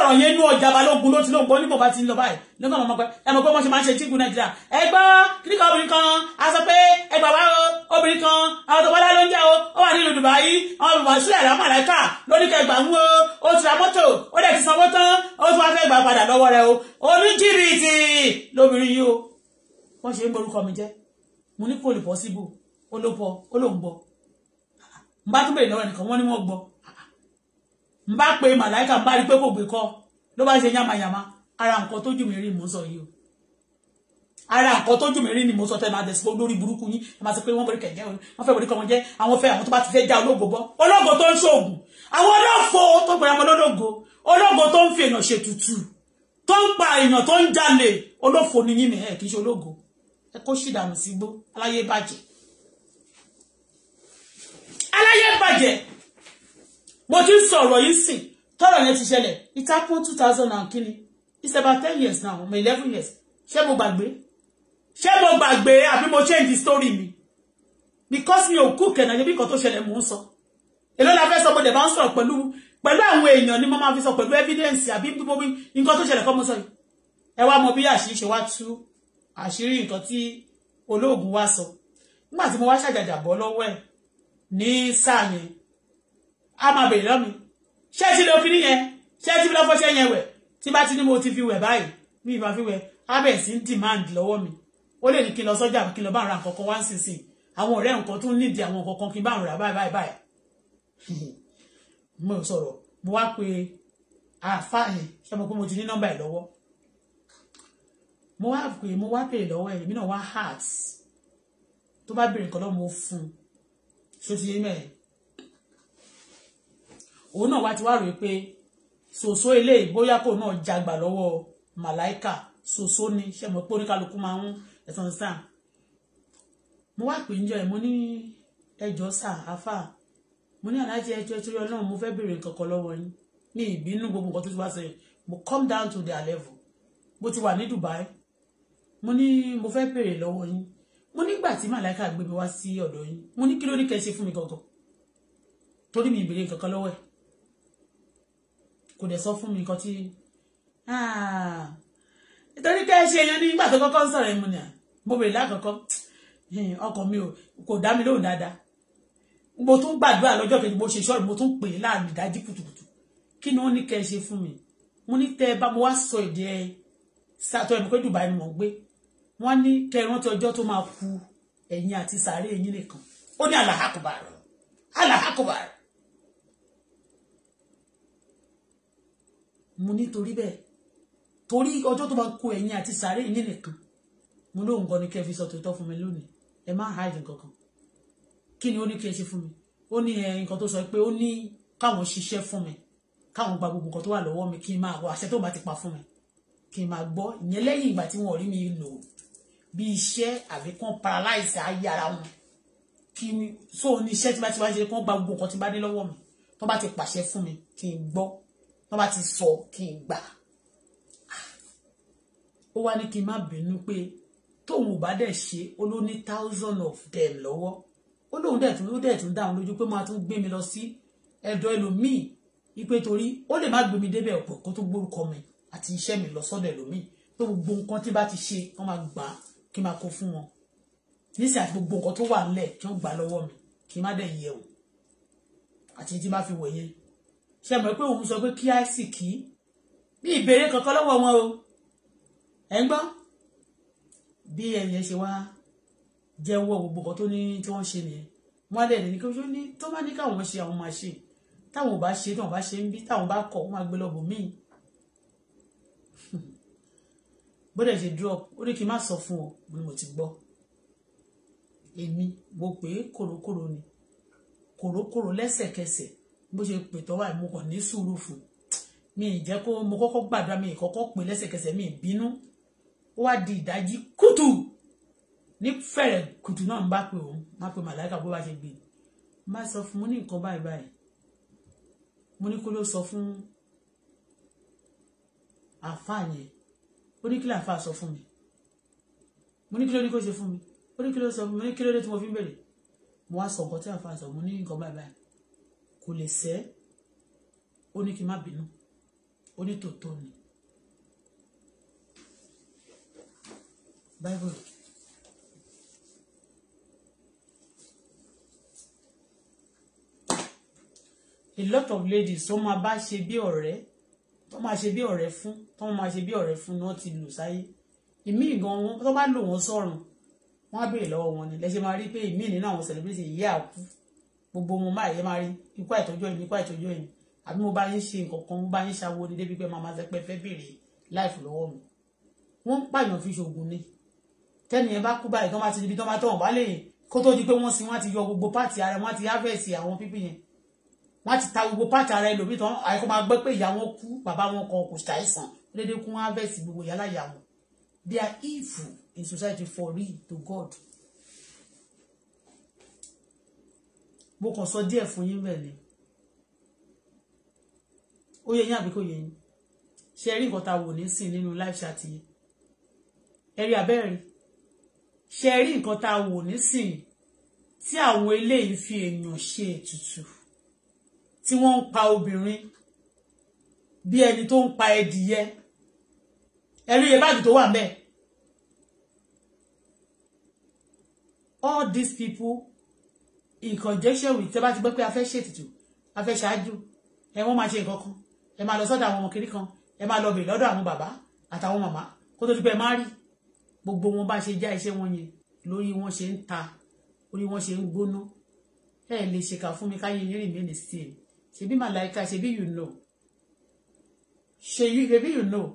ọ̀rọ̀ yẹn ní ọjà balógun ló ti ló ń gbọ́ nígbà bá ti ń lọ báyìí lọ́gbà ọmọ pé pé wọ́n ṣe máa ń ṣe tíkù nàìjíríà ẹ gbọ́ obìnrin kan a sọ pé ẹ wá o obìnrin kan àwọn tó wọlé ló ń jẹ́ o ó wà nílùú Dubai àwọn olùwà sílẹ̀ rẹ̀ màláìkà lórí kẹgbà ń wo o ti ra mọ́tò ó dẹ̀ ti sanwó tán ó tún wá fẹ́ gbà padà lọ́wọ́ rẹ o oní lóbìnrin n bá pe màláìka n bá rí pé kò gbé kọ́ ló bá ṣe yàmàyàmà ara nǹkan tójú mi rí mò ń sọ yìí o ara nǹkan tójú mi rí ni mo sọ tẹ́ máa dẹ̀ sí lórí burúkú yín ẹ máa sọ pé wọ́n borí kẹ̀jẹ́ o fẹ́ borí kọ́ wọn jẹ́ àwọn fẹ́ àwọn tó bá ti fẹ́ já ológo bọ́ ológo tó ń ṣoògùn àwọn olófo tó pẹ̀lú àwọn ológo ológo tó ń fi èèyàn ṣe tutù tó ń pa èèyàn tó ń jalè olófo ni yín nìyẹn kì í ṣe ológo ẹ kó ṣì dànù sígbó aláyé bàjẹ́ aláyé bàjẹ́ mo ti sọ̀rọ̀ yìí sìn tọ́rọ̀ yẹn ti ṣẹlẹ̀ it happened two thousand and kini it's about ten years now or eleven years ṣé mo gbàgbé ṣé mo gbàgbé àbí mo change the story mi because mi ò kú kẹ̀nà níbi kan tó ṣẹlẹ̀ mò ń sọ èló la fẹ́ sọ mo dẹ̀ bá ń sọ̀rọ̀ pẹ̀lú pẹ̀lú àwọn èèyàn ni mo máa fi sọ pẹ̀lú evidence àbí bí mo bí nǹkan tó ṣẹlẹ̀ kọ́ mo sọ yìí ẹ wá mọ bí àṣírí ṣe wá tú àṣírí nǹkan tí olóògùn wá sọ nígbà tí mo wá ṣàjàjà bọ́ lọ́wọ́ ẹ̀ ní sáà yẹn a máa bèrè lọ́mi ṣé ti lo kíní yẹn ṣé ti lọ́ fọ́ṣẹ́ yẹn wẹ̀ tí bá ti ní mo ti fi wẹ̀ báyìí mi ì bá fi wẹ̀ abẹ̀ sí ń demand lọ́wọ́ mi ó lè ní kí n lọ sọ́jà kí n lọ bá ra nǹkan kan wá nísinsìnyí àwọn ọ̀rẹ́ nǹkan tún nídìí àwọn nǹkan kan kí n bá ra báyìí báyìí báyìí mo sọ̀rọ̀ mo wá pe àfa yẹn ṣé mo pé mo ti ní nọ́mbà ẹ̀ lọ́wọ́ mo wá pè mo wá pè lọ́wọ́ ẹ̀ èmi náà wá heart tó bá bèrè nǹkan lọ́wọ́ mo fún un ṣó ti yé mẹ́rin òun náà wá ti wá rèé pé ṣoṣo eléyìí bóyá kò náà jagbà lọ́wọ́ màláìkà ṣoṣo ni ṣe mọ̀ pé oníkálukú máa ń ẹ̀sán sáà mo wá pè ń jọ ẹ̀ mo ní ẹjọ́ sáà afá mo ní aláàjì ẹjọ́ torí ọlọ́run mo fẹ́ béèrè nǹkan lọ́wọ́ yín ní ìbínú gbogbo nǹkan tó ti wá sẹ́yìn mo come down to their level mo ti wà ní Dubai mo ní mo fẹ́ béèrè lọ́wọ́ yín mo nígbà tí màláìkà gbé mi wá sí ọ̀dọ̀ yín mo ní kí ló ní kẹ́ ṣe fún mi gangan torí mi ìbéèrè nǹkan lọ́wọ́ ẹ̀ kò dẹ̀ sọ fún mi nǹkan tí ah. nítorí kẹ́ ẹ ṣe yan ní nígbà tó kọ́kọ́ ń sọ̀rọ̀ ẹ̀mú ni mo bèrè lákọ̀ọ́kọ́ ọkàn mi kò dá mi lóhùn dáadáa mo tún gbàdúrà lọ́jọ́ kejì mo ṣe ṣọ́ọ̀rọ̀ mo tún pè é láàrin ìdájí kùtùkùtù kí ni wọ́n ní kẹ́ ẹ ṣe fún mi mo ní tẹ́ ẹ bá mo wá sọ èdè ẹ sàtọ́ ẹ̀ mọ̀ pé Dubai ni mò ń gbé wọ́n ní kẹ́ ẹ rántí ọjọ́ tó máa ku ẹ̀yìn àti sàárè ẹ̀yìn nìkan ó ní àlàákùbà rẹ̀ mo nítorí bẹ́ẹ̀ torí ọjọ́ tó bá kó ẹ̀yìn àti sàárè yìí nìkan mo lóun gan ni kẹ́ fi sọ tòótọ́ fún mi lónìí ẹ má hide nǹkan kan kí ni ó ní kí ẹ ṣe fún mi ó ní ẹ eh, nǹkan tó sọ pé ó ní káwọn ṣiṣẹ́ fún mi káwọn gba gbogbo nǹkan tó wà lọ́wọ́ mi kí n máa wọ àṣẹ tó bá ti pa fún mi kí n máa gbọ́ ìyẹn lẹ́yìn ìgbà tí wọ́n rí mi lò bí iṣẹ́ àbí kán paralyze ayé ara wọn kí ni so ní iṣẹ́ tí bá ti wá ṣe kán gba gbogbo nǹkan tí bá dé lọ́wọ́ mi tó bá ti pàṣẹ fún mi kí n gbọ́ tó bá ti sọ kí n gbà ó wá ní kí n má bínú pé tóun ò bá dẹ̀ ṣe ó thousand of them lọ́wọ́ ó lóun dẹ̀ tún ó dẹ̀ tún dá òun lójú pé máa tún gbé mi lọ sí ẹ̀dọ̀ ẹlòmíì ipe torí ó lè má gbé mi débẹ̀ ọ̀pọ̀ kó tó gbórúkọ mi àti iṣẹ́ mi lọ sọ́dọ̀ ẹlòmíì pé gbogbo nǹkan tí bá ti ṣe wọ́n máa gbà á kí n máa kó fún wọn nísìnyí àti gbogbo nǹkan tó wà ńlẹ̀ kí wọ́n gbà lọ́wọ́ mi kí n má dẹ̀ yẹ̀ wò àti tí n bá fi wọ̀ yẹn ṣe mọ̀ pé òun sọ pé kí isaac bí ìbéèrè kankan lọ́wọ́ wọn o ẹ̀ ń gbọ́ bí ẹ̀yìn ẹ̀ ṣe wá jẹ́wọ́ gbogbo nǹkan tó ní tí wọ́n ṣe nìyẹn wọ́n á dẹ̀ ní kí wọ́n ní tó bá ní káwọn ṣe àwọn máa ṣe táwọn ò bá ṣe táwọn bá ṣe ń bí táwọn bá kọ̀ wọ́n máa gbé lọ́bù míì bọ́dẹ̀ ṣe drop ó ní kí n má sọ fún ọ bí mo ti gbọ́ èmi mo pè é kòrókòró ni kòrókòró lẹ́sẹ̀kẹsẹ̀ bó ṣe pè tọ́ wà mo kàn ní sùúrù fún mi ì jẹ́ kó mo kọ́kọ́ gbàdúrà mi ì kọ́kọ́ pè lẹ́sẹ̀kẹsẹ̀ mi ì bínú ó wá di ìdájí kùtù ní fẹ̀rẹ̀ kùtù náà ń bá pè òun má pè màláìka bó bá ṣe gbé má sọ fún mo ní nǹkan báyìí báyìí mo ní kó ló sọ fún àáfàá yẹn ó ní kí làáfàá sọ fún mi mo ní kí ló ní kó ṣe fún mi ó ní kí ló sọ fún mi mo ní kí ló dé tí mo fi ń bèrè mo wá sọ nǹkan tí àáfàá sọ mo ní nǹkan báyìí báyìí kò lè sẹ́ ó ní kí n má bínú ó ní tòótọ́ ni Bible. a lot of ladies tó máa bá ṣe bí ọ̀rẹ́ tó máa ṣe bí ọ̀rẹ́ fún tó máa ṣe bí ọ̀rẹ́ fún náà ti lù sáyé ìmíì gan wọn tó bá lò wọn sọ̀rùn wọn á béèrè lọ́wọ́ wọn ni lẹ́sẹ̀ máa rí pé ìmíì nínú àwọn celebrity yìí àkú gbogbo wọn báyìí ẹ máa rí ikú àìtọ́jú ẹ̀yìn ikú àìtọ́jú ẹ̀yìn àbí mo bá yín ṣe nǹkan kan mo bá yín ṣàwo ni débi pé màmá sẹpẹ fẹ́ béèrè láìfù lọ́wọ́ mi wọ́n ń pààyàn fi ṣoògùn ni tẹ́ni ẹ bá kú báyìí tán bá ti dibi tán bá tán ọ̀bá lè kó tó di pé wọ́n sin wọ́n ti yọ gbogbo páàtì ara wọ́n ti háfẹ́sì àwọn pípì yẹn wọ́n ti ta gbogbo páàtì ara ẹlòmíì tán àìkọ́ máa gbẹ́ pé ìyá wọn kú bàbá wọn kan kò ṣàìsàn dédé kún háfẹ́sì gbogbo ìyá láyà wọn they are evil in society for real to God mo kàn sọ díẹ̀ fún yín bẹ́ẹ̀ ni ó yẹ yín àbí kò yẹ yín ṣe rí nǹkan tá wò ní sìn nínú live chat yìí ẹ rí abẹ́rẹ́ ṣe rí nǹkan tá a wò ní sìn tí àwọn eléyìí fi èèyàn ṣe ètùtù tí wọ́n ń pa obìnrin bí ẹni tó ń pa ẹdìyẹ ẹ rí iye báàgì tó wà mẹ́ẹ̀ all these people in conjunction with tẹ́ bá ti gbọ́ pé a fẹ́ ṣètìtù a fẹ́ ṣáájú ẹ wọ́n máa ṣe nǹkan kan ẹ máa lọ sọ́dọ̀ àwọn ọmọ kiri kan ẹ máa lọ bè lọ́dọ̀ àwọn bàbá àtàwọn màmá kó tó ti pẹ́ má rí gbogbo wọn bá ṣe já iṣẹ́ wọn yẹn lórí wọn ṣe ń ta orí wọn ṣe ń gbóná ẹ lè ṣèkà fún mi káyé yín rìn mí ní steel ṣebí màláìka ṣebí you know ṣebí you know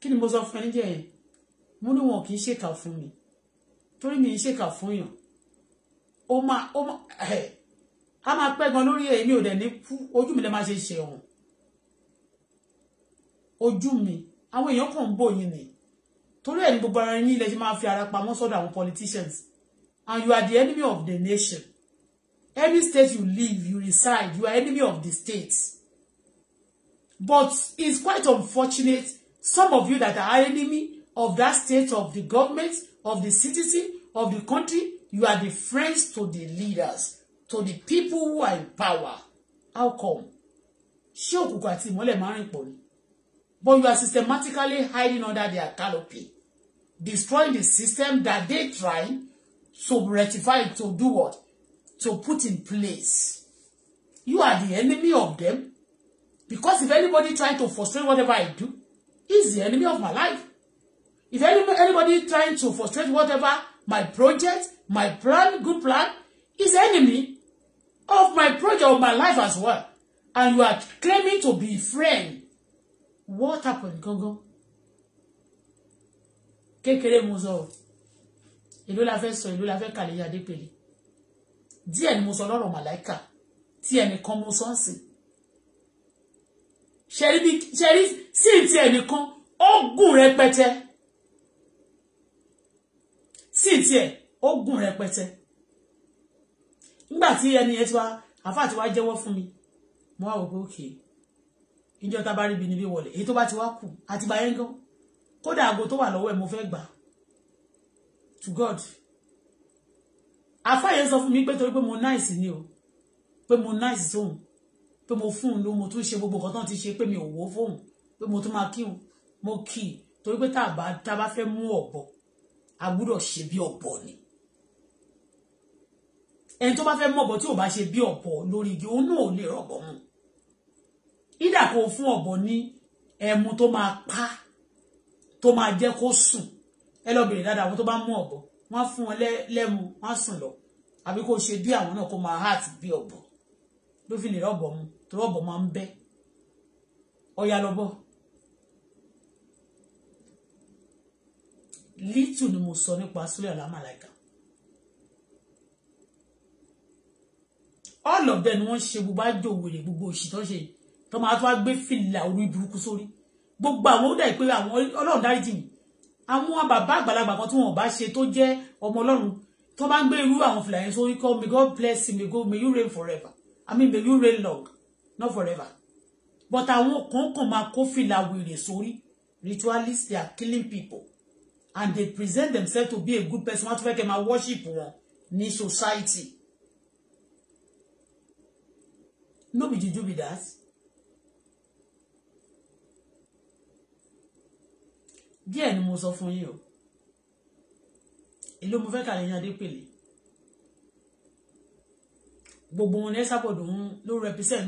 kí ni mo sọ fún ẹ níjẹ yẹn mo ní wọn kì í ṣèkà fún mi torí mi ń ṣèkà fún yàn ó máa ó máa ẹ̀ á máa pẹ́ gan lórí èmi ò dẹ̀ ní kú ojú mi lè máa ṣe ṣẹ̀wọ̀n ojú mi àwọn èèyàn kàn ń bò yín ni torí ẹ̀ ní gbogbo ara yín ilẹ̀ ṣe máa fi ara pamọ́ sọ́dọ̀ àwọn politicians and you are the enemy of the nation any state you live you reside you are enemy of the state but it's quite unfortunate some of you that are enemy of that state of the government of the citizen of the country You are the friends to the leaders, to the people who are in power. How come? Ṣé òkùnkùn àti ìmọ́lẹ̀ máa rìn pọ̀ ni? But you are systematically hiding under their canopy, destroying the system that they try to rectify, to do what? To put in place. You are the enemy of them. Because if anybody trying to frustrate whatever I do, he's the enemy of my life. If anybody, anybody trying to frustrate whatever my project, my plan, good plan, is enemy of my project, of my life as well. And you are claiming to be friend. What happened, Gogo? Kekere mo sọ. la fẹ́ sọ, èló la fẹ́ kàlẹ́ yàdé pèlè. Díẹ̀ ni mo sọ lọ́rọ̀ màláìkà. Tí ẹnìkan mo sọ ń sìn. Ṣẹ̀rí sí ti ẹnìkan, ó gùn rẹpẹtẹ sí ìtì ẹ̀ ó gùn rẹpẹtẹ nígbà tí ẹni yẹn ti wá àfáà ti wá jẹ́wọ́ fún mi mo wá wò pé òkè ìjọ tá a bá rí ibi níbi wọlé èyí tó bá ti wá kù àti gbà yẹn gan kódà àgbo tó wà lọ́wọ́ ẹ̀ mo fẹ́ gbà to God àfáà yẹn sọ fún mi pé torí pé mo náìsì ni o pé mo náìsì sóhun pé mo fún un ló mo tún ṣe gbogbo nǹkan tó ti ṣe pé mi ò wó fóun pé mo tún máa kí un mo kì í torí pé tá a bá fẹ́ mú ọ̀bọ a gbúdọ̀ ṣe bí ọ̀bọ ni ẹni tó bá fẹ́ mọ̀bọ tí ò bá ṣe bí ọ̀bọ lórí igi òun náà ò lè rọ̀bọ mu ìdà kò fún ọ̀bọ ní ẹmu tó máa pa tó máa jẹ́ kó sùn ẹ lọ bèrè dáadáa àwọn tó bá mú ọ̀bọ wọ́n fún wọn lẹ́mu wọ́n sùn lọ àbí kó ṣe bí àwọn náà kó máa hàt bí ọ̀bọ ló fi lè rọ̀bọ mu tó rọ̀bọ máa ń bẹ́ ọ̀yà lọ́bọ̀. little ni mo sọ nípa Sule Alao Malaika all of them ni wọ́n ṣe gbogbo àjò wèrè gbogbo òṣì tó ń ṣe tó máa tó wá gbé fìlà orí burúkú sórí gbogbo àwọn ó dà pé àwọn ọlọ́run dáríjì mi àwọn bàbá àgbàlagbà kan tí wọn bá ṣe tó jẹ́ ọmọ ọlọ́run tó bá ń gbé irú àwọn fìlà yẹn sórí kọ́ may God bless you may, God, may you reign forever I mean may you reign long not forever but àwọn kan kàn máa kó fìlà wèrè sórí ritualists they are killing people and they present themselves to be a good person wọ́n tún fẹ́ kẹ́ máa worship wọn ní society no be juju be that díẹ̀ ni mo sọ fún yín o èló mo fẹ́ kà lẹ́yìn adépèlé gbogbo wọn ní ẹ́sàbọ̀dù ń ló represent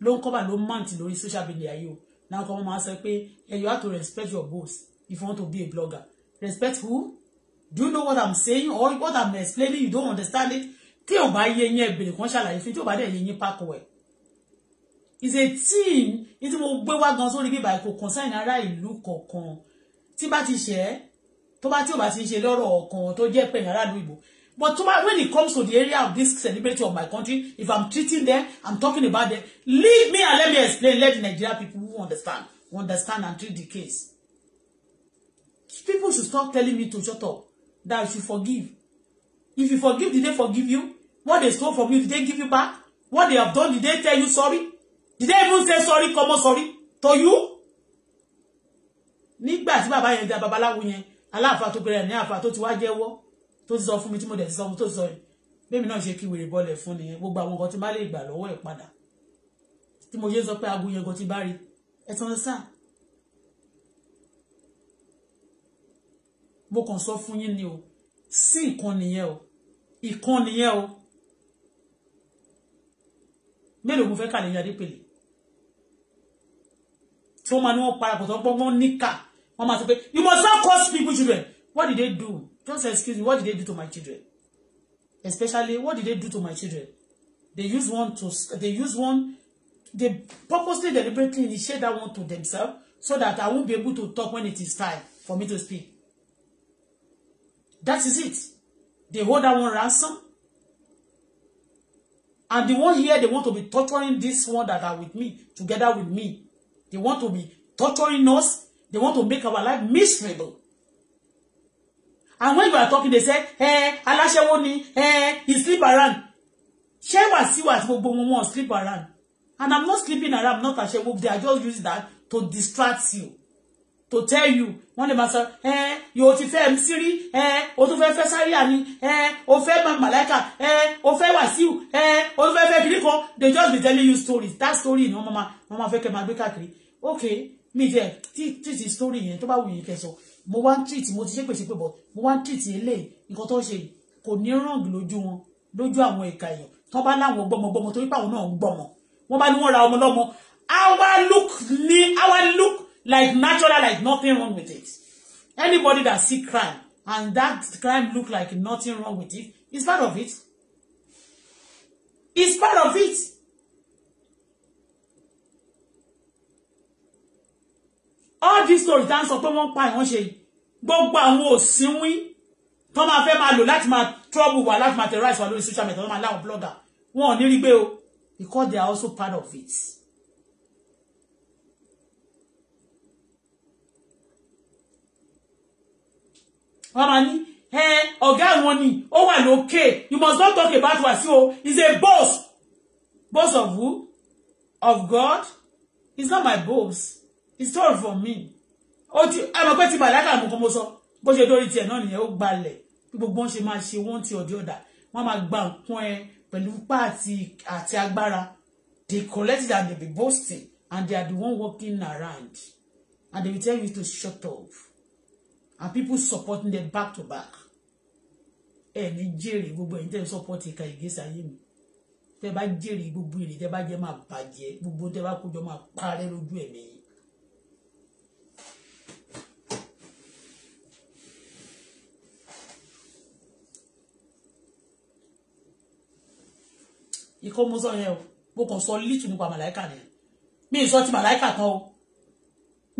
ló ń kọ́bà ló ń mọ̀ǹtì lórí social media yìí o náà kọ́ wọn máa sọ pé you have to respect your boss if you want to be a blogger respect who? do you know what i'm saying or what i'm explaining you don't understand it tí ò bá yé yín ẹbẹ̀rẹ̀ kan ṣàlàyé fún tí ò bá dẹ̀ yé yín pákó ẹ̀ is a team ní tí mo gbé wá gan sórí bíbá kò concern ará ìlú kọ̀ọ̀kan tí bá ti ṣe é tó bá tí ò bá ti ṣe lọ́rọ̀ ọ̀kan tó jẹ́ pẹ̀yìn aráàlú ìbò but to my, when it comes to the area of this celebrity of my country if i'm treating them i'm talking about them leave me and let me explain let the Nigerian people who understand understand and treat the case people should stop telling me to shut up that I should forgive if you forgive did they forgive you what they stole from you did they give you back what they have done did they tell you sorry did they even say sorry Come on, sorry to you nígbà tí bàbá yẹn da babaláwo yẹn aláàfáà tó gbẹrẹ ní àfáà tó ti wá jẹ́wọ́ tó ti sọ fún mi tí mo dẹ̀ ti sọ fún tó ti sọ yẹn bẹ́ẹ̀ mi náà ṣe kí wèrè bọ́ọ̀lẹ̀ fún nìyẹn gbogbo àwọn nǹkan tí má lè gbà lọ́wọ́ ẹ̀ padà tí mo yé sọ pé aago yẹn gan ti bá rí ẹ̀ sáà mo kàn sọ fún yín ni o sí ìkan nìyẹn o ìkan nìyẹn o mélòó mo fẹ́ kà lẹ́yìn adépèlé tí wọ́n máa ní wọ́n parapọ̀ tó ń wọ́n níkà wọ́n máa sọ pé you must not cause people children what did they do just excuse me what did they do to my children especially what did they do to my children they use one to they use one they purposely deliberately initiate that one to themselves so that I won't be able to talk when it is time for me to speak That is it. They hold that one ransom. And the one here, they want to be torturing this one that are with me, together with me. They want to be torturing us. They want to make our life miserable. And when you are talking, they say, "Hey, eh, aláṣẹ́wó ni, Hey, eh, he sleep around. Ṣé Wàsíù àti gbogbo wọn wọn sleep around. And I'm not sleeping around, Not not aṣẹ́wó. They are just using that to distract you to tell you wọ́n lè máa sọ ẹ́ yóò ti fẹ́ mc rí ẹ́ o tún fẹ́ fẹ́ sáríà ni ẹ́ o fẹ́ máa màláìkà ẹ́ o fẹ́ wàsíù ẹ́ o tún fẹ́ fẹ́ kiri kan they just be telling you stories that story ni wọ́n máa wọ́n máa fẹ́ kẹ́ máa gbé káàkiri ok mi jẹ́ títí story yẹn tó bá wù yín kẹsọ mo wá ń treat mo ti ṣe pèsè pé bọ̀ mo wá ń treat eléyìí nǹkan tó ń ṣe kò ní ràn lójú wọn lójú àwọn ìka èèyàn tó bá láwọn gbọmọgbọmọ torí pé àwọn náà ń gbọmọ wọn bá ní wọn ra ọmọ lọmọ our look ni our look like natural like nothing wrong with it anybody that see crime and that crime look like nothing wrong with it is part of it is part of it all these stories tá ń sọ pé wọ́n pa ìwọ́n ṣe gbogbo àwọn òsínwín tó máa fẹ́ máa lò láti máa trouble wa láti máa terrorize wa lórí social media tó máa láwọn blogger wọn ò ní rí gbé o because they are also part of it. wọ́n máa ní ẹ ọ̀gá àwọn ni ó wà lókè you must not talk about Wasiu he's a boss boss of who of God he's not my boss he's told for me ó ti àmọ́ pé ti màláka àmọ́ kan mo sọ bó ṣe dórí tiẹ̀ náà nìyẹn ó gbalẹ̀ bí gbogbo wọn ṣe máa ṣe wọ́n ti ọ̀dí ọ̀dà wọ́n máa gba nǹkan ẹ pẹ̀lú páàtì àti agbára they collect it and they be boasting and they are the one walking around and they will tell you to shut up and people supporting them back to back ẹ ní jèrè gbogbo ẹ̀yin tẹ́ ń support ìka ìgbésí ayé mi tẹ́ bá jèrè gbogbo èrè tẹ́ bá jẹ́ máa bàjẹ́ gbogbo tẹ́ bá kójọ máa parẹ́ lójú ẹ̀mí yìí. ìkọ́ mo sọ yẹn o mo kàn sọ líìtù nípa màláìkà ni mi ì sọ ti màláìkà tán o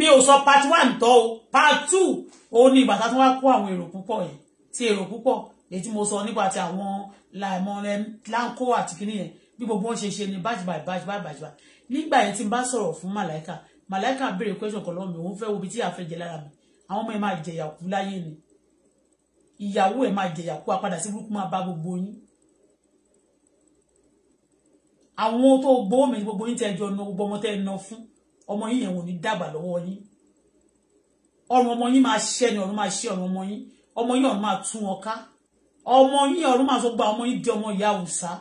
mi ò sọ part one tọ́ o part two òun ni ìgbà tá a tún wá kó àwọn èrò púpọ̀ yẹn ti èrò púpọ̀ èyí tí mo sọ nípa ti àwọn làìmọ́ rẹ láńkó àti kíní yẹn bí gbogbo wọn ṣe ṣe ni bájì bájì bájì bájì bájì bájì nígbà yẹn tí n bá sọ̀rọ̀ fún màláìka màláìka béèrè question kan lọ́wọ́ mi òun fẹ́ wo ibi tí àfẹ́ jẹ lára mi àwọn ọmọ ẹ máa jẹyà kú láyé ni ìyàwó ẹ máa jẹyà kú apadà sí burúkú máa bá gbogbo yín àwọn tó gbowó mi gbogbo yín tẹ́ jọ ọmọ tẹ́ ẹ na fún ọmọ yín yẹn wò ní dàgbà lọ́wọ́ yín ọrùn ọmọ yín máa ṣẹ́ ni ọ̀run máa ṣẹ́ ọrùn ọmọ yín ọmọ yín ọ̀run máa tú wọn ká ọmọ yín ọ̀run máa sọ gba ọmọ yín di ọmọ ìyá òòṣà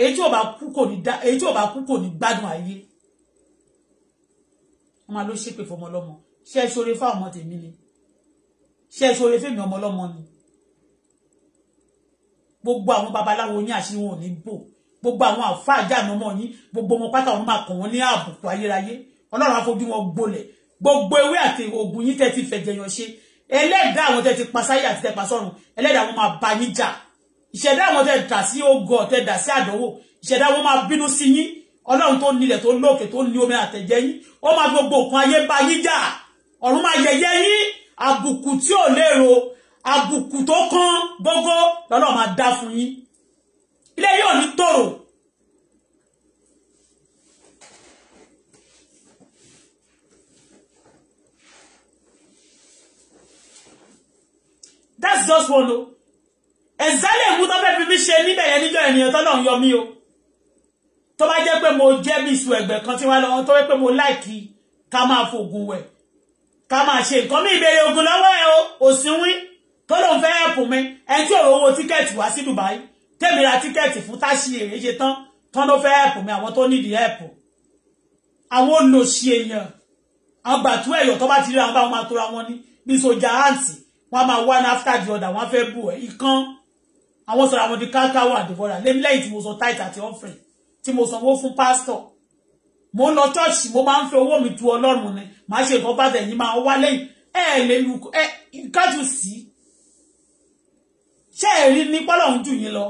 èyí tí ò bá kú kò ní dá èyí tí ò bá kú kò gbádùn ayé wọn máa ló ṣépè fọmọ ọlọ́mọ ṣe é ṣoore fáwọn ọmọ tèmi ni ṣe é ṣoore fèmí ọmọ ọlọ́mọ ni gbogbo àwọn babaláwo ní àṣírí wọn ò ní bò gbogbo àwọn àfáàjáàna ọmọ yín gbogbo ọmọ pátá wọn máa kàn wọn ní àbùkù ayérayé ọlọ́run àfojú wọn gbolẹ̀ gbogbo ewé àti oògùn yín tẹ́ ti fẹ̀jẹ̀yàn ṣe ẹlẹ́dàá àwọn tẹ́ ti pa sáyé àti tẹ́ pa sọ́run ẹlẹ́dàá wọn máa bá yín jà ìṣẹ̀dá àwọn tẹ́ dà sí ogo tẹ́ dà sí àdánwò ìṣẹ̀dá wọn máa bínú sí yín ọlọ́run tó nílẹ̀ tó lókè tó ní omi àtẹ̀jẹ́ yín ó máa gbogbo nǹkan ayé bá yín jà ọ̀run máa yẹ̀yẹ́ yín àbùkù tí ò lérò àbùkù tó kán gógó lọ́lọ́ máa dá fún yín ilé yóò ní tòrò that's just one o ẹ̀sálẹ̀ ìwú tó fẹ́ fi mí ṣe níbẹ̀ yẹn níjọ́ ènìyàn tọ́lọ̀ ń yọ mí o tó bá jẹ́ pé mo jẹ́ bí ìṣù ẹ̀gbẹ́ kan tí wọ́n lọ́wọ́ tó wẹ́ pé mo láìkí ká máa fògùn wẹ̀ ká máa ṣe nǹkan mí ìbéèrè ogun lọ́wọ́ ẹ̀ o òsínwín tó lóun fẹ́ ẹ̀pù mi ẹ̀ tí òrò owó tíkẹ́ẹ̀tì wá sí Dubai tèmi ra tíkẹ́ẹ̀tì fún táṣì èrè ṣe tán tán ló fẹ́ ẹ̀pù mi àwọn tó nídìí ẹ̀pù àwọn olòṣì èèyàn àwọn gbàtú ẹ̀yọ̀ tó bá ti rí àwọn báwọn máa tora wọn ní bí sojà àǹtì wọn máa wá ní after the order wọn fẹ́ bù ẹ̀ ikán àwọn sọ̀rọ̀ àwọn di kákáwọ̀ àdìbọ̀rà lẹ́yìn lẹ́yìn tí mo sọ tight àti offering tí mo sanwó fún pásítọ̀ mo lọ chọ́ọ̀ṣì mo máa ń fi owó mi tu ọlọ́run ni màá ṣe nǹkan bàtà ẹ̀yìn máa wá lẹ́yìn ẹ̀ lè lu ẹ̀ kájú sí ṣé ẹ̀rí ní pọ́lọ́run jù yín lọ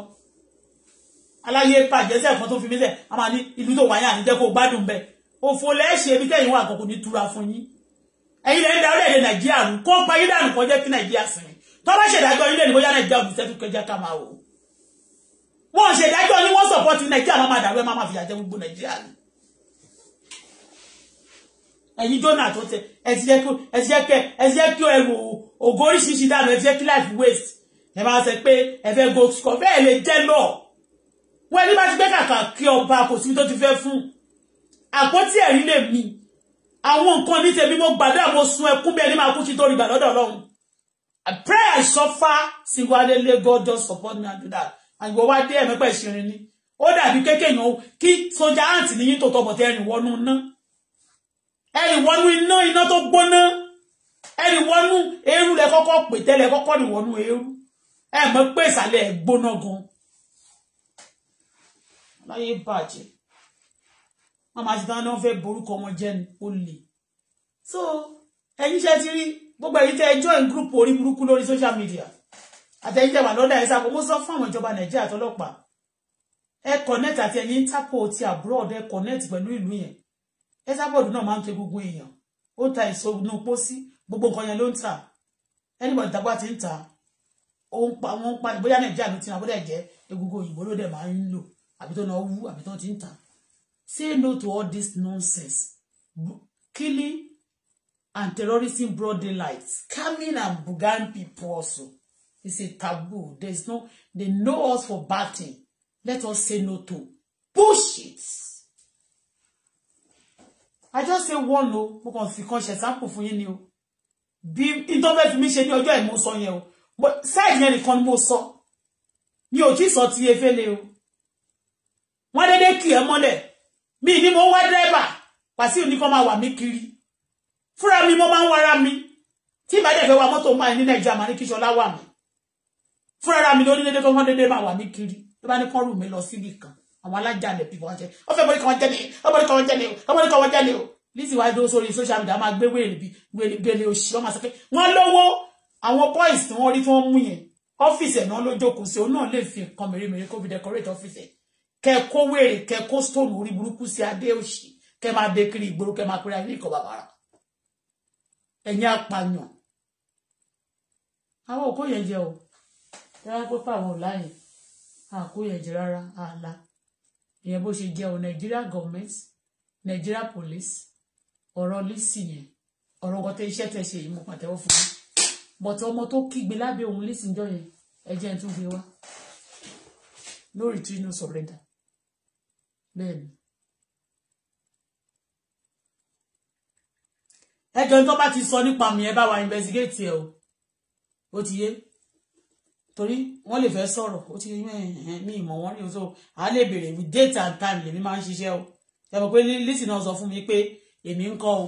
aláyé pàjẹ́sẹ̀ fún tó fi mílẹ̀ a máa ní ìlú tó wáyé àti jẹ́ kó gbádùn bẹ́ẹ̀ òfò lẹ́ẹ̀ṣẹ̀ ibi tẹ́yìn wà kòkò ní tura fún yín ẹ̀yin lẹ́yìn da orílẹ̀-èdè nàìjíríà rú kó pa yín dànù kọjá kí nàìjíríà sìn tó bá ṣèdájọ́ ilé ní bóyá nàìjíríà òbí sẹ́tù kẹjá ká máa wò wọ́n ṣèdájọ́ ni wọ́n sọ̀pọ̀tì nàìjíríà máa máa dàrú ẹ̀ máa fìyà jẹ gbogbo nàìjíríà ni ẹ̀yin jóná tó tẹ ẹ ti ẹ ti jẹ́ ògo oríṣiríṣi dànù ẹ kí life waste ẹ máa sẹ pé ẹ fẹ́ go school bẹ́ẹ̀ lè jẹ́ lọ́ọ̀ wọ́n ẹni bá ti gbé kàkà kí ọba kò sí tó ti fẹ́ fún àpótí ẹ̀rí lè mi àwọn nǹkan ní tèmi mo gbàdúrà mo sun ẹkún bí ẹni máa kú kí tó rí gbà lọ́dọ̀ ọlọ́run I pray I suffer singularly God just support me and do that And àgbọ̀ wá dé ẹ̀mí pẹ̀ ṣirin ni ó dàbí kékèèyàn kí sọjà àǹtí ní yín tó tọmọ tí ẹrìn wọnú ná ẹrìn wọnú iná iná tó gbóná ẹrìn wọnú eérú lẹ kọ́kọ́ pè tẹ́lẹ̀ kọ́kọ́ rìn wọnú eérú ẹ mọ̀ pé ìsàlẹ̀ ẹ̀ gbóná gan láyé bàjẹ́ wọn máa ti dáná wọn fẹ́ borúkọ wọn jẹ́ ni so ẹ̀yin ṣe ti rí gbogbo èyí tẹ́ ẹ join group orí burúkú lórí social media àtẹ̀yìn tẹ́ wà lọ́dà ẹ̀ sáà mo sọ fún àwọn ìjọba nàìjíríà àtọlọ́pàá ẹ connect àti ẹ̀yin interpol ti abroad ẹ connect pẹ̀lú ìlú yẹn ẹ sábọ̀d náà máa ń pe gbogbo èèyàn ó ta èso inú pósí gbogbo nǹkan yẹn ló ń tà anybody tàgbà ti ń tà ó ń pa wọn ń pa bóyá nàìjíríà ló ti ràn bóyá jẹ egungun òyìnbó ló dẹ̀ máa ń lò àbí tó náà wú àbí tó ti ń tà say no to all this nonsense killing and terrorism broad daylight scamming and bugan people also it's a taboo there is no they know us for bad thing let us say no to Push it. i just say one o mo kàn fi kan ṣe sample fún yín ni o bí ìtọ́fẹ́ fi mí ṣe ní ọjọ́ ìmúsọ yẹn o but side yẹn nìkan ni mo sọ mi ò tí sọ ti efele o wọ́n dédé kì ẹ́ mọ́lẹ̀ mi ni mo wá dẹ́rẹ́bà Wàsíù ní kọ́ máa wà mí kiri fúnra mi mo máa ń wára mi tí ìbá dẹ̀ fẹ́ wa mọ́tò máa ní Nàìjíríà máa ní kí Ṣọlá wà mí fúnra mi lórí dédé tó wọ́n dédé máa wà mí kiri tó bá ní kọ́ rù mí lọ síbì kan àwọn alájàlẹ̀ bí wọ́n jẹ́ ọ fẹ́ mọ́rí kan wọ́n jẹ́ ni ọ mọ́rí kan wọ́n jẹ́ ni ọ mọ́rí kan wọ́n jẹ́ ni o lísì wá dó sórí social media máa gbé wèrè bí wèrè òṣì ọmọ sọ pé wọ́n lówó àwọn boys tí wọ́n rí tí wọ́n mú yẹn ọ́fíìsì ẹ̀ náà ló jókòó sí òun náà lè fi nǹkan mèremère kó decorate ọ́fíìsì ẹ̀ kẹ kó wèrè kẹ kó stone orí burúkú sí adé òsì kẹ máa dé kiri ìgboro kẹ máa pèrè ayé nìkan bàbàrà ẹ̀yin apààyàn àwọn òkú yẹn jẹ o tẹ́lá pé fáwọn ọ̀láyìn àkó yẹn jẹ rárá àlá ìyẹn bó ṣe jẹ o Nigeria government Nigeria police ọ̀rọ̀ Lizzy yẹn ọ̀rọ̀ ọkọ̀ tẹ iṣẹ́ tẹ ṣe yìí mo pàtẹ́wọ́ fún yín bọ̀tọ̀ ọmọ tó kígbe lábẹ́ òun Lizzy jọ yẹn ẹ jẹ́ ẹ tún gbé wá lórí tí inú sọ̀rẹ́dà bẹ́ẹ̀ ni. ẹjọ́ tó bá ti sọ nípa mi ẹ bá wa investigate ẹ o ó ti yé torí wọ́n lè fẹ́ sọ̀rọ̀ ó ti mí ìmọ̀ wọn rí o so à lè bèrè with date and time lèmi máa ń ṣiṣẹ́ o ẹ mọ̀ pé lísì náà sọ fún mi pé èmi ń kọ́ o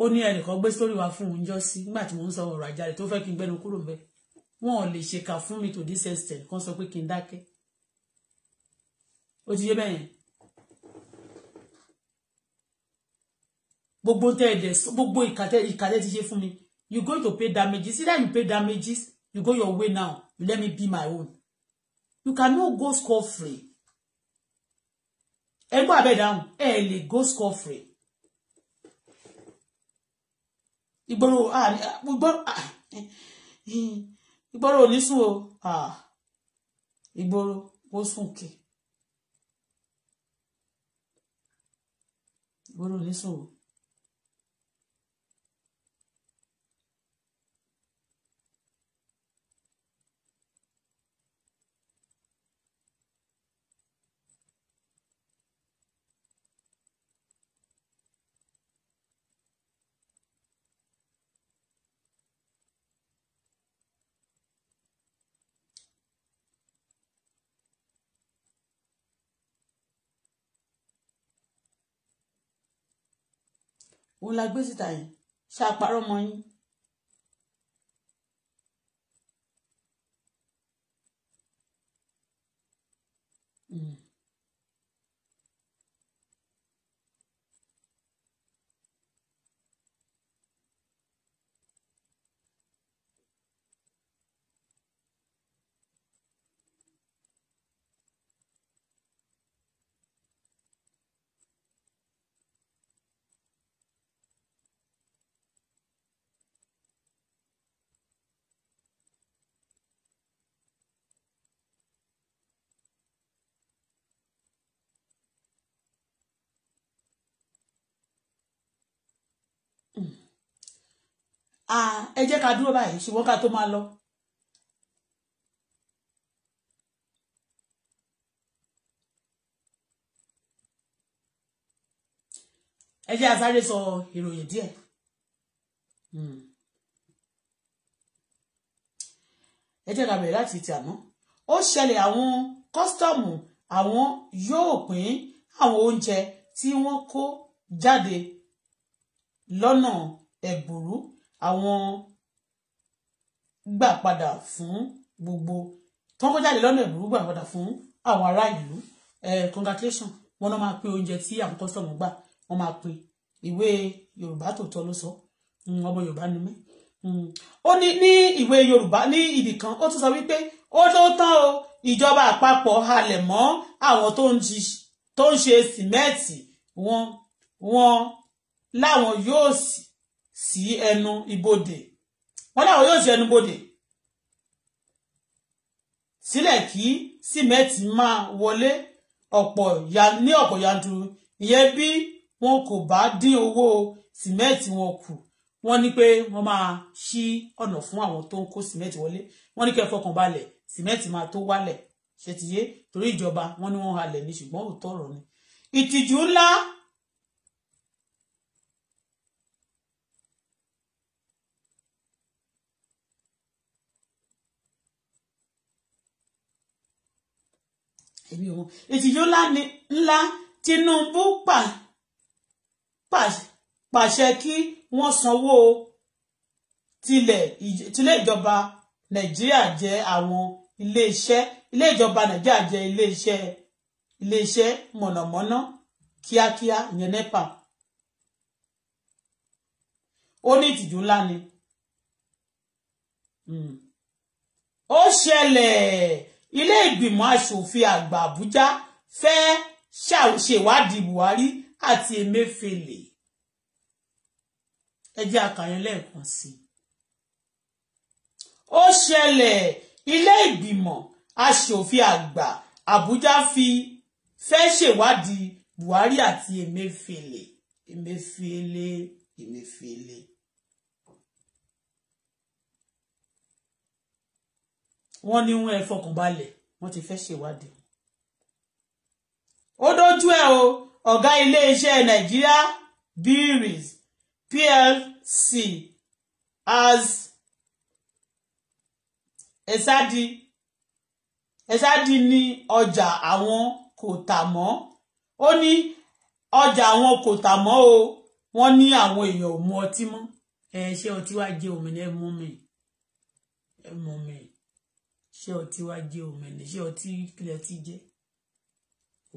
ó ní ẹnìkan gbé sórí wa fún òun jọ sí nígbà tí mò ń sọ ọ̀rọ̀ àjálẹ̀ tó fẹ́ kí n gbẹnu kúrò mbẹ̀ wọn ò lè ṣèkà fún mi to this extent kan sọ pé kí n dákẹ́ ó ti yé bẹ́yẹn gbogbo tẹ ẹdẹ gbogbo ìkàtẹ ìkàtẹ ti ṣe fún mi you go to pay damages See that you pay damages you go your way now you let me be my own you cannot go score free ẹgbọ́n abẹ́ dáhùn ẹ lè go score free ìgboro ah, ìgboro ò ní sùn o ìgboro ó sùn kìí. bọ́rọ̀ rẹ sọ̀rọ̀ òun la gbé síta yìí ṣàparọ́ mọ́ yín. Mm. Ah, ẹ jẹ́ ká dúró báyìí ṣùgbọ́n ká tó máa lọ. ẹ jẹ́ àsáré sọ ìròyìn díẹ̀. Hmm. ẹ jẹ́ ká bẹ̀rẹ̀ láti ti àná ó ṣẹlẹ̀ àwọn kọ́sítọ́ọ̀mù àwọn yóò pín àwọn oúnjẹ tí wọ́n kó jáde lọ́nà ẹ̀bùrú. E àwọn gbà padà fún gbogbo tọ́kọ́ jáde lọ́nà ìlú gbà padà fún àwọn ará ìlú congratulation wọn náà máa pín oúnjẹ tí àwọn kọ́sọ̀mù gbà wọn máa pín ìwé yorùbá tòótọ́ ló sọ ọmọ yorùbá ni mí ó ní ní ìwé yorùbá ní ibì kan ó tún sọ wípé ó tó tán o ìjọba àpapọ̀ halẹ̀ mọ́ àwọn tó ń ṣe sìmẹ́ẹ̀tì wọn wọn láwọn yóò sì sí ẹnu ibodè wọ́n láwọn yóò sí ẹnu bodè sílẹ̀ kí símẹ́ǹtì máa wọlé ọ̀pọ̀ ní ọ̀pọ̀ yanturu ìyẹn bí wọn kò bá dín owó símẹ́ǹtì wọn kù wọ́n ní pé wọ́n máa ṣí ọ̀nà fún àwọn tó ń kó símẹ́ǹtì wọlé wọ́n ní kẹ́ fọkàn balẹ̀ símẹ́ǹtì máa tó wálẹ̀ ṣètìyé torí ìjọba wọ́n ní wọ́n halẹ̀ ní ṣùgbọ́n òótọ́ ọ̀rọ̀ ni ìtìjú ńlá èmi ò mọ ìtìjú ńlá Tinubu pa pàṣẹ kí wọ́n sanwó tilẹ̀ ìjọba Nàìjíríà jẹ́ àwọn iléeṣẹ́ ilé ìjọba Nàìjíríà jẹ́ iléeṣẹ́ iléeṣẹ́ mọ̀nàmọ́ná kíákíá ìyẹn NEPA ó ní ìtìjú ńlá ni hmm. ó ṣẹlẹ̀ ilé ìgbìmọ̀ asòfin àgbà Àbújá fẹ́ ṣàṣèwádìí Buhari àti Emefiele ẹ jẹ́ àkàyàn lẹ́ẹ̀kan sí i ó ṣẹlẹ̀ ilé ìgbìmọ̀ asòfin àgbà Àbújá fi fẹ́ ṣèwádìí Buhari àti Emefiele Emefiele Emefiele. wọ́n ní wọ́n ẹ fọkànbalẹ̀ wọ́n ti fẹ́ ṣèwádìí ó dójú ẹ̀ o ọ̀gá iléeṣẹ́ Nigeria breweries plc as ẹ̀sádì ẹ̀sádì ní ọjà àwọn kò tà mọ́ ó ní ọjà àwọn kò tà mọ́ o wọ́n ní àwọn èèyàn ò mu ọtí mọ́ ẹ ṣe ọtí wá jẹ òmìnira ẹ mú mi ẹ mú mi ṣé ọtí wá jẹ́ òmìnir ṣé ọtí kílẹ̀ ọtí jẹ́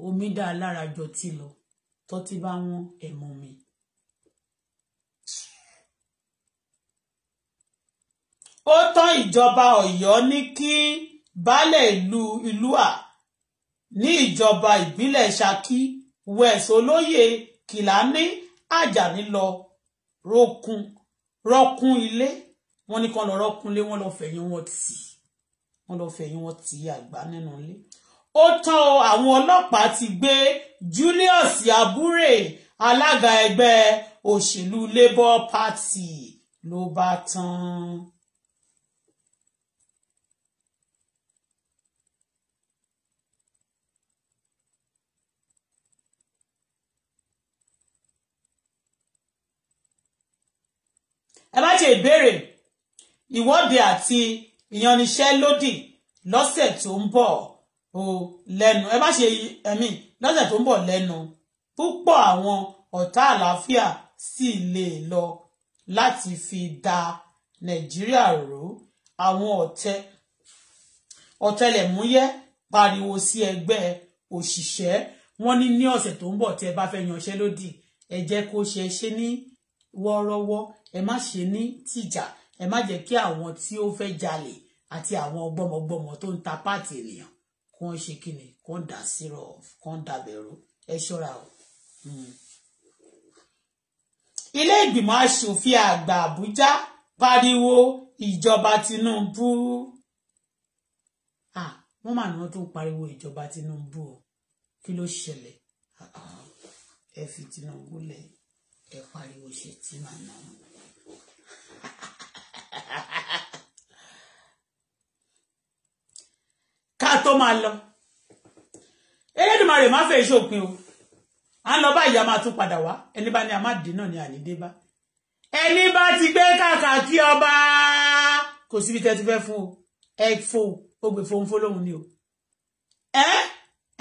omi dá lára jọ tí lọ tọ́tí bá wọ́n ẹ̀mú mi. ó tán ìjọba Ọ̀yọ́ ní kí baálẹ̀ ìlú ìlúà ní ìjọba ìbílẹ̀ Ṣakí west olóyè Kìlání Àjàní lọ rọkun rọkun ilé wọ́n ní kán lọ rọkun ilé wọ́n lọ fẹ̀yìn wọn tì í wọ́n lọ fẹ̀yìn wọn ti àgbá nínú ilé ó tán àwọn ọlọ́pàá ti gbé Julius Abure alága ẹgbẹ́ òṣèlú Labour Party ló bá tán. ẹ má ṣe ìbéèrè ìwọ́de àti ìyanniṣẹ́ lódì lọ́sẹ̀ tó ń bọ̀ o lẹ́nu ẹ má ṣe ẹ̀mí lọ́sẹ̀ tó ń bọ̀ lẹ́nu púpọ̀ àwọn ọ̀tá àlàáfíà sì lè lọ láti fi da nàìjíríà rú àwọn ọ̀tẹ̀ ọ̀tẹlẹ̀múyẹ́ pariwo sí ẹgbẹ́ òṣìṣẹ́ wọ́n ní ní ọ̀sẹ̀ tó ń bọ̀ tí ẹ bá fẹ́ yanṣẹ́ lódì ẹ jẹ́ kó ṣe é ṣe ní wọ́ọ́rọ́wọ́ ẹ má ṣe ní tìjà ẹ má jẹ́ kí àwọn tí ó fẹ́ jalè àti àwọn gbọ́mọgbọ́mọ tó ń ta páàtì ènìyàn kó ń ṣe kíni kó ń dà sírọ̀ kó ń dàbẹ̀rù ẹ ṣọ́ra o. Hmm. ilé ìgbìmọ̀ asòfin àgbà Àbújá pariwo ìjọba Tinubu wọ́n mà ní wọ́n tún pariwo ìjọba Tinubu o kí ló ṣẹlẹ̀ ẹ fi Tinubu lẹ̀ ẹ pariwo ṣe tí màá náà. ká tó máa lọ Elédùmarè má fẹ́ ìṣòpin o à ń lọ báyìí a máa tún padà wá ẹni bá ní a má dín náà ní ànídé bá ẹni bá ti gbé kàkà kí ọba kò síbi tẹ́ fẹ́ fún o ẹ fò ó gbé fóun fólóhùn ni o ẹ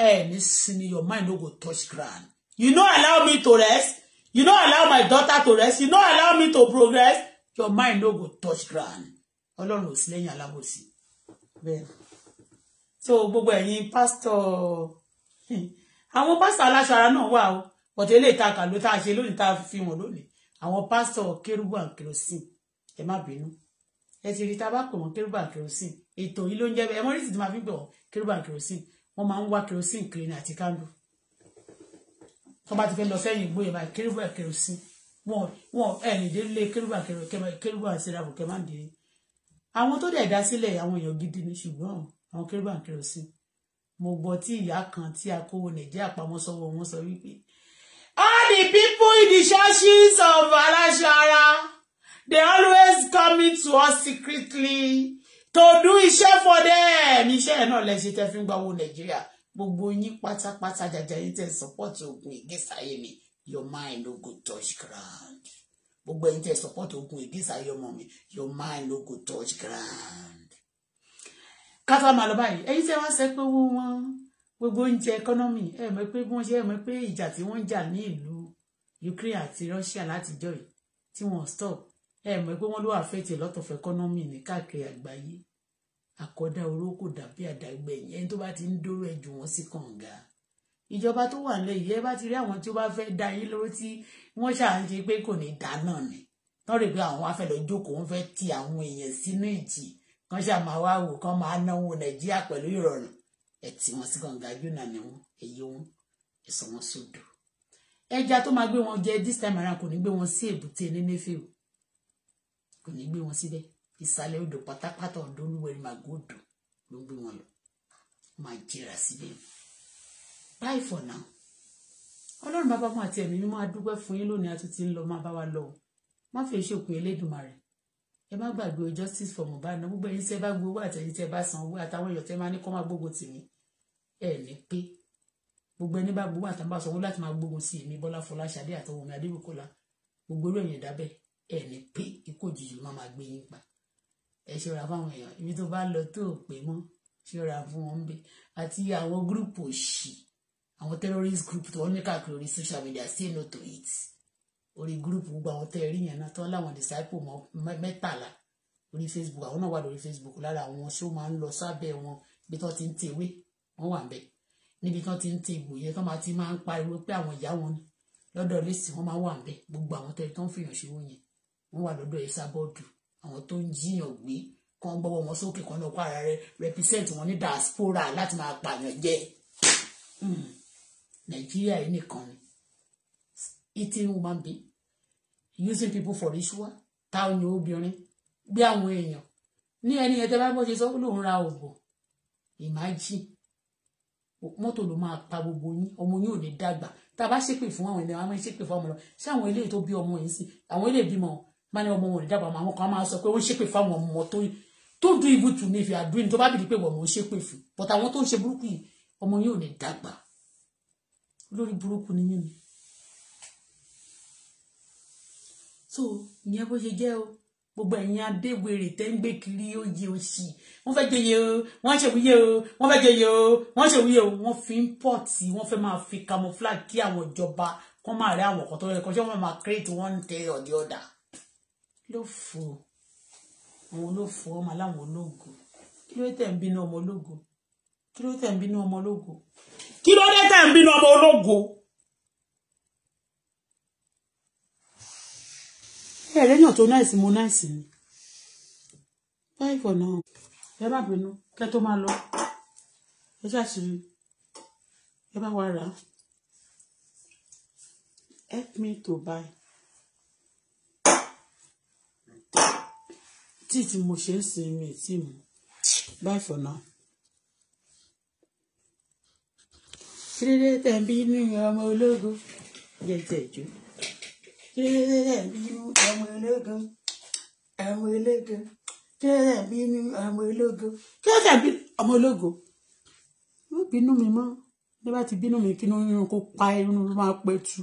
ẹ ní sinmi your mind no go touch ground you no allow me to rest you no allow my daughter to rest you no allow me to progress your mind no go touch ground ọlọ́run ò sí lẹ́yìn alábòsí bẹ́ẹ̀ so gbogbo ẹ̀yin pásítọ̀ àwọn pásítọ̀ aláṣọ ara náà wà o bọ̀tẹ́ ilé ìtaka ló tá a ṣe lónìí tá a fi wọn lónìí àwọn pásítọ̀ kérúbù àkérosìn ẹ má bínú ẹ ti rí tá a bá pè wọn kérúbù àkérosìn ètò yìí ló ń jẹ́ bẹ́ẹ̀ ẹ mọ́ rí ti máa fi pè wọn kérúbù wọ́n máa ń wá kérosìn kiri ní àti kándù tó bá ti fẹ́ lọ sẹ́yìn ìgbóyè báyìí kérúbù àkérosìn wọn wọn ẹni délé kérúbà kérúbà sẹ́ráfù kẹ́ máa ń àwọn tó dẹ̀ dá sílẹ̀ àwọn èèyàn gidi ni ṣùgbọ́n àwọn kérúbà kérò sí mo gbọ́ tí ìyá kan tí akówó nàìjíríà pamọ́ sọ́wọ́ wọn sọ wípé all the people in the churches of Alasara they always coming to us secretly to do iṣẹ́ for them iṣẹ́ yẹn náà lè ṣe tẹ́ fi ń gba owó nàìjíríà gbogbo yín pátápátá jàjà yín tẹ́ support ogun ìgbésàyè mi your mind no go touch ground gbogbo ẹni tẹ support ogun against ayé ọmọ mi your mind no go touch ground. kátó àmà lọ báyìí ẹ̀yin tẹ wá sẹ pé owó wọn gbogbo oúnjẹ economy ẹ mọ̀ pé bí wọn ṣe ẹ mọ̀ pé ìjà tí wọn ń jà ní ìlú Ukraine àti Russia látijọ́ yìí tí wọn stop ẹ mọ̀ pé wọn ló affect a lot of economy ní káàkiri àgbáyé àkọ́dá oró kò dàbí àdágbẹ̀yìn ẹni tó bá ti ń dóró ẹjù wọn sí kànga ìjọba tó wà nílẹ̀ yìí ẹ bá ti rí àwọn tí ó bá fẹ́ da yín lóró tí wọ́n ṣàǹṣe pé kò ní dá náà ni tán rè pé àwọn afẹ́ jókòó ń fẹ́ ti àwọn èèyàn sínú ìjì kan ṣáà máa wá wò kán máa náwó nàìjíríà pẹ̀lú ìrọ̀rùn ẹ̀ tí wọ́n sí kànga jóná ni wọ́n èyí wọn ẹ̀sọ́ wọn sódò ẹja tó máa gbé wọn jẹ this time around kò ní gbé wọn sí èbúté nínéfè o kò ní gbé wọn síbẹ̀ ìsàlẹ̀ odò pátápátá ọ̀dọ́ olúwẹ̀rí màgòdò ló ń gbé wọn lọ máa jẹrà síbẹ̀ ni bye for now ọlọ́run bàbá mu àti ẹ̀mí mímọ́ adúgbẹ́ fún yín lónìí àti ti ń lọ máa bá wa lọ má fi ṣèkùn Elédùmarè ẹ má gbàgbé justice for Mohbad náà gbogbo ẹ̀yin tí ẹ bá gbowó àtẹ̀yin tí ẹ bá san owó àtàwọn èèyàn tí ẹ máa ní kọ́ máa gbógun tì mí ẹ ní pé gbogbo ẹni bá gbowó àtàwọn bá sanwó láti máa gbógun sí èmi Bọ́lá Fọláṣadé àtọwọ́ mi Adébùkọ́lá gbogbo irú ẹ̀yìn dábẹ́ ẹ ní pé ikú òjijì má máa gbé yín pa ẹ ṣọ́ra fáwọn èèyàn ibi tó bá lọ tó pé mọ́ ṣọ́ra fún wọn bẹ àti àwọn gúrùpù òṣì àwọn terrorist group tó ní káàkiri orí social media say no to it orí group gbogbo àwọn tẹ́ẹ̀rí yẹn náà tán láwọn disciple mẹ́tàlá orí facebook àwọn náà wà lórí facebook lára àwọn ṣó máa ń lọ sábẹ́ wọn bí tán ti ń tewé wọ́n wà bẹ́ẹ̀ níbi tán ti ń te ìbò tán máa ti máa ń pariwo pé àwọn ìyá wọn ni lọ́dọ̀ lẹ́sì wọ́n máa wà bẹ́ẹ̀ gbogbo àwọn tẹ́ẹ̀rí tán fìyàn ṣe wọ́n yẹn wọ́n wà lọ́dọ̀ ẹ̀sà bọ́ọ̀dù àwọn tó ń jiyàn gbé kan gbọ́wọ́ wọn sókè kan lọ́kọ́ ara rẹ represent wọn ní diaspora láti máa pààyàn jẹ. Hmm. Nigeria in nìkan ni eating woman be using people for issue. Town you obìnrin be àwọn èèyàn ní ẹni ẹ̀tẹ́ bá bọ́ ṣe sọ lóun ra oògùn ìmájì mọ́tò ló máa pa gbogbo yín ọmọ yín ò ní dàgbà tá a bá ṣépè fún àwọn ènìyàn a máa ṣépè fún ọmọ lọ ṣé àwọn ilé tó bí ọmọ yìí sí àwọn ilé ìbímọ máa ní ọmọ wọn ò ní dàgbà àwọn kan máa sọ pé ó ń ṣépè fún àwọn ọmọ tó tó dùn ibùtù ní ìfìyàdúrin tó bá bìí pé wọ́n mọ̀ ó ṣépè fún bọ́tà olórí burúkú ni yín so ìyẹn bó ṣe jẹ́ o gbogbo ẹ̀yin adéwèrè tẹ́ ń gbé kiri oyè òsì wọ́n fẹ́ jẹyẹ o wọ́n ṣèwúyẹ o wọ́n fẹ́ jẹyẹ o wọ́n ṣèwúyẹ o wọ́n fi ń pọ̀tì wọ́n fẹ́ máa fi camouflage kí àwọn ìjọba kọ́ máa rí àwọn ọkọ̀ tó yẹ ṣé wọ́n máa create one day or the other ló fò àwọn olófò ọmọ aláwọn ológo kí ló tẹ̀ ń bínú ọmọ ológo kí ló tẹ̀ ń bínú ọmọ ológo kí ló dé tẹ̀ ń bínú ọmọ ológo. ẹ̀rẹ́ náà tó náìsí mo náìsí ni báyìí fọ̀ náà ẹ má bínú kẹ́ tó máa lọ ẹ ṣàṣírí ẹ bá wa rà help me to buy. tí tí mo ṣe ń sinmi tí mo báyìí fọ̀ náà. kílódé tẹ̀ ń ọmọ ológun jẹ́ tẹ̀jú kílódé tẹ̀ ń bínú ọmọ ológun ọmọ ológun kílódé tẹ̀ ń ọmọ ológun kílódé tẹ̀ ọmọ ológun bínú mi mọ́ bí bá ti bínú mi kí inú kó pa inú ló máa pẹ́ tu.